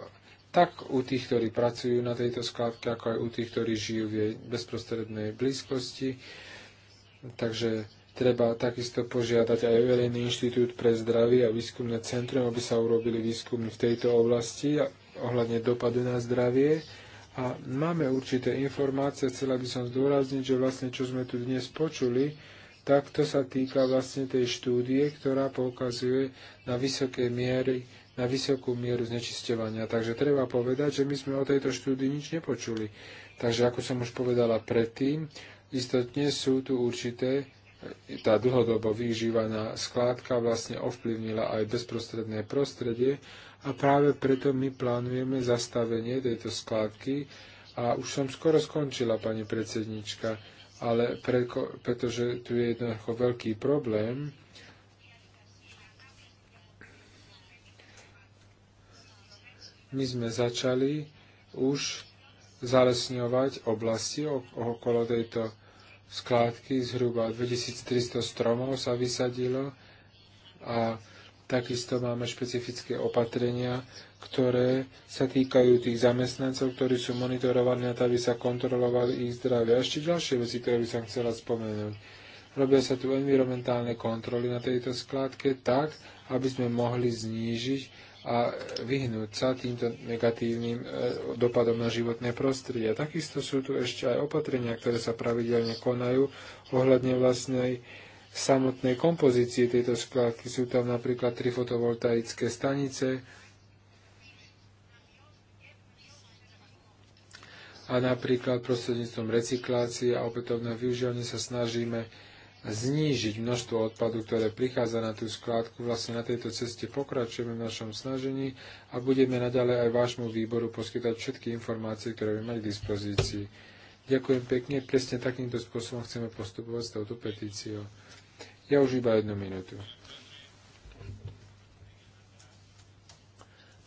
tak u tých, ktorí pracujú na tejto skladke, ako aj u tých, ktorí žijú v jej bezprostrednej blízkosti. Takže treba takisto požiadať aj Verejný inštitút pre zdravie a výskumné centrum, aby sa urobili výskumy v tejto oblasti ohľadne dopadu na zdravie. A máme určité informácie, chcela by som zdôrazniť, že vlastne čo sme tu dnes počuli, tak to sa týka vlastne tej štúdie, ktorá poukazuje na vysoké miery na vysokú mieru znečisťovania. Takže treba povedať, že my sme o tejto štúdii nič nepočuli. Takže ako som už povedala predtým, istotne sú tu určité tá dlhodobo vyžívaná skládka vlastne ovplyvnila aj bezprostredné prostredie a práve preto my plánujeme zastavenie tejto skládky a už som skoro skončila, pani predsednička, ale pre, pretože tu je jednoducho veľký problém, my sme začali už zalesňovať oblasti okolo tejto skládky. Zhruba 2300 stromov sa vysadilo a Takisto máme špecifické opatrenia, ktoré sa týkajú tých zamestnancov, ktorí sú monitorovaní na to, aby sa kontrolovali ich zdravie. A ešte ďalšie veci, ktoré by som chcela spomenúť. Robia sa tu environmentálne kontroly na tejto skládke tak, aby sme mohli znížiť a vyhnúť sa týmto negatívnym e, dopadom na životné prostredie. A takisto sú tu ešte aj opatrenia, ktoré sa pravidelne konajú ohľadne vlastnej samotnej kompozície tejto skládky. Sú tam napríklad tri fotovoltaické stanice a napríklad prostredníctvom recyklácie a opätovného využívania sa snažíme znížiť množstvo odpadu, ktoré prichádza na tú skládku. Vlastne na tejto ceste pokračujeme v našom snažení a budeme naďalej aj vášmu výboru poskytať všetky informácie, ktoré by mali k dispozícii. Ďakujem pekne, presne takýmto spôsobom chceme postupovať s touto petíciou. Ja už iba jednu minútu.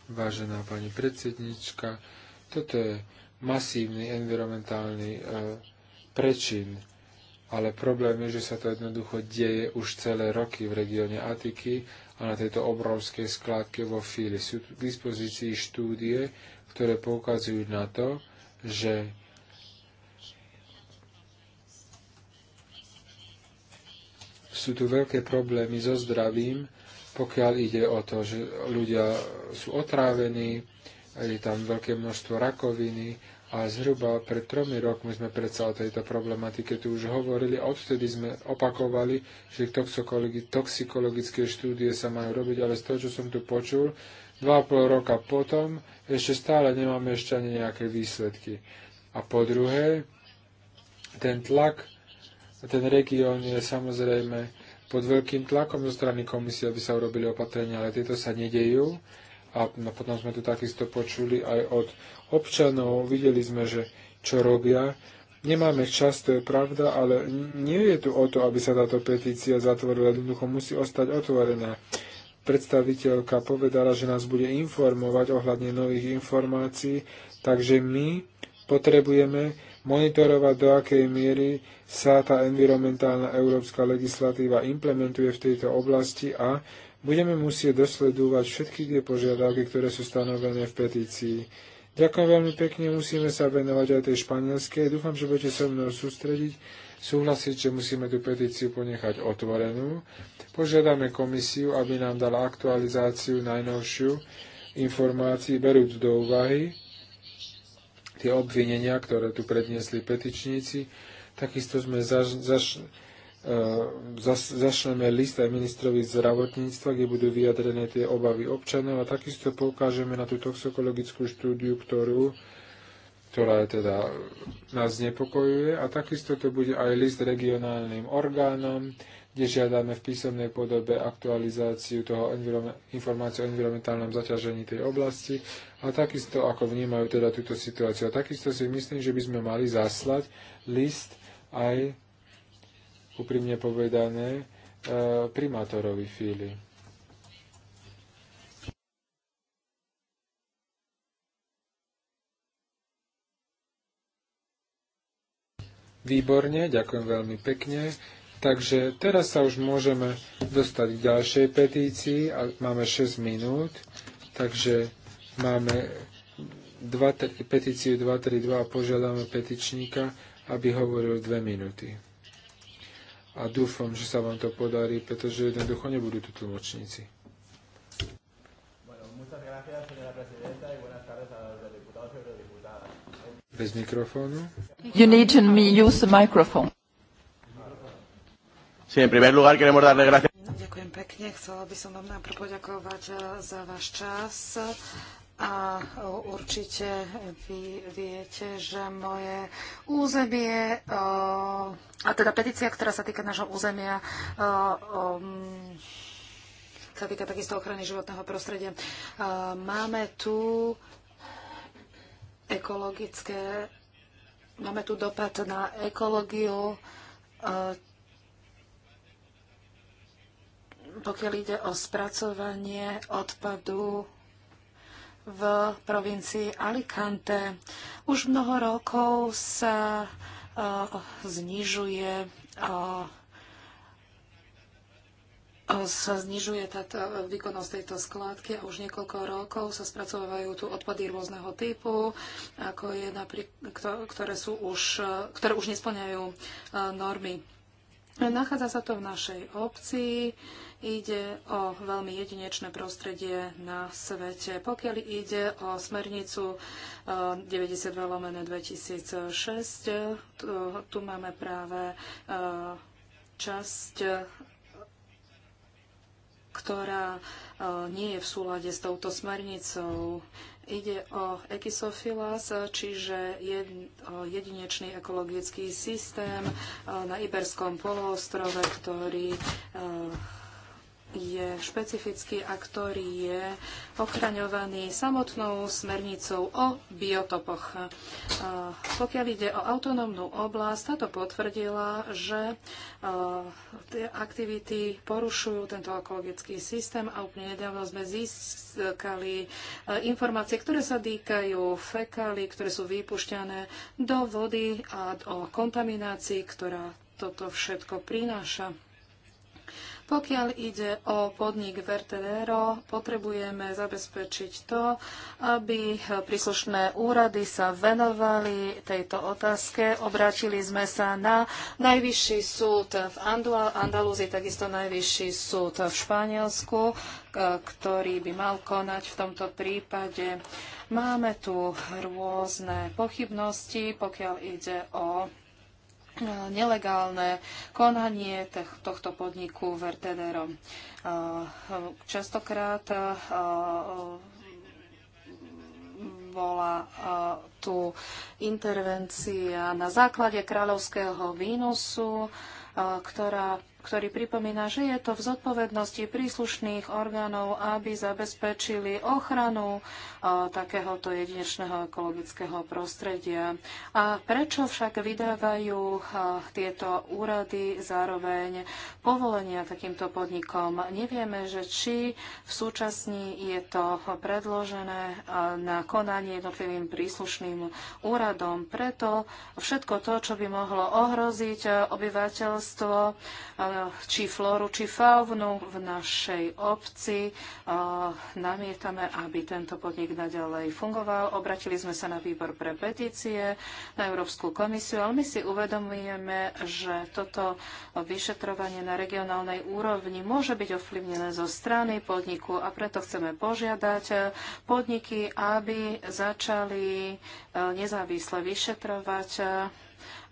Vážená pani predsednička, toto je masívny environmentálny e, prečin, ale problém je, že sa to jednoducho deje už celé roky v regióne Atiky a na tejto obrovskej skládke vo Fíli. Sú k dispozícii štúdie, ktoré poukazujú na to, že sú tu veľké problémy so zdravím, pokiaľ ide o to, že ľudia sú otrávení, je tam veľké množstvo rakoviny a zhruba pred tromi rokmi sme predsa o tejto problematike tu už hovorili a odvtedy sme opakovali, že toxikologické štúdie sa majú robiť, ale z toho, čo som tu počul, dva a pol roka potom ešte stále nemáme ešte ani nejaké výsledky. A po druhé, ten tlak ten región je samozrejme pod veľkým tlakom zo strany komisie, aby sa urobili opatrenia, ale tieto sa nedejú. A no, potom sme tu takisto počuli aj od občanov, videli sme, že čo robia. Nemáme čas, to je pravda, ale nie je tu o to, aby sa táto petícia zatvorila. Jednoducho musí ostať otvorená. Predstaviteľka povedala, že nás bude informovať ohľadne nových informácií, takže my potrebujeme monitorovať, do akej miery sa tá environmentálna európska legislatíva implementuje v tejto oblasti a budeme musieť dosledovať všetky tie požiadavky, ktoré sú stanovené v petícii. Ďakujem veľmi pekne, musíme sa venovať aj tej španielskej. Dúfam, že budete so mnou sústrediť, súhlasiť, že musíme tú petíciu ponechať otvorenú. Požiadame komisiu, aby nám dala aktualizáciu najnovšiu informácií, berúc do úvahy tie obvinenia, ktoré tu predniesli petičníci. Takisto sme zaš, zaš, e, zaš, zašleme list aj ministrovi zdravotníctva, kde budú vyjadrené tie obavy občanov a takisto poukážeme na tú toxikologickú štúdiu, ktorú, ktorá teda nás znepokojuje a takisto to bude aj list regionálnym orgánom, kde žiadame v písomnej podobe aktualizáciu toho informácie o environmentálnom zaťažení tej oblasti a takisto ako vnímajú teda túto situáciu. A takisto si myslím, že by sme mali zaslať list aj úprimne povedané e, primátorovi Fíli. Výborne, ďakujem veľmi pekne. Takže teraz sa už môžeme dostať k ďalšej petícii. Máme 6 minút, takže Máme dva, petíciu 232 a požiadame petičníka, aby hovoril dve minúty. A dúfam, že sa vám to podarí, pretože jednoducho nebudú tu tlmočníci. Bez mikrofónu. You need to use the microphone. Sí, en primer lugar queremos darle gracias. Ďakujem pekne. Chcela by som vám najprv poďakovať eh, za váš čas a určite vy viete, že moje územie, eh, a teda petícia, ktorá sa týka nášho územia, eh, um, sa týka takisto ochrany životného prostredia. Eh, máme tu ekologické, máme tu dopad na ekológiu, pokiaľ ide o spracovanie odpadu v provincii Alicante. Už mnoho rokov sa eh, znižuje eh, eh, sa znižuje táto výkonnosť tejto skládky a už niekoľko rokov sa spracovávajú tu odpady rôzneho typu, ako je napríklad, ktoré, sú už, ktoré už nesplňajú normy. Nachádza sa to v našej obci. Ide o veľmi jedinečné prostredie na svete. Pokiaľ ide o smernicu 92 lomene 2006, tu, tu máme práve eh, časť, ktorá eh, nie je v súlade s touto smernicou. Ide o Ekisofilas, čiže jedinečný ekologický systém eh, na Iberskom poloostrove, ktorý je špecifický a ktorý je ochraňovaný samotnou smernicou o biotopoch. Pokiaľ ide o autonómnu oblasť, táto potvrdila, že tie aktivity porušujú tento ekologický systém a úplne nedávno sme získali informácie, ktoré sa týkajú fekály, ktoré sú vypušťané do vody a o kontaminácii, ktorá toto všetko prináša. Pokiaľ ide o podnik Vertedero, potrebujeme zabezpečiť to, aby príslušné úrady sa venovali tejto otázke. Obrátili sme sa na Najvyšší súd v Andalúzii, takisto Najvyšší súd v Španielsku, ktorý by mal konať v tomto prípade. Máme tu rôzne pochybnosti, pokiaľ ide o nelegálne konanie tohto podniku Vertedero. Častokrát bola tu intervencia na základe kráľovského výnosu, ktorá ktorý pripomína, že je to v zodpovednosti príslušných orgánov, aby zabezpečili ochranu e, takéhoto jedinečného ekologického prostredia. A prečo však vydávajú e, tieto úrady zároveň povolenia takýmto podnikom? Nevieme, že či v súčasní je to predložené e, na konanie jednotlivým príslušným úradom. Preto všetko to, čo by mohlo ohroziť obyvateľstvo, či flóru, či faunu v našej obci. Namietame, aby tento podnik naďalej fungoval. Obratili sme sa na výbor pre petície, na Európsku komisiu, ale my si uvedomujeme, že toto vyšetrovanie na regionálnej úrovni môže byť ovplyvnené zo strany podniku a preto chceme požiadať podniky, aby začali e, nezávisle vyšetrovať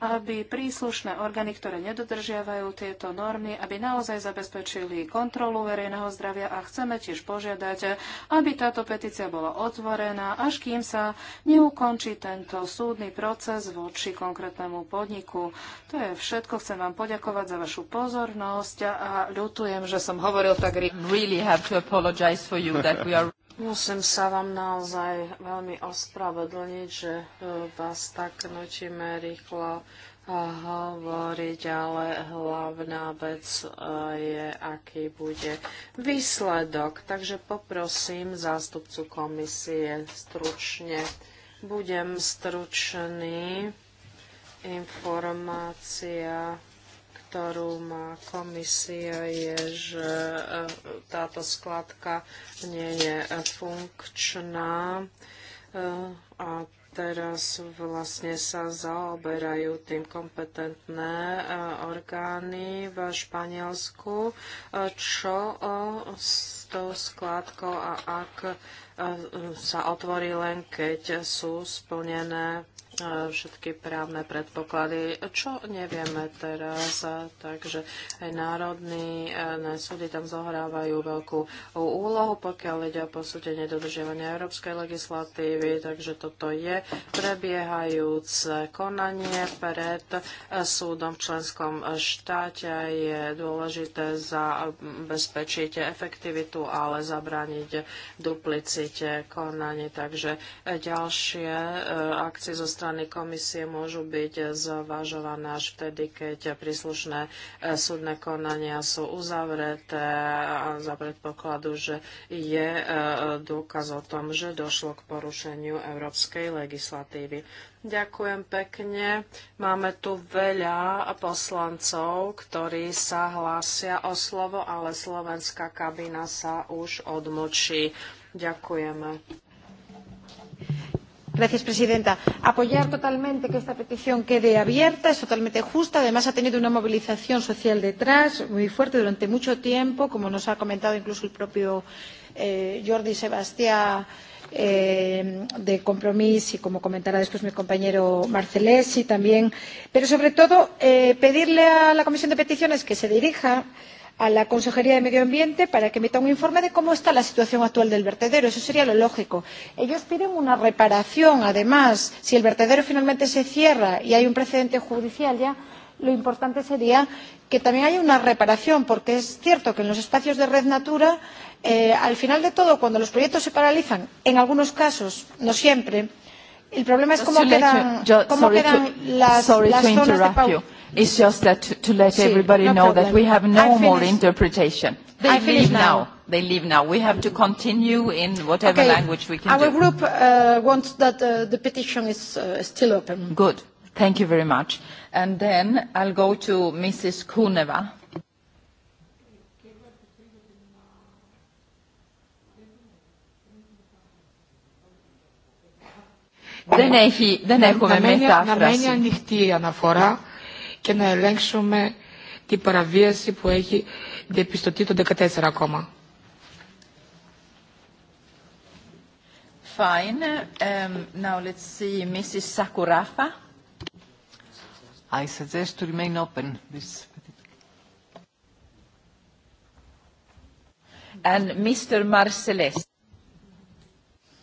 aby príslušné orgány, ktoré nedodržiavajú tieto normy, aby naozaj zabezpečili kontrolu verejného zdravia a chceme tiež požiadať, aby táto petícia bola otvorená, až kým sa neukončí tento súdny proces voči konkrétnemu podniku. To je všetko. Chcem vám poďakovať za vašu pozornosť a ľutujem, že som hovoril tak rýchlo. Really have to apologize for you that we are... Musím sa vám naozaj veľmi ospravedlniť, že e, vás tak nutíme rýchlo e, hovoriť, ale hlavná vec e, je, aký bude výsledok. Takže poprosím zástupcu komisie stručne. Budem stručný. Informácia ktorú má komisia, je, že e, táto skladka nie je funkčná e, a teraz vlastne sa zaoberajú tým kompetentné e, orgány v Španielsku, čo s tou skládkou a ak sa otvorí len, keď sú splnené všetky právne predpoklady, čo nevieme teraz. Takže aj národní súdy tam zohrávajú veľkú úlohu, pokiaľ ide o posúdenie dodržiavania európskej legislatívy. Takže toto je prebiehajúce konanie pred súdom v členskom štáte. Je dôležité zabezpečiť efektivitu, ale zabrániť duplicite konanie. Takže ďalšie e, akcie zo strany členy komisie môžu byť zvažované až vtedy, keď príslušné e, súdne konania sú uzavreté za predpokladu, že je e, dôkaz o tom, že došlo k porušeniu európskej legislatívy. Ďakujem pekne. Máme tu veľa poslancov, ktorí sa hlásia o slovo, ale slovenská kabína sa už odmočí. Ďakujeme. Señora presidenta. Apoyar totalmente que esta petición quede abierta es totalmente justa. Además, ha tenido una movilización social detrás muy fuerte durante mucho tiempo, como nos ha comentado incluso el propio eh, Jordi Sebastián eh, de compromiso y como comentará después mi compañero Marcelesi también. Pero sobre todo, eh, pedirle a la Comisión de Peticiones que se dirija a a la Consejería de Medio Ambiente para que emita un informe de cómo está la situación actual del vertedero. Eso sería lo lógico. Ellos piden una reparación, además. Si el vertedero finalmente se cierra y hay un precedente judicial ya, lo importante sería que también haya una reparación, porque es cierto que en los espacios de red natura, eh, al final de todo, cuando los proyectos se paralizan, en algunos casos, no siempre, el problema es cómo quedan, cómo quedan las, las zonas de pausa. It's just that to, to let sí, everybody no know problem. that we have no more interpretation. They I leave now. now. They leave now. We have to continue in whatever okay. language we can Our do. Our group uh, wants that uh, the petition is uh, still open. Good. Thank you very much. And then I'll go to Mrs. Kuneva. Δεν έχει, δεν έχουμε μετάφραση. Να μένει ανοιχτή η αναφορά και να ελέγξουμε την παραβίαση που έχει διαπιστωτεί το 14 ακόμα. Fine. Um, now let's see Mrs. Sakurafa. I suggest to remain open. This... And Mr. Marcelest.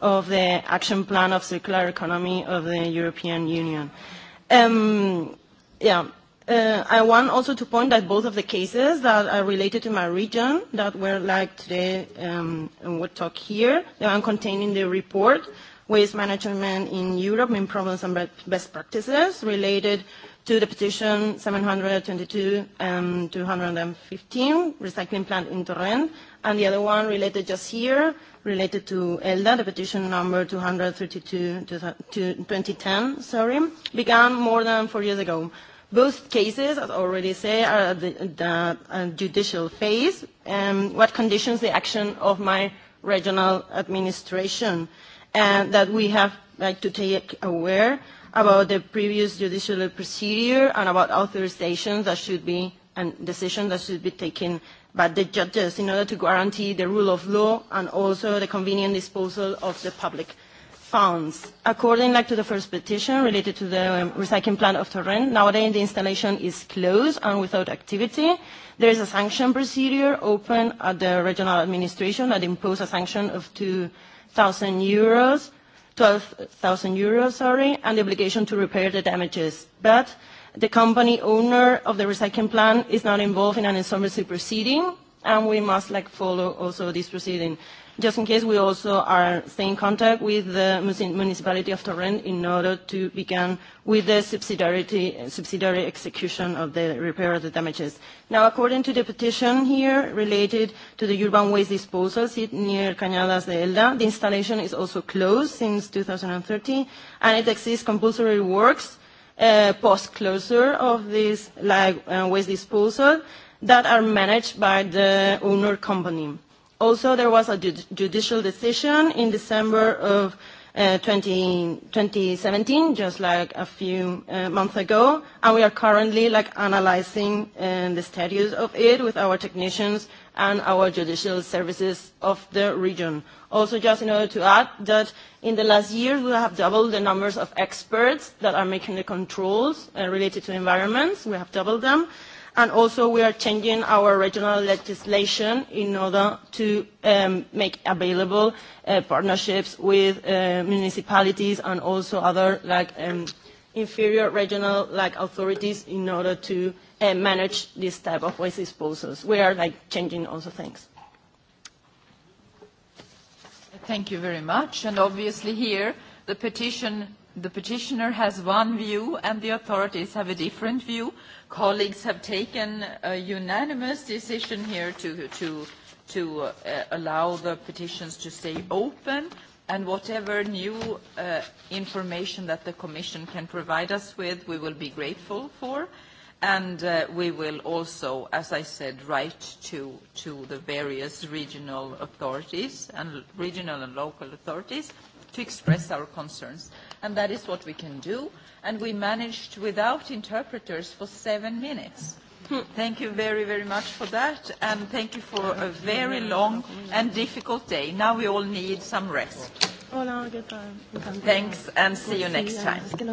of the Action Plan of Circular Economy of the European Union. Um, yeah. Uh, I want also to point that both of the cases that are related to my region that were like today um, and we'll talk here, they are contained in the report, Waste Management in Europe, Main Problems and Best Practices, related to the petition 722 and 215, recycling plant in Torrent, and the other one related just here, related to ELDA, the petition number 232 to 2010, sorry, began more than four years ago. Both cases, as already say, are at the, the uh, judicial phase, um, what conditions the action of my regional administration, and uh, that we have like, to take aware about the previous judicial procedure and about authorization that should be and decisions that should be taken by the judges in order to guarantee the rule of law and also the convenient disposal of the public funds. According like, to the first petition related to the um, recycling plant of Torrent, nowadays the installation is closed and without activity. There is a sanction procedure open at the regional administration that imposes a sanction of 2,000 euros 12,000 euros, sorry, and the obligation to repair the damages. But the company owner of the recycling plant is not involved in an insolvency proceeding, and we must like follow also this proceeding. Just in case, we also are staying in contact with the municipality of Torrent in order to begin with the subsidiary execution of the repair of the damages. Now, according to the petition here related to the urban waste disposal sit near Cañadas de Elda, the installation is also closed since 2013, and it exists compulsory works uh, post-closure of this like, uh, waste disposal that are managed by the owner company. Also, there was a judicial decision in December of uh, 20, 2017, just like a few uh, months ago, and we are currently like analyzing uh, the status of it with our technicians and our judicial services of the region. Also, just in order to add that in the last year, we have doubled the numbers of experts that are making the controls uh, related to environments. We have doubled them and also we are changing our regional legislation in order to um, make available uh, partnerships with uh, municipalities and also other like um, inferior regional like authorities in order to uh, manage this type of waste disposals. We are like changing also things. Thank you very much. And obviously here the petition the petitioner has one view and the authorities have a different view colleagues have taken a unanimous decision here to, to, to uh, allow the petitions to stay open and whatever new uh, information that the Commission can provide us with, we will be grateful for. And uh, we will also, as I said, write to, to the various regional authorities and regional and local authorities to express our concerns and that is what we can do. And we managed without interpreters for seven minutes. Thank you very, very much for that, and thank you for a very long and difficult day. Now we all need some rest. Thanks, and see you next time.